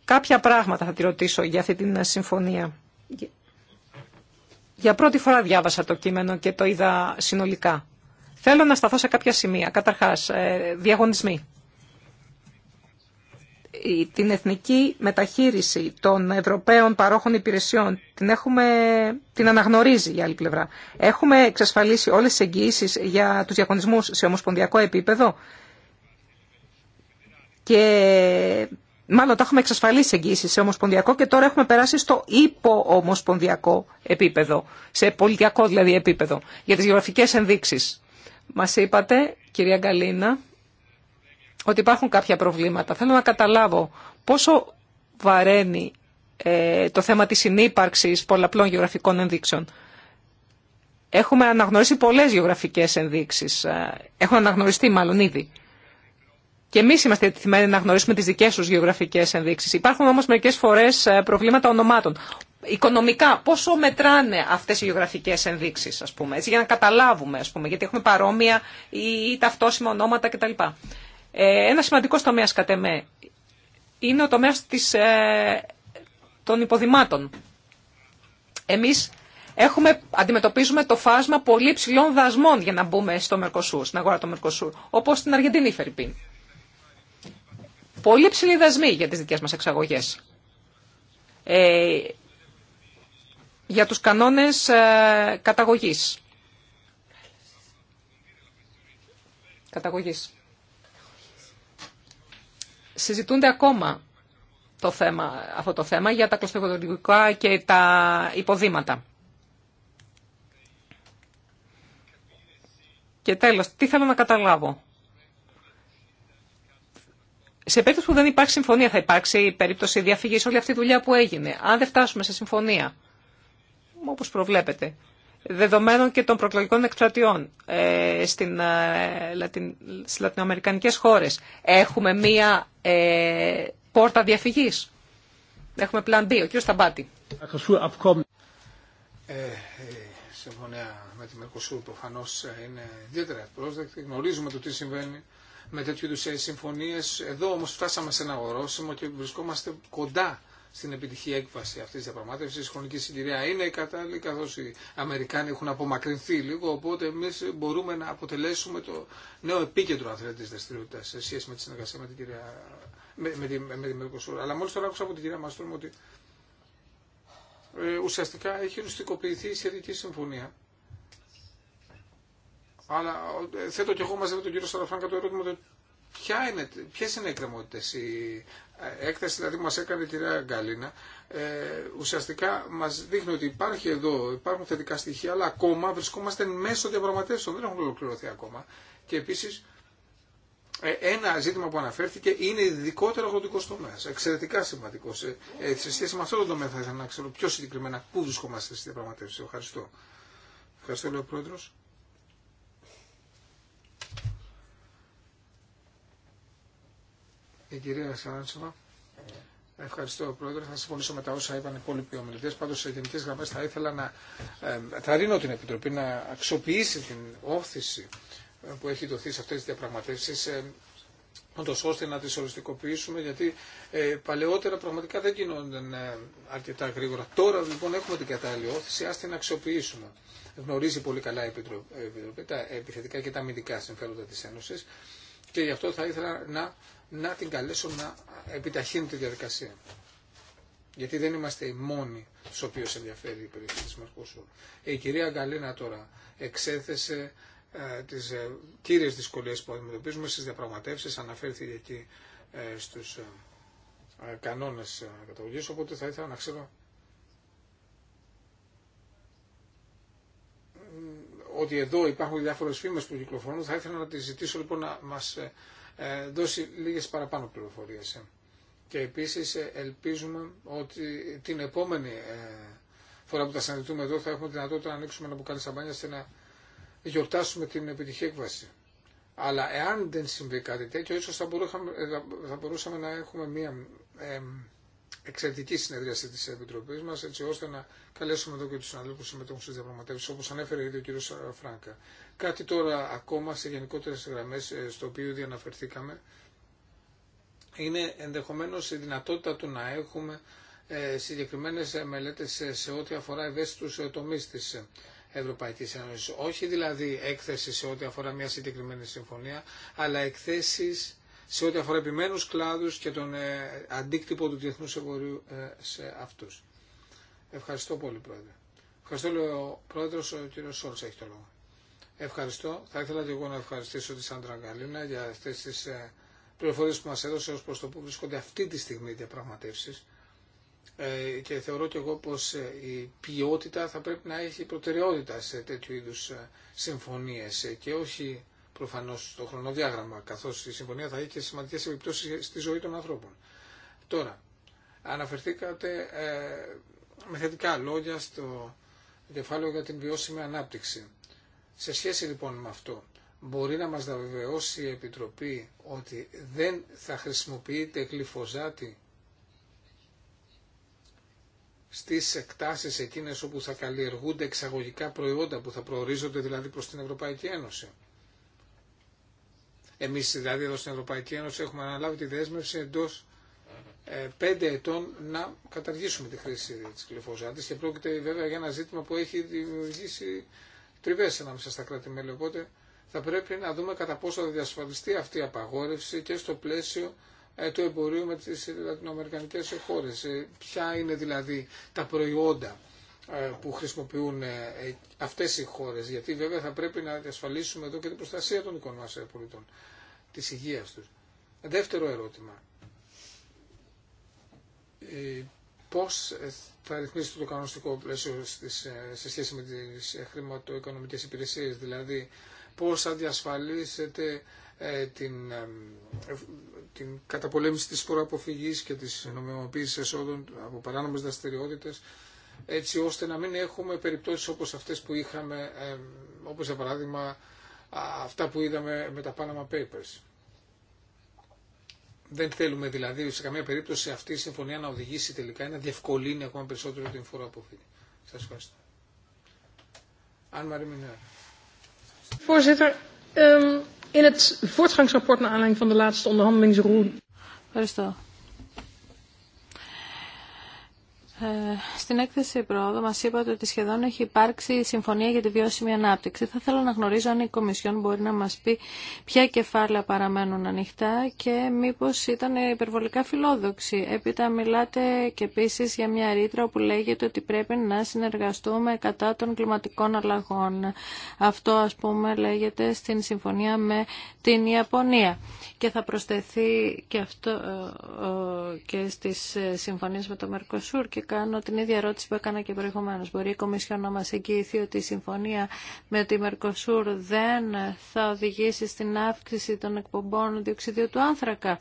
κάποια πράγματα θα τη ρωτήσω για αυτή την συμφωνία. Για πρώτη φορά διάβασα το κείμενο και το είδα συνολικά. Θέλω να σταθώ σε κάποια σημεία. Καταρχάς, ε, διαγωνισμοί την εθνική μεταχείριση των Ευρωπαίων παρόχων υπηρεσιών την, έχουμε, την αναγνωρίζει η άλλη πλευρά. Έχουμε εξασφαλίσει όλες τις εγγυήσεις για τους διαγωνισμούς σε ομοσπονδιακό επίπεδο και μάλλον τα έχουμε εξασφαλίσει εγγυήσεις σε ομοσπονδιακό και τώρα έχουμε περάσει στο υπο-ομοσπονδιακό επίπεδο, σε πολιτιακό δηλαδή επίπεδο, για τις γεωγραφικές ενδείξεις. Μας είπατε, κυρία Γκαλίνα, ότι υπάρχουν κάποια προβλήματα. Θέλω να καταλάβω πόσο βαραίνει ε, το θέμα της συνύπαρξης πολλαπλών γεωγραφικών ενδείξεων. Έχουμε αναγνωρίσει πολλές γεωγραφικές ενδείξεις. Ε, έχουν αναγνωριστεί μάλλον ήδη. Και εμείς είμαστε ετοιμένοι να γνωρίσουμε τις δικέ τους γεωγραφικέ ενδείξει. Υπάρχουν όμω μερικέ φορέ ε, προβλήματα ονομάτων. Οικονομικά, πόσο μετράνε αυτές οι γεωγραφικέ ενδείξεις, α πούμε, έτσι, για να καταλάβουμε, ας πούμε, γιατί έχουμε παρόμοια ή ταυτόσιμα ονόματα κτλ. Ε, ένα σημαντικό τομέα κατ' είναι ο τομέας ε, των υποδημάτων. Εμείς έχουμε, αντιμετωπίζουμε το φάσμα πολύ ψηλών δασμών για να μπούμε στο Μερκοσούρ, στην αγορά του Μερκοσούρ, όπως στην Αργεντινή Φερρυπίν. Πολύ ψηλοί δασμοί για τις δικέ μας εξαγωγέ. Ε, για τους κανόνες ε, καταγωγής. Καταγωγής συζητούνται ακόμα το θέμα, αυτό το θέμα για τα κλωστοκοδοτικά και τα υποδήματα. Και τέλος, τι θέλω να καταλάβω. Σε περίπτωση που δεν υπάρχει συμφωνία, θα υπάρξει η περίπτωση διαφυγής όλη αυτή η δουλειά που έγινε. Αν δεν φτάσουμε σε συμφωνία, όπως προβλέπετε, δεδομένων και των προεκλογικών εκστρατιών ε, στην, ε, στις χώρες. Έχουμε μία ε, πόρτα διαφυγής. Έχουμε πλάν B. Ο κ. Σταμπάτη. η ε, ε, συμφωνία με τη Μερκοσούρ προφανώς είναι ιδιαίτερα πρόσδεκτη. Γνωρίζουμε το τι συμβαίνει με τέτοιου είδους συμφωνίες. Εδώ όμως φτάσαμε σε ένα ορόσημο και βρισκόμαστε κοντά στην επιτυχή έκβαση αυτή τη διαπραγμάτευση. Η χρονική συγκυρία είναι κατάλληλη, καθώ οι Αμερικάνοι έχουν απομακρυνθεί λίγο. Οπότε εμεί μπορούμε να αποτελέσουμε το νέο επίκεντρο, αν τη δραστηριότητα σε σχέση με τη συνεργασία με την κυρία. Με, με, τη, με, με Αλλά μόλι τώρα άκουσα από την κυρία Μαστρόμ ότι ε, ουσιαστικά έχει ρουστικοποιηθεί η σχετική συμφωνία. Αλλά ε, θέτω και εγώ μαζί με τον κύριο Σαραφράγκα το ερώτημα ποια είναι, ποιες είναι οι εκκρεμότητες. Η ε, έκθεση δηλαδή που μας έκανε η κυρία Γκαλίνα ε, ουσιαστικά μας δείχνει ότι υπάρχει εδώ, υπάρχουν θετικά στοιχεία, αλλά ακόμα βρισκόμαστε μέσω διαπραγματεύσεων, δεν έχουν ολοκληρωθεί ακόμα. Και επίσης ε, ένα ζήτημα που αναφέρθηκε είναι ειδικότερο αγροτικό τομέα. Εξαιρετικά σημαντικό. Ε, σε σχέση με αυτό το τομέα θα ήθελα να ξέρω πιο συγκεκριμένα πού βρισκόμαστε στι διαπραγματεύσει. Ευχαριστώ. Ευχαριστώ, λέει ο Πρόεδρος. Η κυρία Σαράντσοβα. Ευχαριστώ, Πρόεδρε. Θα συμφωνήσω με τα όσα είπαν οι υπόλοιποι ομιλητέ. Πάντω, σε γενικέ γραμμέ θα ήθελα να θαρρύνω την Επιτροπή να αξιοποιήσει την όθηση ε, που έχει δοθεί σε αυτέ τι διαπραγματεύσει όντω ώστε να τι οριστικοποιήσουμε, γιατί ε, παλαιότερα πραγματικά δεν γίνονταν ε, αρκετά γρήγορα. Τώρα λοιπόν έχουμε την κατάλληλη όθηση, α την αξιοποιήσουμε. Γνωρίζει πολύ καλά η Επιτροπή τα επιθετικά και τα αμυντικά συμφέροντα τη Ένωση. και γι' αυτό θα ήθελα να να την καλέσω να επιταχύνει τη διαδικασία. Γιατί δεν είμαστε οι μόνοι στους οποίους ενδιαφέρει η περιοχή της Μαρκούσου. Η κυρία Γκαλίνα τώρα εξέθεσε ε, τις ε, κύριες δυσκολίες που αντιμετωπίζουμε στις διαπραγματεύσεις, αναφέρθηκε εκεί ε, στους κανόνες καταγωγής, οπότε θα ήθελα να ξέρω ότι εδώ υπάρχουν διάφορες φήμες που κυκλοφορούν, θα ήθελα να τη ζητήσω λοιπόν να μας ε, δώσει λίγες παραπάνω πληροφορίες. Ε. Και επίσης ε, ελπίζουμε ότι την επόμενη φορά που θα συναντηθούμε εδώ θα έχουμε δυνατότητα να ανοίξουμε ένα μπουκάλι σαμπάνια ώστε να γιορτάσουμε την επιτυχή έκβαση. Αλλά εάν δεν συμβεί κάτι τέτοιο, ίσως θα μπορούσαμε, θα μπορούσαμε να έχουμε μια εξαιρετική συνεδρίαση τη Επιτροπή μα, έτσι ώστε να καλέσουμε εδώ και του συναδέλφου συμμετέχοντε στι διαπραγματεύσει, όπω ανέφερε ήδη ο κ. Φράγκα. Κάτι τώρα ακόμα σε γενικότερες γραμμές ε, στο οποίο ήδη αναφερθήκαμε είναι ενδεχομένως η δυνατότητα του να έχουμε ε, συγκεκριμένες ε, μελέτες σε ό,τι αφορά ευαίσθητους τομείς της Ευρωπαϊκής Ένωσης. Όχι δηλαδή έκθεση σε ό,τι αφορά μια συγκεκριμένη συμφωνία, αλλά εκθέσεις σε ό,τι αφορά επιμένους κλάδους και τον αντίκτυπο του διεθνούς εμπορίου σε αυτούς. Ευχαριστώ πολύ, Πρόεδρε. Ευχαριστώ, λέει ο Πρόεδρος, ο κύριος Σόλτς έχει το λόγο. Ευχαριστώ. Θα ήθελα και εγώ να ευχαριστήσω τη Σάντρα Γκαλίνα για αυτέ τι ε, πληροφορίε που μα έδωσε ω προ το που βρίσκονται αυτή τη στιγμή οι διαπραγματεύσει. Ε, και θεωρώ και εγώ πω ε, η ποιότητα θα πρέπει να έχει προτεραιότητα σε τέτοιου είδου συμφωνίε και όχι προφανώ στο χρονοδιάγραμμα, καθώ η συμφωνία θα έχει και σημαντικέ επιπτώσει στη ζωή των ανθρώπων. Τώρα, αναφερθήκατε με θετικά λόγια στο κεφάλαιο για την βιώσιμη ανάπτυξη σε σχέση λοιπόν με αυτό, μπορεί να μας διαβεβαιώσει η Επιτροπή ότι δεν θα χρησιμοποιείται γλυφοζάτη στις εκτάσεις εκείνες όπου θα καλλιεργούνται εξαγωγικά προϊόντα που θα προορίζονται δηλαδή προς την Ευρωπαϊκή Ένωση. Εμείς δηλαδή εδώ στην Ευρωπαϊκή Ένωση έχουμε αναλάβει τη δέσμευση εντός ε, πέντε ετών να καταργήσουμε τη χρήση της κλειφοζάτης και πρόκειται βέβαια για ένα ζήτημα που έχει δημιουργήσει τριβές ανάμεσα στα κράτη-μέλη. Οπότε θα πρέπει να δούμε κατά πόσο θα διασφαλιστεί αυτή η απαγόρευση και στο πλαίσιο ε, του εμπορίου με τις λατινοαμερικανικές χώρες. Ε, ποια είναι δηλαδή τα προϊόντα ε, που χρησιμοποιούν αυτές οι χώρες. Γιατί βέβαια θα πρέπει να διασφαλίσουμε εδώ και την προστασία των οικονομικών πολιτών, της υγείας τους. Δεύτερο ερώτημα πώς ε, θα ρυθμίσετε το κανονιστικό πλαίσιο ε, σε σχέση με τις ε, χρηματοοικονομικές υπηρεσίες, δηλαδή πώς θα διασφαλίσετε την, την καταπολέμηση της φοροαποφυγής και της νομιμοποίησης εσόδων από παράνομες δραστηριότητε, έτσι ώστε να μην έχουμε περιπτώσεις όπως αυτές που είχαμε, όπως για παράδειγμα αυτά που είδαμε με τα Panama Papers. Δεν θέλουμε δηλαδή σε καμία περίπτωση αυτή η συμφωνία να οδηγήσει τελικά ή να διευκολύνει ακόμα περισσότερο την φορά που φύγει. Σα ευχαριστώ. Αν Μαρή Voorzitter, ehm, in het voortgangsrapport naar aanleiding van de laatste onderhandelingsroe. Ευχαριστώ. Ε, στην έκθεση πρόοδο μας είπατε ότι σχεδόν έχει υπάρξει συμφωνία για τη βιώσιμη ανάπτυξη. Θα θέλω να γνωρίζω αν η Κομισιόν μπορεί να μας πει ποια κεφάλαια παραμένουν ανοιχτά και μήπως ήταν υπερβολικά φιλόδοξη. Έπειτα μιλάτε και επίση για μια ρήτρα όπου λέγεται ότι πρέπει να συνεργαστούμε κατά των κλιματικών αλλαγών. Αυτό ας πούμε λέγεται στην συμφωνία με την Ιαπωνία. Και θα προσθεθεί και αυτό ε, ε, και στις συμφωνίες με το Μερκοσούρ κάνω την ίδια ερώτηση που έκανα και προηγουμένως. Μπορεί η Κομισιόν να μας εγγυηθεί ότι η συμφωνία με τη Μερκοσούρ δεν θα οδηγήσει στην αύξηση των εκπομπών διοξιδίου του άνθρακα.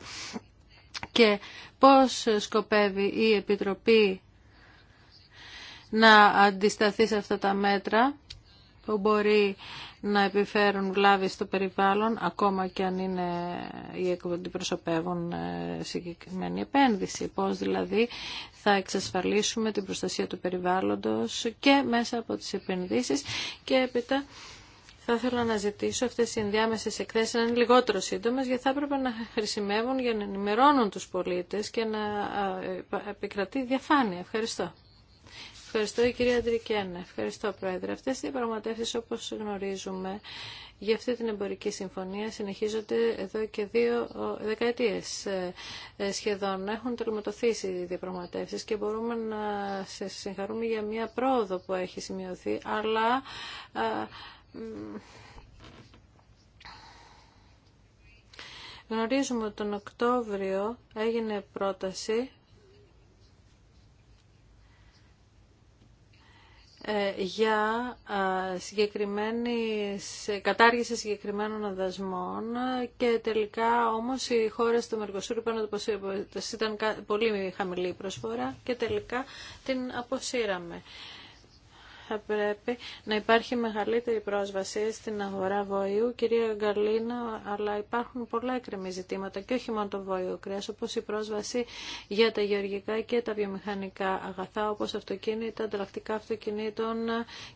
Και πώς σκοπεύει η Επιτροπή να αντισταθεί σε αυτά τα μέτρα που μπορεί να επιφέρουν βλάβη στο περιβάλλον, ακόμα και αν είναι οι αντιπροσωπεύουν ε, συγκεκριμένη επένδυση. Πώς δηλαδή θα εξασφαλίσουμε την προστασία του περιβάλλοντος και μέσα από τις επενδύσεις και έπειτα θα ήθελα να ζητήσω αυτές οι ενδιάμεσες εκθέσεις να είναι λιγότερο σύντομες γιατί θα έπρεπε να χρησιμεύουν για να ενημερώνουν τους πολίτες και να ε, επικρατεί διαφάνεια. Ευχαριστώ. Ευχαριστώ η κυρία Αντρικένα. Ευχαριστώ Πρόεδρε. Αυτές οι διαπραγματεύσεις, όπως γνωρίζουμε για αυτή την εμπορική συμφωνία συνεχίζονται εδώ και δύο δεκαετίες ε, σχεδόν. Έχουν τελματοθήσει οι διαπραγματεύσεις και μπορούμε να σε συγχαρούμε για μια πρόοδο που έχει σημειωθεί, αλλά... Ε, γνωρίζουμε ότι τον Οκτώβριο έγινε πρόταση Ε, για κατάργηση συγκεκριμένων αδασμών και τελικά όμως οι χώρες του Μερκοσούρ είπαν ότι ε, ήταν πολύ χαμηλή η προσφορά και τελικά την αποσύραμε θα πρέπει να υπάρχει μεγαλύτερη πρόσβαση στην αγορά βοηού. Κυρία Γκαρλίνα, αλλά υπάρχουν πολλά εκκρεμή ζητήματα και όχι μόνο το βοηού κρέας, όπως η πρόσβαση για τα γεωργικά και τα βιομηχανικά αγαθά, όπως αυτοκίνητα, ανταλλακτικά αυτοκινήτων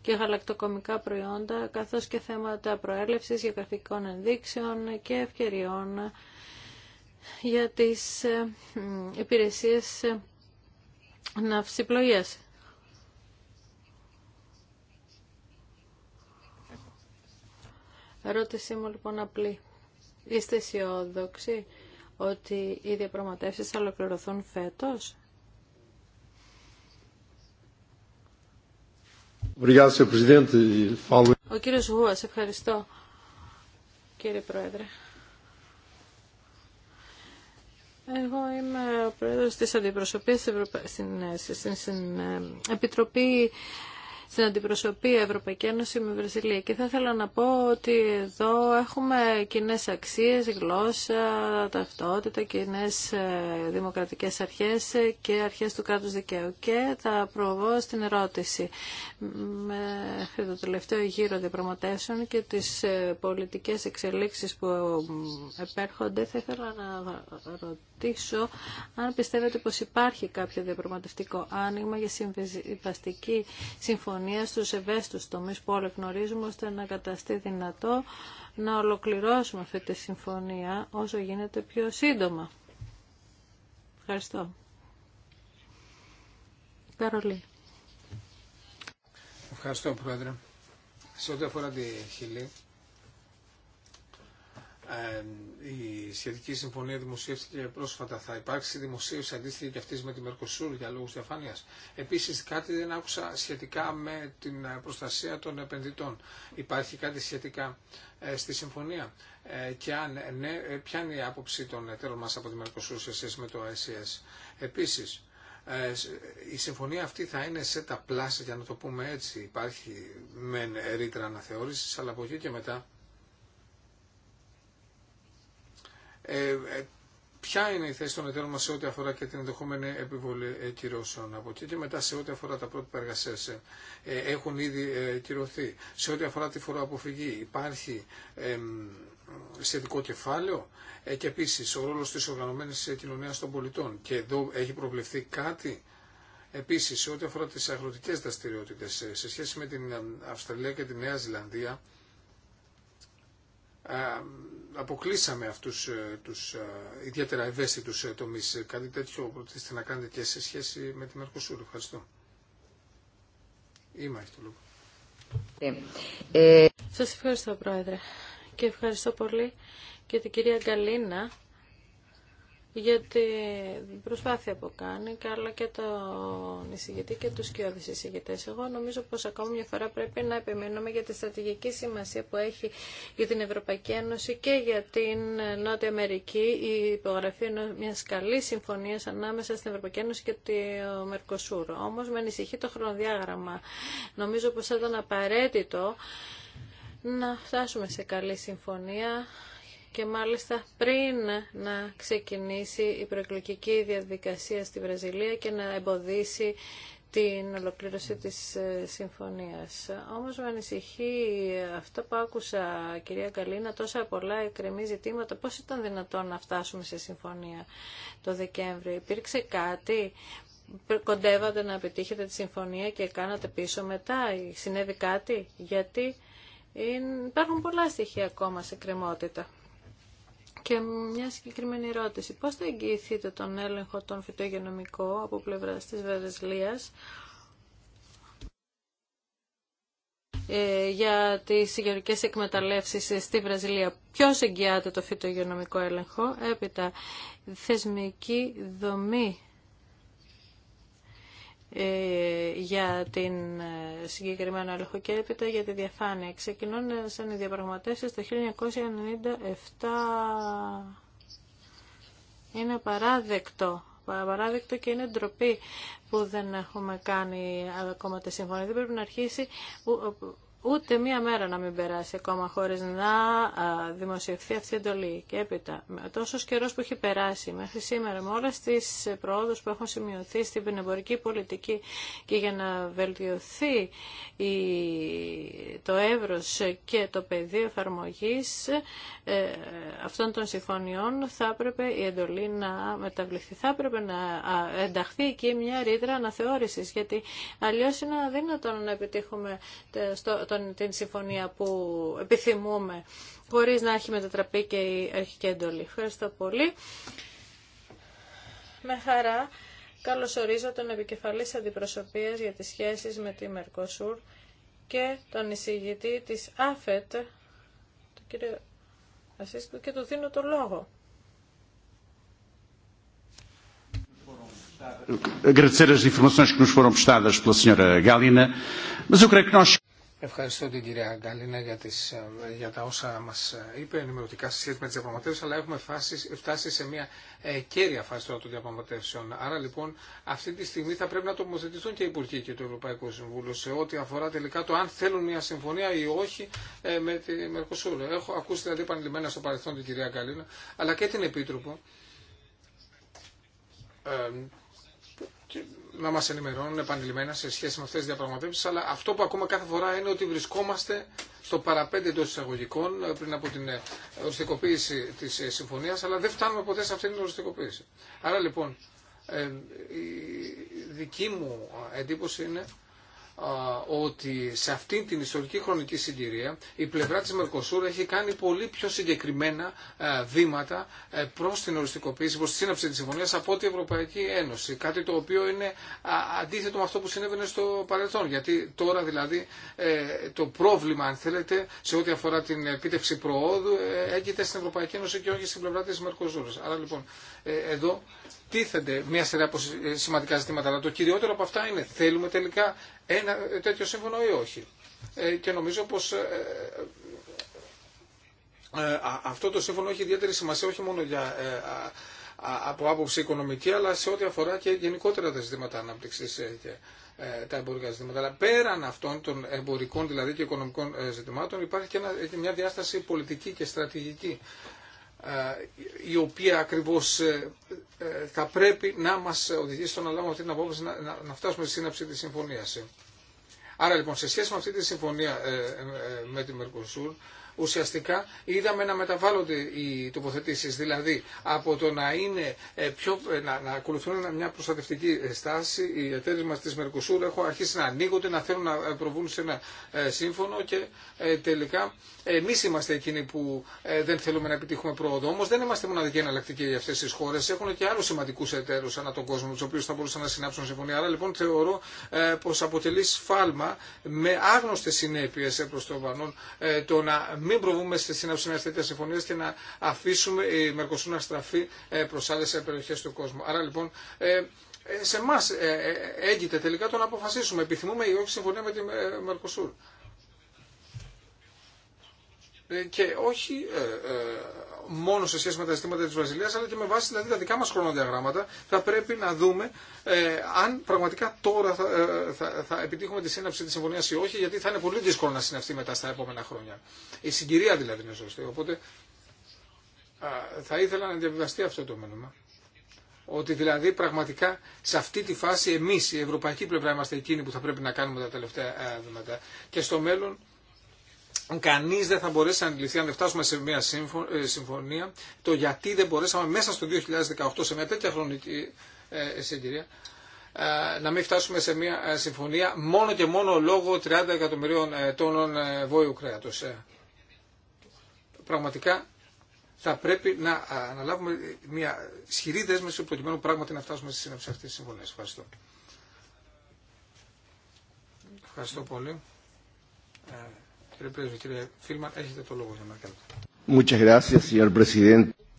και γαλακτοκομικά προϊόντα, καθώς και θέματα προέλευσης γεωγραφικών ενδείξεων και ευκαιριών για τις ε, υπηρεσίες ε, ναυσιπλοείας. Ερώτησή μου λοιπόν απλή. Είστε αισιόδοξοι ότι οι διαπραγματεύσει θα ολοκληρωθούν φέτος. Ο κύριος Γουάς, ευχαριστώ κύριε Πρόεδρε. Εγώ είμαι ο πρόεδρος της αντιπροσωπείας ε, στην, στην, στην, ε, στην Επιτροπή στην αντιπροσωπή Ευρωπαϊκή Ένωση με Βραζιλία. Και θα ήθελα να πω ότι εδώ έχουμε κοινέ αξίε, γλώσσα, ταυτότητα, κοινέ ε, δημοκρατικέ αρχέ και αρχέ του κράτου δικαίου. Και θα προβώ στην ερώτηση Με το τελευταίο γύρο διαπραγματεύσεων και τι ε, πολιτικέ εξελίξει που ε, επέρχονται. Θα ήθελα να ρωτήσω αν πιστεύετε πω υπάρχει κάποιο διαπραγματευτικό άνοιγμα για συμβαστική συμφωνία κοινωνία στους ευαίσθητους τομείς που όλοι γνωρίζουμε ώστε να καταστεί δυνατό να ολοκληρώσουμε αυτή τη συμφωνία όσο γίνεται πιο σύντομα. Ευχαριστώ. Καρολή. Ευχαριστώ Πρόεδρε. Σε ό,τι αφορά τη Χιλή, η σχετική συμφωνία δημοσιεύτηκε πρόσφατα. Θα υπάρξει δημοσίευση αντίστοιχη και αυτή με τη Μερκοσούρ για λόγου διαφάνεια. Επίση, κάτι δεν άκουσα σχετικά με την προστασία των επενδυτών. Υπάρχει κάτι σχετικά ε, στη συμφωνία. Ε, και αν ναι, ε, ποια είναι η άποψη των εταίρων μα από τη Μερκοσούρ σε σχέση με το ICS. E Επίση, η συμφωνία αυτή θα είναι σε τα πλάσια, για να το πούμε έτσι. Υπάρχει μεν ρήτρα αναθεώρηση, αλλά από εκεί και μετά Ε, ε, ποια είναι η θέση των εταίρων μας σε ό,τι αφορά και την ενδεχόμενη επιβολή ε, κυρώσεων από εκεί και μετά σε ό,τι αφορά τα πρώτα εργασία έχουν ήδη κυρωθεί. Σε ό,τι αφορά τη φοροαποφυγή υπάρχει σχετικό κεφάλαιο και επίση ο ρόλο τη οργανωμένη κοινωνία των πολιτών. Και εδώ έχει προβλεφθεί κάτι επίση σε ό,τι αφορά τι αγροτικέ δραστηριότητε σε σχέση με την Αυστραλία και τη Νέα Ζηλανδία αποκλείσαμε αυτούς ε, τους ε, ιδιαίτερα ευαίσθητους ε, τομείς. Κάτι τέτοιο θέλετε να κάνετε και σε σχέση με την Μερκοσούρ. Ευχαριστώ. Είμαι το λόγο. Σας ευχαριστώ Πρόεδρε και ευχαριστώ πολύ και την κυρία Γκαλίνα για την προσπάθεια που κάνει, αλλά και τον εισηγητή και τους κοιόδης εισηγητές. Εγώ νομίζω πως ακόμη μια φορά πρέπει να επιμείνουμε για τη στρατηγική σημασία που έχει για την Ευρωπαϊκή Ένωση και για την Νότια Αμερική η υπογραφή μια καλή συμφωνία ανάμεσα στην Ευρωπαϊκή Ένωση και το Μερκοσούρο. Όμως με ανησυχεί το χρονοδιάγραμμα. Νομίζω πως θα ήταν απαραίτητο να φτάσουμε σε καλή συμφωνία και μάλιστα πριν να ξεκινήσει η προεκλογική διαδικασία στη Βραζιλία και να εμποδίσει την ολοκλήρωση της ε, συμφωνίας. Όμως με ανησυχεί αυτό που άκουσα, κυρία Καλίνα, τόσα πολλά εκκρεμή ζητήματα. Πώς ήταν δυνατόν να φτάσουμε σε συμφωνία το Δεκέμβριο. Υπήρξε κάτι κοντεύατε να επιτύχετε τη συμφωνία και κάνατε πίσω μετά. Συνέβη κάτι. Γιατί υπάρχουν πολλά στοιχεία ακόμα σε κρεμότητα. Και μια συγκεκριμένη ερώτηση. Πώς θα εγγυηθείτε τον έλεγχο των φυτογενομικών από πλευράς της Βερεσλίας ε, για τις γεωργικές εκμεταλλεύσεις στη Βραζιλία. Ποιος εγγυάται το φυτογενομικό έλεγχο, έπειτα θεσμική δομή ε, για την ε, συγκεκριμένο έλεγχο και για τη διαφάνεια. σαν οι διαπραγματεύσεις το 1997. Είναι παράδεκτο παράδεκτο και είναι ντροπή που δεν έχουμε κάνει ακόμα τη συμφωνία. Δεν πρέπει να αρχίσει ούτε μία μέρα να μην περάσει ακόμα χωρίς να δημοσιευθεί αυτή η εντολή. Και έπειτα, με τόσο καιρό που έχει περάσει μέχρι σήμερα, με όλες τις προόδους που έχουν σημειωθεί στην πνευμορική πολιτική και για να βελτιωθεί η, το εύρος και το πεδίο εφαρμογή ε, αυτών των συμφωνιών, θα έπρεπε η εντολή να μεταβληθεί. Θα έπρεπε να ενταχθεί εκεί μια ρήτρα αναθεώρησης, γιατί αλλιώς είναι αδύνατο να επιτύχουμε ε, στο, τον, την συμφωνία που επιθυμούμε, χωρίς να έχει μετατραπεί και η αρχική εντολή. Ευχαριστώ πολύ. Με χαρά καλωσορίζω τον επικεφαλής αντιπροσωπείας για τις σχέσεις με τη Μερκοσούρ και τον εισηγητή της ΑΦΕΤ, τον κύριο Ασίσκου, και του δίνω το λόγο. agradecer as informações que nos foram prestadas pela Galina, mas eu creio Ευχαριστώ την κυρία Γκαλίνα για, τις, ε, για τα όσα μας ε, είπε ενημερωτικά σε σχέση με τις διαπραγματεύσεις, αλλά έχουμε φτάσει σε μια ε, κέρια φάση τώρα των διαπραγματεύσεων. Άρα λοιπόν αυτή τη στιγμή θα πρέπει να τοποθετηθούν και οι Υπουργοί και το Ευρωπαϊκό Συμβούλιο σε ό,τι αφορά τελικά το αν θέλουν μια συμφωνία ή όχι ε, με τη Μερκοσούρ. Έχω ακούσει δηλαδή επανειλημμένα στο παρελθόν την κυρία Γκαλίνα, αλλά και την Επίτροπο. Ε, και να μας ενημερώνουν επανειλημμένα σε σχέση με αυτές τις διαπραγματεύσεις, αλλά αυτό που ακούμε κάθε φορά είναι ότι βρισκόμαστε στο παραπέντε των εισαγωγικών ε, πριν από την ε, οριστικοποίηση της ε, συμφωνίας, αλλά δεν φτάνουμε ποτέ σε αυτήν την οριστικοποίηση. Άρα λοιπόν, η δική μου εντύπωση είναι ότι σε αυτή την ιστορική χρονική συγκυρία η πλευρά της Μερκοσούρ έχει κάνει πολύ πιο συγκεκριμένα βήματα ε, προς την οριστικοποίηση, προς τη σύναψη της συμφωνίας από την Ευρωπαϊκή Ένωση. Κάτι το οποίο είναι αντίθετο με αυτό που συνέβαινε στο παρελθόν. Γιατί τώρα δηλαδή ε, το πρόβλημα, αν θέλετε, σε ό,τι αφορά την επίτευξη προόδου ε, έγινε στην Ευρωπαϊκή Ένωση και όχι στην πλευρά της Μερκοσούρ. Άρα λοιπόν εδώ τίθενται μια σειρά από ε, σημαντικά ζητήματα, αλλά το κυριότερο από αυτά είναι θέλουμε τελικά ένα τέτοιο σύμφωνο ή όχι. Ε, και νομίζω πως ε, αυτό το σύμφωνο έχει ιδιαίτερη σημασία όχι μόνο για από άποψη οικονομική, αλλά σε ό,τι αφορά και γενικότερα τα ζητήματα ανάπτυξη και τα εμπορικά ζητήματα. Αλλά πέραν αυτών των εμπορικών δηλαδή και οικονομικών ζητημάτων υπάρχει και μια διάσταση πολιτική και στρατηγική η οποία ακριβώς ε, ε, θα πρέπει να μας οδηγήσει στο να λάβουμε αυτή την απόφαση να, να, να φτάσουμε στη σύναψη τη συμφωνίας. Άρα λοιπόν σε σχέση με αυτή τη συμφωνία ε, με τη Μερκοσούρ ουσιαστικά είδαμε να μεταβάλλονται οι τοποθετήσει, δηλαδή από το να, είναι ε, πιο, ε, να, να ακολουθούν μια προστατευτική ε, στάση, οι εταίρε μα τη Μερκουσούρ έχουν αρχίσει να ανοίγονται, να θέλουν να προβούν σε ένα σύμφωνο και τελικά εμεί είμαστε εκείνοι που δεν θέλουμε να επιτύχουμε πρόοδο. Όμω δεν είμαστε μοναδικοί εναλλακτικοί για αυτέ τι χώρε. Έχουν και άλλου σημαντικού εταίρου ανά τον κόσμο, του οποίου θα μπορούσαν να συνάψουν συμφωνία. Άρα λοιπόν θεωρώ πω αποτελεί σφάλμα με άγνωστε συνέπειε προ το βανόν το να μην προβούμε στη σύναψη μια τέτοια συμφωνία και να αφήσουμε η Μερκοσούρ να στραφεί ε, προ άλλε περιοχέ του κόσμου. Άρα λοιπόν ε, ε, σε εμά έγκυται τελικά το να αποφασίσουμε. Επιθυμούμε ή όχι συμφωνία με τη Μερκοσούρ. Και όχι μόνο σε σχέση με τα ζητήματα τη Βραζιλία, αλλά και με βάση δηλαδή, τα δικά μα χρονοδιαγράμματα, θα πρέπει να δούμε ε, αν πραγματικά τώρα θα, ε, θα, θα επιτύχουμε τη σύναψη τη συμφωνία ή όχι, γιατί θα είναι πολύ δύσκολο να συναυθεί μετά στα επόμενα χρόνια. Η συγκυρία πολυ δυσκολο να διαβιβαστεί αυτό είναι σωστή. Οπότε θα ήθελα να διαβιβαστεί αυτό το μήνυμα. Ότι δηλαδή πραγματικά σε αυτή τη φάση εμεί, η ευρωπαϊκή πλευρά, είμαστε εκείνοι που θα πρέπει να κάνουμε τα τελευταία ε, βήματα. Και στο μέλλον κανείς δεν θα μπορέσει να αντιληφθεί αν δεν φτάσουμε σε μια ε, συμφωνία το γιατί δεν μπορέσαμε μέσα στο 2018 σε μια τέτοια χρονική ε, συγκυρία ε, να μην φτάσουμε σε μια συμφωνία μόνο και μόνο λόγω 30 εκατομμυρίων τόνων βόηου κρέατος. Πραγματικά θα πρέπει να αναλάβουμε μια ισχυρή δέσμευση προκειμένου πράγματι να φτάσουμε στη σύναψη αυτή τη συμφωνία. Ευχαριστώ. Ευχαριστώ πολύ. Φίλμαν, έχετε το λόγο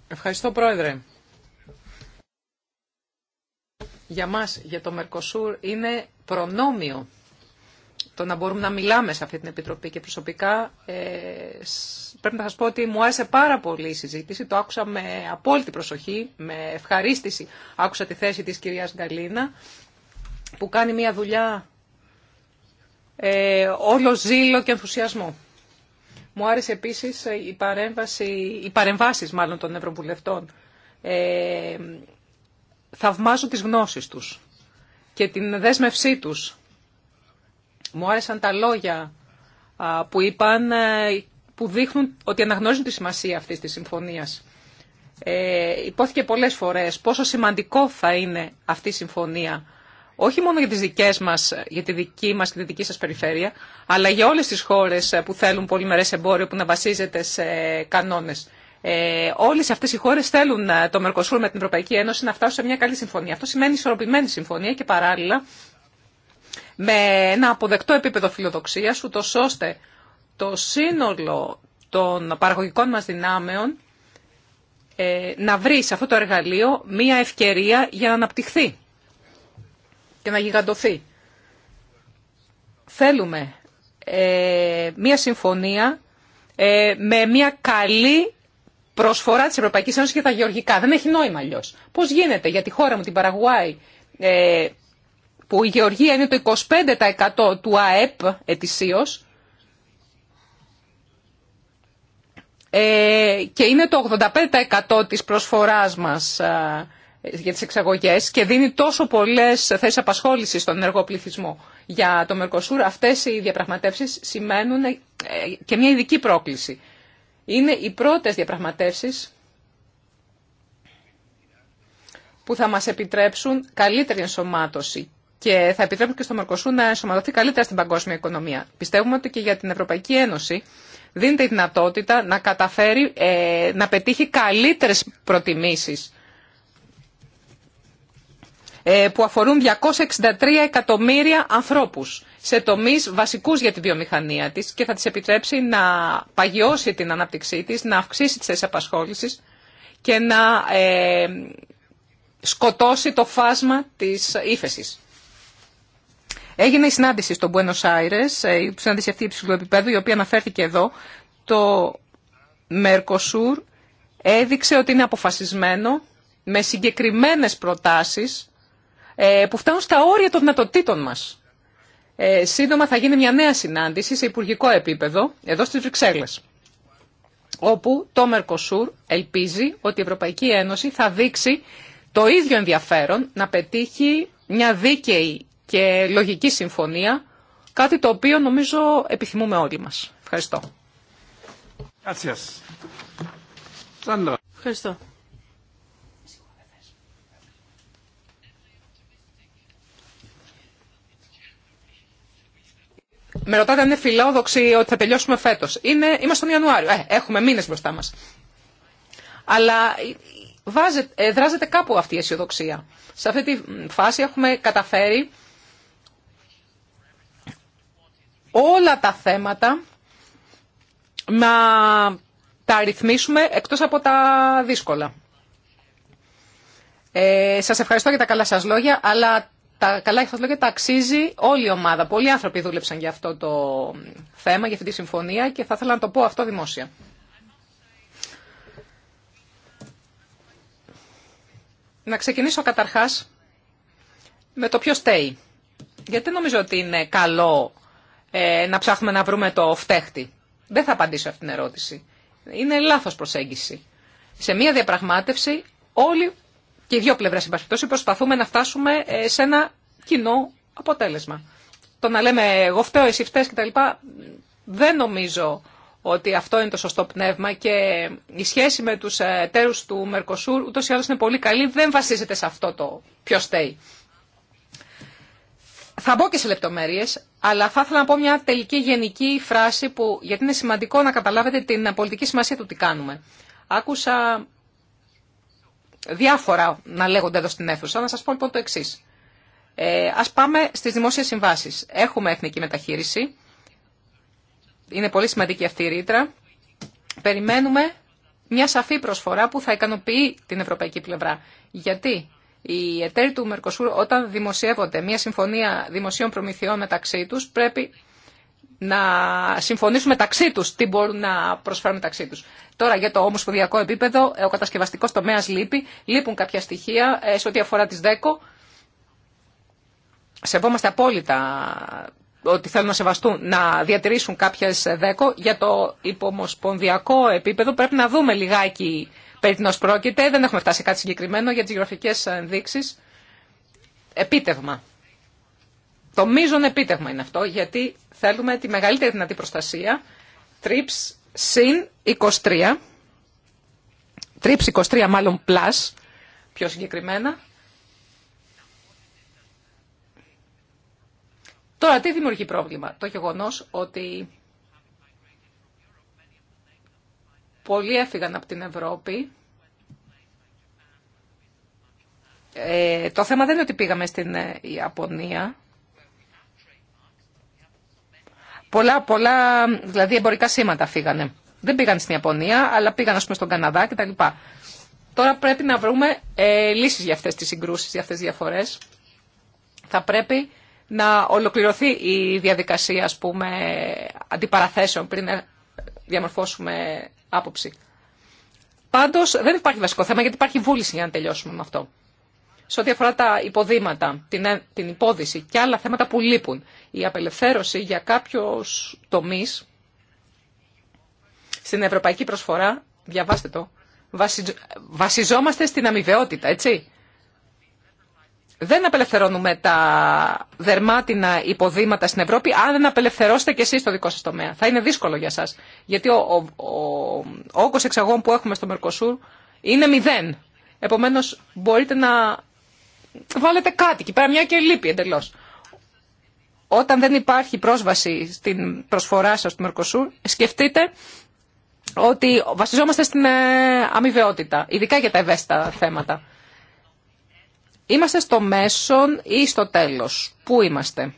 Ευχαριστώ, Πρόεδρε. Για μας, για το Μερκοσούρ, είναι προνόμιο το να μπορούμε να μιλάμε σε αυτή την Επιτροπή και προσωπικά ε, πρέπει να σας πω ότι μου άρεσε πάρα πολύ η συζήτηση, το άκουσα με απόλυτη προσοχή, με ευχαρίστηση άκουσα τη θέση της κυρίας Γκαλίνα που κάνει μια δουλειά ε, όλο ζήλο και ενθουσιασμό. Μου άρεσε επίσης η παρέμβαση, οι παρεμβάσεις μάλλον των Ευρωβουλευτών. Ε, θαυμάζω τις γνώσεις τους και την δέσμευσή τους. Μου άρεσαν τα λόγια που είπαν, ε, που δείχνουν ότι αναγνώριζουν τη σημασία αυτής της συμφωνίας. Ε, υπόθηκε πολλές φορές πόσο σημαντικό θα είναι αυτή η συμφωνία όχι μόνο για, τις δικές μας, για τη δική μας και τη δική σας περιφέρεια, αλλά για όλες τις χώρες ε, που θέλουν πολυμερές εμπόριο που να βασίζεται σε κανόνες. Ε, όλες αυτές οι χώρες θέλουν ε, το Μερκοσούρ με την Ευρωπαϊκή Ένωση να φτάσουν σε μια καλή συμφωνία. Αυτό σημαίνει ισορροπημένη συμφωνία και παράλληλα με ένα αποδεκτό επίπεδο φιλοδοξίας, ούτω ώστε το σύνολο των παραγωγικών μας δυνάμεων ε, να βρει σε αυτό το εργαλείο μία ευκαιρία για να αναπτυχθεί και να γιγαντωθεί. Θέλουμε ε, μία συμφωνία ε, με μία καλή προσφορά της Ευρωπαϊκής Ένωσης για τα γεωργικά. Δεν έχει νόημα αλλιώ. Πώς γίνεται για τη χώρα μου, την Παραγουάη, ε, που η γεωργία είναι το 25% του ΑΕΠ ετησίως, ε, και είναι το 85% της προσφοράς μας για τις εξαγωγές και δίνει τόσο πολλές θέσεις απασχόλησης στον ενεργό πληθυσμό. Για το Μερκοσούρ αυτές οι διαπραγματεύσεις σημαίνουν ε, και μια ειδική πρόκληση. Είναι οι πρώτες διαπραγματεύσεις που θα μας επιτρέψουν καλύτερη ενσωμάτωση και θα επιτρέψουν και στο Μερκοσούρ να ενσωματωθεί καλύτερα στην παγκόσμια οικονομία. Πιστεύουμε ότι και για την Ευρωπαϊκή Ένωση δίνεται η δυνατότητα να καταφέρει ε, να πετύχει καλύτερες προτιμήσεις ε, που αφορούν 263 εκατομμύρια ανθρώπους σε τομείς βασικούς για τη βιομηχανία της και θα της επιτρέψει να παγιώσει την ανάπτυξή της, να αυξήσει τις θέσεις και να ε, σκοτώσει το φάσμα της ύφεση. Έγινε η συνάντηση στο Buenos Aires, ε, η συνάντηση αυτή υψηλού επίπεδου, η οποία αναφέρθηκε εδώ. Το Mercosur έδειξε ότι είναι αποφασισμένο με συγκεκριμένες προτάσεις ε, που φτάνουν στα όρια των δυνατοτήτων μας. Ε, σύντομα θα γίνει μια νέα συνάντηση σε υπουργικό επίπεδο, εδώ στις Βρυξέλλες, όπου το Μερκοσούρ ελπίζει ότι η Ευρωπαϊκή Ένωση θα δείξει το ίδιο ενδιαφέρον να πετύχει μια δίκαιη και λογική συμφωνία, κάτι το οποίο νομίζω επιθυμούμε όλοι μας. Ευχαριστώ. Ευχαριστώ. Με ρωτάτε αν είναι φιλόδοξη ότι θα τελειώσουμε φέτο. Είμαστε τον Ιανουάριο. Ε, έχουμε μήνε μπροστά μα. Αλλά ε, δράζεται κάπου αυτή η αισιοδοξία. Σε αυτή τη φάση έχουμε καταφέρει όλα τα θέματα να τα ρυθμίσουμε εκτός από τα δύσκολα. Ε, σας ευχαριστώ για τα καλά σας λόγια, αλλά τα καλά λόγια τα αξίζει όλη η ομάδα. Πολλοί άνθρωποι δούλεψαν για αυτό το θέμα, για αυτή τη συμφωνία και θα ήθελα να το πω αυτό δημόσια. Να ξεκινήσω καταρχάς με το ποιο στέει. Γιατί νομίζω ότι είναι καλό ε, να ψάχνουμε να βρούμε το φταίχτη. Δεν θα απαντήσω αυτήν την ερώτηση. Είναι λάθος προσέγγιση. Σε μία διαπραγμάτευση όλοι και οι δύο πλευρές συμπασχετώσει προσπαθούμε να φτάσουμε ε, σε ένα κοινό αποτέλεσμα. Το να λέμε εγώ φταίω, εσύ φταίς κτλ. Δεν νομίζω ότι αυτό είναι το σωστό πνεύμα και η σχέση με τους εταίρους του Μερκοσούρ ούτως ή άλλως είναι πολύ καλή, δεν βασίζεται σε αυτό το ποιο στέει. Θα μπω και σε λεπτομέρειες, αλλά θα ήθελα να πω μια τελική γενική φράση που, γιατί είναι σημαντικό να καταλάβετε την πολιτική σημασία του τι κάνουμε. Άκουσα διάφορα να λέγονται εδώ στην αίθουσα. Να σα πω λοιπόν το εξή. Ε, ας πάμε στις δημόσιες συμβάσεις. Έχουμε εθνική μεταχείριση. Είναι πολύ σημαντική αυτή η ρήτρα. Περιμένουμε μια σαφή προσφορά που θα ικανοποιεί την ευρωπαϊκή πλευρά. Γιατί οι εταίροι του Μερκοσούρ όταν δημοσιεύονται μια συμφωνία δημοσίων προμηθειών μεταξύ του πρέπει να συμφωνήσουν μεταξύ του. τι μπορούν να προσφέρουν μεταξύ του. Τώρα για το ομοσπονδιακό επίπεδο, ο κατασκευαστικό τομέα λείπει, λείπουν κάποια στοιχεία ε, σε ό,τι αφορά τι ΔΕΚΟ. Σεβόμαστε απόλυτα ότι θέλουν να σεβαστούν, να διατηρήσουν κάποιες ΔΕΚΟ. Για το υπομοσπονδιακό επίπεδο πρέπει να δούμε λιγάκι περί τίνο πρόκειται. Δεν έχουμε φτάσει κάτι συγκεκριμένο για τι γεωγραφικές ενδείξει. Επίτευγμα. Το μείζον επίτευγμα είναι αυτό, γιατί Θέλουμε τη μεγαλύτερη δυνατή προστασία, TRIPS συν 23, TRIPS 23 μάλλον plus, πιο συγκεκριμένα. Τώρα τι δημιουργεί πρόβλημα. Το γεγονός ότι πολλοί έφυγαν από την Ευρώπη. Ε, το θέμα δεν είναι ότι πήγαμε στην ε, Ιαπωνία. Πολλά, πολλά, δηλαδή εμπορικά σήματα φύγανε. Δεν πήγαν στην Ιαπωνία, αλλά πήγαν στον Καναδά κτλ. Τώρα πρέπει να βρούμε ε, λύσεις για αυτές τις συγκρούσεις, για αυτές τις διαφορές. Θα πρέπει να ολοκληρωθεί η διαδικασία, αντιπαραθέσεων πριν διαμορφώσουμε άποψη. Πάντως δεν υπάρχει βασικό θέμα γιατί υπάρχει βούληση για να τελειώσουμε με αυτό σε ό,τι αφορά τα υποδήματα, την, την υπόδηση και άλλα θέματα που λείπουν. Η απελευθέρωση για κάποιους τομείς στην ευρωπαϊκή προσφορά, διαβάστε το, βασιζόμαστε στην αμοιβαιότητα, έτσι. Δεν απελευθερώνουμε τα δερμάτινα υποδήματα στην Ευρώπη αν δεν απελευθερώσετε και εσείς το δικό σας τομέα. Θα είναι δύσκολο για σας, γιατί ο, ο, ο, ο όγκος εξαγών που έχουμε στο Μερκοσούρ είναι μηδέν. Επομένως, μπορείτε να βάλετε κάτι εκεί πέρα, μια και λείπει εντελώ. Όταν δεν υπάρχει πρόσβαση στην προσφορά σας του Μερκοσούρ, σκεφτείτε ότι βασιζόμαστε στην ε, αμοιβαιότητα, ειδικά για τα ευαίσθητα θέματα. Είμαστε στο μέσον ή στο τέλος. Πού είμαστε.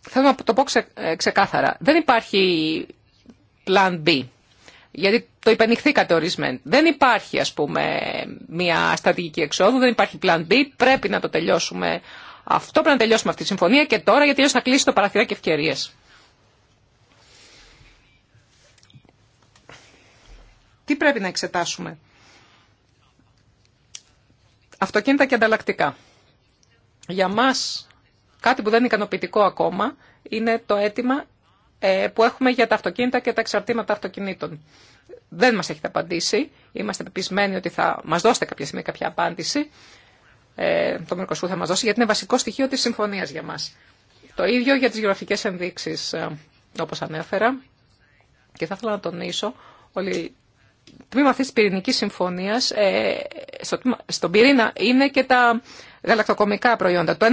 Θέλω να το πω ε, ξεκάθαρα. Δεν υπάρχει plan B. Γιατί το υπενηχθήκατε ορισμένοι. Δεν υπάρχει, ας πούμε, μια στρατηγική εξόδου, δεν υπάρχει plan B, πρέπει να το τελειώσουμε αυτό, πρέπει να τελειώσουμε αυτή τη συμφωνία και τώρα, γιατί αλλιώς θα κλείσει το παραθυράκι ευκαιρίες. Τι πρέπει να εξετάσουμε. Αυτοκίνητα και ανταλλακτικά. Για μας κάτι που δεν είναι ικανοποιητικό ακόμα είναι το αίτημα ε, που έχουμε για τα αυτοκίνητα και τα εξαρτήματα αυτοκινήτων δεν μας έχετε απαντήσει. Είμαστε πεπισμένοι ότι θα μας δώσετε κάποια στιγμή κάποια απάντηση. Ε, το Μερκοσού θα μας δώσει, γιατί είναι βασικό στοιχείο της συμφωνίας για μας. Το ίδιο για τις γεωγραφικές ενδείξεις, ε, όπως ανέφερα. Και θα ήθελα να τονίσω ότι το τμήμα αυτής της πυρηνικής συμφωνίας, ε, στο, στον πυρήνα είναι και τα γαλακτοκομικά προϊόντα. Το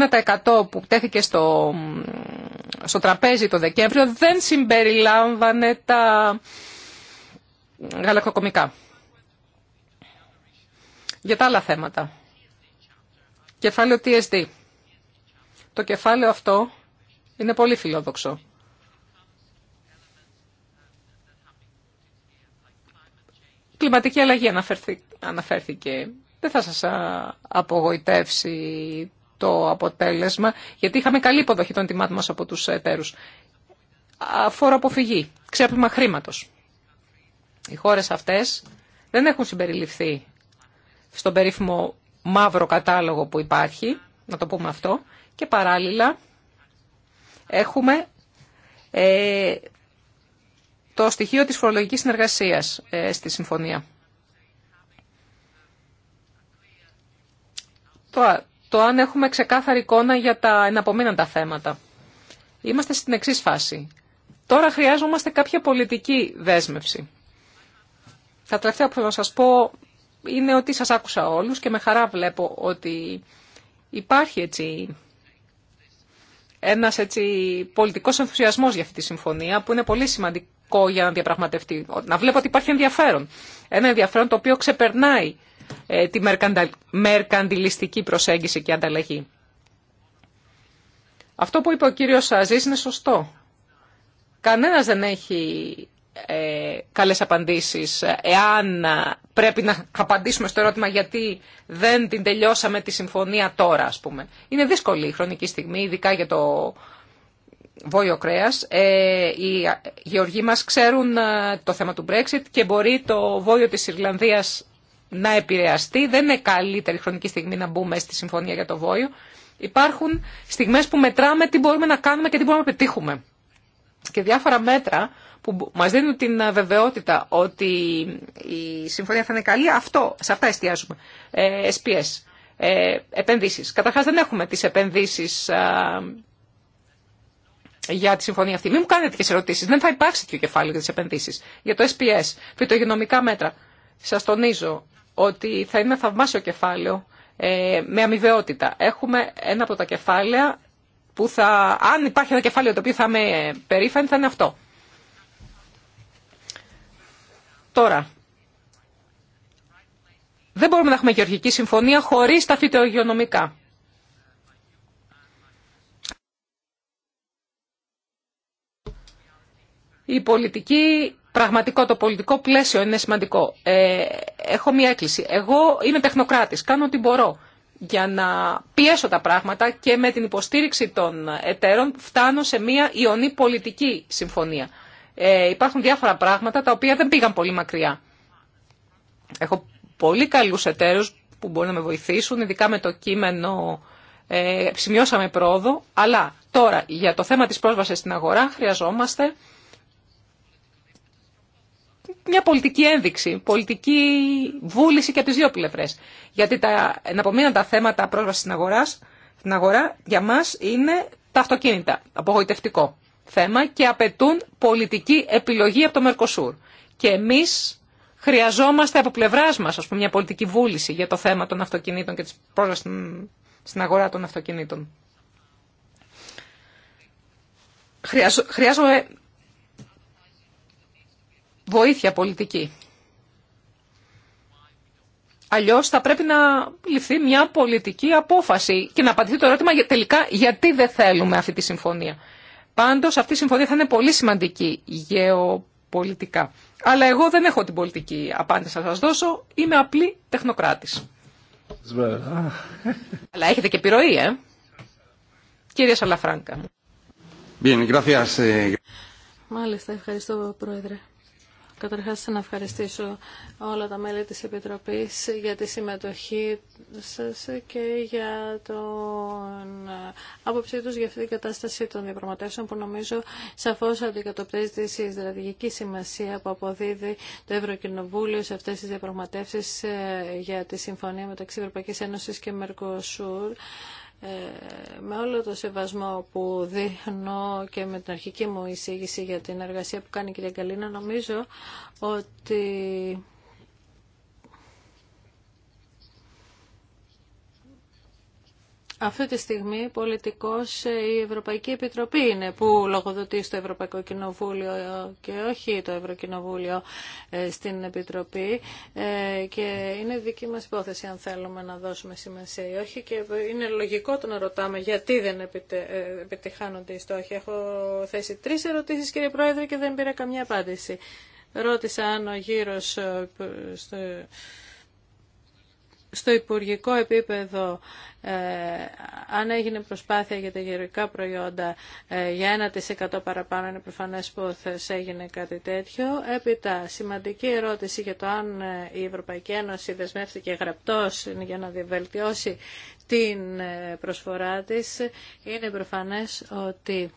1% που τέθηκε στο, στο τραπέζι το Δεκέμβριο δεν συμπεριλάμβανε τα γαλακτοκομικά. Για τα άλλα θέματα. Κεφάλαιο TSD. Το κεφάλαιο αυτό είναι πολύ φιλόδοξο. Κλιματική αλλαγή αναφέρθηκε. Δεν θα σας απογοητεύσει το αποτέλεσμα, γιατί είχαμε καλή υποδοχή των τιμάτων μας από τους εταίρους. Φόρο αποφυγή, ξέπλυμα χρήματος. Οι χώρες αυτές δεν έχουν συμπεριληφθεί στον περίφημο μαύρο κατάλογο που υπάρχει, να το πούμε αυτό, και παράλληλα έχουμε ε, το στοιχείο της φορολογικής συνεργασίας ε, στη συμφωνία. Το, αν έχουμε ξεκάθαρη εικόνα για τα εναπομείναντα θέματα. Είμαστε στην εξής φάση. Τώρα χρειάζομαστε κάποια πολιτική δέσμευση. Τα τελευταία που θέλω να σας πω είναι ότι σας άκουσα όλους και με χαρά βλέπω ότι υπάρχει έτσι ένας έτσι πολιτικός ενθουσιασμός για αυτή τη συμφωνία που είναι πολύ σημαντικό για να διαπραγματευτεί. Να βλέπω ότι υπάρχει ενδιαφέρον. Ένα ενδιαφέρον το οποίο ξεπερνάει ε, τη μερκαντιλιστική προσέγγιση και ανταλλαγή. Αυτό που είπε ο κύριος Αζής είναι σωστό. Κανένας δεν έχει ε, καλές απαντήσεις. Εάν πρέπει να απαντήσουμε στο ερώτημα γιατί δεν την τελειώσαμε τη συμφωνία τώρα, ας πούμε. Είναι δύσκολη η χρονική στιγμή, ειδικά για το βόλιο κρέας. Ε, οι γεωργοί μας ξέρουν ε, το θέμα του Brexit και μπορεί το βόλιο της Ιρλανδίας να επηρεαστεί. Δεν είναι καλύτερη χρονική στιγμή να μπούμε στη συμφωνία για το βόλιο. Υπάρχουν στιγμές που μετράμε τι μπορούμε να κάνουμε και τι μπορούμε να πετύχουμε. Και διάφορα μέτρα που μας δίνουν την ε, βεβαιότητα ότι η συμφωνία θα είναι καλή, αυτό, σε αυτά εστιάζουμε. Ε, SPS, ε, επενδύσεις. Καταρχάς δεν έχουμε τις επενδύσεις για τη συμφωνία αυτή. Μην μου κάνετε τέτοιες ερωτήσεις. Δεν θα υπάρξει τέτοιο κεφάλαιο για τις επενδύσεις. Για το SPS, φυτογενομικά μέτρα. Σας τονίζω ότι θα είναι θαυμάσιο κεφάλαιο ε, με αμοιβαιότητα. Έχουμε ένα από τα κεφάλαια που θα, αν υπάρχει ένα κεφάλαιο το οποίο θα είμαι περήφανη, θα είναι αυτό. Τώρα, δεν μπορούμε να έχουμε γεωργική συμφωνία χωρίς τα φυτεογειονομικά. Η πολιτική, πραγματικό το πολιτικό πλαίσιο είναι σημαντικό. Ε, έχω μία έκκληση. Εγώ είμαι τεχνοκράτης, κάνω ό,τι μπορώ για να πιέσω τα πράγματα και με την υποστήριξη των εταίρων φτάνω σε μία ιονή πολιτική συμφωνία. Ε, υπάρχουν διάφορα πράγματα τα οποία δεν πήγαν πολύ μακριά. Έχω πολύ καλούς εταίρους που μπορούν να με βοηθήσουν, ειδικά με το κείμενο ε, σημειώσαμε πρόοδο, αλλά τώρα για το θέμα της πρόσβασης στην αγορά χρειαζόμαστε μια πολιτική ένδειξη, πολιτική βούληση και από τις δύο πλευρές. Γιατί τα εναπομείναντα θέματα πρόσβασης στην αγορά, στην αγορά για μας είναι τα αυτοκίνητα, απογοητευτικό θέμα και απαιτούν πολιτική επιλογή από το Μερκοσούρ. Και εμείς χρειαζόμαστε από πλευρά μα μια πολιτική βούληση για το θέμα των αυτοκινήτων και τη πρόσβαση στην, αγορά των αυτοκινήτων. χρειάζομαι βοήθεια πολιτική. Αλλιώ θα πρέπει να ληφθεί μια πολιτική απόφαση και να απαντηθεί το ερώτημα τελικά γιατί δεν θέλουμε αυτή τη συμφωνία. Πάντως αυτή η συμφωνία θα είναι πολύ σημαντική γεωπολιτικά. Αλλά εγώ δεν έχω την πολιτική απάντηση να σα δώσω. Είμαι απλή τεχνοκράτη. Αλλά έχετε και επιρροή, ε. Κύριε Σαλαφράγκα. Eh. Μάλιστα, ευχαριστώ, Πρόεδρε. Καταρχάς να ευχαριστήσω όλα τα μέλη της Επιτροπής για τη συμμετοχή σας και για τον άποψή τους για αυτή την κατάσταση των διαπραγματεύσεων που νομίζω σαφώς αντικατοπτρίζει τη στρατηγική σημασία που αποδίδει το Ευρωκοινοβούλιο σε αυτές τις διαπραγματεύσεις ε, για τη συμφωνία μεταξύ Ευρωπαϊκής Ένωσης και Μερκοσούρ ε, με όλο το σεβασμό που δείχνω και με την αρχική μου εισήγηση για την εργασία που κάνει η κυρία Καλίνα, νομίζω ότι Αυτή τη στιγμή πολιτικός ε, η Ευρωπαϊκή Επιτροπή είναι που λογοδοτεί στο Ευρωπαϊκό Κοινοβούλιο και όχι το Ευρωκοινοβούλιο ε, στην Επιτροπή ε, και είναι δική μας υπόθεση αν θέλουμε να δώσουμε σημασία ή όχι και είναι λογικό το να ρωτάμε γιατί δεν επιτυχάνονται οι στόχοι. Έχω θέσει τρεις ερωτήσεις κύριε Πρόεδρε και δεν πήρα καμία απάντηση. Ρώτησα αν ο γύρος στο υπουργικό επίπεδο ε, αν έγινε προσπάθεια για τα γεωργικά προϊόντα ε, για 1% παραπάνω είναι προφανές πως έγινε κάτι τέτοιο. Έπειτα σημαντική ερώτηση για το αν ε, η Ευρωπαϊκή Ένωση δεσμεύτηκε γραπτός για να διαβελτιώσει την ε, προσφορά της είναι προφανές ότι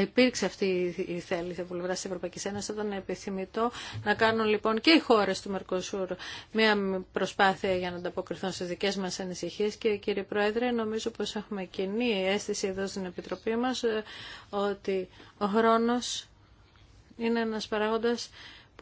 Υπήρξε αυτή η θέληση από πλευρά τη Ευρωπαϊκή Ένωση. Ήταν επιθυμητό να κάνουν λοιπόν και οι χώρε του Μερκοσούρ μια προσπάθεια για να ανταποκριθούν στι δικέ μα ανησυχίε. Και κύριε Πρόεδρε, νομίζω πω έχουμε κοινή αίσθηση εδώ στην Επιτροπή μα ε, ότι ο χρόνο είναι ένα παράγοντα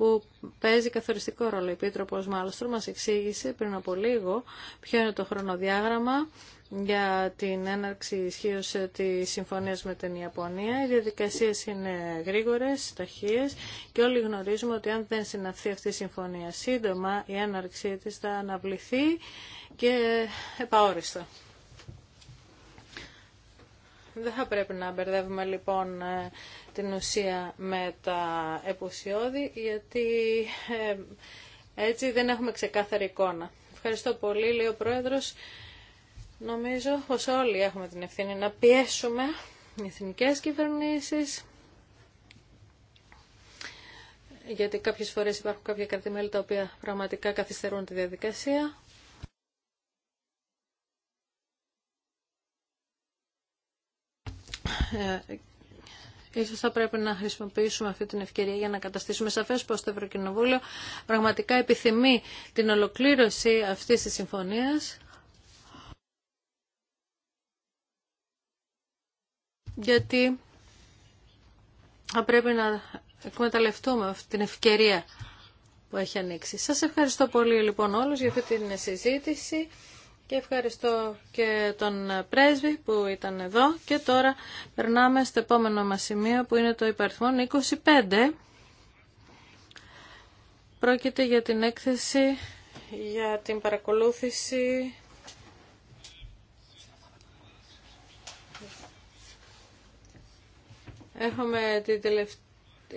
που παίζει καθοριστικό ρόλο. Η Επίτροπος Μάλστρο μας εξήγησε πριν από λίγο ποιο είναι το χρονοδιάγραμμα για την έναρξη ισχύω τη συμφωνία με την Ιαπωνία. Οι διαδικασίε είναι γρήγορε, ταχείε και όλοι γνωρίζουμε ότι αν δεν συναυθεί αυτή η συμφωνία σύντομα, η έναρξή τη θα αναβληθεί και επαόριστα. Δεν θα πρέπει να μπερδεύουμε λοιπόν ε, την ουσία με τα επουσιώδη, γιατί ε, έτσι δεν έχουμε ξεκάθαρη εικόνα. Ευχαριστώ πολύ, λέει ο Πρόεδρος. Νομίζω πως όλοι έχουμε την ευθύνη να πιέσουμε οι εθνικές κυβερνήσεις, γιατί κάποιες φορές υπάρχουν κάποια κρατημέλη τα οποία πραγματικά καθυστερούν τη διαδικασία. Ε, ίσως θα πρέπει να χρησιμοποιήσουμε αυτή την ευκαιρία για να καταστήσουμε σαφές πως το Ευρωκοινοβούλιο πραγματικά επιθυμεί την ολοκλήρωση αυτής της συμφωνίας. Γιατί θα πρέπει να εκμεταλλευτούμε αυτή την ευκαιρία που έχει ανοίξει. Σας ευχαριστώ πολύ λοιπόν όλους για αυτή την συζήτηση και ευχαριστώ και τον πρέσβη που ήταν εδώ και τώρα περνάμε στο επόμενο μας σημείο που είναι το υπαριθμό 25. Πρόκειται για την έκθεση για την παρακολούθηση Έχουμε τη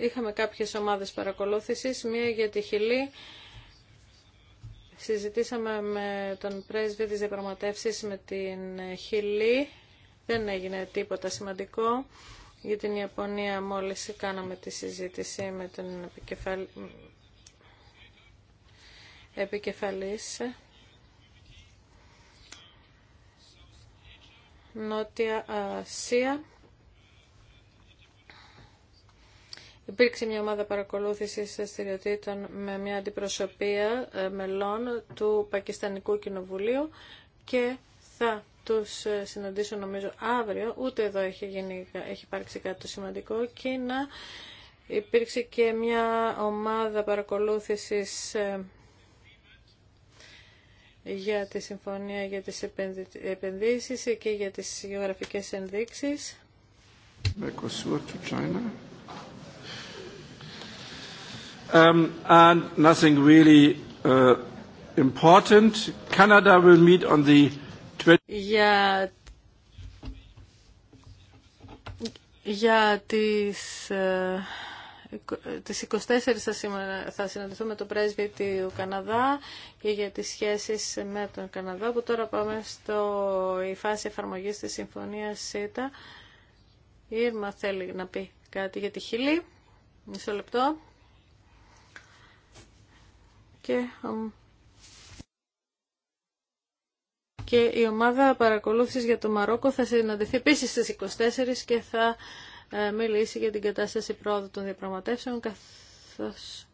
Είχαμε κάποιες ομάδες παρακολούθησης, μία για τη Χιλή, Συζητήσαμε με τον πρέσβη της διαπραγματεύσεις με την Χιλή. Δεν έγινε τίποτα σημαντικό. Για την Ιαπωνία μόλις κάναμε τη συζήτηση με τον επικεφαλ... επικεφαλής. Νότια Ασία. Υπήρξε μια ομάδα παρακολούθησης δραστηριοτήτων με μια αντιπροσωπεία ε, μελών του Πακιστανικού Κοινοβουλίου και θα τους ε, συναντήσω νομίζω αύριο. Ούτε εδώ έχει, γίνει, έχει υπάρξει κάτι το σημαντικό και υπήρξε και μια ομάδα παρακολούθησης ε, για τη συμφωνία για τις επενδύσεις και για τις γεωγραφικές ενδείξεις. Um, uh, Canada will meet on the για τις, 24 ε, θα, συναντηθούμε με τον πρέσβη του Καναδά και για τις σχέσεις με τον Καναδά που τώρα πάμε στο η φάση εφαρμογής της Συμφωνίας ΣΥΤΑ. Η Ήρμα θέλει να πει κάτι για τη Χιλή. Μισό λεπτό και, η ομάδα παρακολούθησης για το Μαρόκο θα συναντηθεί επίσης στις 24 και θα ε, μιλήσει για την κατάσταση πρόοδου των διαπραγματεύσεων καθώς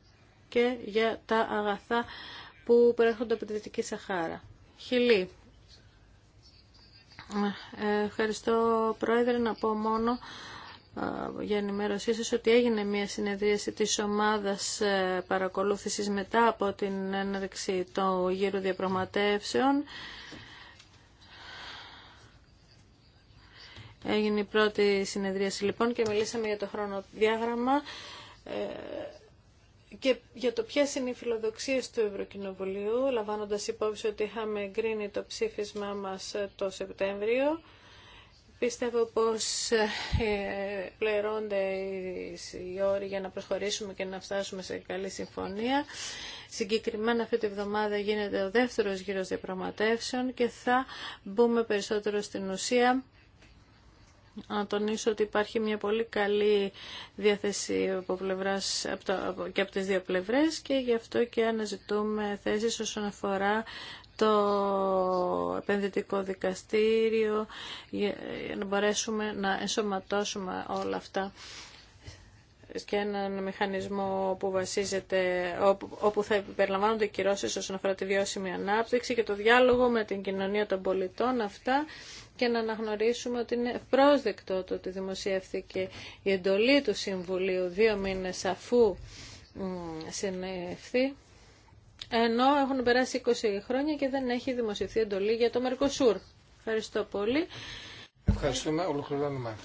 και για τα αγαθά που προέρχονται από τη Δυτική Σαχάρα. Χιλή. Ε, ευχαριστώ Πρόεδρε να πω μόνο για ενημέρωσή σας ότι έγινε μια συνεδρίαση της ομάδας ε, παρακολούθησης μετά από την έναρξη του γύρου διαπραγματεύσεων. Έγινε η πρώτη συνεδρίαση λοιπόν και μιλήσαμε για το χρονοδιάγραμμα ε, και για το ποιε είναι οι φιλοδοξίες του Ευρωκοινοβουλίου, λαμβάνοντας υπόψη ότι είχαμε εγκρίνει το ψήφισμά μας ε, το Σεπτέμβριο Πιστεύω πως ε, πληρώνται οι όροι για να προχωρήσουμε και να φτάσουμε σε καλή συμφωνία. Συγκεκριμένα αυτή τη βδομάδα γίνεται ο δεύτερος γύρος διαπραγματεύσεων και θα μπούμε περισσότερο στην ουσία. Να τονίσω ότι υπάρχει μια πολύ καλή διάθεση από και από τις δύο πλευρές και γι' αυτό και αναζητούμε θέσεις όσον αφορά το επενδυτικό δικαστήριο για να μπορέσουμε να ενσωματώσουμε όλα αυτά και έναν μηχανισμό που βασίζεται, όπου θα περιλαμβάνονται κυρώσει όσον αφορά τη βιώσιμη ανάπτυξη και το διάλογο με την κοινωνία των πολιτών αυτά και να αναγνωρίσουμε ότι είναι πρόσδεκτο το ότι δημοσιεύθηκε η εντολή του Συμβουλίου δύο μήνες αφού συνέφθη ενώ έχουν περάσει 20 χρόνια και δεν έχει δημοσιευθεί εντολή για το Μερκοσούρ. Ευχαριστώ πολύ. Ευχαριστούμε. Ολοκληρώνουμε με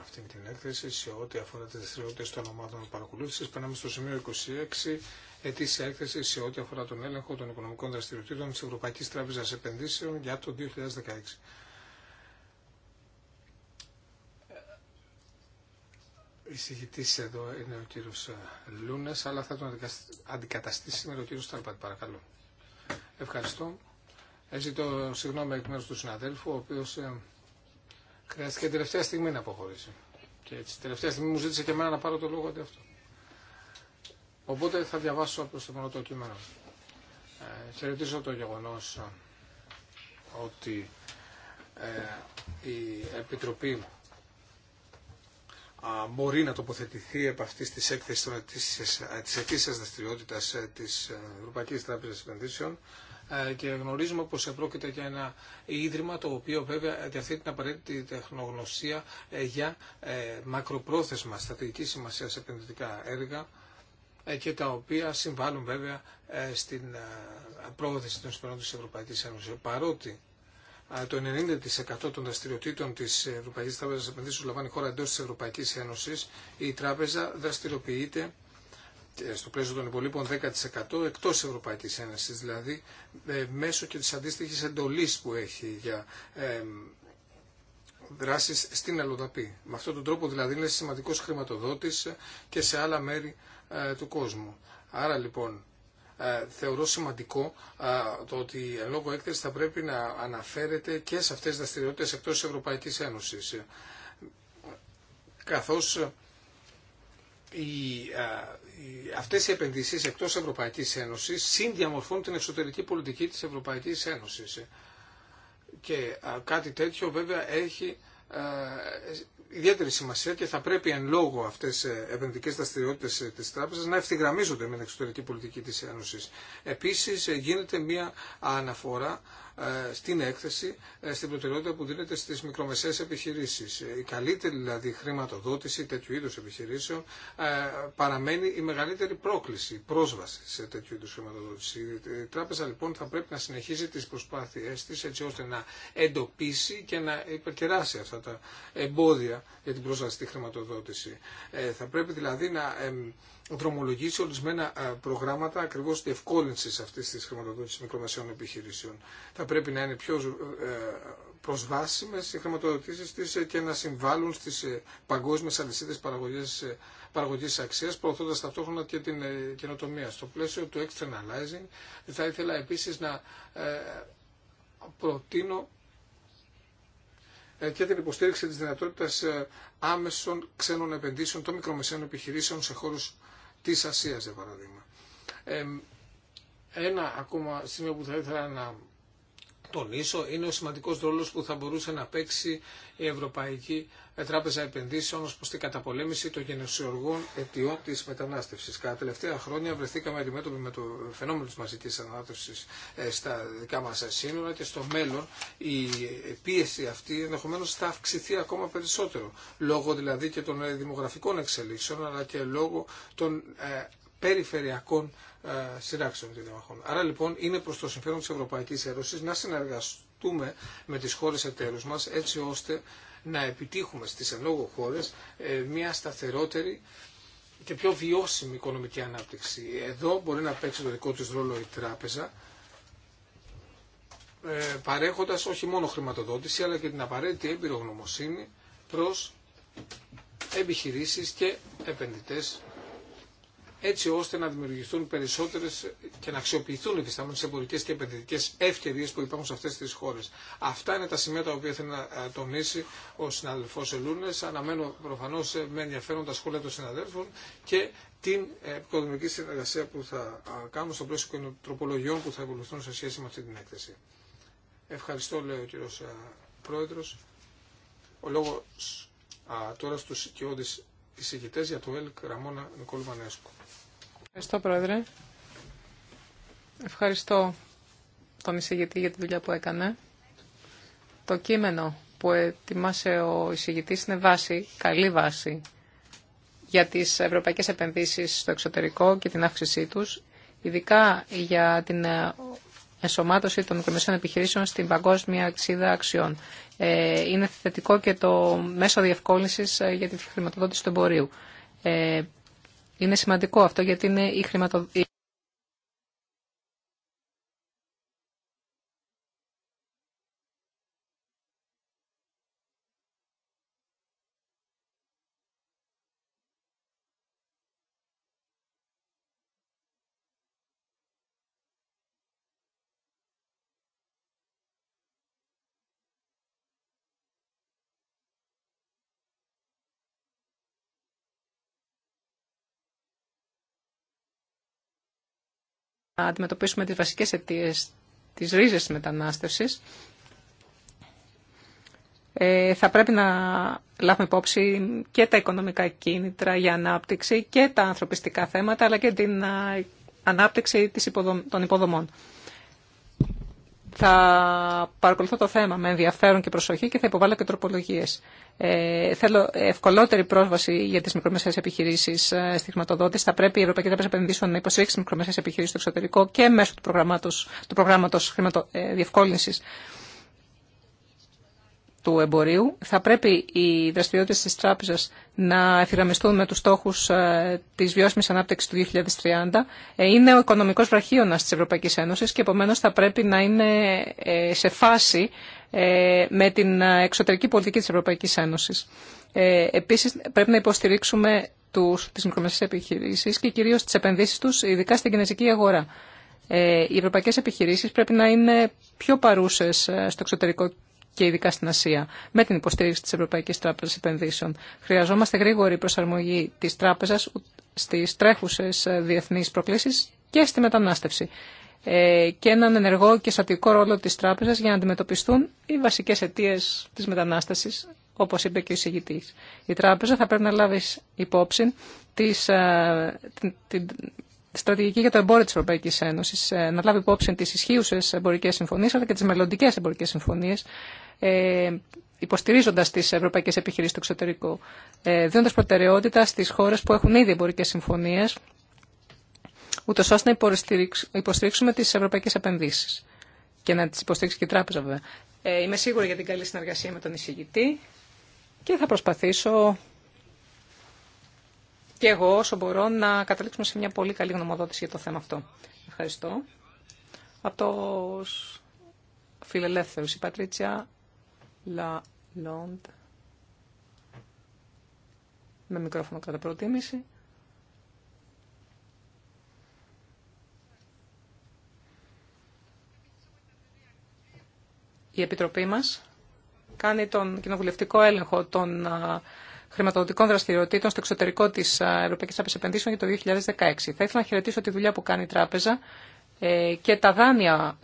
αυτή την έκθεση σε ό,τι αφορά τι δραστηριότητε των ομάδων παρακολούθηση. Περνάμε στο σημείο 26, ετήσια έκθεση σε ό,τι αφορά τον έλεγχο των οικονομικών δραστηριοτήτων τη Ευρωπαϊκή Τράπεζα Επενδύσεων για το 2016. Εισηγητή εδώ είναι ο κύριο Λούνε, αλλά θα τον αντικαταστήσει σήμερα ο κύριο Ταρπάτ παρακαλώ. Ευχαριστώ. το συγγνώμη εκ μέρους του συναδέλφου, ο οποίο ε, χρειάστηκε τελευταία στιγμή να αποχωρήσει. Και έτσι, τελευταία στιγμή μου ζήτησε και εμένα να πάρω το λόγο αντί αυτό. Οπότε θα διαβάσω προ το μόνο το κείμενο. Ε, χαιρετίζω το γεγονό ε, ότι ε, η Επιτροπή μπορεί να τοποθετηθεί επ' αυτής της έκθεσης της ετήσιας δραστηριότητας ε, της ε, Ευρωπαϊκής Τράπεζας Επενδύσεων ε, και γνωρίζουμε πως πρόκειται για ένα ίδρυμα το οποίο βέβαια διαθέτει την απαραίτητη τεχνογνωσία για μακροπρόθεσμα στρατηγική σημασία σε επενδυτικά έργα και τα οποία συμβάλλουν βέβαια στην πρόοδηση των συμφωνών της Ευρωπαϊκής Ένωσης. Παρότι το 90% των δραστηριοτήτων τη Ευρωπαϊκή Τράπεζα Επενδύσεων λαμβάνει χώρα εντό τη Ευρωπαϊκή Ένωση, η τράπεζα δραστηριοποιείται ε, στο πλαίσιο των υπολείπων 10% εκτός Ευρωπαϊκής Ένωσης, δηλαδή ε, μέσω και τη αντίστοιχη εντολής που έχει για ε, δράσεις στην αλοδαπή Με αυτόν τον τρόπο δηλαδή είναι σημαντικός χρηματοδότης και σε άλλα μέρη ε, του κόσμου. Άρα λοιπόν ε, θεωρώ σημαντικό ε, το ότι η λόγω έκθεση θα πρέπει να αναφέρεται και σε αυτές τις δραστηριότητες εκτός της Ευρωπαϊκής Ένωσης. Καθώς ε, οι, αυτές οι επενδύσεις εκτός Ευρωπαϊκής Ένωσης συνδιαμορφώνουν την εξωτερική πολιτική της Ευρωπαϊκής Ένωσης. Και κάτι τέτοιο βέβαια έχει ιδιαίτερη σημασία και θα πρέπει εν λόγω αυτέ οι ε, επενδυτικέ δραστηριότητε ε, τη τράπεζα να ευθυγραμμίζονται με την εξωτερική πολιτική τη Ένωση. Επίση, ε, γίνεται μία αναφορά ε, στην έκθεση ε, στην προτεραιότητα που δίνεται στις μικρομεσαίες επιχειρήσεις. Ε, η καλύτερη δηλαδή χρηματοδότηση τέτοιου είδους επιχειρήσεων παραμένει η μεγαλύτερη πρόκληση, η πρόσβαση σε τέτοιου είδους χρηματοδότηση. Η τράπεζα λοιπόν θα πρέπει να συνεχίζει τις προσπάθειές της έτσι ώστε να εντοπίσει και να υπερκεράσει αυτά τα εμπόδια για την πρόσβαση στη χρηματοδότηση. Θα πρέπει δηλαδή να δρομολογήσει ορισμένα προγράμματα ακριβώ διευκόλυνση αυτή τη χρηματοδότηση μικρομεσαίων επιχειρήσεων. Θα πρέπει να είναι πιο ε, προσβάσιμε οι χρηματοδοτήσει τη ε, και να συμβάλλουν στι ε, παγκόσμιε αλυσίδε παραγωγή αξία, προωθώντα ταυτόχρονα και την καινοτομία. Στο πλαίσιο του externalizing, θα ήθελα επίση να προτείνω και την υποστήριξη της δυνατότητας άμεσων ξένων επενδύσεων των μικρομεσαίων επιχειρήσεων σε χώρους της Ασίας, για παράδειγμα. ένα ακόμα σημείο που θα ήθελα να τονίσω είναι ο σημαντικός ρόλος που θα μπορούσε να παίξει η Ευρωπαϊκή ε, Τράπεζα Επενδύσεων ως προς την καταπολέμηση των γενεσιουργών αιτιών της μετανάστευσης. Κατά τελευταία χρόνια βρεθήκαμε αντιμέτωποι με το φαινόμενο της μαζικής ανάπτυξης ε, στα δικά μας σύνορα και στο μέλλον η πίεση αυτή ενδεχομένως θα αυξηθεί ακόμα περισσότερο. Λόγω δηλαδή και των ε, δημογραφικών εξελίξεων αλλά και λόγω των περιφερειακών σειράξεων των Άρα λοιπόν είναι προς το συμφέρον της Ευρωπαϊκής Ένωση να συνεργαστούμε με τις χώρες εταίρους μας έτσι ώστε να επιτύχουμε στις εν λόγω χώρες ε, μια σταθερότερη και πιο βιώσιμη οικονομική ανάπτυξη. Εδώ μπορεί να παίξει το δικό της ρόλο η τράπεζα, ε, παρέχοντας όχι μόνο χρηματοδότηση, αλλά και την απαραίτητη έμπειρο γνωμοσύνη προς επιχειρήσεις και επενδυτές έτσι ώστε να δημιουργηθούν περισσότερε και να αξιοποιηθούν οι φυσταμένε εμπορικέ και επενδυτικέ ευκαιρίε που υπάρχουν σε αυτέ τι χώρε. Αυτά είναι τα σημεία τα οποία θέλει να ε, τονίσει ο συναδελφό Ελούνε. Αναμένω προφανώ ε, με ενδιαφέρον τα σχόλια των συναδέλφων και την οικοδομική συνεργασία που θα κάνουμε στο πλαίσιο των τροπολογιών που θα ακολουθούν σε σχέση με αυτή την έκθεση. Ευχαριστώ, λέει ο κύριο Πρόεδρο. Ο λόγο τώρα στου οικειώδει εισηγητέ για το ΕΛΚ Ραμόνα Μανέσκου. Ευχαριστώ, Πρόεδρε. Ευχαριστώ τον εισηγητή για τη δουλειά που έκανε. Το κείμενο που ετοιμάσε ο εισηγητής είναι βάση, καλή βάση, για τις ευρωπαϊκές επενδύσεις στο εξωτερικό και την αύξησή τους, ειδικά για την ενσωμάτωση των μικρομεσαίων επιχειρήσεων στην παγκόσμια αξίδα αξιών. Ε, είναι θετικό και το μέσο διευκόλυνσης ε, για τη χρηματοδότηση του εμπορίου. Ε, είναι σημαντικό αυτό γιατί είναι η, χρηματοδότηση. αντιμετωπίσουμε τις βασικές αιτίες τις ρίζες της μετανάστευσης, ε, θα πρέπει να λάβουμε υπόψη και τα οικονομικά κίνητρα για ανάπτυξη και τα ανθρωπιστικά θέματα, αλλά και την ε, ανάπτυξη των υποδομών θα παρακολουθώ το θέμα με ενδιαφέρον και προσοχή και θα υποβάλω και τροπολογίε. Ε, θέλω ευκολότερη πρόσβαση για τι μικρομεσαίε επιχειρήσει ε, στη χρηματοδότηση. Θα πρέπει η Ευρωπαϊκή Τράπεζα Επενδύσεων να υποστηρίξει τι μικρομεσαίε επιχειρήσει στο εξωτερικό και μέσω του προγράμματο του προγράμματος χρηματο, ε, διευκόλυνση του εμπορίου. Θα πρέπει οι δραστηριότητε τη τράπεζα να εφηγραμμιστούν με τους στόχους ε, τη βιώσιμη ανάπτυξη του 2030. Ε, είναι ο οικονομικός βραχίωνα τη Ευρωπαϊκή Ένωση και επομένω θα πρέπει να είναι ε, σε φάση με την εξωτερική πολιτική της Ευρωπαϊκής Ένωσης. Επίση πρέπει να υποστηρίξουμε τι τις επιχειρήσει και κυρίω τι επενδύσει του, ειδικά στην κινέζικη αγορά. οι Ευρωπαϊκέ επιχειρήσει πρέπει να είναι πιο παρούσες στο εξωτερικό και ειδικά στην Ασία, με την υποστήριξη της Ευρωπαϊκής Τράπεζας Επενδύσεων. Χρειαζόμαστε γρήγορη προσαρμογή της τράπεζας στις τρέχουσες ε, διεθνείς προκλήσεις και στη μετανάστευση ε, και έναν ενεργό και στατικό ρόλο της τράπεζας για να αντιμετωπιστούν οι βασικές αιτίες της μετανάστασης, όπως είπε και ο εισηγητής. Η τράπεζα θα πρέπει να λάβει υπόψη ε, της, την, στρατηγική για το εμπόριο τη Ευρωπαϊκή Ένωση, να λάβει υπόψη τι ισχύουσε εμπορικέ συμφωνίε αλλά και τι μελλοντικέ εμπορικέ συμφωνίε ε, υποστηρίζοντας τις ευρωπαϊκές επιχειρήσεις του εξωτερικού, ε, δίνοντας προτεραιότητα στις χώρες που έχουν ήδη εμπορικές συμφωνίες, ούτως ώστε να υποστηρίξουμε τις ευρωπαϊκές επενδύσεις και να τις υποστηρίξει και η τράπεζα βέβαια. Ε, είμαι σίγουρη για την καλή συνεργασία με τον εισηγητή και θα προσπαθήσω και εγώ όσο μπορώ να καταλήξουμε σε μια πολύ καλή γνωμοδότηση για το θέμα αυτό. Ευχαριστώ. Από το φιλελεύθερους η Πατρίτσια La Με μικρόφωνο κατά προτίμηση. Η Επιτροπή μας κάνει τον κοινοβουλευτικό έλεγχο των χρηματοδοτικών δραστηριοτήτων στο εξωτερικό της Ευρωπαϊκής Τράπεζας Επενδύσεων για το 2016. Θα ήθελα να χαιρετήσω τη δουλειά που κάνει η Τράπεζα ε, και τα δάνεια,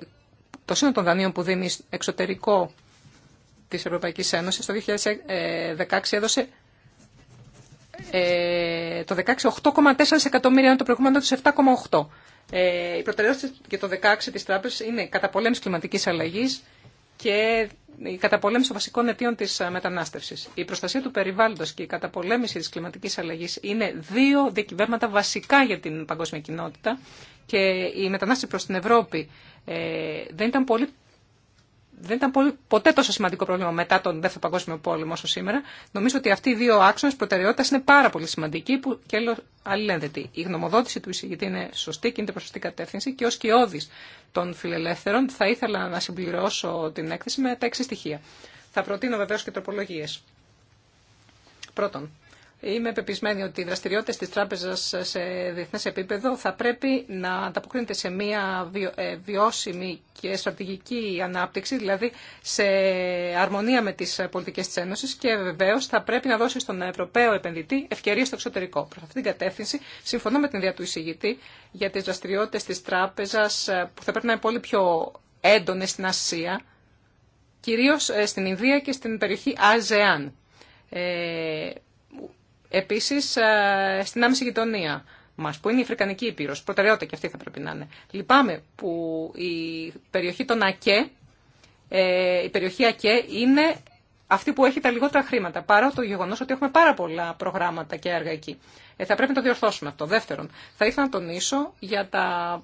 το σύνολο των δανείων που δίνει εξωτερικό της Ευρωπαϊκής Ένωσης το 2016 έδωσε ε, το 16 8,4 εκατομμύρια, το προηγούμενο το 7,8. η ε, προτεραιότητα για το 16 της τράπεζας είναι η καταπολέμηση κλιματικής αλλαγής και η καταπολέμηση των βασικών αιτίων της ε, μετανάστευσης. Η προστασία του περιβάλλοντος και η καταπολέμηση της κλιματικής αλλαγής είναι δύο διακυβέρματα βασικά για την παγκόσμια κοινότητα και η μετανάστευση προς την Ευρώπη ε, δεν ήταν πολύ δεν ήταν ποτέ τόσο σημαντικό πρόβλημα μετά τον Δεύτερο Παγκόσμιο Πόλεμο όσο σήμερα. Νομίζω ότι αυτοί οι δύο άξονε προτεραιότητα είναι πάρα πολύ σημαντικοί που και αλληλένδετοι. Η γνωμοδότηση του εισηγητή είναι σωστή και είναι προ κατεύθυνση και ω κοιόδη των φιλελεύθερων θα ήθελα να συμπληρώσω την έκθεση με τα εξή στοιχεία. Θα προτείνω βεβαίω και τροπολογίε. Πρώτον, Είμαι πεπισμένη ότι οι δραστηριότητε τη τράπεζα σε διεθνέ επίπεδο θα πρέπει να ανταποκρίνεται σε μια ε, βιώσιμη και στρατηγική ανάπτυξη, δηλαδή σε αρμονία με τι πολιτικέ τη Ένωση και βεβαίω θα πρέπει να δώσει στον Ευρωπαίο επενδυτή ευκαιρίε στο εξωτερικό. Προ αυτήν την κατεύθυνση συμφωνώ με την ιδέα του εισηγητή για τι δραστηριότητε τη τράπεζα ε, που θα πρέπει να είναι πολύ πιο έντονε στην Ασία, κυρίω ε, στην Ινδία και στην περιοχή Αζεάν Επίσης, ε, στην άμεση γειτονία μας, που είναι η Αφρικανική Ήπειρο, προτεραιότητα και αυτή θα πρέπει να είναι. Λυπάμαι που η περιοχή των ΑΚΕ, ε, η περιοχή ΑΚΕ είναι αυτή που έχει τα λιγότερα χρήματα, παρά το γεγονό ότι έχουμε πάρα πολλά προγράμματα και έργα εκεί. Ε, θα πρέπει να το διορθώσουμε αυτό. Δεύτερον, θα ήθελα να τονίσω για τα,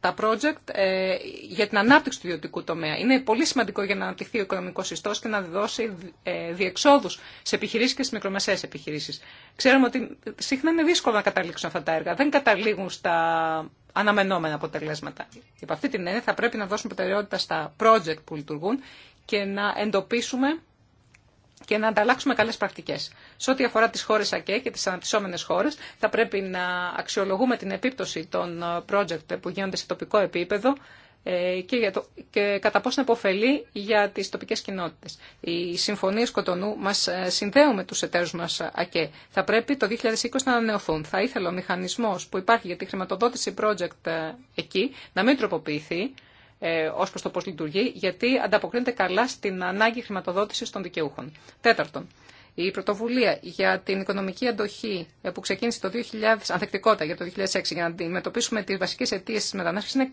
τα project ε, για την ανάπτυξη του ιδιωτικού τομέα. Είναι πολύ σημαντικό για να αναπτυχθεί ο οικονομικό ιστό και να δώσει ε, διεξόδου σε επιχειρήσει και στι μικρομεσαίε επιχειρήσει. Ξέρουμε ότι συχνά είναι δύσκολο να καταλήξουν αυτά τα έργα. Δεν καταλήγουν στα αναμενόμενα αποτελέσματα. Υπ' αυτή την έννοια θα πρέπει να δώσουμε προτεραιότητα στα project που λειτουργούν και να εντοπίσουμε και να ανταλλάξουμε καλές πρακτικές. Σε ό,τι αφορά τις χώρες ΑΚΕ και τις αναπτυσσόμενες χώρες, θα πρέπει να αξιολογούμε την επίπτωση των ε, project που γίνονται σε τοπικό επίπεδο ε, και, για το, και κατά πόσο επωφελεί για τις τοπικές κοινότητες. Οι συμφωνίες Κοτονού μας ε, συνδέουν με τους εταίρους μας ΑΚΕ. Θα πρέπει το 2020 να ανανεωθούν. Θα ήθελα ο μηχανισμός που υπάρχει για τη χρηματοδότηση project εκεί να μην τροποποιηθεί, ε, ως προς το πώς λειτουργεί, γιατί ανταποκρίνεται καλά στην ανάγκη χρηματοδότησης των δικαιούχων. Τέταρτον, η πρωτοβουλία για την οικονομική αντοχή που ξεκίνησε το 2000, ανθεκτικότητα για το 2006, για να αντιμετωπίσουμε τις βασικές αιτίες της μετανάστευσης, είναι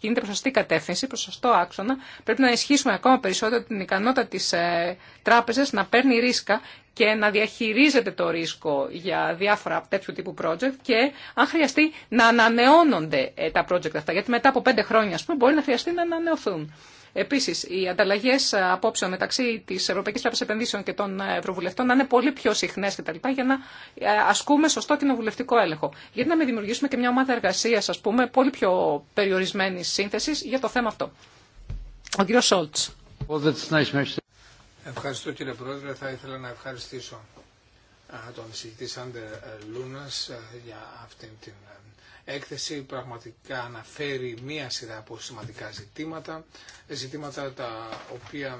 κινείται προ σωστή κατεύθυνση, προ σωστό άξονα. Πρέπει να ενισχύσουμε ακόμα περισσότερο την ικανότητα της ε, τράπεζα να παίρνει ρίσκα και να διαχειρίζεται το ρίσκο για διάφορα τέτοιου τύπου project και αν χρειαστεί να ανανεώνονται ε, τα project αυτά, γιατί μετά από πέντε χρόνια πούμε, μπορεί να χρειαστεί να ανανεωθούν. Επίση, οι ανταλλαγέ ε, απόψεων μεταξύ τη Ευρωπαϊκή Τράπεζα Επενδύσεων και των ε, Ευρωβουλευτών να είναι πολύ πιο συχνέ κτλ. για να ασκούμε σωστό κοινοβουλευτικό έλεγχο. Γιατί να μην δημιουργήσουμε και μια ομάδα εργασία, α πούμε, πολύ πιο περιορισμένη σύνθεση για το θέμα αυτό. Ο κύριο Σόλτ. Ευχαριστώ κύριε Πρόεδρε. Θα ήθελα να ευχαριστήσω τον εισηγητή Σάντερ ε, Λούνας ε, για αυτήν την ε, έκθεση. Πραγματικά αναφέρει μία σειρά από σημαντικά ζητήματα, ζητήματα τα οποία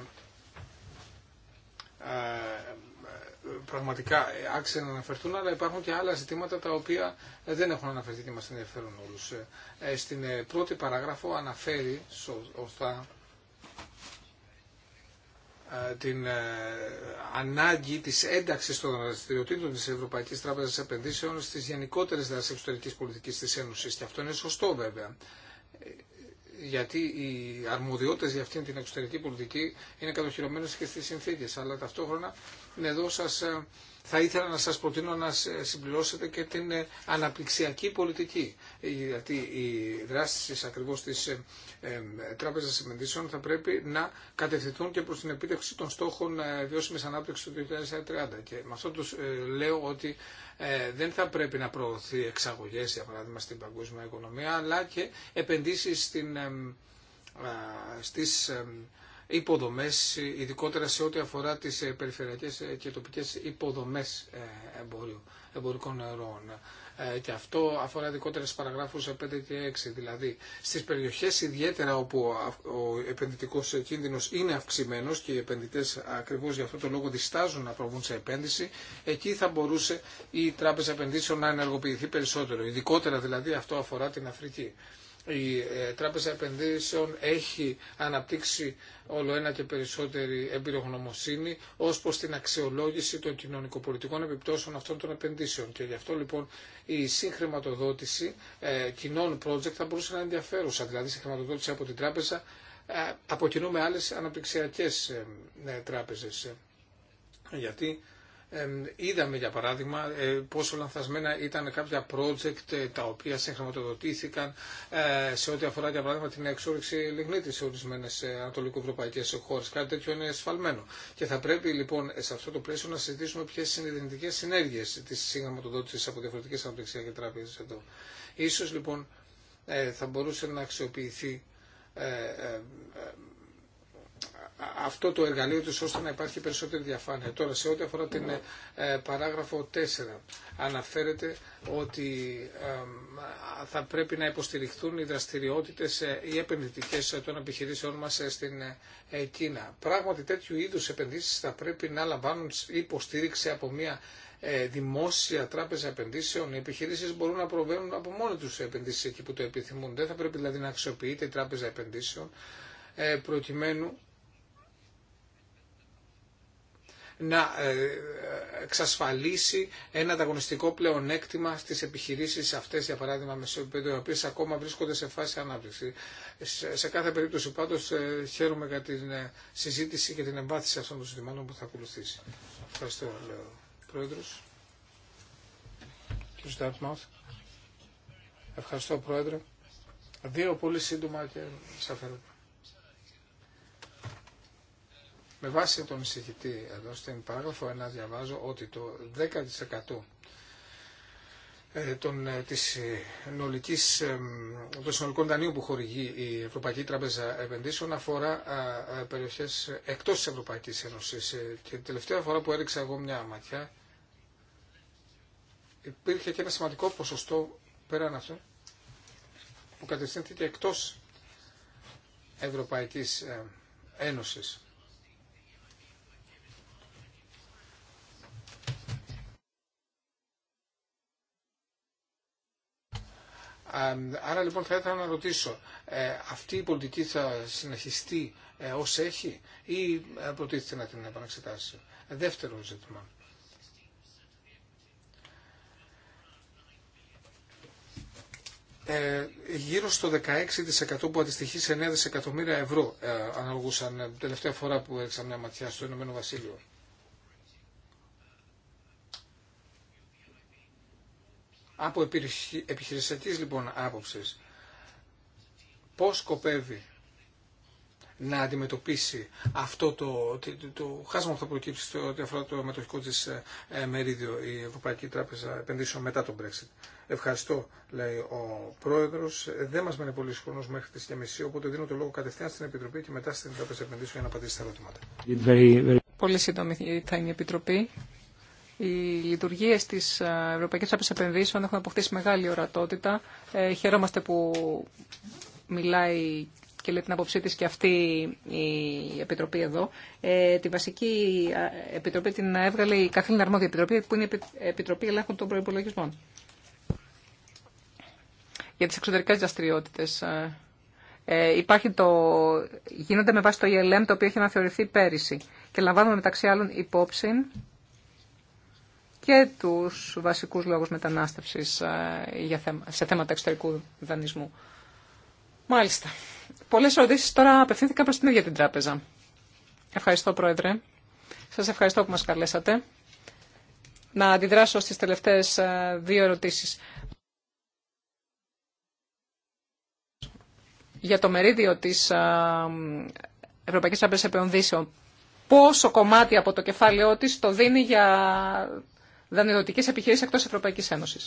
πραγματικά άξιζαν να αναφερθούν, αλλά υπάρχουν και άλλα ζητήματα τα οποία δεν έχουν αναφερθεί και μας ενδιαφέρουν όλους. Στην πρώτη παράγραφο αναφέρει σωστά ε, την ε, ανάγκη της ένταξης των δραστηριοτήτων της Ευρωπαϊκής Τράπεζας Επενδύσεων στις γενικότερες δράσεις εξωτερικής πολιτικής της Ένωσης. Και αυτό είναι σωστό βέβαια. Γιατί οι αρμοδιότητε για αυτήν την εξωτερική πολιτική είναι κατοχυρωμένε και στις συνθήκες. Αλλά ταυτόχρονα ναι, εδώ σα. Ε, θα ήθελα να σας προτείνω να συμπληρώσετε και την ε, αναπτυξιακή πολιτική. Ε, γιατί οι δράσεις ακριβώς της ε, Τράπεζας Επενδύσεων θα πρέπει να κατευθυνθούν και προς την επίτευξη των στόχων βιώσιμης ανάπτυξης του 2030. Και με αυτό τους λέω ότι δεν θα πρέπει να προωθεί εξαγωγές, για παράδειγμα, στην παγκόσμια οικονομία, αλλά και επενδύσεις στην, στις υποδομές, ειδικότερα σε ό,τι αφορά τις ε, περιφερειακές ε, και τοπικές υποδομές ε, εμπορίου, εμπορικών ροών. Και αυτό αφορά ειδικότερα στις παραγράφους 5 και 6. Δηλαδή, στις περιοχές ιδιαίτερα όπου ο επενδυτικός κίνδυνος είναι αυξημένος και οι επενδυτές ακριβώς για αυτό το λόγο διστάζουν να προβούν σε επένδυση, εκεί θα μπορούσε η Τράπεζα Επενδύσεων να ενεργοποιηθεί περισσότερο. Ειδικότερα δηλαδή αυτό αφορά την Αφρική η ε, Τράπεζα Επενδύσεων έχει αναπτύξει όλο ένα και περισσότερη εμπειρογνωμοσύνη ως προς την αξιολόγηση των κοινωνικοπολιτικών επιπτώσεων αυτών των επενδύσεων. Και γι' αυτό λοιπόν η συγχρηματοδότηση ε, κοινών project θα μπορούσε να είναι ενδιαφέρουσα, δηλαδή συγχρηματοδότηση από την Τράπεζα ε, από κοινού με άλλες αναπτυξιακές τράπεζες. Γιατί είδαμε για παράδειγμα ε, πόσο λανθασμένα ήταν κάποια project ε, τα οποία συγχρηματοδοτήθηκαν ε, σε ό,τι αφορά για παράδειγμα την εξόριξη λιγνίτη σε ορισμένε ανατολικοευρωπαϊκέ χώρε. Κάτι τέτοιο είναι εσφαλμένο. Και θα πρέπει λοιπόν σε αυτό το πλαίσιο να συζητήσουμε ποιε είναι οι δυνητικέ συνέργειε τη συγχρηματοδότηση από διαφορετικέ αναπτυξιακέ τράπεζε εδώ. Ίσως λοιπόν θα μπορούσε να αξιοποιηθεί αυτό το εργαλείο τους ώστε να υπάρχει περισσότερη διαφάνεια. Τώρα σε ό,τι αφορά την ε, παράγραφο 4 αναφέρεται ότι θα πρέπει να υποστηριχθούν οι δραστηριότητες, ε, οι επενδυτικές ε, των επιχειρήσεών μας στην Κίνα. Πράγματι τέτοιου είδους επενδύσεις θα πρέπει να λαμβάνουν υποστήριξη από μια δημόσια τράπεζα επενδύσεων, οι επιχειρήσει μπορούν να προβαίνουν από μόνο του επενδύσει εκεί που το επιθυμούν. Δεν θα πρέπει δηλαδή να αξιοποιείται η τράπεζα επενδύσεων προκειμένου να ε, ε, εξασφαλίσει ένα ανταγωνιστικό πλεονέκτημα στις επιχειρήσεις αυτές, για παράδειγμα μεσοπαίδιο, οι οποίες ακόμα βρίσκονται σε φάση ανάπτυξη. Σε κάθε περίπτωση πάντως ε, χαίρομαι για την συζήτηση και την εμβάθυνση αυτών των ζητημάτων που θα ακολουθήσει. Ευχαριστώ, λέω. Πρόεδρος. Κύριος Σταρτμαντ, Ευχαριστώ, Πρόεδρε. Δύο πολύ σύντομα και σαφερό Με βάση τον εισηγητή εδώ στην παράγραφο 1 διαβάζω ότι το 10% ε, των, ε, της ε, νολικής, των συνολικών δανείων που χορηγεί η Ευρωπαϊκή Τράπεζα Επενδύσεων αφορά περιοχές εκτός της Ευρωπαϊκής Ένωσης. Και την τελευταία φορά που έριξα εγώ μια ματιά υπήρχε και ένα σημαντικό ποσοστό πέραν αυτού που κατευθύνθηκε εκτός Ευρωπαϊκής Ένωσης. Άρα λοιπόν θα ήθελα να ρωτήσω, ε, αυτή η πολιτική θα συνεχιστεί ε, ως έχει ή ε, προτίθεται να την επαναξετάσει. Δεύτερο ζήτημα. γύρω στο 16% που αντιστοιχεί σε 9 δισεκατομμύρια ευρώ ε, αναλογούσαν τελευταία φορά που έριξα μια ματιά στο Ηνωμένο Βασίλειο. Από επιχειρησιακής λοιπόν άποψης, πώς σκοπεύει να αντιμετωπίσει αυτό το, το, χάσμα που θα προκύψει στο ό,τι αφορά το μετοχικό τη ε, ε, μερίδιο η Ευρωπαϊκή Τράπεζα Επενδύσεων μετά τον Brexit. Ευχαριστώ, λέει ο πρόεδρο. Δεν μα μένει πολύ χρόνο μέχρι τι και μισή, οπότε δίνω το λόγο κατευθείαν στην Επιτροπή και μετά στην Τράπεζα Επενδύσεων για να απαντήσει στα ερωτήματα. Πολύ σύντομη θα είναι η Επιτροπή. Οι λειτουργίε τη ε, Ευρωπαϊκή Τράπεζα Επενδύσεων έχουν αποκτήσει μεγάλη ορατότητα. Ε, χαιρόμαστε που μιλάει και λέει την άποψή τη και αυτή η Επιτροπή εδώ. Ε, τη βασική ε, Επιτροπή την έβγαλε η Καθήλυνα Αρμόδια Επιτροπή, που είναι η Επιτροπή Ελέγχων των Προπολογισμών. Για τι εξωτερικέ δραστηριότητε. Ε, ε, υπάρχει το, με βάση το ELM το οποίο έχει αναθεωρηθεί πέρυσι και λαμβάνουμε μεταξύ άλλων υπόψη και τους βασικούς λόγους μετανάστευσης ε, σε θέματα εξωτερικού δανεισμού. Μάλιστα. Πολλές ερωτήσεις τώρα απευθύνθηκαν προς την ίδια την τράπεζα. Ευχαριστώ, Πρόεδρε. Σας ευχαριστώ που μας καλέσατε. Να αντιδράσω στις τελευταίες ε, δύο ερωτήσεις. Για το μερίδιο της ε, Ευρωπαϊκής Τράπεζας Επενδύσεων, πόσο κομμάτι από το κεφάλαιό της το δίνει για δανειοδοτικέ επιχείρησει εκτό Ευρωπαϊκή Ένωση.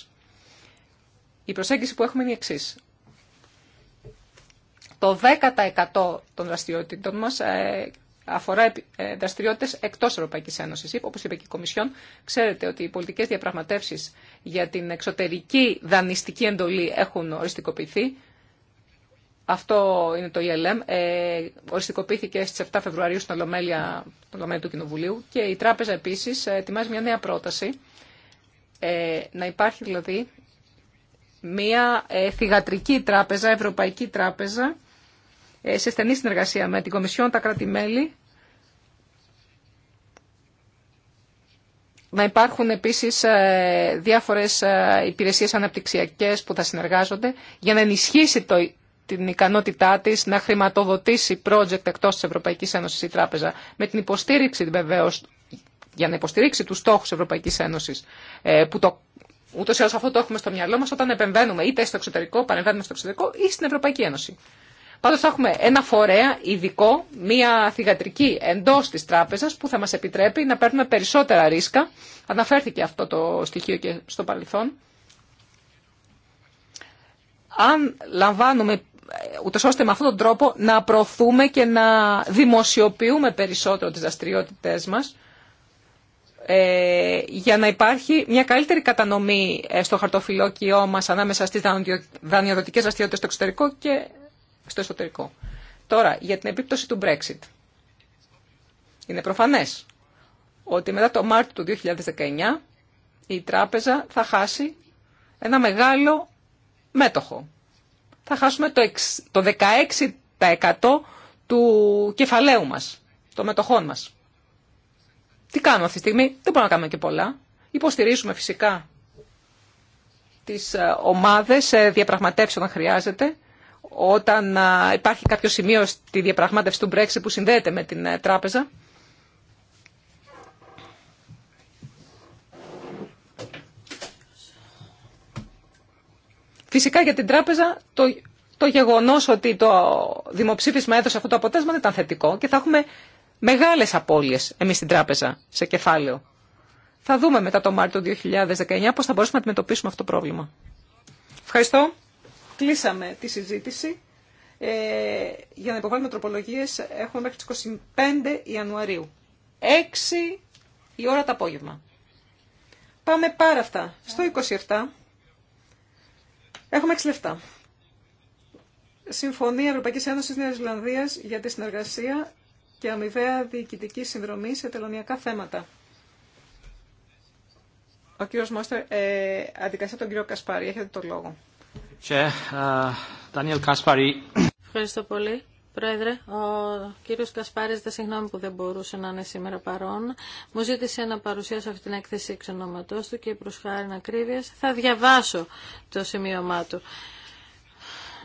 Η προσέγγιση που έχουμε είναι η εξή. Το 10% των δραστηριοτήτων μας ε, αφορά ε, δραστηριότητε εκτό Ευρωπαϊκή Ένωση. Όπω είπε και η Κομισιόν, ξέρετε ότι οι πολιτικέ διαπραγματεύσει για την εξωτερική δανειστική εντολή έχουν οριστικοποιηθεί. Αυτό είναι το ELM. Ε, οριστικοποιήθηκε στι 7 Φεβρουαρίου στην Ολομέλεια, του Κοινοβουλίου και η Τράπεζα επίση ετοιμάζει μια νέα πρόταση ε, να υπάρχει δηλαδή μία ε, θηγατρική τράπεζα, ευρωπαϊκή τράπεζα, ε, σε στενή συνεργασία με την Κομισιόν, τα κράτη-μέλη. Να υπάρχουν επίσης διάφορες υπηρεσίες αναπτυξιακές που θα συνεργάζονται για να ενισχύσει το, την ικανότητά της να χρηματοδοτήσει project εκτός της Ευρωπαϊκής Ένωσης η τράπεζα με την υποστήριξη βεβαίω για να υποστηρίξει τους στόχους Ευρωπαϊκής Ένωσης ε, που το Ούτω ή άλλω αυτό το έχουμε στο μυαλό μα όταν επεμβαίνουμε είτε στο εξωτερικό, παρεμβαίνουμε στο εξωτερικό ή στην Ευρωπαϊκή Ένωση. Πάντω θα έχουμε ένα φορέα ειδικό, μία θηγατρική εντό τη τράπεζα που θα μα επιτρέπει να παίρνουμε περισσότερα ρίσκα. Αναφέρθηκε αυτό το στοιχείο και στο παρελθόν. Αν λαμβάνουμε ούτω ώστε με αυτόν τον τρόπο να προωθούμε και να δημοσιοποιούμε περισσότερο τι δραστηριότητέ μα. Ε, για να υπάρχει μια καλύτερη κατανομή ε, στο χαρτοφυλόκιό μας ανάμεσα στις δανειοδοτικές δραστηριότητες στο εξωτερικό και στο εσωτερικό. Τώρα, για την επίπτωση του Brexit. Είναι προφανές ότι μετά το Μάρτιο του 2019 η τράπεζα θα χάσει ένα μεγάλο μέτοχο. Θα χάσουμε το 16% του κεφαλαίου μας, των μετοχών μας. Τι κάνουμε αυτή τη στιγμή, δεν μπορούμε να κάνουμε και πολλά. Υποστηρίζουμε φυσικά τις ε, ομάδες ε, διαπραγματεύσεων όταν χρειάζεται. Όταν ε, υπάρχει κάποιο σημείο στη διαπραγμάτευση του Brexit που συνδέεται με την τράπεζα. Φυσικά για την τράπεζα το, το γεγονός ότι το δημοψήφισμα έδωσε αυτό το αποτέλεσμα δεν ήταν θετικό και θα έχουμε μεγάλες απώλειες εμείς στην τράπεζα σε κεφάλαιο. Θα δούμε μετά το Μάρτιο 2019 πώς θα μπορέσουμε να αντιμετωπίσουμε αυτό το πρόβλημα. Ευχαριστώ. Κλείσαμε τη συζήτηση. Ε, για να υποβάλουμε τροπολογίες έχουμε μέχρι τις 25 Ιανουαρίου. 6 η ώρα το απόγευμα. Πάμε πάρα αυτά. Στο 27 έχουμε 6 λεφτά. Συμφωνία Ευρωπαϊκής Ένωσης Νέας για τη συνεργασία και αμοιβαία διοικητική συνδρομή σε τελωνιακά θέματα. Ο κύριος Μόστερ ε, τον κύριο Κασπάρη. Έχετε το λόγο. Uh, Ευχαριστώ πολύ. Πρόεδρε, ο κύριος Κασπάρης, δεν συγγνώμη που δεν μπορούσε να είναι σήμερα παρόν, μου ζήτησε να παρουσιάσω αυτή την έκθεση εξ ονόματός του και προς χάρη ακρίβειας θα διαβάσω το σημείωμά του.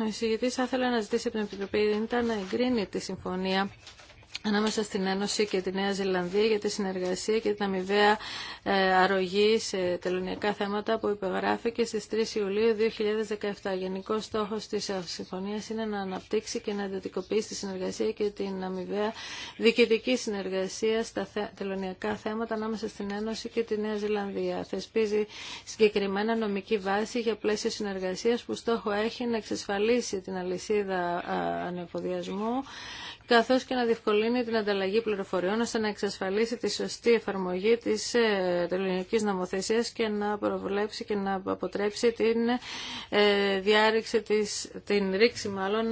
Ο εισηγητής θα ήθελε να ζητήσει από την Επιτροπή ήταν να εγκρίνει τη συμφωνία ανάμεσα στην Ένωση και τη Νέα Ζηλανδία για τη συνεργασία και την αμοιβαία ε, αρρωγή σε τελωνιακά θέματα που υπεγράφηκε στις 3 Ιουλίου 2017. Γενικό στόχος της συμφωνίας είναι να αναπτύξει και να εντατικοποιήσει τη συνεργασία και την αμοιβαία διοικητική συνεργασία στα τελωνιακά θέματα ανάμεσα στην Ένωση και τη Νέα Ζηλανδία. Θεσπίζει συγκεκριμένα νομική βάση για πλαίσιο συνεργασίας που στόχο έχει να εξασφαλίσει την αλυσίδα ανεφοδιασμού καθώς και να διευκολύνει την ανταλλαγή πληροφοριών ώστε να εξασφαλίσει τη σωστή εφαρμογή της ε, τελωνιακή νομοθεσίας και να προβλέψει και να αποτρέψει την ε, διάρρηξη της, την ρήξη μάλλον,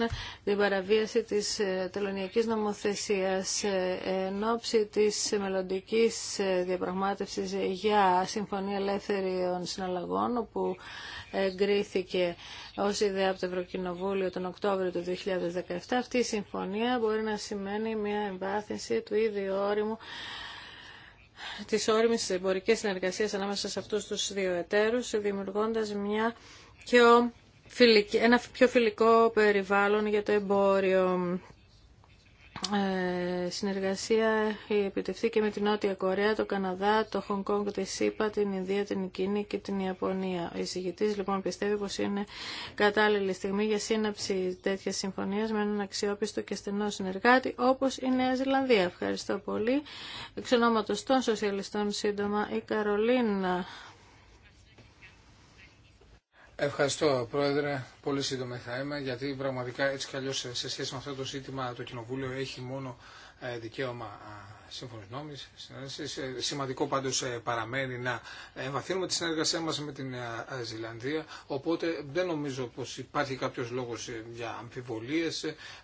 την παραβίαση της ε, τελωνιακής νομοθεσίας εν ώψη της μελλοντική διαπραγμάτευσης για Συμφωνία Ελεύθερων Συναλλαγών όπου εγκρίθηκε ως ιδέα από το Ευρωκοινοβούλιο τον Οκτώβριο του 2017, αυτή η συμφωνία μπορεί να σημαίνει μια εμβάθυνση του ίδιου όριμου της όριμης εμπορικής συνεργασίας ανάμεσα σε αυτούς τους δύο εταίρους, δημιουργώντας μια πιο φιλική, ένα πιο φιλικό περιβάλλον για το εμπόριο. Ε, συνεργασία επιτευχθεί και με την Νότια Κορέα, το Καναδά, το Χονγκ Κόνγκ, τη ΣΥΠΑ, την Ινδία, την Κίνη και την Ιαπωνία. Ο εισηγητή λοιπόν πιστεύει πως είναι κατάλληλη στιγμή για σύναψη τέτοια συμφωνίας με έναν αξιόπιστο και στενό συνεργάτη όπως η Νέα Ζηλανδία. Ευχαριστώ πολύ. Εξ των Σοσιαλιστών σύντομα η Καρολίνα Ευχαριστώ, Πρόεδρε. Πολύ σύντομα θα είμαι, γιατί πραγματικά έτσι κι αλλιώς σε σχέση με αυτό το ζήτημα το Κοινοβούλιο έχει μόνο ε, δικαίωμα σύμφωνη νόμη. Σημαντικό πάντω ε, παραμένει να εμβαθύνουμε τη συνεργασία μα με την Ζηλανδία. Οπότε δεν νομίζω πω υπάρχει κάποιο λόγο ε, για αμφιβολίε.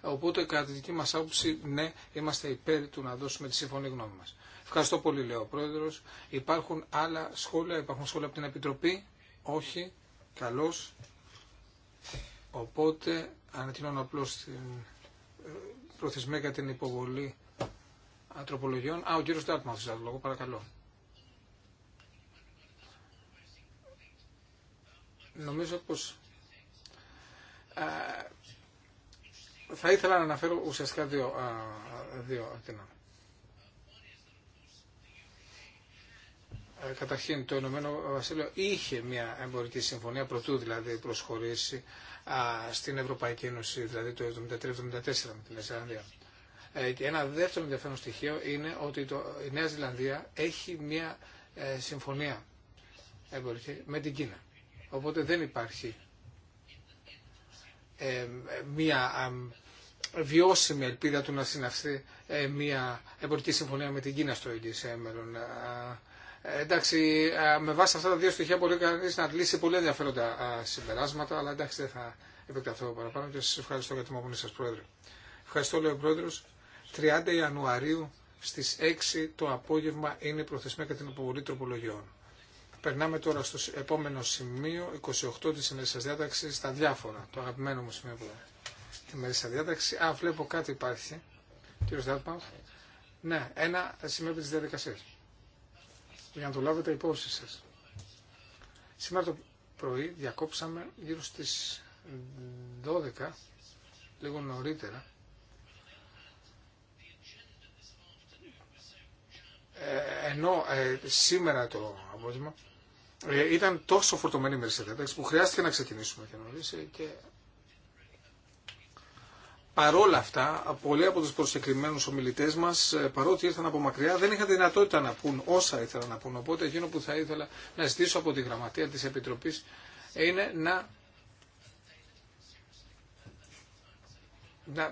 Οπότε κατά τη δική μα άποψη, ναι, είμαστε υπέρ του να δώσουμε τη σύμφωνη γνώμη μα. Ευχαριστώ πολύ, λέω ο Πρόεδρο. Υπάρχουν άλλα σχόλια, υπάρχουν σχόλια από την Επιτροπή. Όχι καλός. Οπότε ανακοινώνω απλώς την ε, προθεσμία για την υποβολή ανθρωπολογιών. Α, ο κύριος Ντάρτμαθ, το λόγο, παρακαλώ. Νομίζω πως ε, θα ήθελα να αναφέρω ουσιαστικά δύο, α, δύο Ε, καταρχήν το Ηνωμένο Βασίλειο είχε μια εμπορική συμφωνία, προτού δηλαδή προσχωρήσει στην Ευρωπαϊκή Ένωση, δηλαδή το 1973-1974 με τη Νέα Ζηλανδία. Ε, ένα δεύτερο ενδιαφέρον στοιχείο είναι ότι το, η Νέα Ζηλανδία έχει μια ε, συμφωνία εμπορική με την Κίνα. Οπότε δεν υπάρχει μια βιώσιμη ελπίδα του να συναυθεί μια εμπορική συμφωνία με την Κίνα στο σε μέλλον εντάξει, με βάση αυτά τα δύο στοιχεία μπορεί κανεί να λύσει πολύ ενδιαφέροντα συμπεράσματα, αλλά εντάξει, δεν θα επεκταθώ παραπάνω και σα ευχαριστώ για την μόνη σα, Πρόεδρε. Ευχαριστώ, λέει ο Πρόεδρο. 30 Ιανουαρίου στι 6 το απόγευμα είναι η προθεσμία για την αποβολή τροπολογιών. Περνάμε τώρα στο επόμενο σημείο, 28 της ημερήσια διάταξη στα διάφορα, το αγαπημένο μου σημείο που τη ημερήσια διάταξη. Α, βλέπω κάτι υπάρχει. κύριο Δάρπαου. Ναι, ένα σημείο τη διαδικασία για να το λάβετε υπόψη σα. Σήμερα το πρωί διακόψαμε γύρω στις 12, λίγο νωρίτερα, ε, ενώ ε, σήμερα το απόγευμα ε, ήταν τόσο φορτωμένη η Μερσέντα που χρειάστηκε να ξεκινήσουμε και νωρίς ε, και παρόλα αυτά, πολλοί από τους προσεκριμένου ομιλητές μας, ε, παρότι ήρθαν από μακριά, δεν είχαν δυνατότητα να πούν όσα ήθελαν να πούν. Οπότε εκείνο που θα ήθελα να ζητήσω από τη γραμματεία της Επιτροπής είναι να, να ε,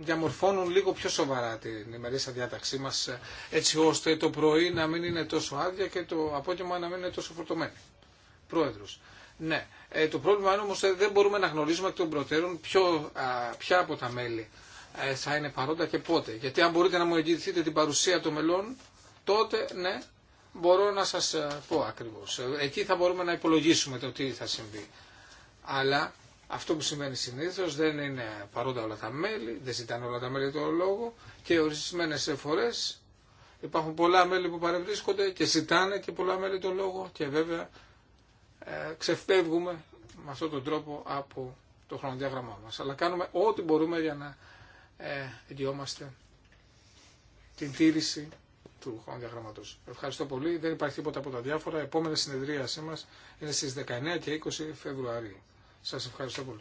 διαμορφώνουν λίγο πιο σοβαρά την ημερήσια διάταξή μας, ε, έτσι ώστε το πρωί να μην είναι τόσο άδεια και το απόγευμα να μην είναι τόσο φορτωμένο. Πρόεδρος. Ναι, ε, το πρόβλημα είναι όμως ε, δεν μπορούμε να γνωρίζουμε εκ των προτέρων ποιο, ποια από τα μέλη ε, θα είναι παρόντα και πότε. Γιατί αν μπορείτε να μου εγγυηθείτε την παρουσία των μελών, τότε ναι, μπορώ να σας πω ακριβώς. Εκεί θα μπορούμε να υπολογίσουμε το τι θα συμβεί. Αλλά αυτό που σημαίνει συνήθως δεν είναι παρόντα όλα τα μέλη, δεν ζητάνε όλα τα μέλη τον λόγο και ορισμένες φορές υπάρχουν πολλά μέλη που παρευρίσκονται και ζητάνε και πολλά μέλη το λόγο και βέβαια ε, ξεφεύγουμε με αυτόν τον τρόπο από το χρονοδιάγραμμά μας. Αλλά κάνουμε ό,τι μπορούμε για να ε, εγγυόμαστε την τήρηση του χρονοδιαγραμματός. Ευχαριστώ πολύ. Δεν υπάρχει τίποτα από τα διάφορα. Επόμενη συνεδρίασή μας είναι στις 19 και 20 Φεβρουαρίου. Σας ευχαριστώ πολύ.